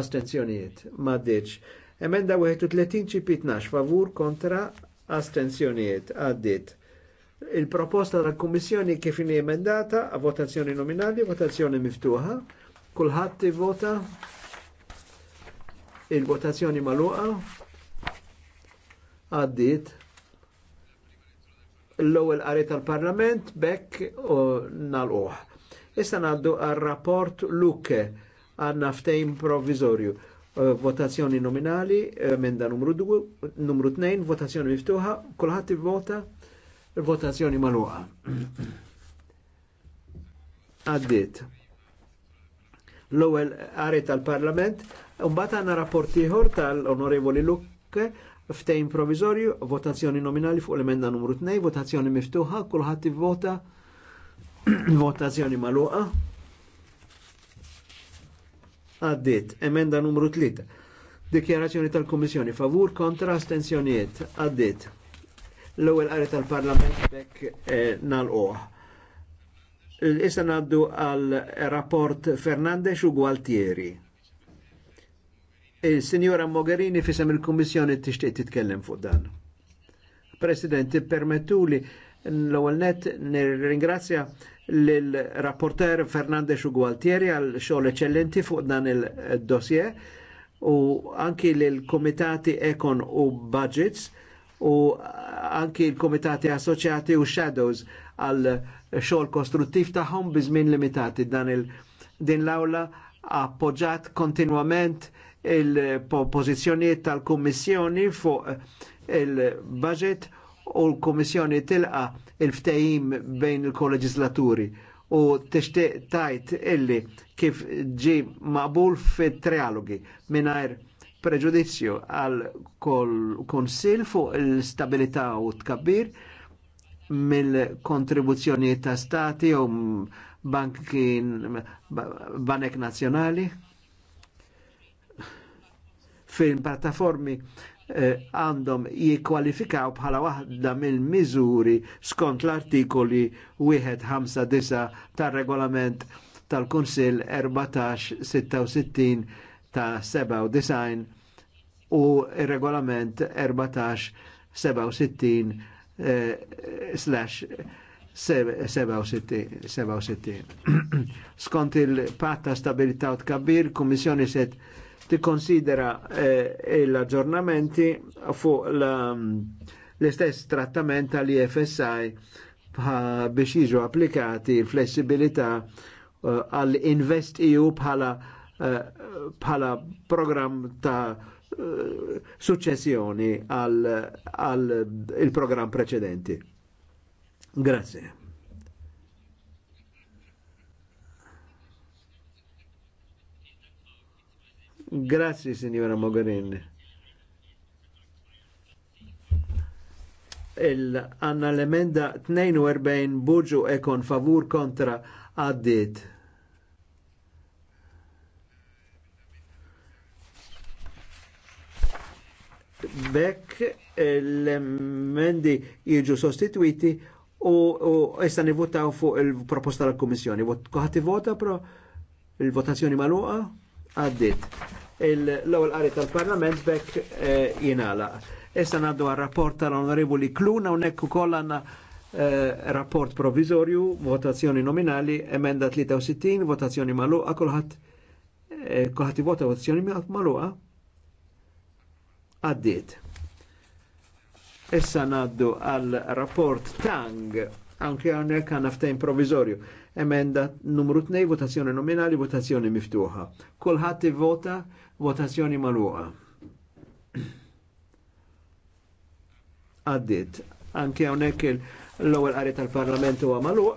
astenzjonijiet ma ddiċ. Emenda 31 CP12 favur kontra astenzjonijiet għaddit il-proposta tal kummissjoni kif ini emendata a votazzjoni nominali, votazzjoni miftuħa, Kulħadd vota il-votazzjoni maluqa għaddit l-ewwel qari tal-Parlament bekk u nagħlquh. Issa ngħaddu għar-rapport Luke għandna ftejn provviżorju. Uh, votazzjoni nominali emenda numru 2, numru 2, votazzjoni miftuħa, kulħadd ivvota votazzjoni maluqa. Għaddit l-ewwel qari tal-Parlament, mbagħad għandna rapport ieħor tal-Onorevoli Lukke ftejn provizorju, votazzjoni nominali fuq l-emenda numru 2, votazzjoni miftuħa, kulħadd ivvota votazzjoni magħluqa. Għaddiet, emenda numru 3. Dikjarazzjoni tal-Kummissjoni favur kontra astensjonijiet. Għaddiet. L-ewwel qari tal-Parlament bekk eh, nal-oħ. Issa naddu għal rapport Fernandez u Gualtieri. il eh, signora Mogherini fisem il-Kommissjoni tixtieq titkellem fuq dan. President, permettuli l-ewwel net nirringrazzja lill-rapporter Fernandez u Gualtieri għal xogħol eċellenti fuq dan il-dossier u anki lill-Komitati ECON u Budgets u anki l-Komitati associati u Shadows għal xogħol kostruttiv tagħhom bi żmien limitati dan il din l-awla appoġġat kontinwament il-pożizzjonijiet tal-Kummissjoni fuq il-budget u l-Komissjoni tilqa il ftehim bejn il-koleġislaturi u tixtieq tajt illi kif ġi maqbul fit-trialogi mingħajr preġudizzju għal kol konsil fuq il stabilità u tkabbir mill-kontribuzzjoni ta' stati u banki banek nazjonali fil-plattaformi eh, għandhom eh, jikwalifikaw bħala waħda mill-miżuri skont l-artikoli 159 tar-regolament tal-Kunsill 1466 ta' 97 u regolament 1467 Eh, slash 67. Skont il-patta stabilità u tkabbir, kummissjoni set tikkonsidera eh, l-aġġornamenti fuq l-istess trattament tal-IFSI biex jiġu applikati flessibilità eh, għall-InvestEU bħala bħala program ta' successjoni għal il-programm preċedenti. Grazie. Grazie, signora Mogherini. Il-għanna l-emenda 42 buġu ekon favur kontra għaddit. bekk l-emendi jiġu sostituiti u issa votaw fuq il-proposta tal kommissjoni Kuħati vota pro il-votazzjoni maluqa għaddit. L-ewwel qari tal-Parlament bekk eh, jingħala. Issa għaddu għal rapport tal-Onorevoli Kluna u nekku għandna eh, rapport provizorju, votazzjoni nominali, emenda 63, votazzjoni maluqa, kulħadd eh, kulħadd vota votazzjoni maluqa għaddiet. Issa naddu għal rapport Tang, anke għonek għan ftejn provizorju. Emenda numru 2, votazzjoni nominali, votazzjoni miftuħa. Kulħadd vota, votazzjoni maluqa. Għaddiet. Anke hawnhekk l-ewwel għarri tal-Parlament huwa maluq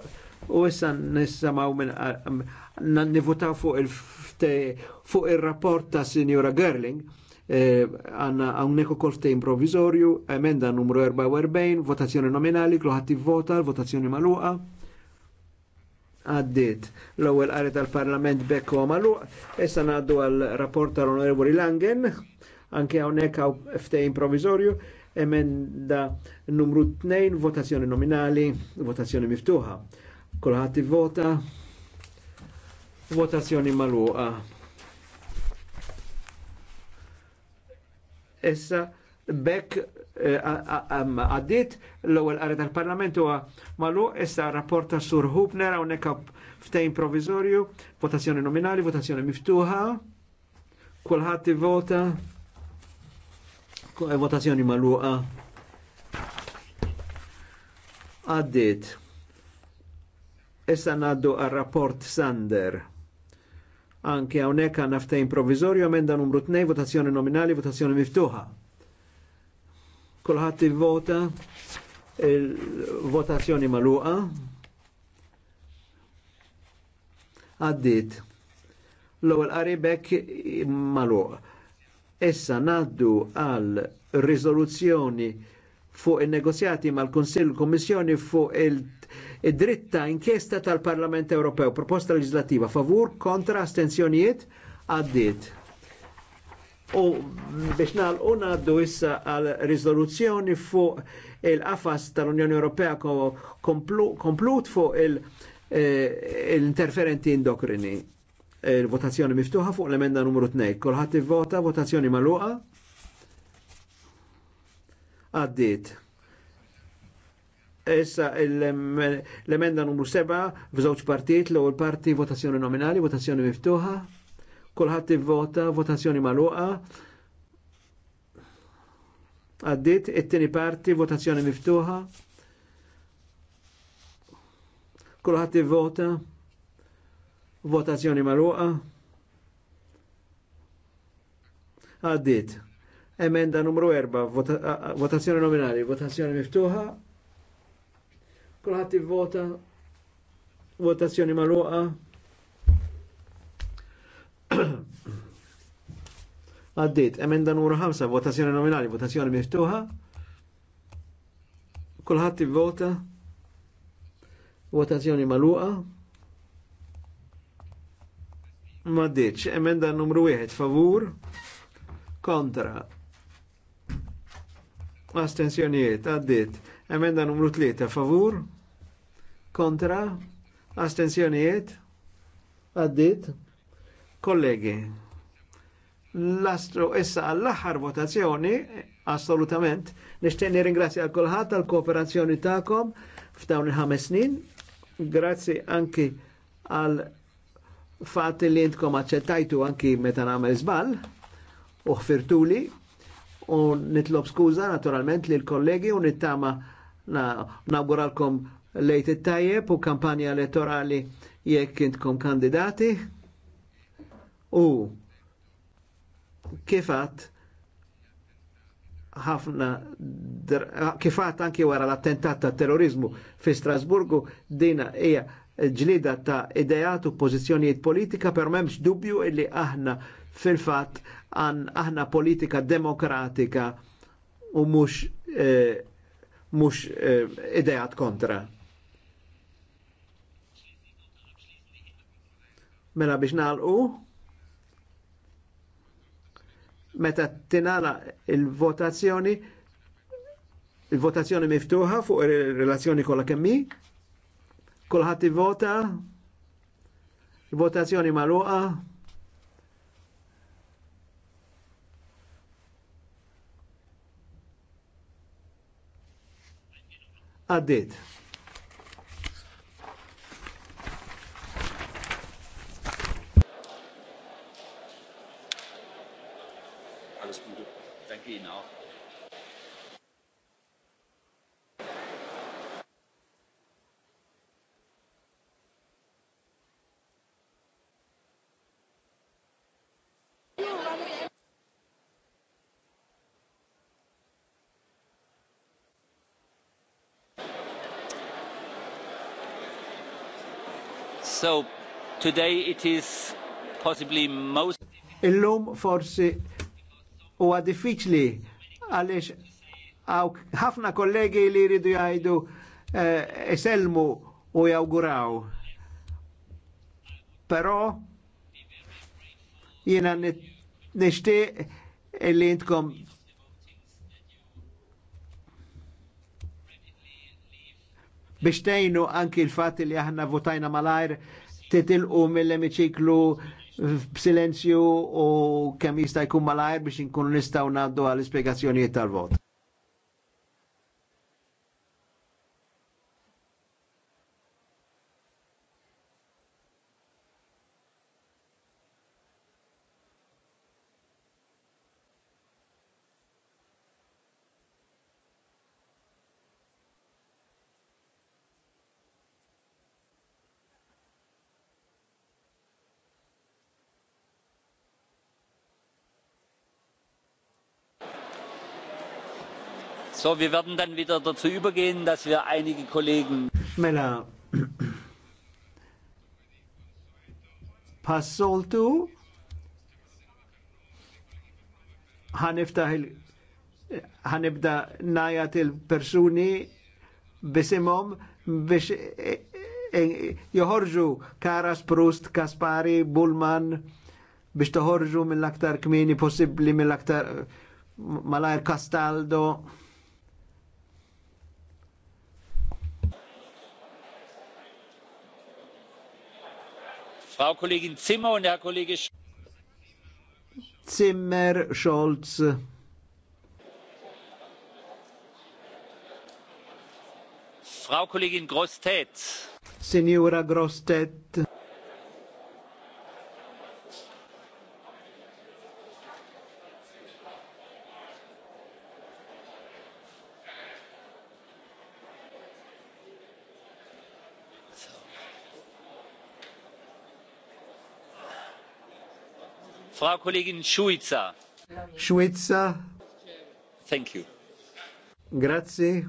u issa nissamaw minn nivutaw fuq il-rapport ta' Sinjura Gerling Eh, għanna għawnek u kolftejn provizorju, emenda numru 44, votazzjoni nominali, kluħat vota, votazzjoni maluqa. Għaddit l-ewwel għaret tal-Parlament bekku Maluqa. Essa għaddu għal rapport tal-Onorevoli Langen, anke hawnhekk għaw ftehim provizorju, emenda numru 2, votazzjoni nominali, votazzjoni miftuħa. Kolħati vota, votazzjoni maluqa Essa bekk eh, għaddit l-ewwel qari tal-Parlament huwa malu issa rapporta Sur Hubner hawnhekk ftejn provizorju, votazzjoni nominali, votazzjoni miftuħa, kulħadd ivota, eh, votazzjoni magħluqa. Għaddit. Issa ngħaddu għar-rapport Sander anke hawnhekk għandna ftehim provizorju emenda numru tnejn votazzjoni nominali votazzjoni miftuħa. Kulħadd ivvota il-votazzjoni magħluqa. Għaddiet. L-ewwel qaribek magħluq. Issa naddu għal riżoluzzjoni fuq il-negozjati mal-Konsil Kommissjoni fuq il-dritta inkjesta tal-Parlament Ewropew, proposta legislativa favur kontra astenzjonijiet għaddit. U biex nalqu naddu issa għal riżoluzzjoni fuq il-qafas tal-Unjoni Ewropea komplut fuq il-interferenti eh, indokrini. Il-votazzjoni miftuħa fuq l-emenda numru 2. Kolħat vota votazzjoni maluqa għaddit. Issa l-emenda numru 7 f'żewġ partit, l-ewwel parti votazzjoni nominali, votazzjoni miftuħa, kulħadd ivvota, votazzjoni magħluqa. Għaddit it-tieni parti votazzjoni miftuħa. Kulħadd ivvota, votazzjoni magħluqa. Għaddit. Emenda numru 4, votazzjoni nominali, votazzjoni miftuħa. Kulħadd vota votazzjoni magħluqa. Għaddit, emenda numru 5, votazzjoni nominali, votazzjoni miftuħa. Kulħadd vota votazzjoni magħluqa. Ma ditx, emenda numru 1, favur, kontra, astensjonijiet għaddit. Emenda numru 3 favur kontra astensjonijiet għaddit. Kollegi, l-astro issa għall-aħħar votazzjoni assolutament nishtenni nirringrazzja għal kulħadd għal kooperazzjoni tagħkom f'dawn il-ħames snin. Grazzi anki għal fatti li intkom aċċettajtu anki meta nagħmel żball u ħfirtuli u nitlob skuża naturalment li l-kollegi u nittama nauguralkom lejt it-tajjeb u kampanja elettorali jekk intkom kandidati u kifat ħafna kifat anki wara l-attentat ta' terrorizmu fi Strasburgu dina hija ġlida ta' idejat u pożizzjonijiet politika per memx dubju illi aħna fil-fat għan aħna politika demokratika u mux, eh, mux eh, idejat kontra. Mela biex nalqu, meta tinala il-votazzjoni, il-votazzjoni miftuħa fuq il-relazzjoni kolla kemmi, kolħat vota, il-votazzjoni maluqa, għaddit. Alles Gute. Danke Ihnen auch. So today it is possibly most Illum forsi huwa diffiċli għaliex għaw ħafna kollegi li jridu jgħidu eh, iselmu u jawguraw. Però jiena nixtieq li intkom biex tejnu anki l-fat li aħna votajna malajr titilqu mill-emiċiklu b'silenzju u kemm jista' jkun malajr biex inkunu nistgħu ngħaddu għall-ispjegazzjonijiet tal-vot. So, wir werden dann wieder dazu übergehen, dass wir einige Kollegen. Mela. Passoltu. Ħaniftaħ il ħanibda najat il-persuni bisimhom biex e- e- e- joħorġu Karas, Prust, Kaspari, Bullman biex toħorġu mill-aktar kmini possibli mill-aktar malajr Castaldo. Frau Kollegin Zimmer und Herr Kollege Sch Zimmer Scholz. Frau Kollegin Grostet. Signora Grostet. Thank you. Grazie.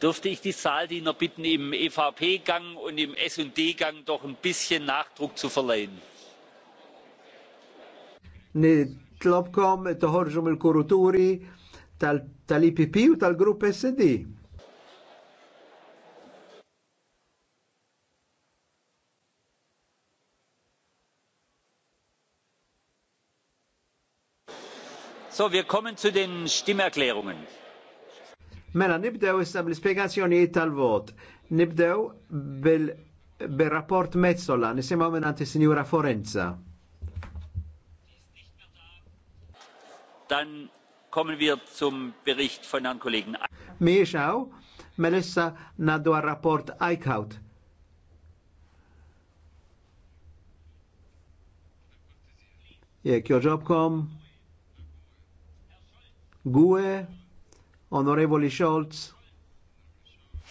dürfte ich die Saaldiener bitten, im EVP-Gang und im S&D-Gang doch ein bisschen Nachdruck zu verleihen. Nitlobkom toħorġu kuruturi tal-IPP u tal-grupp SD. E So, wir kommen zu den Stimmerklärungen. Mela, nibdew issa bl-spiegazzjonijiet tal-vot. Nibdew bil rapport Mezzola, nisimaw minn anti Signora Forenza. Dan kommen wir zum Bericht von Herrn Kollegen. Miexaw, melissa naddu għal-rapport Eichhout. Mela Jek joġobkom. Gue, Onorevoli Scholz,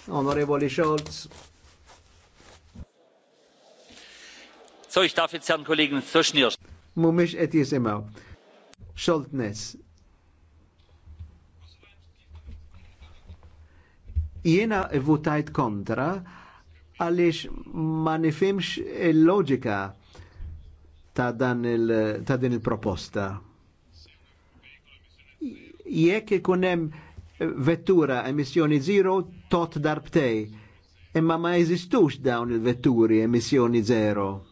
Onorevoli Scholz. So, ich darf jetzt Herrn Kollegen Zuschnir. Mumisch et jisimaw. Scholtness. Jena votajt kontra għaliex ma nifimx il-loġika ta' din il-proposta jekk ikun hemm vettura emissjoni zero tot darbtej. Imma ma jeżistux dawn il-vetturi emissjoni zero.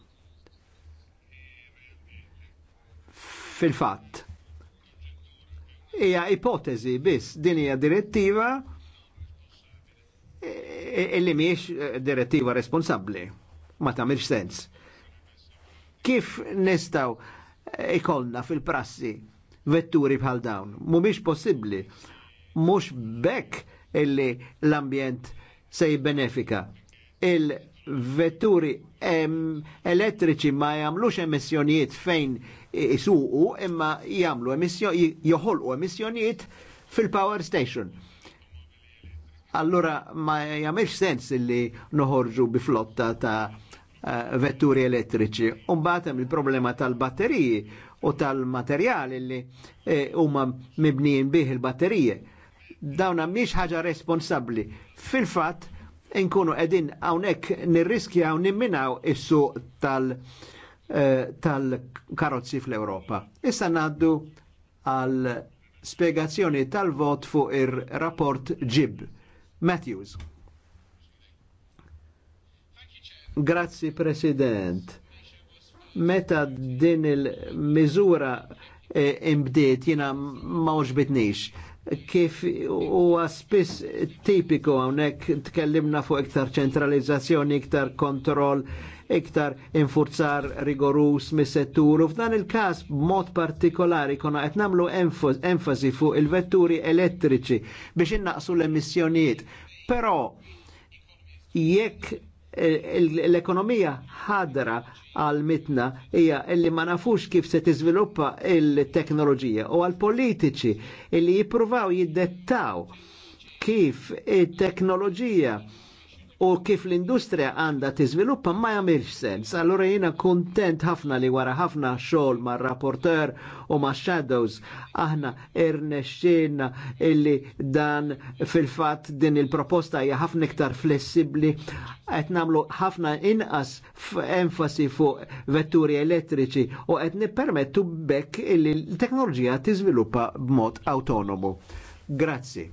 Fil-fatt. Hija ipotezi biss, din hija direttiva illi e, e, miex eh, direttiva responsabli. Ma tamirx sens. Kif nistaw eh, ikolna fil-prassi vetturi bħal dawn. Mhumiex possibbli. Mhux bekk illi l-ambjent se jibbenefika. Il-vetturi elettriċi ma jagħmlux emissjonijiet fejn isuqu imma jamlu joħolqu emissjonijiet fil-power station. Allora ma jagħmilx sens illi noħorġu bi flotta ta' eh, vetturi elettriċi. Umbatem il-problema tal-batteriji u tal-materjali li eh, huma e, mibnijin bih il-batterije. Dawna miex ħaġa responsabli. Fil-fat, nkunu edin għawnek nirriskjaw nimminaw issu tal- eh, tal-karozzi fl-Europa. Issa naddu għal spiegazzjoni tal-vot fuq ir-rapport ġib. Matthews. Grazzi President meta din il-miżura eh, imbdiet jina ma uġbitnix. Kif huwa spiss tipiku hawnhekk tkellimna fuq iktar ċentralizzazzjoni, iktar kontroll, iktar infurzar rigorus mis-settur u f'dan il-każ b'mod partikolari kona qed nagħmlu enfasi fuq il-vetturi elettriċi biex innaqsu l-emissjonijiet. Però jekk l-ekonomija ħadra għal mitna hija illi ma nafux kif se tiżviluppa il-teknoloġija u għal politiċi li jippruvaw jiddettaw kif it-teknoloġija u kif l-industrija għanda tiżviluppa ma jagħmilx sens. Allura jiena kuntent ħafna li wara ħafna xogħol ma' rapporteur u ma' shadows aħna irnexxina illi dan fil-fatt din il-proposta hija ħafna iktar flessibbli qed nagħmlu ħafna inqas enfasi fuq vetturi elettriċi u qed nippermettu bekk illi l-teknoloġija tiżviluppa b'mod autonomu. Grazzi.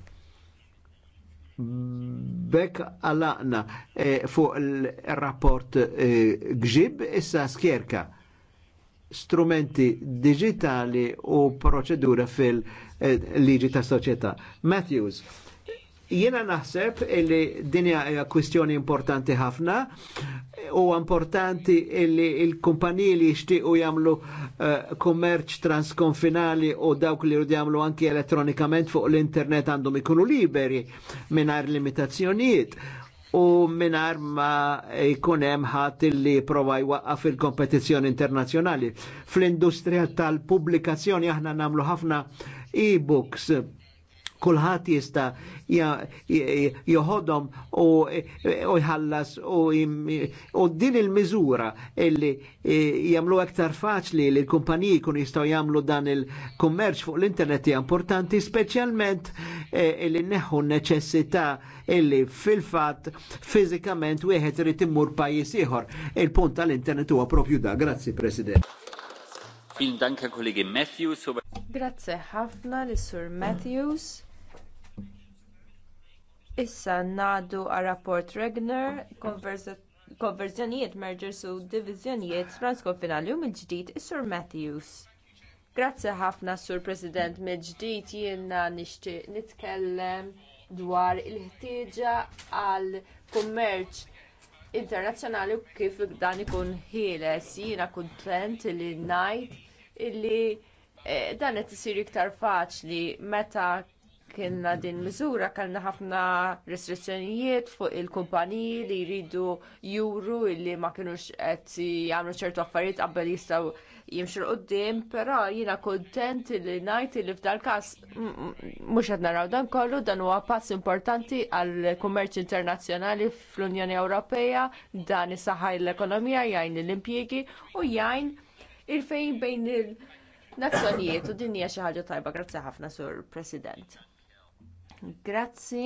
Bekk għalaqna eh, fuq il-rapport eh, gġib issa skjerka strumenti digitali u proċedura fil-liġi eh, ta' soċjetà. Matthews, Jiena naħseb illi dinja hija kwistjoni importanti ħafna u importanti li l-kumpaniji li jixtiequ jagħmlu eh, kummerċ uh, transkonfinali u dawk li jridu jagħmlu anki elettronikament fuq l-internet għandhom ikunu liberi mingħajr limitazzjonijiet u minar ma jkun hemm ħadd li prova jwaqqaf il kompetizzjoni internazzjonali. Fl-industrija tal-pubblikazzjoni aħna nagħmlu ħafna e-books kulħadd jista' joħodhom u jħallas u din il-miżura illi eh, jagħmlu aktar faċli li l-kumpaniji kun jistgħu jagħmlu dan il-kummerċ fuq l-internet hija importanti specialment eh, illi neħu neċessita illi fil-fatt fizikament wieħed irid immur pajjiż ieħor. Il-punt tal-internet huwa propju da. Grazzi President. Vielen Dank, Herr Kollege Matthews. Grazie ħafna l-Sur Matthews. Issa ngħaddu għar rapport Regner, konverżjonijiet mergers u diviżjonijiet transkonfinali u mill-ġdid is-Sur Matthews. Grazzi ħafna Sur President mill-ġdid jiena nixtieq nitkellem dwar il-ħtieġa għal kummerċ internazzjonali u kif dan ikun ħieles jiena kuntent li ngħid illi eh, dan qed isir iktar faċli meta kienna din miżura kellna ħafna restrizzjonijiet fuq il-kumpaniji li jridu juru li ma kinux qed jagħmlu ċertu affarijiet qabel jistgħu jimxu l-qoddim, però jiena kuntent li ngħid li f'dal każ mhux qed naraw dan kollu dan huwa pass importanti għall kummerċ internazzjonali fl-Unjoni Ewropea dan isaħħar l-ekonomija jgħin l-impjiegi u jgħin il-fejn bejn il-, Nazzjonijiet u dinja xi ħaġa tajba, grazzi ħafna sur President. Grazzi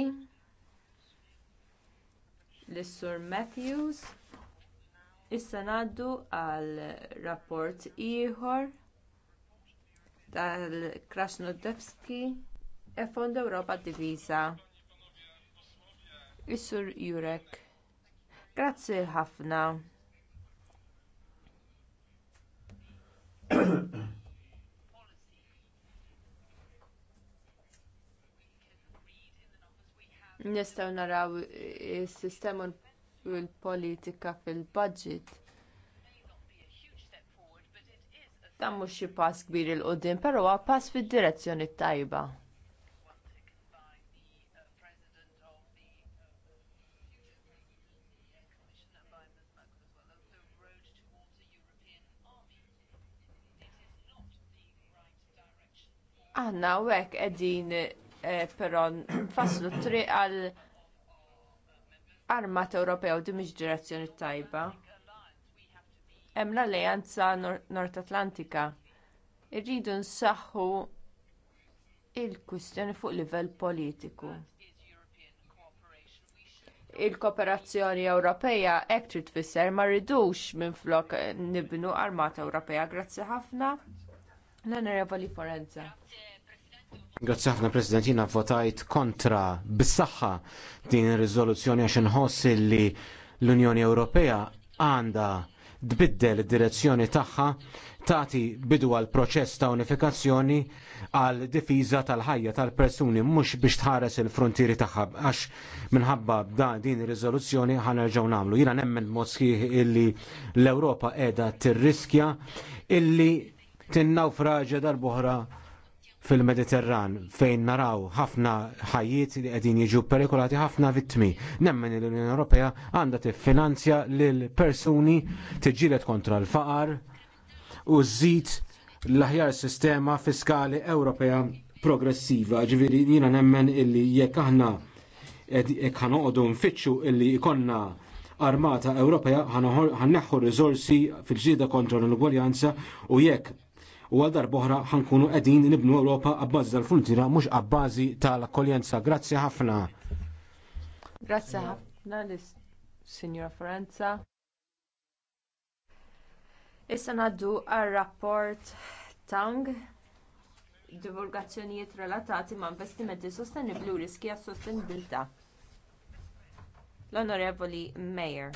l-Sur Matthews. Issa ngħaddu għal rapport ieħor tal-Krasnodebski e Fond Ewropa Divisa. is Jurek. Grazzi ħafna. nistgħu naraw is-sistema u politika fil-budget. Dan mhux xi pass kbir il qudiem però huwa pass fid-direzzjoni tajba. Aħna u hekk qegħdin Eh, però nfasslu triq għal armat Ewropew di mhix direzzjoni tajba. Hemm l-Alleanza Nord Atlantika. Irridu nsaħħu l kwistjoni fuq livell politiku. Il-kooperazzjoni Ewropeja hekk trid tfisser ma rridux minflok nibnu armata Ewropea. Grazzi ħafna. L-Onorevoli Forenza. Grazzi ħafna President, jina votajt kontra bis-saħħa din ir-riżoluzzjoni għax inħoss li l-Unjoni Ewropea għandha tbiddel id-direzzjoni tagħha tagħti bidu għal proċess ta' unifikazzjoni għal difiża tal-ħajja tal-persuni mhux biex tħares il-frontieri tagħha għax minħabba da din ir-riżoluzzjoni ħanerġgħu nagħmlu. Jiena nemmen mod sħiħ illi l-Ewropa qiegħda tirriskja illi tinnawfraġa dal-boħra fil-Mediterran fejn naraw ħafna ħajjiet li qegħdin jiġu perikolati ħafna vittmi. Nemmen li l-Unjoni Ewropea għandha tiffinanzja lil persuni tiġġieled kontra l-faqar u żżid l-aħjar sistema fiskali Ewropea progressiva. Ġifieri jiena nemmen illi jekk aħna jekk ħanoqogħdu nfittxu illi jkollna armata Ewropea ħanneħħu r-riżorsi fil-ġieda kontra l-ugwaljanza u jekk u għal darboħra ħankunu qegħdin nibnu Ewropa għabbażi tal-frontiera mhux għabbażi tal-akkoljenza. Grazzi ħafna. Grazzi ħafna lis Signora Forenza. Issa ngħaddu għar rapport Tang divulgazzjonijiet relatati ma' investimenti sostenibbli u riski għas-sostenibilità. L-Onorevoli Mayor.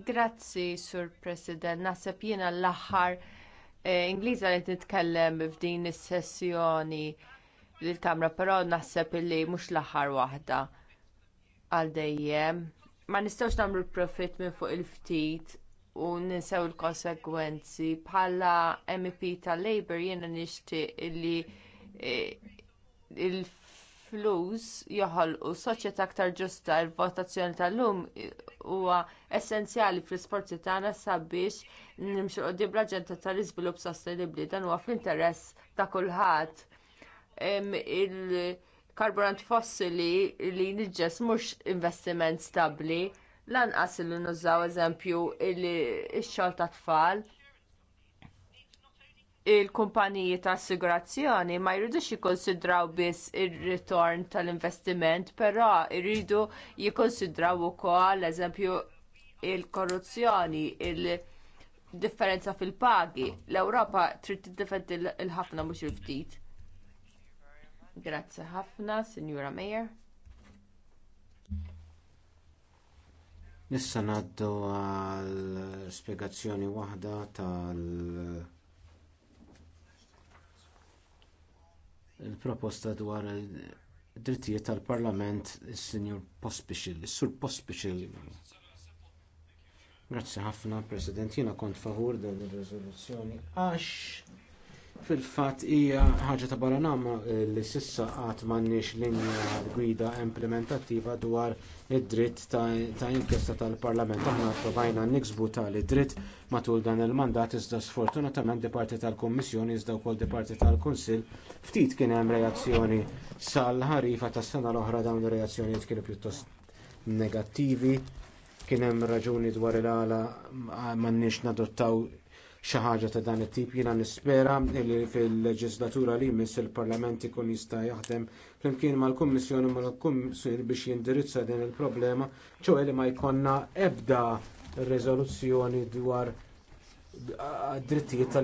Grazzi, Sur President. Naħseb jiena l-aħħar eh, Ingliża li titkellem f'din is-sessjoni lill-Kamra, però naħseb li mhux l-aħħar waħda għal dejjem. Ma nistgħux nagħmlu profitt minn fuq il-ftit u ninsew il-konsegwenzi bħala MP tal-Labor jiena nixtieq li eh, il flus joħolqu soċjetà aktar ġusta il-votazzjoni tal-lum huwa essenzjali fl-isforzi tagħna sabiex nimxu qudiem l-aġenda tal-iżvilupp sostenibbli dan huwa fl-interess ta' kulħadd. Il-karburant fossili li niġġes mhux investiment stabbli lanqas illi nużaw eżempju il-xogħol tat-tfal il-kumpaniji ta' assigurazzjoni ma jridux jikkonsidraw biss ir-ritorn tal-investiment, però jridu jikkonsidraw ukoll eżempju il-korruzzjoni, il-differenza fil-pagi. L-Ewropa trid tiddefendi l ħafna mhux il-ftit. Grazzi ħafna, Sinjura Mayor. Nissa naddu għal spiegazzjoni waħda tal- il-proposta dwar id-drittijiet tal-Parlament sur Pospixil. Grazzi ħafna, President, kont għax Fil-fat hija ħaġa ta' baranama eh, li sissa qatt m'għandniex linja gwida implementattiva dwar id-dritt ta' inkjesta tal-Parlament. Aħna provajna niksbu tali dritt matul dan il-mandat iżda sfortunatament departi tal-Kummissjoni iżda wkoll departi tal-Kunsill ftit kien hemm reazzjoni sal-ħarifa tas-sena l-oħra dawn ir-reazzjonijiet kienu pjuttost negattivi kien hemm raġuni dwar il-għala m'għandniex nadottaw xi ħaġa ta' dan it-tip jiena nispera li fil-leġislatura li jmiss il-Parlament ikun jista' jaħdem flimkien mal-Kummissjoni mal-Kummissjoni biex jindirizza din il-problema, ċew li ma jkollna ebda riżoluzzjoni dwar drittijiet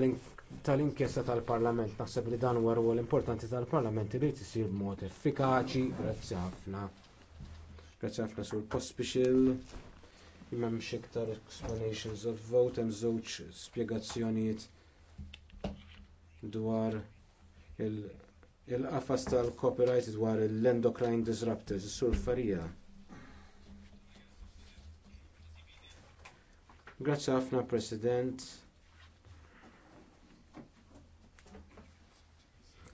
tal-inkjesta tal-Parlament. Naħseb li dan huwa rwol importanti tal-Parlament li tisir b'mod effikaċi, grazzi ħafna. Grazzi ħafna sul post Imem xiktar explanations of vote and żewġ spjegazzjonijiet dwar il-qafas il tal-copyright dwar l-endocrine disruptors, is-sur Farija. Grazzi ħafna President.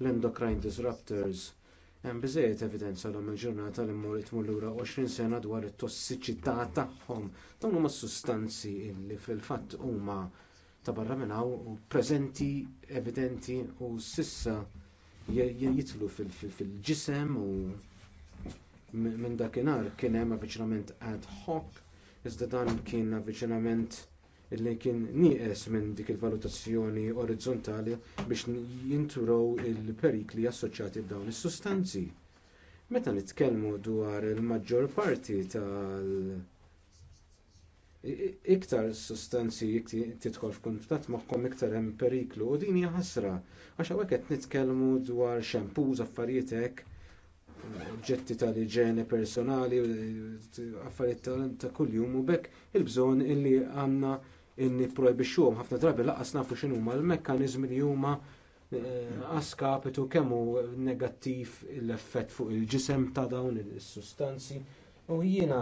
L-endocrine disruptors Hemm biżejjed evidenza l il-ġurnata li mmur itmur lura 20 sena dwar it-tossiċità tagħhom. Dawn huma sustanzi li fil-fatt huma ta' barra minn hawn u preżenti evidenti u sissa jitlu fil-ġisem u minn dakinhar kien hemm avviċinament ad hoc iżda dan kien avviċinament Illi kien nieqes minn dik il-valutazzjoni orizzontali biex jinturaw il-perikli assoċjati b'dawn is-sustanzi. Meta nitkellmu dwar il-maġġor parti tal- iktar sustanzi tidħol f'kuntat magħhom iktar hemm periklu u din hija ħasra għax hawnhekk qed nitkellmu dwar xampuż affarijiet hekk oġġetti tal-iġene personali affarijiet ta' kuljum u bekk il-bżonn illi għandna inni projbixxuhom ħafna drabi laqas nafu x'inhu huma l-mekkaniżmi li huma eh, għaskapitu kemm hu negattiv l-effett fuq il-ġisem ta' dawn is-sustanzi u jiena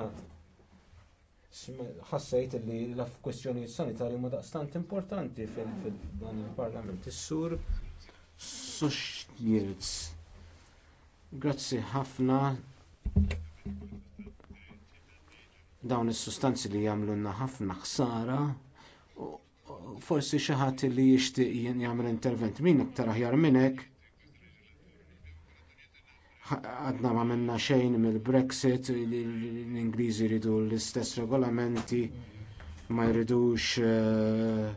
ħassejt li l-kwestjonijiet sanitarji huma daqstant importanti fil-dan il-Parlament. Is-sur Soxjirz. Grazzi ħafna dawn is-sustanzi li jagħmlulna ħafna ħsara forsi xi ħadd li jixtieq jien jagħmel intervent min iktar aħjar minn hekk. Għadna ma minna xejn mill-Brexit, l-Ingliżi jridu l-istess regolamenti, ma jridux eh,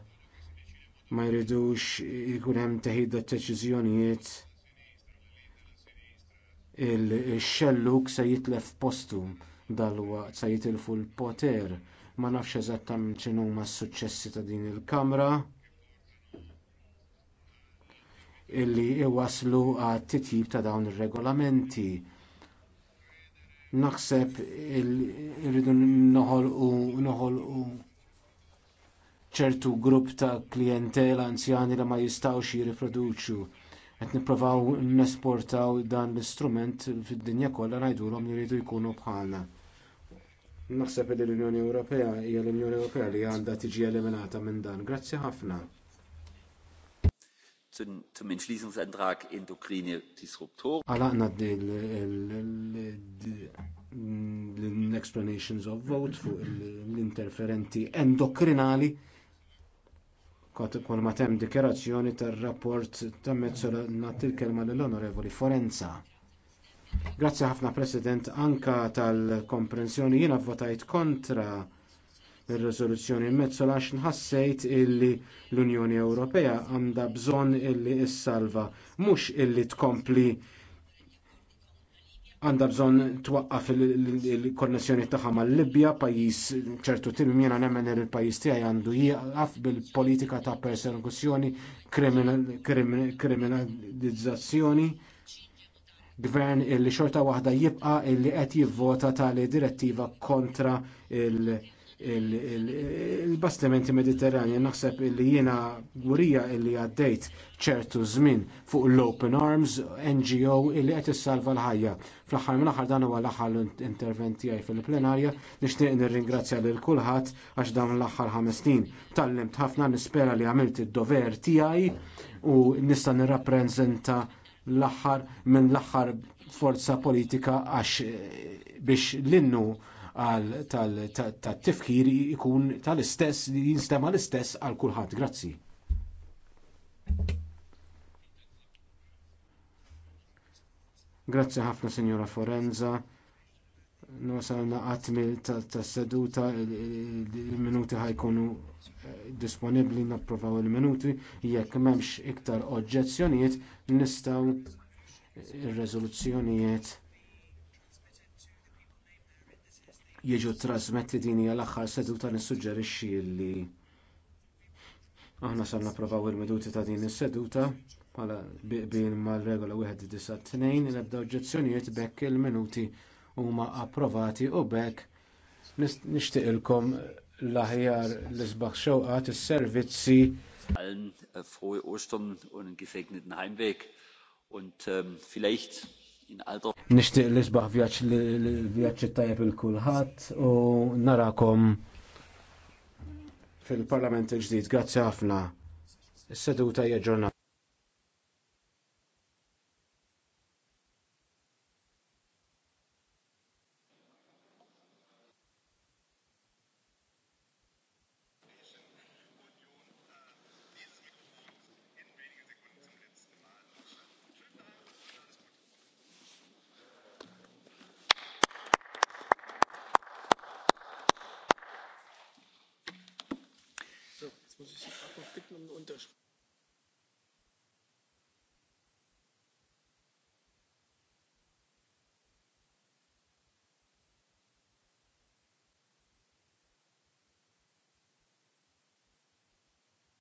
ma jridux ikun hemm teħid deċiżjonijiet il-xelluk se jitlef postum dalwaqt se jitilfu l-poter ma nafx eżattament x'inhu huma s-suċċessi ta' din il-Kamra illi iwasslu għat titjib ta' dawn ir-regolamenti. Naħseb irridu noħolqu ċertu grupp ta' klijentela anzjani li ma jistgħux jirriproduċu. Qed nippruvaw nesportaw dan l-istrument fid-dinja kollha ngħidulhom li jridu jkunu bħalna. Naħseb li l-Unjoni Ewropea hija l-Unjoni Ewropea li għandha tiġi eliminata minn dan. Grazzi ħafna. Zum Entschließungsantrag endokrine Disruptor. Għalaqna l-explanations of vote fuq l-interferenti endokrinali kol ma tem dikerazzjoni tar-rapport ta' mezzola nagħti il kelma lill-Onorevoli Forenza. Grazzi ħafna President anka tal-komprensjoni jiena votajt kontra ir-riżoluzzjoni mezzo għax nħassejt illi l-Unjoni Ewropea għandha bżonn illi issalva mhux illi tkompli għandha bżonn twaqqaf il-konnessjoni tagħha mal-Libja, pajjiż ċertu tim jiena nemmen il-pajjiż tiegħi għandu jieqaf bil-politika ta' persekuzzjoni, kriminalizzazzjoni gvern illi xorta waħda jibqa illi qed jivvota tali direttiva kontra il-bastimenti mediterranja naħseb illi jiena gurija illi għaddejt ċertu żmien fuq l-Open Arms NGO illi qed issalva l-ħajja. Fl-aħħar mill-aħħar dan huwa l-aħħar intervent tiegħi fil-plenarja nixtieq nirringrazzja lil kulħadd għax dawn l-aħħar ħames snin. Tallimt ħafna nispera li għamilt id-dover tiegħi u nista' nirrappreżenta l-aħħar minn l-aħħar forza politika għax eh, biex l-innu tal-tifkir ikun tal-istess, jinstema l-istess għal kulħadd. Grazzi. Grazzi ħafna, Signora Forenza. Nosalna għatmil tas seduta il-minuti ħajkunu disponibbli napprovaw il-minuti jekk m'hemmx iktar oġġezzjonijiet nistgħu ir-reżoluzzjonijiet jiġu trasmetti din hija l-aħħar seduta nissuġġerixxi li aħna sa napprovaw il-minuti ta' din is-seduta bħala biqbil mal-regola wieħed disa' tnejn oġġezzjonijiet b'hekk il-minuti huma approvati u b'hekk nixtieqilkom l-aħjar l-isbaħ xewqa tis-servizzi. Allen äh, frohe Ostern u einen gesegneten Heimweg und ähm, vielleicht in alter. Nixtieq l-isbaħ vjaġġ tajjeb il kulħadd u narakom fil-Parlament il-ġdid. Grazzi ħafna. Is-seduta hija ġurnata.